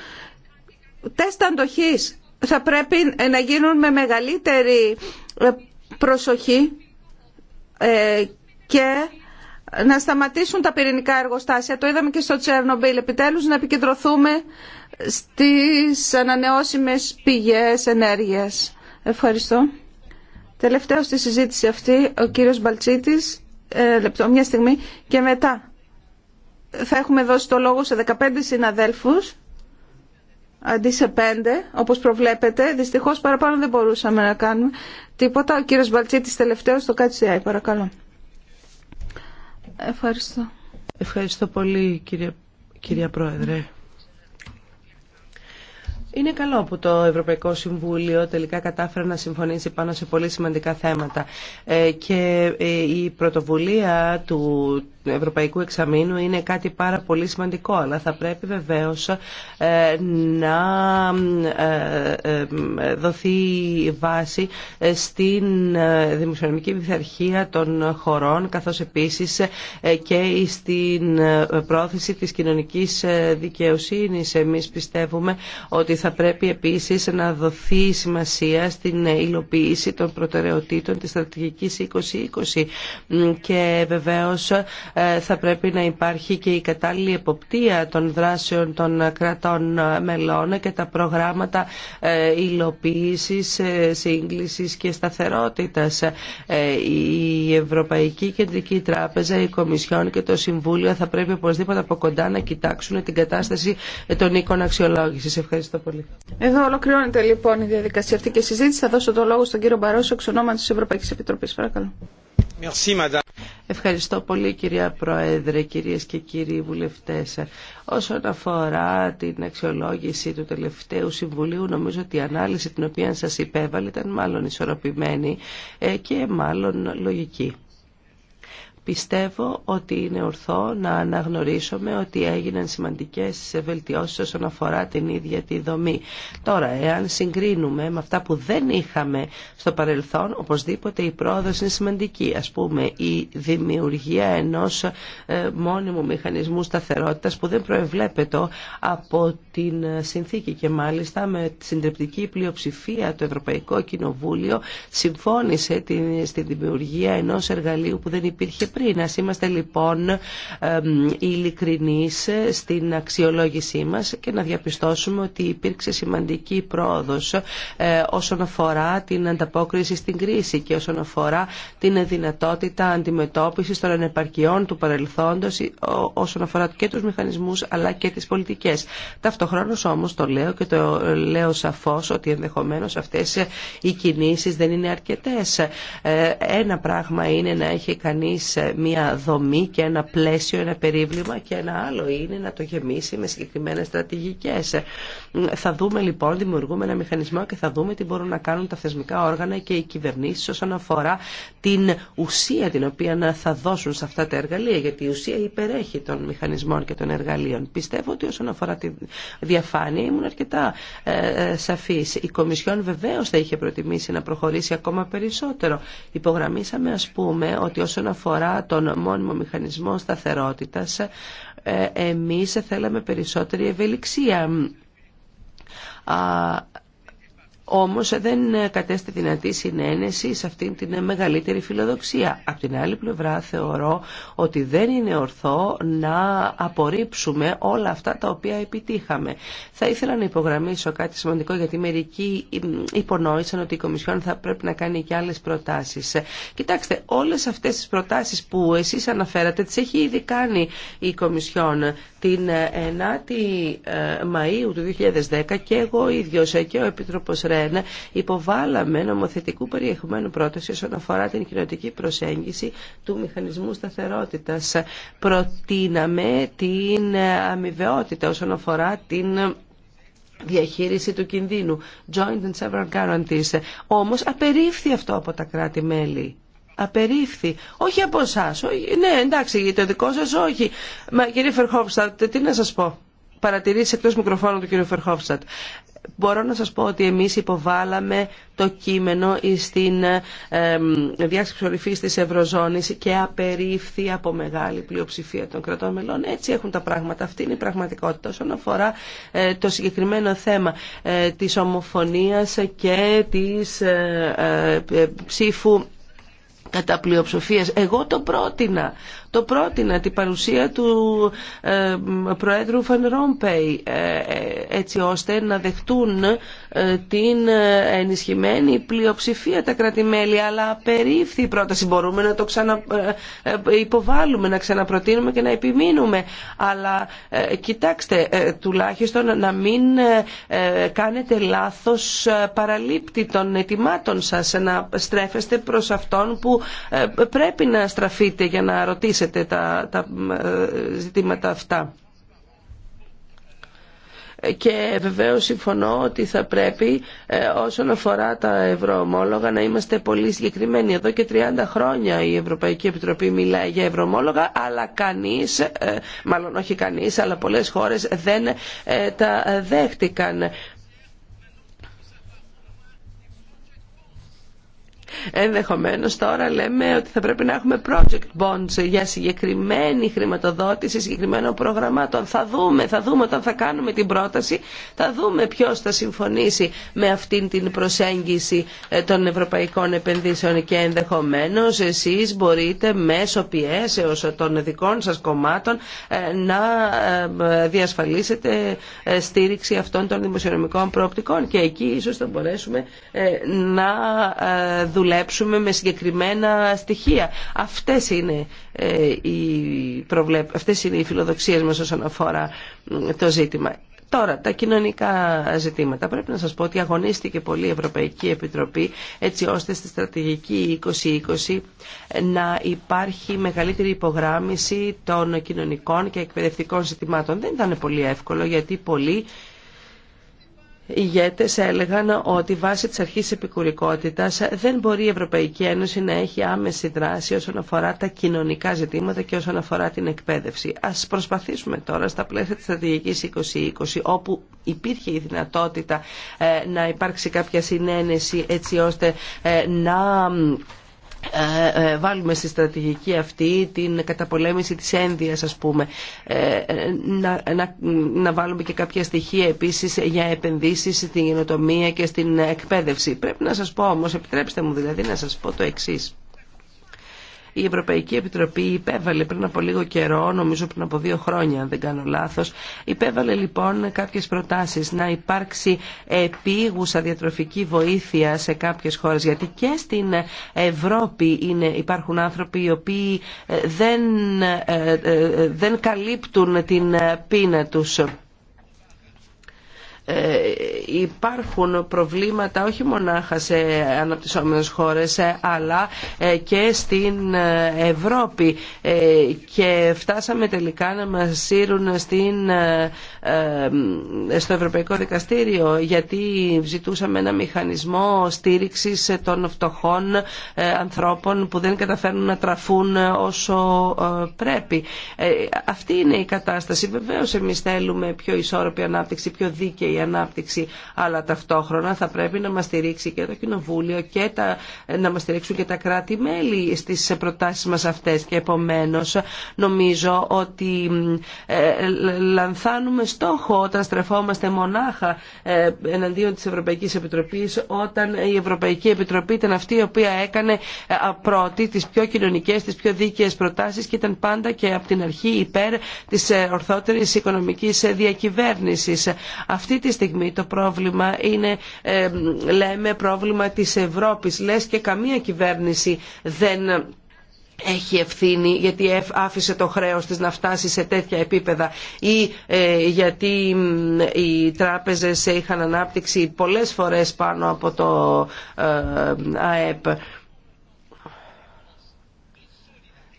Τεστ αντοχής θα πρέπει ε, να γίνουν με μεγαλύτερη ε, προσοχή ε, και να σταματήσουν τα πυρηνικά εργοστάσια. Το είδαμε και στο Τσέρνομπιλ. Επιτέλους να επικεντρωθούμε στις ανανεώσιμες πηγές ενέργειας. Ευχαριστώ. Τελευταίο στη συζήτηση αυτή ο κύριος Μπαλτσίτης, ε, λεπτό, μια στιγμή, και μετά θα έχουμε δώσει το λόγο σε 15 συναδέλφους, αντί σε 5, όπως προβλέπετε. Δυστυχώς παραπάνω δεν μπορούσαμε να κάνουμε τίποτα. Ο κύριος Μπαλτσίτης τελευταίος στο ΚΑΤΣΙΑΙ, παρακαλώ. Ευχαριστώ. Ευχαριστώ πολύ κυρία, κυρία Πρόεδρε. Είναι καλό που το Ευρωπαϊκό Συμβούλιο τελικά κατάφερε να συμφωνήσει πάνω σε πολύ σημαντικά θέματα ε, και ε, η πρωτοβουλία του Ευρωπαϊκού Εξαμήνου είναι κάτι πάρα πολύ σημαντικό, αλλά θα πρέπει βεβαίως ε, να ε, ε, δοθεί βάση στην δημοσιονομική πειθαρχία των χωρών, καθώς επίσης και στην πρόθεση της κοινωνικής δικαιοσύνης. Εμείς πιστεύουμε ότι θα πρέπει επίσης να δοθεί σημασία στην υλοποίηση των προτεραιοτήτων της στρατηγικής 2020 και βεβαίως ε, θα πρέπει να υπάρχει και η κατάλληλη εποπτεία των δράσεων των κρατών ε, μελών και τα προγράμματα ε, υλοποίησης, σύγκλησης και σταθερότητας. Η Ευρωπαϊκή Κεντρική Τράπεζα, η Κομισιόν και το Συμβούλιο θα πρέπει οπωσδήποτε από κοντά να κοιτάξουν την κατάσταση των οίκων αξιολόγησης. Ευχαριστώ πολύ. Εδώ ολοκληρώνεται λοιπόν η διαδικασία αυτή και η συζήτηση. Θα δώσω το λόγο στον κύριο Μπαρόσο, εξ ονόματος της Ευρωπαϊκής Επιτροπής. Παρακαλώ. Ευχαριστώ πολύ κυρία Πρόεδρε, κυρίες και κύριοι βουλευτές. Όσον αφορά την αξιολόγηση του τελευταίου Συμβουλίου, νομίζω ότι η ανάλυση την οποία σας υπέβαλε ήταν μάλλον ισορροπημένη ε, και μάλλον λογική. Πιστεύω ότι είναι ορθό να αναγνωρίσουμε ότι έγιναν σημαντικές βελτιώσεις όσον αφορά την ίδια τη δομή. Τώρα, εάν συγκρίνουμε με αυτά που δεν είχαμε στο παρελθόν, οπωσδήποτε η πρόοδος είναι σημαντική. Ας πούμε, η δημιουργία ενός ε, μόνιμου μηχανισμού σταθερότητας που δεν προεβλέπεται από την συνθήκη και μάλιστα με συντριπτική πλειοψηφία το Ευρωπαϊκό Κοινοβούλιο συμφώνησε στην δημιουργία ενός εργαλείου που δεν υπήρχε πριν. Ας είμαστε λοιπόν ειλικρινεί στην αξιολόγησή μας και να διαπιστώσουμε ότι υπήρξε σημαντική πρόοδος ε, όσον αφορά την ανταπόκριση στην κρίση και όσον αφορά την δυνατότητα αντιμετώπισης των ανεπαρκειών του παρελθόντος ε, όσον αφορά και τους μηχανισμούς αλλά και τις πολιτικές. Ταυτοχρόνως όμως το λέω και το λέω σαφώς ότι ενδεχομένω αυτές οι κινήσεις δεν είναι αρκετές. Ε, ένα πράγμα είναι να έχει κανείς μία δομή και ένα πλαίσιο, ένα περίβλημα και ένα άλλο είναι να το γεμίσει με συγκεκριμένες στρατηγικές. Θα δούμε λοιπόν, δημιουργούμε ένα μηχανισμό και θα δούμε τι μπορούν να κάνουν τα θεσμικά όργανα και οι κυβερνήσει όσον αφορά την ουσία την οποία θα δώσουν σε αυτά τα εργαλεία, γιατί η ουσία υπερέχει των μηχανισμών και των εργαλείων. Πιστεύω ότι όσον αφορά τη διαφάνεια ήμουν αρκετά ε, ε σαφή. Η Κομισιόν βεβαίω θα είχε προτιμήσει να προχωρήσει ακόμα περισσότερο. Υπογραμμίσαμε, α πούμε, ότι όσον αφορά τον μόνιμο μηχανισμό σταθερότητα, ε, εμείς θέλαμε περισσότερη ευελιξία όμως δεν κατέστη δυνατή συνένεση σε αυτήν την μεγαλύτερη φιλοδοξία. Απ' την άλλη πλευρά θεωρώ ότι δεν είναι ορθό να απορρίψουμε όλα αυτά τα οποία επιτύχαμε. Θα ήθελα να υπογραμμίσω κάτι σημαντικό γιατί μερικοί υπονόησαν ότι η Κομισιόν θα πρέπει να κάνει και άλλες προτάσεις. Κοιτάξτε, όλες αυτές τις προτάσεις που εσείς αναφέρατε τις έχει ήδη κάνει η Κομισιόν. Την 9η ε, Μαΐου του 2010 και εγώ ίδιος ε, και ο Επίτροπος Ρένα υποβάλαμε νομοθετικού περιεχομένου πρόταση όσον αφορά την κοινωτική προσέγγιση του μηχανισμού σταθερότητας. Προτείναμε την αμοιβαιότητα όσον αφορά την διαχείριση του κινδύνου, joint and several guarantees. Όμως απερίφθη αυτό από τα κράτη-μέλη απερίφθη. Όχι από εσά. Ναι, εντάξει, το δικό σα όχι. Μα κύριε Φερχόφστατ, τι να σα πω. Παρατηρήσει εκτό μικροφώνου του κύριου Φερχόφστατ. Μπορώ να σας πω ότι εμείς υποβάλαμε το κείμενο στην ε, διάσκεψη ορυφής της Ευρωζώνης και απερίφθη από μεγάλη πλειοψηφία των κρατών μελών. Έτσι έχουν τα πράγματα. Αυτή είναι η πραγματικότητα όσον αφορά ε, το συγκεκριμένο θέμα ε, της ομοφωνίας και της ε, ε, ψήφου κατά πλειοψηφίας. Εγώ το πρότεινα. Το πρότεινα την παρουσία του ε, Προέδρου Φαν Ρόμπεϊ ε, ε, έτσι ώστε να δεχτούν την ενισχυμένη πλειοψηφία τα κρατημέλη αλλά απερίφθη η πρόταση μπορούμε να το υποβάλουμε, να ξαναπροτείνουμε και να επιμείνουμε αλλά κοιτάξτε τουλάχιστον να μην κάνετε λάθος παραλήπτη των ετοιμάτων σας να στρέφεστε προς αυτόν που πρέπει να στραφείτε για να ρωτήσετε τα, ε, ζητήματα αυτά και βεβαίω συμφωνώ ότι θα πρέπει ε, όσον αφορά τα ευρωομόλογα να είμαστε πολύ συγκεκριμένοι. Εδώ και 30 χρόνια η Ευρωπαϊκή Επιτροπή μιλάει για ευρωομόλογα αλλά κανείς, ε, μάλλον όχι κανείς, αλλά πολλές χώρες δεν τα δέχτηκαν. Ενδεχομένως τώρα λέμε ότι θα πρέπει να έχουμε project bonds για συγκεκριμένη χρηματοδότηση συγκεκριμένων προγραμμάτων. Θα δούμε, θα δούμε όταν θα κάνουμε την πρόταση, θα δούμε ποιο θα συμφωνήσει με αυτήν την προσέγγιση ε, των ευρωπαϊκών επενδύσεων και ενδεχομένω, εσείς μπορείτε μέσω πιέσεως των δικών σα κομμάτων ε, να ε, διασφαλίσετε στήριξη αυτών των δημοσιονομικών προοπτικών και εκεί ίσως θα μπορέσουμε να δουλεύουμε δουλέψουμε με συγκεκριμένα στοιχεία. Αυτές είναι, ε, οι, φιλοδοξίε Αυτές είναι οι φιλοδοξίες μας όσον αφορά το ζήτημα. Τώρα, τα κοινωνικά ζητήματα. Πρέπει να σας πω ότι αγωνίστηκε πολύ η Ευρωπαϊκή Επιτροπή έτσι ώστε στη στρατηγική 2020 να υπάρχει μεγαλύτερη υπογράμμιση των κοινωνικών και εκπαιδευτικών ζητημάτων. Δεν ήταν πολύ εύκολο γιατί πολλοί ηγέτες έλεγαν ότι βάσει της αρχής επικουρικότητας δεν μπορεί η Ευρωπαϊκή Ένωση να έχει άμεση δράση όσον αφορά τα κοινωνικά ζητήματα και όσον αφορά την εκπαίδευση. Ας προσπαθήσουμε τώρα στα πλαίσια της στρατηγικής 2020 όπου υπήρχε η δυνατότητα ε, να υπάρξει κάποια συνένεση έτσι ώστε ε, να ε, ε, βάλουμε στη στρατηγική αυτή την καταπολέμηση της ένδυας ας πούμε ε, να, να, να βάλουμε και κάποια στοιχεία επίσης για επενδύσεις στην γενοτομία και στην εκπαίδευση πρέπει να σας πω όμως επιτρέψτε μου δηλαδή να σας πω το εξής η Ευρωπαϊκή Επιτροπή υπέβαλε πριν από λίγο καιρό, νομίζω πριν από δύο χρόνια αν δεν κάνω λάθος, υπέβαλε λοιπόν κάποιες προτάσεις να υπάρξει επίγουσα διατροφική βοήθεια σε κάποιες χώρες γιατί και στην Ευρώπη είναι, υπάρχουν άνθρωποι οι οποίοι ε, δεν, ε, ε, δεν καλύπτουν την πείνα τους. Ε, υπάρχουν προβλήματα όχι μονάχα σε αναπτυσσόμενες χώρες ε, αλλά ε, και στην Ευρώπη και φτάσαμε τελικά να μας σύρουν στην, στο Ευρωπαϊκό Δικαστήριο γιατί ζητούσαμε ένα μηχανισμό στήριξης των φτωχών ανθρώπων που δεν καταφέρνουν να τραφούν όσο πρέπει. Αυτή είναι η κατάσταση. Βεβαίως εμείς θέλουμε πιο ισόρροπη ανάπτυξη, πιο δίκαιη η ανάπτυξη. Αλλά ταυτόχρονα θα πρέπει να μας στηρίξει και το Κοινοβούλιο και τα, να μας στηρίξουν και τα κράτη-μέλη στις προτάσεις μας αυτές. Και επομένως νομίζω ότι ε, λανθάνουμε στόχο όταν στρεφόμαστε μονάχα ε, εναντίον της Ευρωπαϊκής Επιτροπής, όταν η Ευρωπαϊκή Επιτροπή ήταν αυτή η οποία έκανε ε, πρώτη τις πιο κοινωνικές, τις πιο δίκαιες προτάσεις και ήταν πάντα και από την αρχή υπέρ της ορθότερης οικονομικής διακυβέρνησης. Αυτή τη στιγμή το πρόβλημα είναι, ε, λέμε, πρόβλημα της Ευρώπης. Λες και καμία κυβέρνηση δεν έχει ευθύνη γιατί άφησε το χρέος της να φτάσει σε τέτοια επίπεδα ή ε, γιατί οι τράπεζες είχαν ανάπτυξη πολλές φορές πάνω από το ε, ΑΕΠ.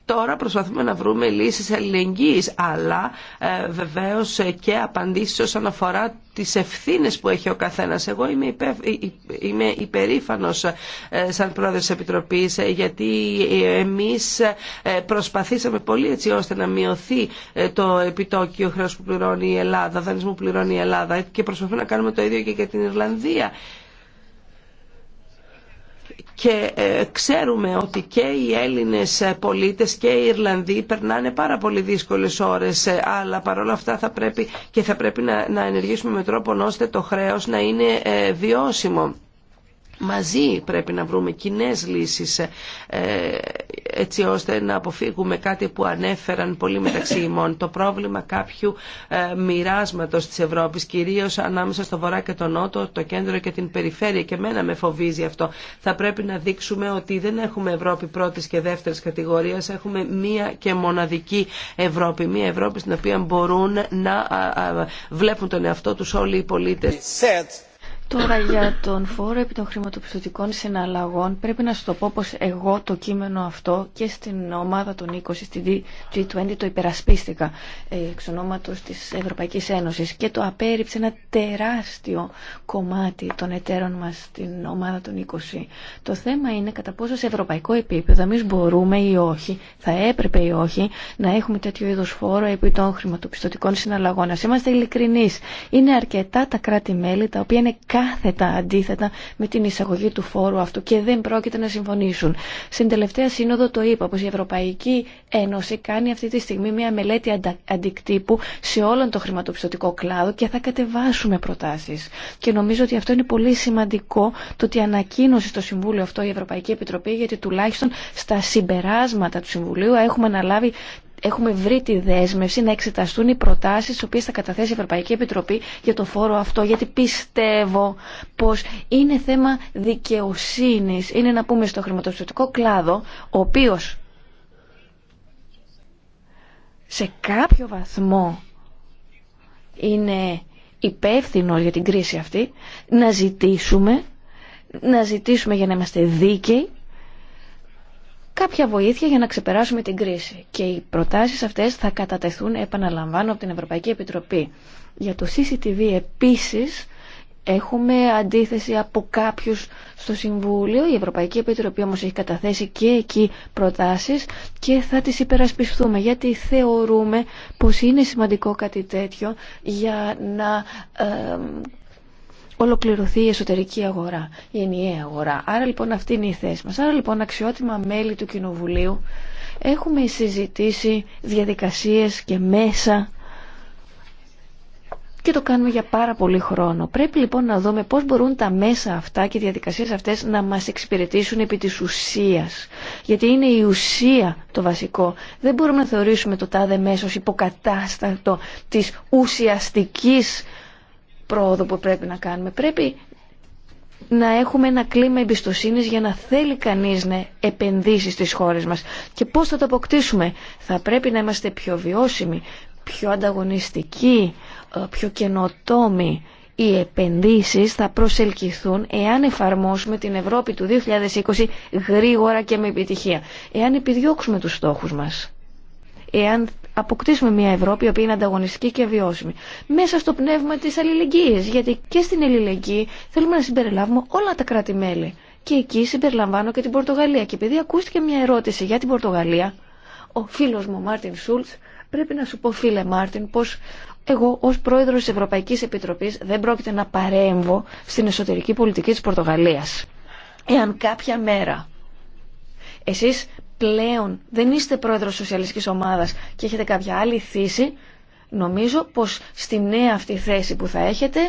Τώρα προσπαθούμε να βρούμε λύσεις ελληνικής, αλλά ε, βεβαίως ε, και απαντήσεις όσον αφορά τις ευθύνες που έχει ο καθένας. Εγώ είμαι, υπε, ε, ε, υπερήφανος σαν πρόεδρος της Επιτροπής, ε, γιατί εμείς προσπαθήσαμε πολύ έτσι ώστε να μειωθεί το επιτόκιο χρέος που πληρώνει η Ελλάδα, δανεισμού που πληρώνει η Ελλάδα και προσπαθούμε να κάνουμε το ίδιο και για την Ιρλανδία και ε, ξέρουμε ότι και οι Έλληνες ε, πολίτες και οι Ιρλανδοί περνάνε πάρα πολύ δύσκολες ώρες ε, αλλά παρόλα αυτά θα πρέπει και θα πρέπει να, ενεργήσουμε με τρόπο ώστε το χρέος να είναι βιώσιμο. Μαζί πρέπει να βρούμε κοινέ λύσεις έτσι ώστε να αποφύγουμε κάτι που ανέφεραν πολύ μεταξύ ημών, το πρόβλημα κάποιου ε, μοιράσματο της Ευρώπης, κυρίως ανάμεσα στο Βορρά και το Νότο, το κέντρο και την περιφέρεια και μένα με φοβίζει αυτό. Θα πρέπει να δείξουμε ότι δεν έχουμε Ευρώπη πρώτης και δεύτερης κατηγορίας, έχουμε μία και μοναδική Ευρώπη, μία Ευρώπη στην οποία μπορούν να βλέπουν τον εαυτό τους όλοι οι πολίτες. Τώρα για τον φόρο επί των χρηματοπιστωτικών συναλλαγών πρέπει να σου το πω πως εγώ το κείμενο αυτό και στην ομάδα των 20 στην G20 το υπερασπίστηκα ε, εξ ονόματος της Ευρωπαϊκής Ένωσης και το απέρριψε ένα τεράστιο κομμάτι των εταίρων μας στην ομάδα των 20. Το θέμα είναι κατά πόσο σε ευρωπαϊκό επίπεδο εμεί μπορούμε ή όχι, θα έπρεπε ή όχι να έχουμε τέτοιο είδος φόρο επί των χρηματοπιστωτικών συναλλαγών. Ας είμαστε ειλικρινείς. Είναι αρκετά τα κράτη-μέλη τα οποία είναι κάθετα αντίθετα με την εισαγωγή του φόρου αυτού και δεν πρόκειται να συμφωνήσουν. Στην τελευταία σύνοδο το είπα πως η Ευρωπαϊκή Ένωση κάνει αυτή τη στιγμή μια μελέτη αντικτύπου σε όλον το χρηματοπιστωτικό κλάδο και θα κατεβάσουμε προτάσεις. Και νομίζω ότι αυτό είναι πολύ σημαντικό το ότι ανακοίνωσε στο Συμβούλιο αυτό η Ευρωπαϊκή Επιτροπή γιατί τουλάχιστον στα συμπεράσματα του Συμβουλίου έχουμε αναλάβει έχουμε βρει τη δέσμευση να εξεταστούν οι προτάσεις τις οποίες θα καταθέσει η Ευρωπαϊκή Επιτροπή για το φόρο αυτό γιατί πιστεύω πως είναι θέμα δικαιοσύνης είναι να πούμε στο χρηματοπιστωτικό κλάδο ο οποίος σε κάποιο βαθμό είναι υπεύθυνο για την κρίση αυτή να ζητήσουμε να ζητήσουμε για να είμαστε δίκαιοι κάποια βοήθεια για να ξεπεράσουμε την κρίση. Και οι προτάσεις αυτές θα κατατεθούν, επαναλαμβάνω, από την Ευρωπαϊκή Επιτροπή. Για το CCTV επίσης έχουμε αντίθεση από κάποιους στο Συμβούλιο. Η Ευρωπαϊκή Επιτροπή όμως έχει καταθέσει και εκεί προτάσεις και θα τις υπερασπιστούμε γιατί θεωρούμε πως είναι σημαντικό κάτι τέτοιο για να ε, ολοκληρωθεί η εσωτερική αγορά, η ενιαία αγορά. Άρα λοιπόν αυτή είναι η θέση μας. Άρα λοιπόν αξιότιμα μέλη του Κοινοβουλίου έχουμε συζητήσει διαδικασίες και μέσα και το κάνουμε για πάρα πολύ χρόνο. Πρέπει λοιπόν να δούμε πώς μπορούν τα μέσα αυτά και οι διαδικασίες αυτές να μας εξυπηρετήσουν επί της ουσίας. Γιατί είναι η ουσία το βασικό. Δεν μπορούμε να θεωρήσουμε το τάδε μέσος υποκατάστατο της ουσιαστικής πρόοδο που πρέπει να κάνουμε. Πρέπει να έχουμε ένα κλίμα εμπιστοσύνη για να θέλει κανεί να επενδύσει στις χώρε μα. Και πώ θα το αποκτήσουμε. Θα πρέπει να είμαστε πιο βιώσιμοι, πιο ανταγωνιστικοί, ε, πιο καινοτόμοι. Οι επενδύσεις θα προσελκυθούν εάν εφαρμόσουμε την Ευρώπη του 2020 γρήγορα και με επιτυχία. Εάν επιδιώξουμε τους στόχους μας. Εάν αποκτήσουμε μια Ευρώπη η οποία είναι ανταγωνιστική και βιώσιμη. Μέσα στο πνεύμα τη Αλληλεγγύη, γιατί και στην αλληλεγγύη θέλουμε να συμπεριλάβουμε όλα τα κράτη-μέλη. Και εκεί συμπεριλαμβάνω και την Πορτογαλία. Και επειδή ακούστηκε μια ερώτηση για την Πορτογαλία, ο φίλο μου Μάρτιν Σούλτ πρέπει να σου πω φίλε Μάρτιν πω εγώ ω πρόεδρο τη Ευρωπαϊκή Επιτροπή, δεν πρόκειται να παρέμβω στην εσωτερική πολιτική τη Πορτογαλία. Εάν κάποια μέρα εσείς πλέον δεν είστε πρόεδρος σοσιαλιστικής ομάδας και έχετε κάποια άλλη θύση, νομίζω πως στη νέα αυτή θέση που θα έχετε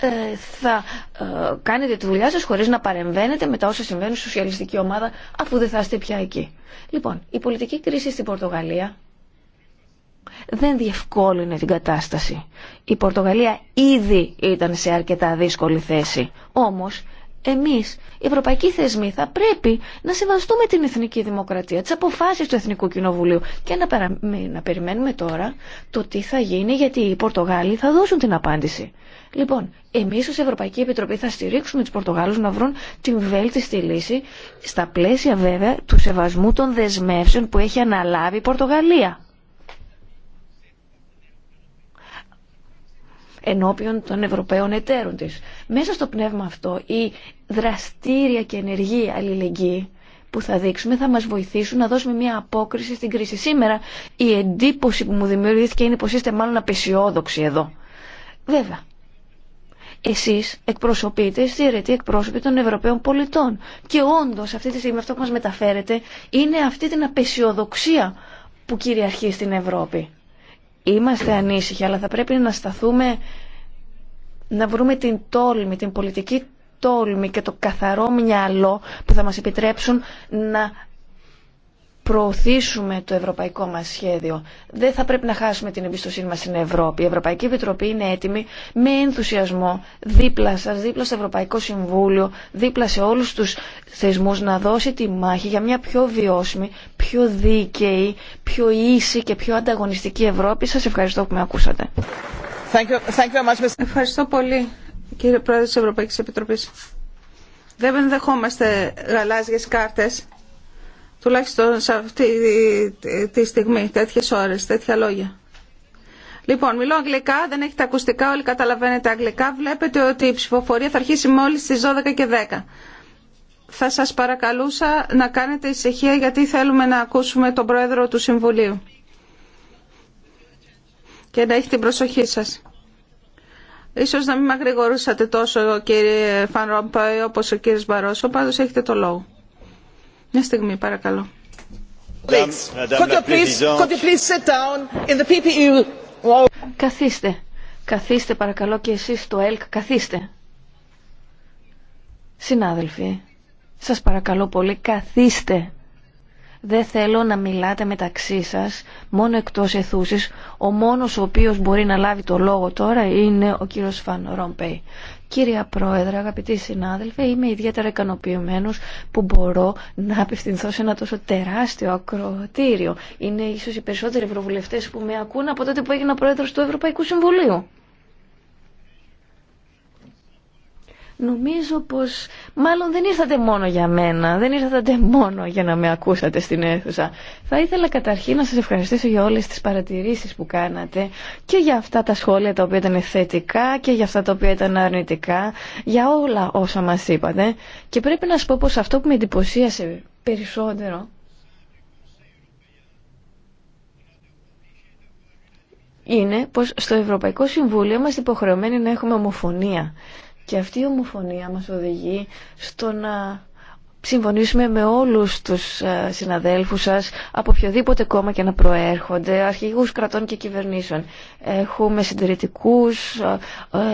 ε, θα ε, κάνετε τη δουλειά σας χωρίς να παρεμβαίνετε με τα όσα συμβαίνουν στη σοσιαλιστική ομάδα αφού δεν θα είστε πια εκεί. Λοιπόν, η πολιτική κρίση στην Πορτογαλία δεν διευκόλυνε την κατάσταση. Η Πορτογαλία ήδη ήταν σε αρκετά δύσκολη θέση. Όμως εμείς, οι ευρωπαϊκοί θεσμοί, θα πρέπει να σεβαστούμε την εθνική δημοκρατία, τις αποφάσεις του Εθνικού Κοινοβουλίου και να, να περιμένουμε τώρα το τι θα γίνει γιατί οι Πορτογάλοι θα δώσουν την απάντηση. Λοιπόν, εμείς ως Ευρωπαϊκή Επιτροπή θα στηρίξουμε τους Πορτογάλους να βρουν την βέλτιστη λύση στα πλαίσια βέβαια του σεβασμού των δεσμεύσεων που έχει αναλάβει η Πορτογαλία. ενώπιον των Ευρωπαίων εταίρων της. Μέσα στο πνεύμα αυτό η δραστήρια και ενεργή αλληλεγγύη που θα δείξουμε θα μας βοηθήσουν να δώσουμε μια απόκριση στην κρίση. Σήμερα η εντύπωση που μου δημιουργήθηκε είναι πως είστε μάλλον απεσιόδοξοι εδώ. Βέβαια, εσείς εκπροσωπείτε, στη αιρετή εκπρόσωποι των Ευρωπαίων πολιτών. Και όντω αυτή τη στιγμή αυτό που μα μεταφέρετε είναι αυτή την απεσιοδοξία που κυριαρχεί στην Ευρώπη. Είμαστε ανήσυχοι, αλλά θα πρέπει να σταθούμε, να βρούμε την τόλμη, την πολιτική τόλμη και το καθαρό μυαλό που θα μας επιτρέψουν να προωθήσουμε το ευρωπαϊκό μας σχέδιο. Δεν θα πρέπει να χάσουμε την εμπιστοσύνη μας στην Ευρώπη. Η Ευρωπαϊκή Επιτροπή είναι έτοιμη με ενθουσιασμό δίπλα σας, δίπλα στο Ευρωπαϊκό Συμβούλιο, δίπλα σε όλους τους θεσμούς να δώσει τη μάχη για μια πιο βιώσιμη, πιο δίκαιη, πιο ίση και πιο ανταγωνιστική Ευρώπη. Σας ευχαριστώ που με ακούσατε. Thank you. Thank you much, Ευχαριστώ πολύ κύριε Πρόεδρε της Ευρωπαϊκής Επιτροπής. Δεν δεχόμαστε γαλάζιες κάρτες. Τουλάχιστον σε αυτή τη στιγμή, τέτοιες ώρες, τέτοια λόγια. Λοιπόν, μιλώ αγγλικά, δεν έχετε ακουστικά, όλοι καταλαβαίνετε αγγλικά. Βλέπετε ότι η ψηφοφορία θα αρχίσει μόλις στις 12 και 10. Θα σας παρακαλούσα να κάνετε ησυχία γιατί θέλουμε να ακούσουμε τον Πρόεδρο του Συμβουλίου. Και να έχει την προσοχή σας. Ίσως να μην με τόσο κύριε Φαν Ρομπέ όπως ο κύριος Μπαρόσο, πάντως έχετε το λόγο. Μια στιγμή παρακαλώ. E? Καθίστε. Καθίστε παρακαλώ και εσείς στο ΕΛΚ. Καθίστε. Συνάδελφοι, σας παρακαλώ πολύ καθίστε. Δεν θέλω να μιλάτε μεταξύ σας, μόνο εκτός εθούσης. Ο μόνος ο οποίος μπορεί να λάβει το λόγο τώρα είναι ο κύριος Φαν Ρομπέι. Κύρια Πρόεδρε, αγαπητοί συνάδελφοι, είμαι ιδιαίτερα ικανοποιημένο που μπορώ να απευθυνθώ σε ένα τόσο τεράστιο ακροατήριο. Είναι ίσω οι περισσότεροι ευρωβουλευτέ που με ακούν από τότε που έγινα πρόεδρο του Ευρωπαϊκού Συμβουλίου. Νομίζω πως μάλλον δεν ήρθατε μόνο για μένα, δεν ήρθατε μόνο για να με ακούσατε στην αίθουσα. Θα ήθελα καταρχήν να σας ευχαριστήσω για όλες τις παρατηρήσεις που κάνατε και για αυτά τα σχόλια τα οποία ήταν θετικά και για αυτά τα οποία ήταν αρνητικά, για όλα όσα μας είπατε. Και πρέπει να σας πω πως αυτό που με εντυπωσίασε περισσότερο είναι πως στο Ευρωπαϊκό Συμβούλιο είμαστε υποχρεωμένοι να έχουμε ομοφωνία. Και αυτή η ομοφωνία μας οδηγεί στο να συμφωνήσουμε με όλους τους ε, συναδέλφους σας από οποιοδήποτε κόμμα και να προέρχονται, αρχηγούς κρατών και κυβερνήσεων. Έχουμε συντηρητικούς, ε,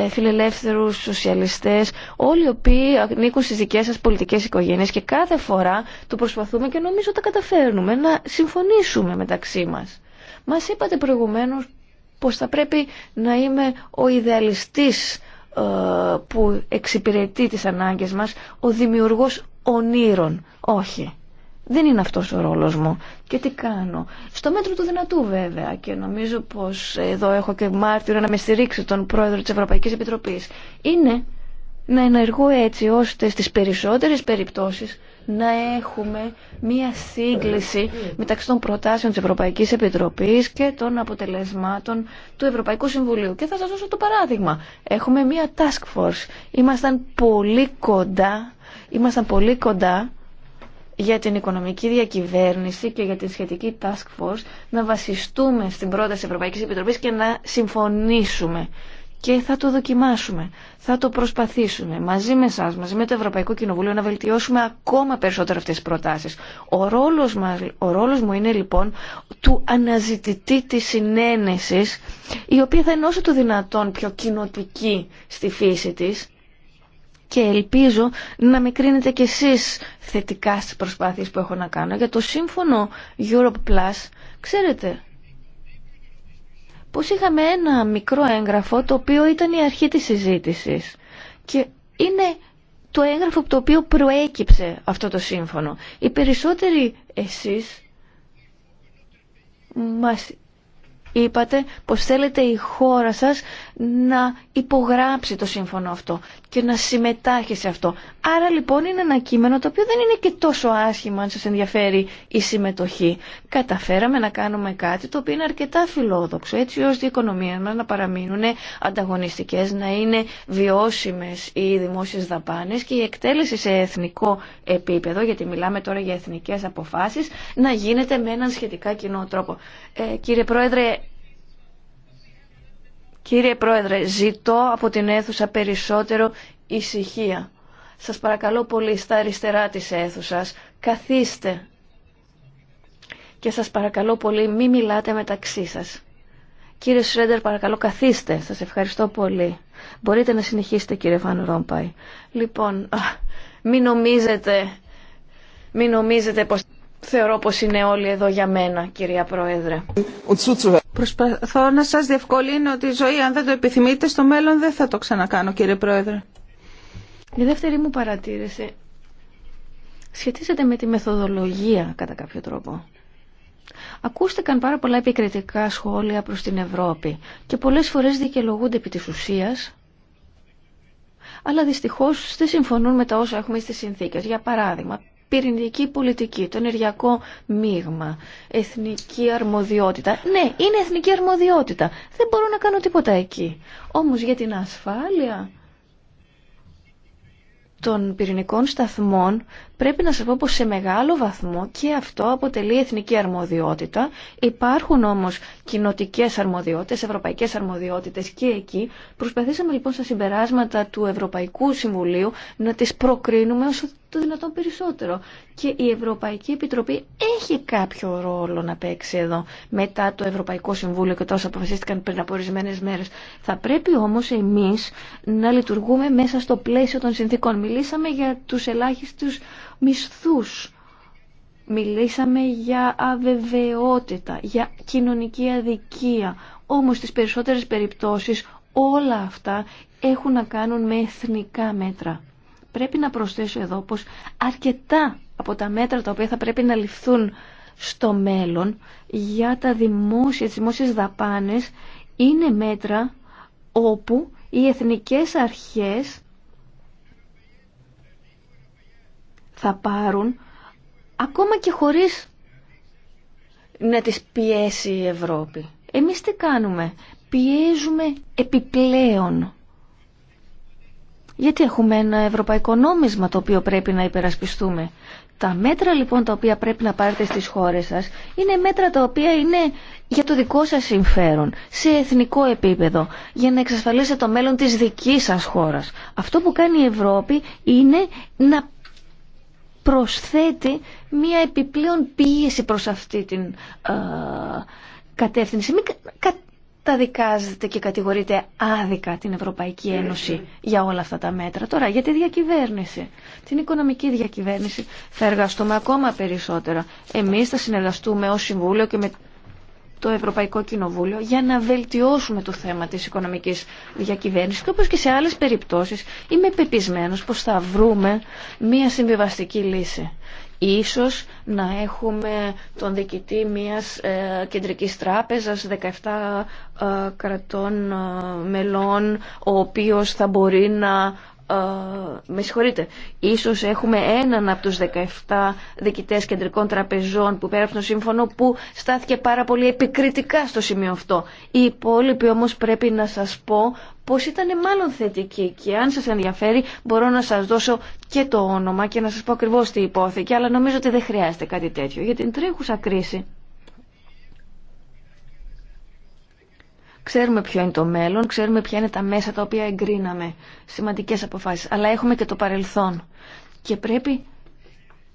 ε, φιλελεύθερους, σοσιαλιστές, όλοι οι οποίοι ανήκουν στις δικές σας πολιτικές οικογένειες και κάθε φορά το προσπαθούμε και νομίζω τα καταφέρνουμε να συμφωνήσουμε μεταξύ μας. Μας είπατε προηγουμένως πως θα πρέπει να είμαι ο ιδεαλιστής ε, που εξυπηρετεί τις ανάγκες μας ο δημιουργός ονείρων. Όχι. Δεν είναι αυτός ο ρόλος μου. Και τι κάνω. Στο μέτρο του δυνατού βέβαια και νομίζω πως εδώ έχω και μάρτυρο να με στηρίξει τον πρόεδρο της Ευρωπαϊκής Επιτροπής. Είναι να ενεργώ έτσι ώστε στις περισσότερες περιπτώσεις να έχουμε μία σύγκληση μεταξύ των προτάσεων της Ευρωπαϊκής Επιτροπής και των αποτελεσμάτων του Ευρωπαϊκού Συμβουλίου. Και θα σας δώσω το παράδειγμα. Έχουμε μία task force. Ήμασταν πολύ κοντά, ήμασταν πολύ κοντά για την οικονομική διακυβέρνηση και για την σχετική task force να βασιστούμε στην πρόταση Ευρωπαϊκής Επιτροπής και να συμφωνήσουμε και θα το δοκιμάσουμε, θα το προσπαθήσουμε μαζί με εσά, μαζί με το Ευρωπαϊκό Κοινοβούλιο να βελτιώσουμε ακόμα περισσότερο αυτές τις προτάσεις. Ο ρόλος, μας, ο ρόλος μου είναι λοιπόν του αναζητητή της συνένεσης η οποία θα είναι όσο το δυνατόν πιο κοινοτική στη φύση της και ελπίζω να κρίνετε κι εσείς θετικά στις προσπάθειες που έχω να κάνω για το σύμφωνο Europe Plus. Ξέρετε, πως είχαμε ένα μικρό έγγραφο το οποίο ήταν η αρχή της συζήτησης και είναι το έγγραφο από το οποίο προέκυψε αυτό το σύμφωνο. Οι περισσότεροι εσείς μας είπατε πως θέλετε η χώρα σας να υπογράψει το σύμφωνο αυτό και να συμμετάχει σε αυτό. Άρα λοιπόν είναι ένα κείμενο το οποίο δεν είναι και τόσο άσχημα αν σας ενδιαφέρει η συμμετοχή. Καταφέραμε να κάνουμε κάτι το οποίο είναι αρκετά φιλόδοξο έτσι ώστε οι οικονομίες μας να παραμείνουν ανταγωνιστικές, να είναι βιώσιμες οι δημόσιες δαπάνες και η εκτέλεση σε εθνικό επίπεδο, γιατί μιλάμε τώρα για εθνικές αποφάσεις, να γίνεται με έναν σχετικά κοινό τρόπο. Ε, κύριε Πρόεδρε, Κύριε Πρόεδρε, ζητώ από την αίθουσα περισσότερο ησυχία. Σας παρακαλώ πολύ στα αριστερά της αίθουσας, καθίστε. Και σας παρακαλώ πολύ μη μιλάτε μεταξύ σας. Κύριε Σρέντερ, παρακαλώ καθίστε. Σας ευχαριστώ πολύ. Μπορείτε να συνεχίσετε κύριε Φαν Ρόμπαϊ. Λοιπόν, μην νομίζετε, μην νομίζετε πως θεωρώ πως είναι όλοι εδώ για μένα, κυρία Πρόεδρε. Προσπαθώ να σας διευκολύνω τη ζωή. Αν δεν το επιθυμείτε, στο μέλλον δεν θα το ξανακάνω, κύριε Πρόεδρε. Η δεύτερη μου παρατήρηση σχετίζεται με τη μεθοδολογία, κατά κάποιο τρόπο. Ακούστηκαν πάρα πολλά επικριτικά σχόλια προς την Ευρώπη και πολλές φορές δικαιολογούνται επί της ουσίας, αλλά δυστυχώς δεν συμφωνούν με τα όσα έχουμε στις συνθήκες. Για παράδειγμα, πυρηνική πολιτική, το ενεργειακό μείγμα, εθνική αρμοδιότητα. Ναι, είναι εθνική αρμοδιότητα. Δεν μπορώ να κάνω τίποτα εκεί. Όμως για την ασφάλεια των πυρηνικών σταθμών Πρέπει να σας πω πως σε μεγάλο βαθμό και αυτό αποτελεί εθνική αρμοδιότητα. Υπάρχουν όμως κοινοτικέ αρμοδιότητες, ευρωπαϊκές αρμοδιότητες και εκεί. Προσπαθήσαμε λοιπόν στα συμπεράσματα του Ευρωπαϊκού Συμβουλίου να τις προκρίνουμε όσο το δυνατόν περισσότερο. Και η Ευρωπαϊκή Επιτροπή έχει κάποιο ρόλο να παίξει εδώ μετά το Ευρωπαϊκό Συμβούλιο και τόσο αποφασίστηκαν πριν από ορισμένε μέρε. Θα πρέπει όμω εμεί να λειτουργούμε μέσα στο πλαίσιο των συνθήκων. Μιλήσαμε για του ελάχιστου μισθούς. Μιλήσαμε για αβεβαιότητα, για κοινωνική αδικία. Όμως στις περισσότερες περιπτώσεις όλα αυτά έχουν να κάνουν με εθνικά μέτρα. Πρέπει να προσθέσω εδώ πως αρκετά από τα μέτρα τα οποία θα πρέπει να ληφθούν στο μέλλον για τα δημόσια, τις δημόσιες δαπάνες είναι μέτρα όπου οι εθνικές αρχές θα πάρουν ακόμα και χωρίς να τις πιέσει η Ευρώπη. Εμείς τι κάνουμε. Πιέζουμε επιπλέον. Γιατί έχουμε ένα ευρωπαϊκό νόμισμα το οποίο πρέπει να υπερασπιστούμε. Τα μέτρα λοιπόν τα οποία πρέπει να πάρετε στις χώρες σας είναι μέτρα τα οποία είναι για το δικό σας συμφέρον, σε εθνικό επίπεδο, για να εξασφαλίσετε το μέλλον της δικής σας χώρας. Αυτό που κάνει η Ευρώπη είναι να προσθέτει μία επιπλέον πίεση προς αυτή την ε, κατεύθυνση. Μην καταδικάζετε και κατηγορείτε άδικα την Ευρωπαϊκή Ένωση για όλα αυτά τα μέτρα. Τώρα για τη διακυβέρνηση, την οικονομική διακυβέρνηση θα εργαστούμε ακόμα περισσότερα. Εμείς θα συνεργαστούμε ως Συμβούλιο και με το Ευρωπαϊκό Κοινοβούλιο για να βελτιώσουμε το θέμα της οικονομικής διακυβέρνησης και όπως και σε άλλες περιπτώσεις είμαι πεπισμένος πως θα βρούμε μία συμβιβαστική λύση. Ίσως να έχουμε τον διοικητή μιας ε, κεντρικής τράπεζας 17 ε, κρατών ε, μελών ο οποίος θα μπορεί να ε, με συγχωρείτε, ίσως έχουμε έναν από τους 17 διοικητέ κεντρικών τραπεζών που πέραψαν το σύμφωνο που στάθηκε πάρα πολύ επικριτικά στο σημείο αυτό. Οι υπόλοιποι όμως πρέπει να σας πω πως ήταν μάλλον θετικοί και αν σας ενδιαφέρει μπορώ να σας δώσω και το όνομα και να σας πω ακριβώς τι υπόθηκε αλλά νομίζω ότι δεν χρειάζεται κάτι τέτοιο για την τρέχουσα κρίση. Ξέρουμε ποιο είναι το μέλλον, ξέρουμε ποια είναι τα μέσα τα οποία εγκρίναμε, σημαντικές αποφάσεις, αλλά έχουμε και το παρελθόν. Και πρέπει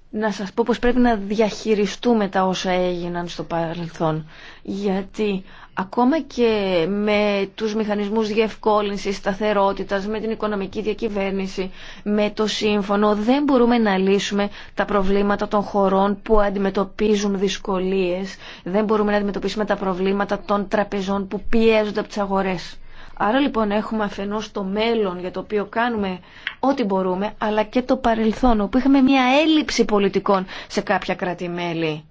να σας πω πως πρέπει να διαχειριστούμε τα όσα έγιναν στο παρελθόν. Γιατί Ακόμα και με τους μηχανισμούς διευκόλυνσης, σταθερότητας, με την οικονομική διακυβέρνηση, με το σύμφωνο, δεν μπορούμε να λύσουμε τα προβλήματα των χωρών που αντιμετωπίζουν δυσκολίες. Δεν μπορούμε να αντιμετωπίσουμε τα προβλήματα των τραπεζών που πιέζονται από τις αγορές. Άρα λοιπόν έχουμε αφενός το μέλλον για το οποίο κάνουμε ό,τι μπορούμε, αλλά και το παρελθόν, όπου είχαμε μια έλλειψη πολιτικών σε κάποια κράτη-μέλη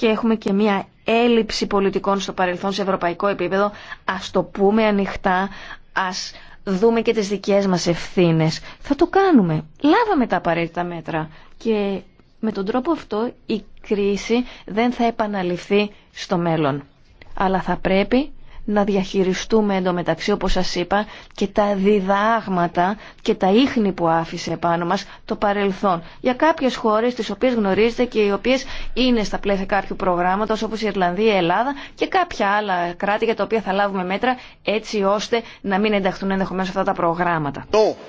και έχουμε και μία έλλειψη πολιτικών στο παρελθόν σε ευρωπαϊκό επίπεδο. Ας το πούμε ανοιχτά, ας δούμε και τις δικές μας ευθύνες. Θα το κάνουμε. Λάβαμε τα απαραίτητα μέτρα και με τον τρόπο αυτό η κρίση δεν θα επαναληφθεί στο μέλλον. Αλλά θα πρέπει να διαχειριστούμε εντωμεταξύ όπως σας είπα και τα διδάγματα και τα ίχνη που άφησε επάνω μας το παρελθόν. Για κάποιες χώρες τις οποίες γνωρίζετε και οι οποίες είναι στα πλαίσια κάποιου προγράμματος όπως η Ιρλανδία, η Ελλάδα και κάποια άλλα κράτη για τα οποία θα λάβουμε μέτρα έτσι ώστε να μην ενταχθούν ενδεχομένω αυτά τα προγράμματα.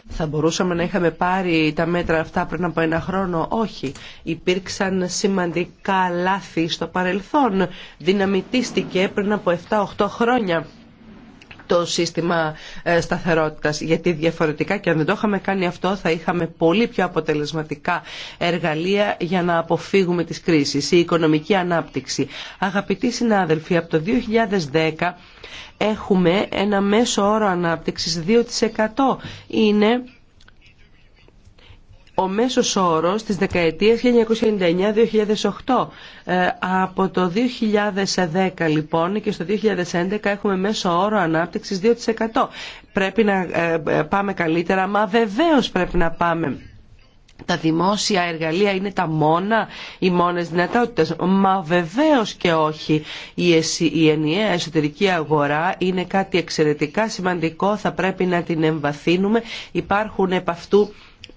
Θα μπορούσαμε να είχαμε πάρει τα μέτρα αυτά πριν από ένα χρόνο. Όχι. Υπήρξαν σημαντικά λάθη στο παρελθόν. Δυναμητίστηκε πριν από 7-8 χρόνια το σύστημα ε, σταθερότητας γιατί διαφορετικά και αν δεν το είχαμε κάνει αυτό θα είχαμε πολύ πιο αποτελεσματικά εργαλεία για να αποφύγουμε τις κρίσεις. Η οικονομική ανάπτυξη. Αγαπητοί συνάδελφοι, από το 2010 έχουμε ένα μέσο όρο ανάπτυξης 2%. Είναι ο μέσος όρος της δεκαετίας 1999-2008. Ε, από το 2010 λοιπόν και στο 2011 έχουμε μέσο όρο ανάπτυξης 2%. Πρέπει να ε, ε, πάμε καλύτερα, μα βεβαίως πρέπει να πάμε. Τα δημόσια εργαλεία είναι τα μόνα, οι μόνες δυνατότητες. Μα βεβαίως και όχι. Η ενιαία εσωτερική αγορά είναι κάτι εξαιρετικά σημαντικό, θα πρέπει να την εμβαθύνουμε. Υπάρχουν επ' αυτού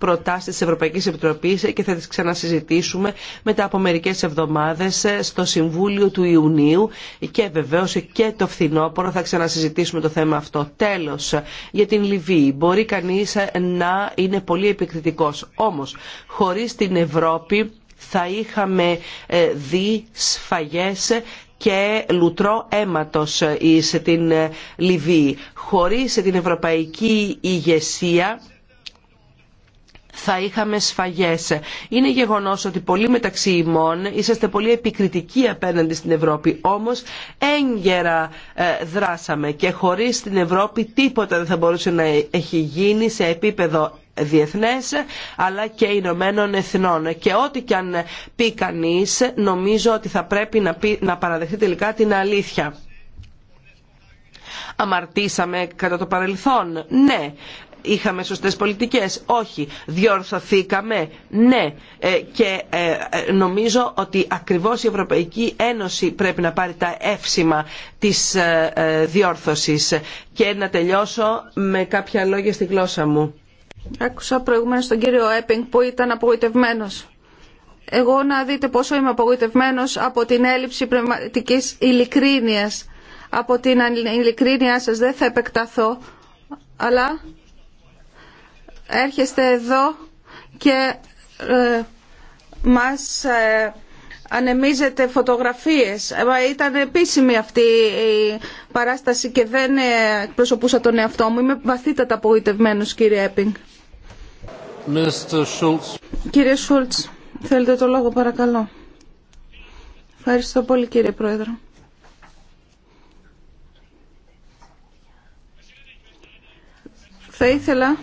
προτάσεις τη Ευρωπαϊκής Επιτροπής και θα τι ξανασυζητήσουμε μετά από μερικέ εβδομάδες στο Συμβούλιο του Ιουνίου και βεβαίω και το φθινόπωρο θα ξανασυζητήσουμε το θέμα αυτό. Τέλος, για την Λιβύη μπορεί κανείς να είναι πολύ επικριτικός. Όμως, χωρίς την Ευρώπη θα είχαμε ε, δει σφαγές και λουτρό αίματος σε την ε, Λιβύη. Χωρίς την ευρωπαϊκή ηγεσία θα είχαμε σφαγές. Είναι γεγονός ότι πολλοί μεταξύ ημών είσαστε πολύ επικριτικοί απέναντι στην Ευρώπη, όμως έγκαιρα ε, δράσαμε και χωρίς την Ευρώπη τίποτα δεν θα μπορούσε να έχει γίνει σε επίπεδο διεθνές αλλά και Ηνωμένων Εθνών και ό,τι κι αν πει κανεί, νομίζω ότι θα πρέπει να, να παραδεχτεί τελικά την αλήθεια. Αμαρτήσαμε κατά το παρελθόν. Ναι, είχαμε σωστές πολιτικές. Όχι. Διορθωθήκαμε. Ναι. Ε, και ε, ε, νομίζω ότι ακριβώς η Ευρωπαϊκή Ένωση πρέπει να πάρει τα εύσημα της διόρθωσης. Και να τελειώσω με κάποια λόγια στη γλώσσα μου. Άκουσα προηγουμένως τον κύριο Έπινγκ που ήταν απογοητευμένος. Εγώ να δείτε πόσο είμαι απογοητευμένος από την έλλειψη πνευματικής ειλικρίνειας. Από την ειλικρίνειά σας δεν θα επεκταθώ, αλλά έρχεστε εδώ και ε, μας ε, ανεμίζετε φωτογραφίες. Ήταν επίσημη αυτή η παράσταση και δεν ε, εκπροσωπούσα τον εαυτό μου. Είμαι βαθύτατα απογοητευμένος κύριε Έπινγκ. Κύριε Σούλτς, θέλετε το λόγο παρακαλώ. Ευχαριστώ πολύ κύριε Πρόεδρο. Θα ήθελα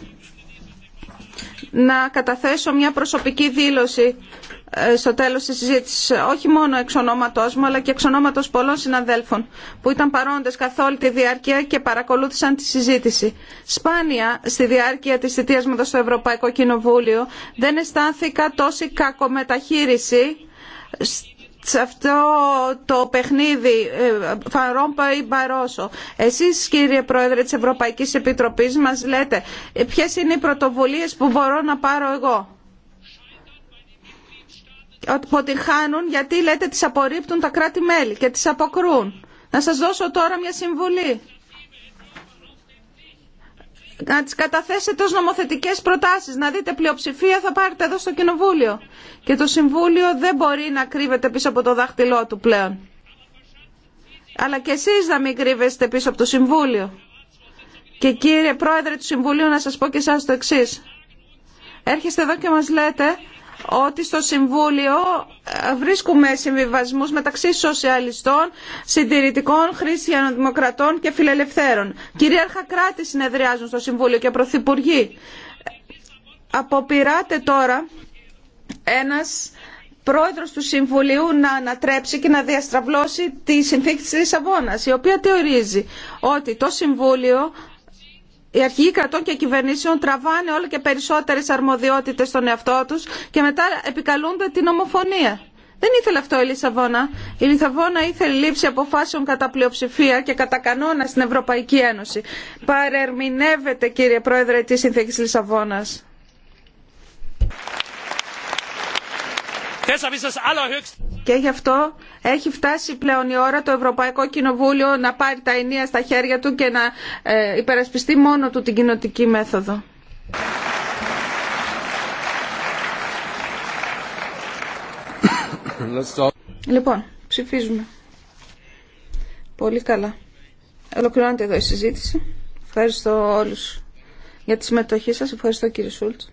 να καταθέσω μια προσωπική δήλωση ε, στο τέλος της συζήτησης, όχι μόνο εξ ονόματός μου, αλλά και εξ ονόματος πολλών συναδέλφων που ήταν παρόντες καθ' όλη τη διάρκεια και παρακολούθησαν τη συζήτηση. Σπάνια, στη διάρκεια της θητείας μου εδώ στο Ευρωπαϊκό Κοινοβούλιο, δεν αισθάνθηκα τόση κακομεταχείριση σε αυτό το παιχνίδι Φαρόμπα ή Μπαρόσο. Εσείς κύριε Πρόεδρε της Ευρωπαϊκής Επιτροπής μας λέτε ε, ποιες είναι οι πρωτοβουλίες που μπορώ να πάρω εγώ. Ότι χάνουν γιατί λέτε τις απορρίπτουν τα κράτη-μέλη και τις αποκρούν. Να σας δώσω τώρα μια συμβουλή να τις καταθέσετε ως νομοθετικές προτάσεις, να δείτε πλειοψηφία θα πάρετε εδώ στο Κοινοβούλιο. Και το Συμβούλιο δεν μπορεί να κρύβεται πίσω από το δάχτυλό του πλέον. Αλλά και εσείς να μην κρύβεστε πίσω από το Συμβούλιο. Και κύριε Πρόεδρε του Συμβουλίου να σας πω και εσάς το εξής. Έρχεστε εδώ και μας λέτε ότι στο Συμβούλιο ε, βρίσκουμε συμβιβασμού μεταξύ σοσιαλιστών, συντηρητικών, χριστιανοδημοκρατών και φιλελευθέρων. Κυρίαρχα κράτη συνεδριάζουν στο Συμβούλιο και πρωθυπουργοί. Αποπειράται τώρα ένας πρόεδρος του Συμβουλίου να ανατρέψει και να διαστραβλώσει τη συνθήκη της Λισαβόνας, η οποία θεωρίζει ότι το Συμβούλιο οι αρχηγοί κρατών και κυβερνήσεων τραβάνε όλο και περισσότερες αρμοδιότητες στον εαυτό τους και μετά επικαλούνται την ομοφωνία. Δεν ήθελε αυτό η Λισαβόνα. Η Λισαβόνα ήθελε λήψη αποφάσεων κατά πλειοψηφία και κατά κανόνα στην Ευρωπαϊκή Ένωση. Παρερμηνεύεται κύριε Πρόεδρε τη Συνθήκης Λισαβόνας. Και γι' αυτό έχει φτάσει πλέον η ώρα το Ευρωπαϊκό Κοινοβούλιο να πάρει τα ενία στα χέρια του και να ε, υπερασπιστεί μόνο του την κοινοτική μέθοδο. Λοιπόν, ψηφίζουμε. Πολύ καλά. Ολοκληρώνεται εδώ η συζήτηση. Ευχαριστώ όλους για τη συμμετοχή σας. Ευχαριστώ κύριε Σούλτς.